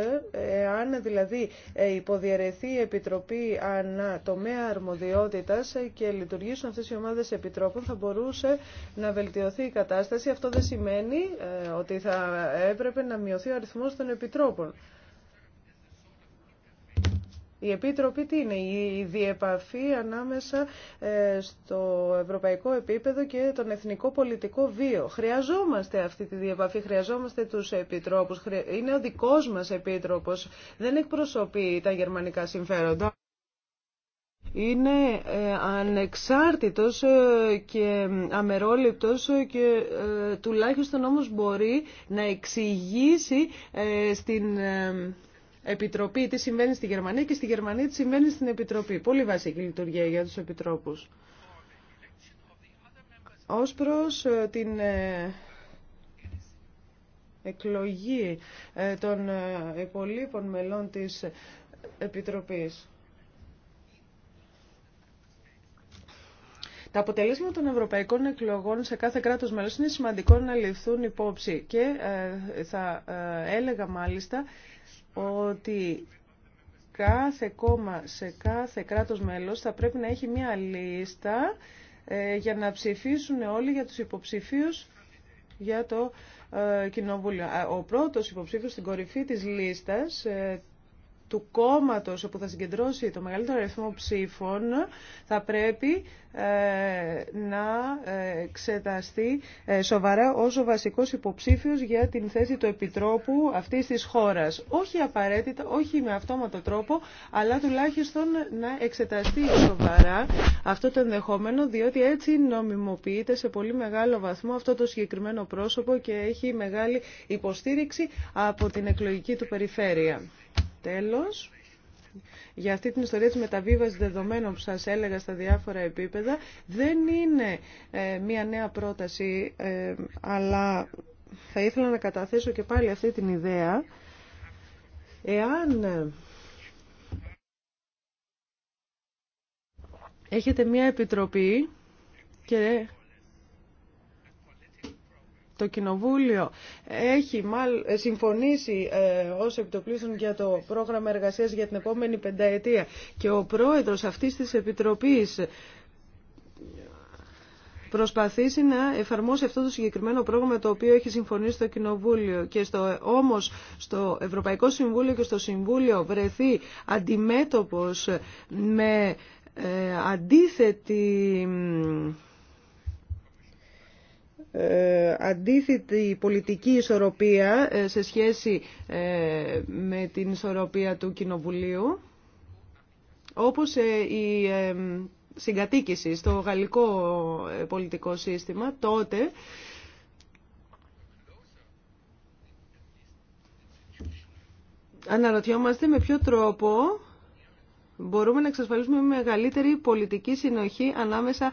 αν ε, δηλαδή ε, υποδιαιρεθεί η Επιτροπή ανά τομέα αρμοδιότητας και λειτουργήσουν αυτές οι ομάδες επιτρόπων, θα μπορούσε να βελτιωθεί η κατάσταση. Αυτό δεν σημαίνει ότι θα έπρεπε να μειωθεί ο αριθμός των επιτρόπων. Η Επίτροπη τι είναι, η διεπαφή ανάμεσα ε, στο ευρωπαϊκό επίπεδο και τον εθνικό πολιτικό βίο. Χρειαζόμαστε αυτή τη διεπαφή, χρειαζόμαστε τους επιτρόπους. Είναι ο δικός μας επίτροπος, δεν εκπροσωπεί τα γερμανικά συμφέροντα. Είναι ε, ανεξάρτητος ε, και αμερόληπτος και τουλάχιστον όμως μπορεί να εξηγήσει στην Επιτροπή, τι συμβαίνει στη Γερμανία και στη Γερμανία τι συμβαίνει στην Επιτροπή. Πολύ βασική λειτουργία για τους Επιτρόπους. Ω προ ε, την ε, εκλογή ε, των υπολείπων μελών της Επιτροπής. Τα αποτελέσματα των ευρωπαϊκών εκλογών σε κάθε κράτος μέλος είναι σημαντικό να ληφθούν υπόψη και θα έλεγα μάλιστα ότι κάθε κόμμα σε κάθε κράτος μέλος θα πρέπει να έχει μία λίστα ε, για να ψηφίσουν όλοι για τους υποψηφίους για το ε, Κοινοβούλιο. Ο πρώτος υποψήφιος στην κορυφή της λίστας ε, του κόμματος που θα συγκεντρώσει το μεγαλύτερο αριθμό ψήφων θα πρέπει ε, να ε, εξεταστεί ε, σοβαρά ως ο βασικός υποψήφιος για την θέση του Επιτρόπου αυτής της χώρας. Όχι απαραίτητα, όχι με αυτόματο τρόπο, αλλά τουλάχιστον να εξεταστεί σοβαρά αυτό το ενδεχόμενο, διότι έτσι νομιμοποιείται σε πολύ μεγάλο βαθμό αυτό το συγκεκριμένο πρόσωπο και έχει μεγάλη υποστήριξη από την εκλογική του περιφέρεια. Τέλος, για αυτή την ιστορία της μεταβίβασης δεδομένων που σας έλεγα στα διάφορα επίπεδα, δεν είναι ε, μία νέα πρόταση, ε, αλλά θα ήθελα να καταθέσω και πάλι αυτή την ιδέα. Εάν ε, έχετε μία επιτροπή και το Κοινοβούλιο έχει ε, συμφωνήσει ε, ως επιτοπλίστων για το πρόγραμμα εργασίας για την επόμενη πενταετία και ο πρόεδρος αυτής της Επιτροπής προσπαθήσει να εφαρμόσει αυτό το συγκεκριμένο πρόγραμμα το οποίο έχει συμφωνήσει το Κοινοβούλιο και στο, όμως στο Ευρωπαϊκό Συμβούλιο και στο Συμβούλιο βρεθεί αντιμέτωπος με ε, αντίθετη ε, αντίθετη πολιτική ισορροπία ε, σε σχέση ε, με την ισορροπία του Κοινοβουλίου, όπως η συγκατοίκηση στο γαλλικό πολιτικό σύστημα, τότε αναρωτιόμαστε με ποιο τρόπο μπορούμε να εξασφαλίσουμε μεγαλύτερη πολιτική συνοχή ανάμεσα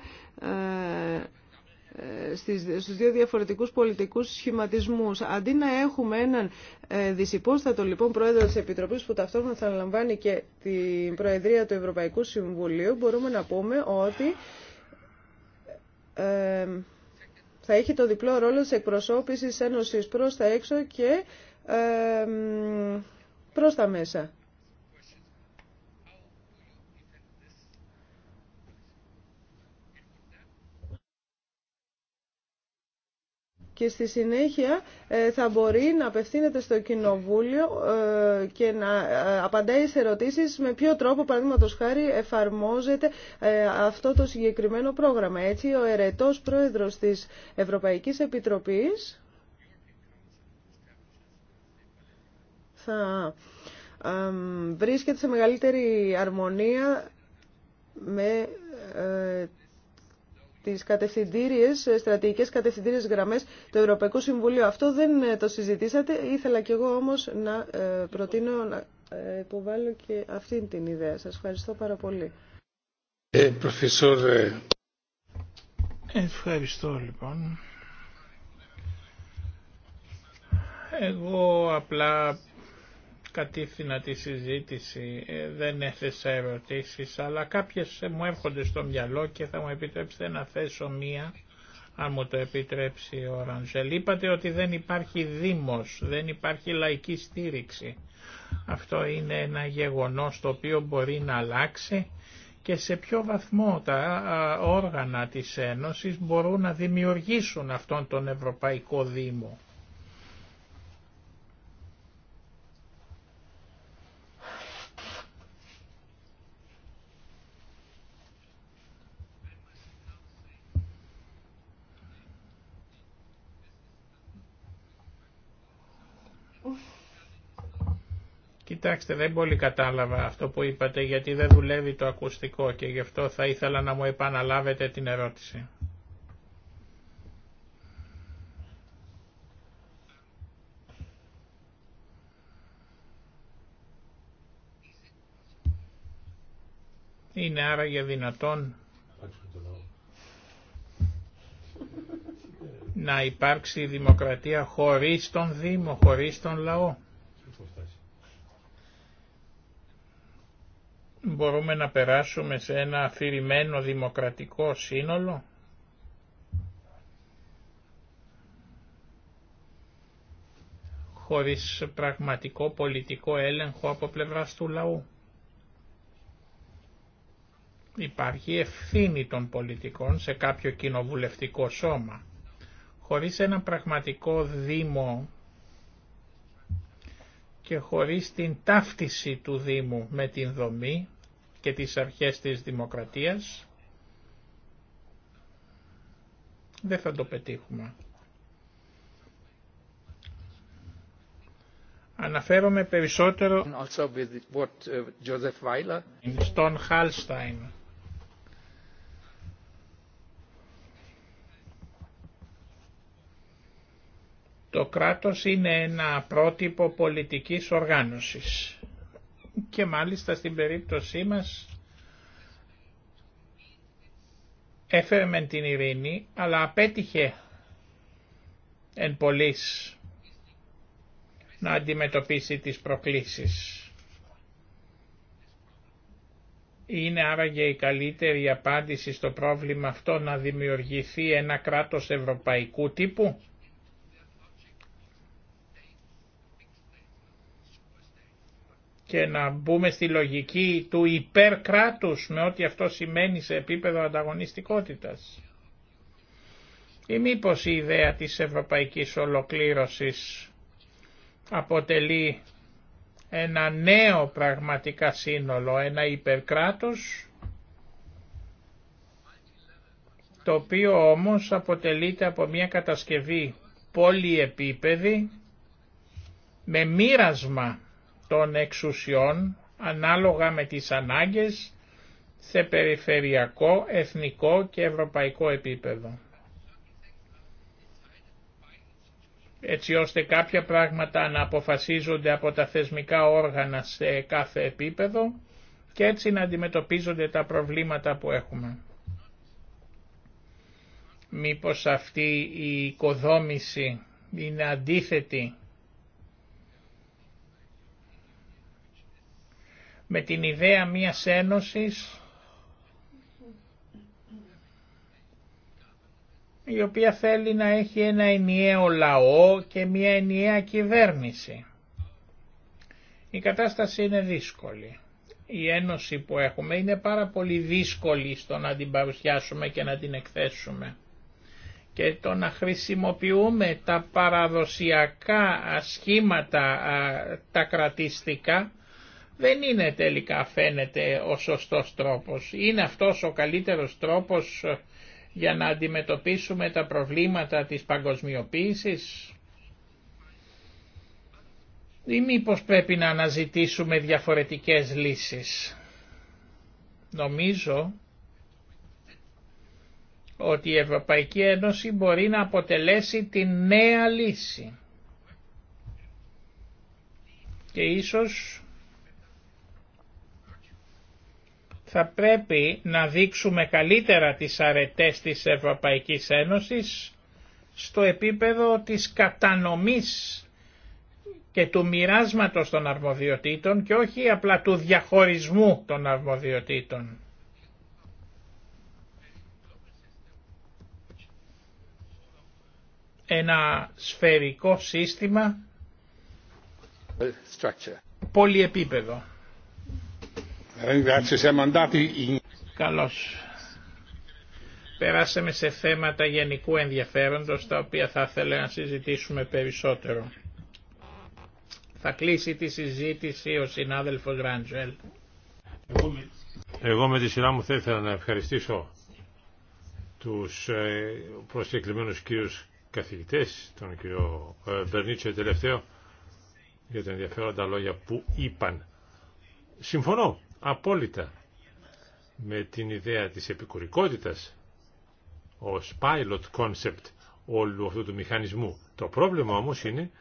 στους δύο διαφορετικούς πολιτικούς σχηματισμούς. Αντί να έχουμε έναν ε, δυσυπόστατο λοιπόν πρόεδρο της Επιτροπής που ταυτόχρονα θα λαμβάνει και την Προεδρία του Ευρωπαϊκού Συμβουλίου, μπορούμε να πούμε ότι ε, θα έχει το διπλό ρόλο της εκπροσώπησης Ένωσης προς τα έξω και ε, προς τα μέσα. και στη συνέχεια ε, θα μπορεί να απευθύνεται στο Κοινοβούλιο ε, και να ε, απαντάει σε ερωτήσεις με ποιο τρόπο, παραδείγματος χάρη, εφαρμόζεται αυτό το συγκεκριμένο πρόγραμμα. Έτσι, ο ερετός πρόεδρος της Ευρωπαϊκής Επιτροπής θα βρίσκεται σε μεγαλύτερη αρμονία με τις κατευθυντήριες, ε, στρατηγικές κατευθυντήριες γραμμές του Ευρωπαϊκού Συμβουλίου. Αυτό δεν ε, το συζητήσατε, ήθελα κι εγώ όμως να ε, προτείνω να υποβάλω και αυτή την ιδέα. Σας ευχαριστώ πάρα πολύ. Ε, Ευχαριστώ λοιπόν. Εγώ απλά κατήφθηνα τη συζήτηση, ε, δεν έθεσα ερωτήσεις, αλλά κάποιες ε, μου έρχονται στο μυαλό και θα μου επιτρέψετε να θέσω μία, αν μου το επιτρέψει ο Ραντζελ. Είπατε ότι δεν υπάρχει δήμος, δεν υπάρχει λαϊκή στήριξη. Αυτό είναι ένα γεγονός το οποίο μπορεί να αλλάξει και σε ποιο βαθμό τα όργανα της Ένωσης μπορούν να δημιουργήσουν αυτόν τον Ευρωπαϊκό Δήμο. Κοιτάξτε, δεν πολύ κατάλαβα αυτό που είπατε γιατί δεν δουλεύει το ακουστικό και γι' αυτό θα ήθελα να μου επαναλάβετε την ερώτηση. Είναι άραγε δυνατόν να υπάρξει δημοκρατία χωρίς τον Δήμο, χωρίς τον λαό. μπορούμε να περάσουμε σε ένα αφηρημένο δημοκρατικό σύνολο. χωρίς πραγματικό πολιτικό έλεγχο από πλευράς του λαού. Υπάρχει ευθύνη των πολιτικών σε κάποιο κοινοβουλευτικό σώμα. Χωρίς ένα πραγματικό δήμο και χωρίς την ταύτιση του Δήμου με την δομή, και τις αρχές της δημοκρατίας, δεν θα το πετύχουμε. Αναφέρομαι περισσότερο uh, στον Χάλσταϊν. Το κράτος είναι ένα πρότυπο πολιτικής οργάνωσης και μάλιστα στην περίπτωσή μας έφερε με την ειρήνη αλλά απέτυχε εν πολλής να αντιμετωπίσει τις προκλήσεις. Είναι άραγε η καλύτερη απάντηση στο πρόβλημα αυτό να δημιουργηθεί ένα κράτος ευρωπαϊκού τύπου. και να μπούμε στη λογική του υπερκράτους με ό,τι αυτό σημαίνει σε επίπεδο ανταγωνιστικότητας. Ή μήπως η ιδέα της ευρωπαϊκής ολοκλήρωσης αποτελεί ένα νέο πραγματικά σύνολο, ένα υπερκράτος, το οποίο όμως αποτελείται από μια κατασκευή πολυεπίπεδη με μοίρασμα των εξουσιών ανάλογα με τις ανάγκες σε περιφερειακό, εθνικό και ευρωπαϊκό επίπεδο. έτσι ώστε κάποια πράγματα να αποφασίζονται από τα θεσμικά όργανα σε κάθε επίπεδο και έτσι να αντιμετωπίζονται τα προβλήματα που έχουμε. Μήπως αυτή η οικοδόμηση είναι αντίθετη με την ιδέα μιας ένωσης η οποία θέλει να έχει ένα ενιαίο λαό και μια ενιαία κυβέρνηση. Η κατάσταση είναι δύσκολη. Η ένωση που έχουμε είναι πάρα πολύ δύσκολη στο να την παρουσιάσουμε και να την εκθέσουμε. Και το να χρησιμοποιούμε τα παραδοσιακά σχήματα, τα κρατιστικά, δεν είναι τελικά φαίνεται ο σωστός τρόπος. Είναι αυτός ο καλύτερος τρόπος ε, για να αντιμετωπίσουμε τα προβλήματα της παγκοσμιοποίησης ή μήπως πρέπει να αναζητήσουμε διαφορετικές λύσεις. Νομίζω ότι η Ευρωπαϊκή Ένωση μπορεί να αποτελέσει τη νέα λύση και ίσως θα πρέπει να δείξουμε καλύτερα τις αρετές της Ευρωπαϊκής Ένωσης στο επίπεδο της κατανομής και του μοιράσματο των αρμοδιοτήτων και όχι απλά του διαχωρισμού των αρμοδιοτήτων. Ένα σφαιρικό σύστημα πολυεπίπεδο. Καλώς. Περάσαμε σε θέματα γενικού ενδιαφέροντος τα οποία θα ήθελα να συζητήσουμε περισσότερο. Θα κλείσει τη συζήτηση ο συνάδελφος Ράντζελ. Εγώ με τη σειρά μου θα ήθελα να ευχαριστήσω τους ε, προσκεκλημένους κύριους καθηγητές, τον κύριο Μπερνίτσο ε, τελευταίο, για τα ενδιαφέροντα λόγια που είπαν. Συμφωνώ απόλυτα με την ιδέα της επικουρικότητας ως pilot concept όλου αυτού του μηχανισμού. Το πρόβλημα όμως είναι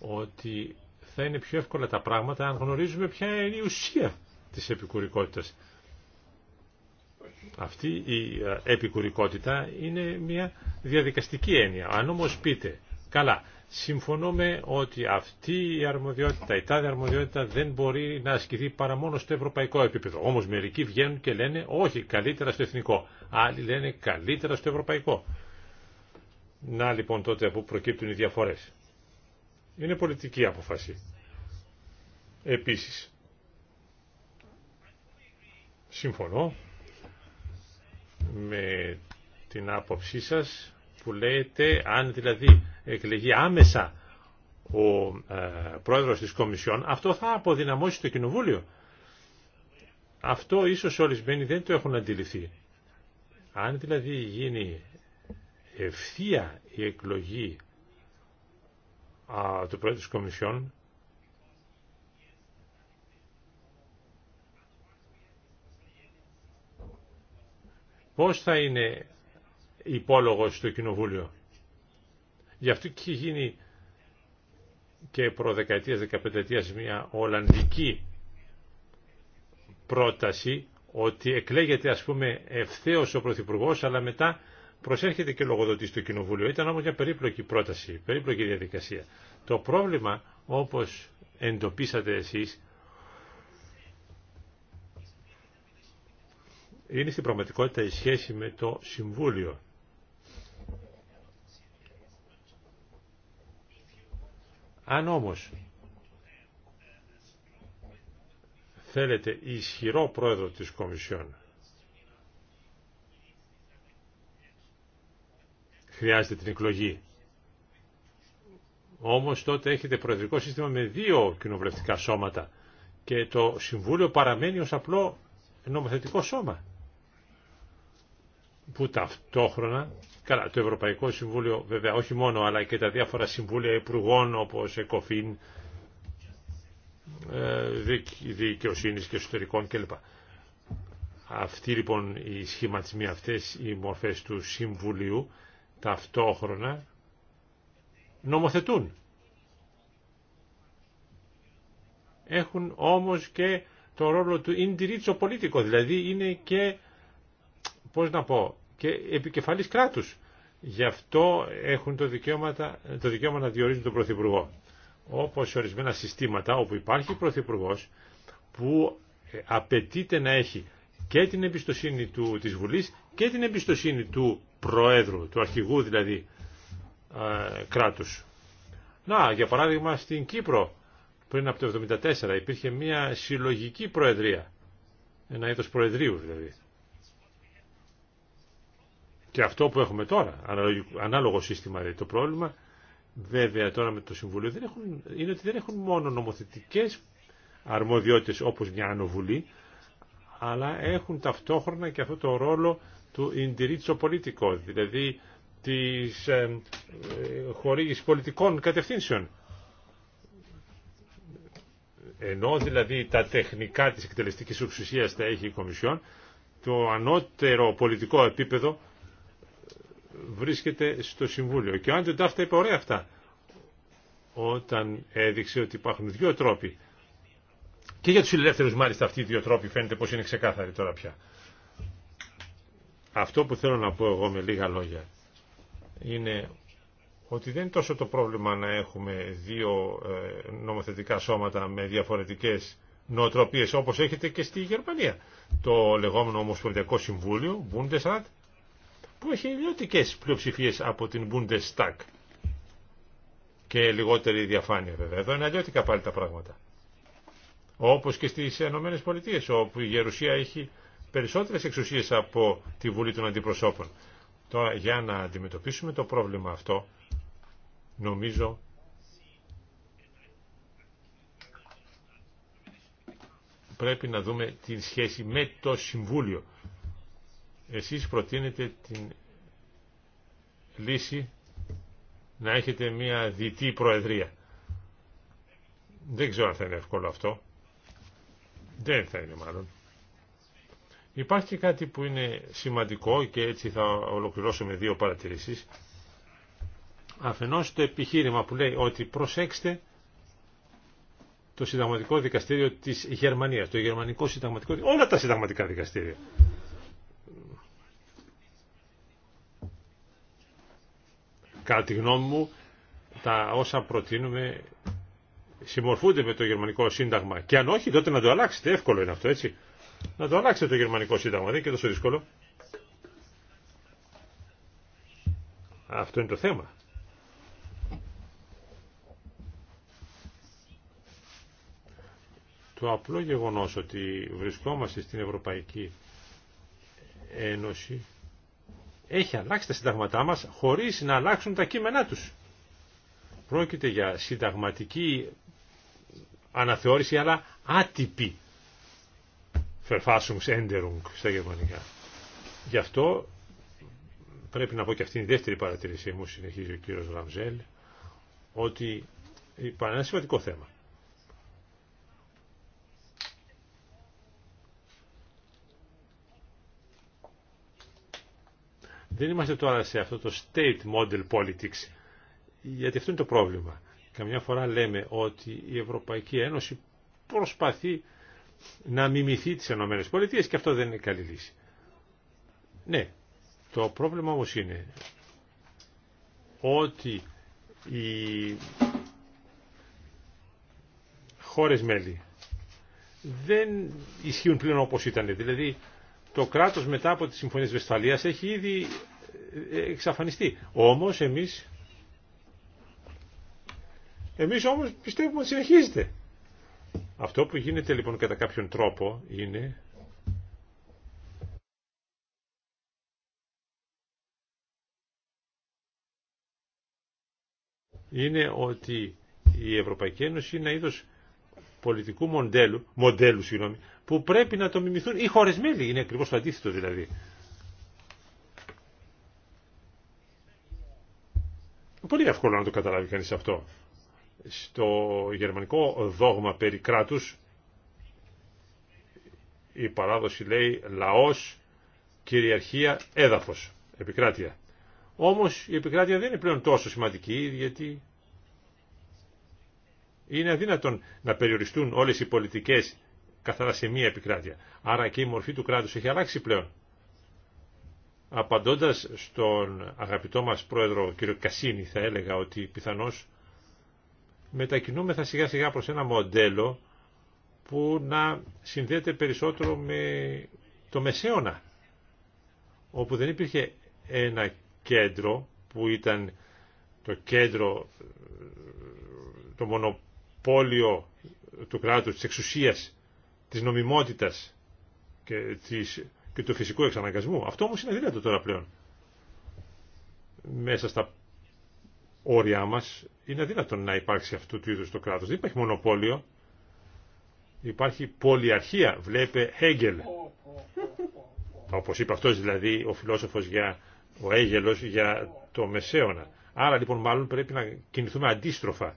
ότι θα είναι πιο εύκολα τα πράγματα αν γνωρίζουμε ποια είναι η ουσία της επικουρικότητας. Αυτή η ε, επικουρικότητα είναι μια διαδικαστική έννοια. Αν όμως πείτε, καλά, συμφωνούμε ότι αυτή η αρμοδιότητα, η τάδε αρμοδιότητα δεν μπορεί να ασκηθεί παρά μόνο στο ευρωπαϊκό επίπεδο. Όμως μερικοί βγαίνουν και λένε όχι καλύτερα στο εθνικό, άλλοι λένε καλύτερα στο ευρωπαϊκό. Να λοιπόν τότε που προκύπτουν οι διαφορές. Είναι πολιτική αποφάση. Επίσης, συμφωνώ με την άποψή σας που λέτε αν δηλαδή εκλεγεί άμεσα ο ε, πρόεδρος της Κομισιόν, αυτό θα αποδυναμώσει το Κοινοβούλιο. Αυτό ίσως ορισμένοι δεν το έχουν αντιληφθεί. Αν δηλαδή γίνει ευθεία η εκλογή α, του πρόεδρου της Κομισιόν, πώς θα είναι υπόλογος στο Κοινοβούλιο. Γι' αυτό και έχει γίνει και προδεκαετίας, δεκαπενταετίας μια Ολλανδική πρόταση ότι εκλέγεται ας πούμε ευθέως ο Πρωθυπουργό, αλλά μετά προσέρχεται και λογοδοτή στο Κοινοβούλιο. Ήταν όμως μια περίπλοκη πρόταση, περίπλοκη διαδικασία. Το πρόβλημα όπως εντοπίσατε εσείς είναι στην πραγματικότητα η σχέση με το Συμβούλιο. Αν όμως θέλετε ισχυρό πρόεδρο της Κομισιόν, χρειάζεται την εκλογή. Όμως τότε έχετε προεδρικό σύστημα με δύο κοινοβουλευτικά σώματα και το Συμβούλιο παραμένει ως απλό νομοθετικό σώμα που ταυτόχρονα, καλά το Ευρωπαϊκό Συμβούλιο βέβαια όχι μόνο αλλά και τα διάφορα συμβούλια υπουργών όπως ΕΚΟΦΗΝ, ε, δικαιοσύνης και εσωτερικών κλπ. Αυτοί λοιπόν οι σχηματισμοί αυτές, οι μορφές του Συμβουλίου ταυτόχρονα νομοθετούν. Έχουν όμως και το ρόλο του indirizzo πολίτικο, δηλαδή είναι και πώς να πω, και επικεφαλής κράτους. Γι' αυτό έχουν το, δικαιώματα, το δικαίωμα να διορίζουν τον Πρωθυπουργό. Όπως σε ορισμένα συστήματα όπου υπάρχει Πρωθυπουργό που ε, απαιτείται να έχει και την εμπιστοσύνη του, της Βουλής και την εμπιστοσύνη του Προέδρου, του αρχηγού δηλαδή ε, κράτους. Να, για παράδειγμα στην Κύπρο πριν από το 1974 υπήρχε μια συλλογική προεδρία, ένα είδος προεδρίου δηλαδή. Και αυτό που έχουμε τώρα, ανάλογο σύστημα δηλαδή το πρόβλημα, βέβαια τώρα με το Συμβουλίο, δεν έχουν, είναι ότι δεν έχουν μόνο νομοθετικές αρμοδιότητες όπως μια ανοβουλή, αλλά έχουν ταυτόχρονα και αυτό το ρόλο του indirizzo πολιτικό δηλαδή της ε, ε πολιτικών κατευθύνσεων. Ενώ δηλαδή τα τεχνικά της εκτελεστικής ουσίας τα έχει η Κομισιόν, το ανώτερο πολιτικό επίπεδο βρίσκεται στο Συμβούλιο. Και ο Άντζο Ντάφ είπε ωραία αυτά όταν έδειξε ότι υπάρχουν δύο τρόποι. Και για τους ελεύθερους μάλιστα αυτοί οι δύο τρόποι φαίνεται πως είναι ξεκάθαροι τώρα πια. Αυτό που θέλω να πω εγώ με λίγα λόγια είναι ότι δεν είναι τόσο το πρόβλημα να έχουμε δύο ε, νομοθετικά σώματα με διαφορετικές νοοτροπίες όπως έχετε και στη Γερμανία. Το λεγόμενο Ομοσπονδιακό Συμβούλιο, Bundesrat, που έχει λιωτικές πλειοψηφίες από την Bundestag και λιγότερη διαφάνεια βέβαια. Εδώ είναι αλλιώτικα πάλι τα πράγματα. Όπως και στις Ηνωμένες Πολιτείες, όπου η Γερουσία έχει περισσότερες εξουσίες από τη Βουλή των Αντιπροσώπων. Τώρα για να αντιμετωπίσουμε το πρόβλημα αυτό, νομίζω πρέπει να δούμε τη σχέση με το Συμβούλιο. Εσείς προτείνετε την λύση να έχετε μια διτή προεδρία. Δεν ξέρω αν θα είναι εύκολο αυτό. Δεν θα είναι μάλλον. Υπάρχει κάτι που είναι σημαντικό και έτσι θα ολοκληρώσω με δύο παρατηρήσεις. Αφενός το επιχείρημα που λέει ότι προσέξτε το συνταγματικό δικαστήριο της Γερμανίας, το γερμανικό συνταγματικό όλα τα συνταγματικά δικαστήρια Κατά τη γνώμη μου, τα όσα προτείνουμε συμμορφούνται με το γερμανικό σύνταγμα. Και αν όχι, τότε να το αλλάξετε. Εύκολο είναι αυτό, έτσι. Να το αλλάξετε το γερμανικό σύνταγμα, δεν είναι και τόσο δύσκολο. Αυτό είναι το θέμα. Το απλό γεγονός ότι βρισκόμαστε στην Ευρωπαϊκή Ένωση έχει αλλάξει τα συνταγματά μας χωρίς να αλλάξουν τα κείμενά τους. Πρόκειται για συνταγματική αναθεώρηση αλλά άτυπη. Verfassungsänderung στα γερμανικά. Γι' αυτό πρέπει να πω και αυτή η δεύτερη παρατηρήσή μου, συνεχίζει ο κύριος Ραμζέλ, ότι υπάρχει ένα σημαντικό θέμα. Δεν είμαστε τώρα σε αυτό το state model politics, γιατί αυτό είναι το πρόβλημα. Καμιά φορά λέμε ότι η Ευρωπαϊκή Ένωση προσπαθεί να μιμηθεί τις ΗΠΑ και αυτό δεν είναι καλή λύση. Ναι, το πρόβλημα όμως είναι ότι οι χώρες μέλη δεν ισχύουν πλέον όπως ήταν. Δηλαδή το κράτος μετά από τις συμφωνίες Βεσταλίας έχει ήδη εξαφανιστεί. Όμως εμείς, εμείς όμως πιστεύουμε ότι συνεχίζεται. Αυτό που γίνεται λοιπόν κατά κάποιον τρόπο είναι είναι ότι η Ευρωπαϊκή Ένωση είναι ένα είδος πολιτικού μοντέλου, μοντέλου συγγνώμη, που πρέπει να το μιμηθούν οι χώρες μέλη. Είναι ακριβώς το αντίθετο δηλαδή. Πολύ εύκολο να το καταλάβει κανείς αυτό. Στο γερμανικό δόγμα περί κράτους, η παράδοση λέει λαός, κυριαρχία, έδαφος, επικράτεια. Όμως η επικράτεια δεν είναι πλέον τόσο σημαντική γιατί είναι αδύνατον να περιοριστούν όλες οι πολιτικές καθαρά σε μία επικράτεια. Άρα και η μορφή του κράτους έχει αλλάξει πλέον. Απαντώντας στον αγαπητό μας πρόεδρο κ. Κασίνη θα έλεγα ότι πιθανώς μετακινούμεθα σιγά σιγά προς ένα μοντέλο που να συνδέεται περισσότερο με το Μεσαίωνα όπου δεν υπήρχε ένα κέντρο που ήταν το κέντρο το μονοπόλιο του κράτους, της εξουσίας, της νομιμότητας και της και του φυσικού εξαναγκασμού. Αυτό όμως είναι αδύνατο τώρα πλέον. Μέσα στα όρια μας είναι αδύνατο να υπάρξει αυτού του είδους το κράτος. Δεν υπάρχει μονοπόλιο. Υπάρχει πολυαρχία. Βλέπε Εγγελ. Όπως είπε αυτός δηλαδή ο φιλόσοφος για, ο Έγελος για το Μεσαίωνα. Άρα λοιπόν μάλλον πρέπει να κινηθούμε αντίστροφα.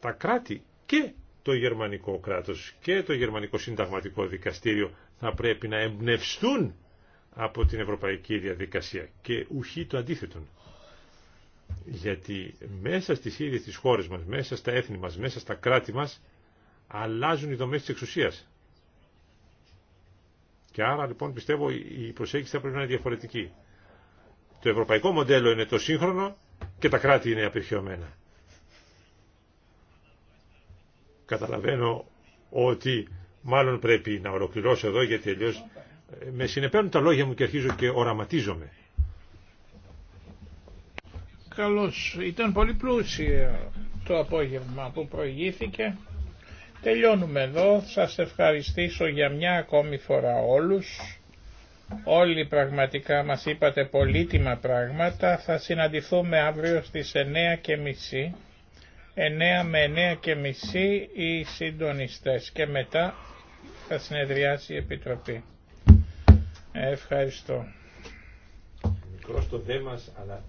Τα κράτη και το γερμανικό κράτος και το γερμανικό συνταγματικό δικαστήριο θα πρέπει να εμπνευστούν από την ευρωπαϊκή διαδικασία και ουχή το αντίθετο. Γιατί μέσα στις ίδιες τις χώρες μας, μέσα στα έθνη μας, μέσα στα κράτη μας, αλλάζουν οι δομές της εξουσίας. Και άρα λοιπόν πιστεύω η προσέγγιση θα πρέπει να είναι διαφορετική. Το ευρωπαϊκό μοντέλο είναι το σύγχρονο και τα κράτη είναι απερχαιωμένα. Καταλαβαίνω ότι μάλλον πρέπει να ολοκληρώσω εδώ γιατί αλλιώ ε, με συνεπαίνουν τα λόγια μου και αρχίζω και οραματίζομαι. Καλώς. Ήταν πολύ πλούσιο το απόγευμα που προηγήθηκε. Τελειώνουμε εδώ. Σας ευχαριστήσω για μια ακόμη φορά όλους. Όλοι πραγματικά μας είπατε πολύτιμα πράγματα. Θα συναντηθούμε αύριο στις 9.30. 9 με 9 και μισή οι συντονιστές και μετά θα συνεδριάσει η Επιτροπή. Ε, ευχαριστώ. Μικρός το δέμας αλλά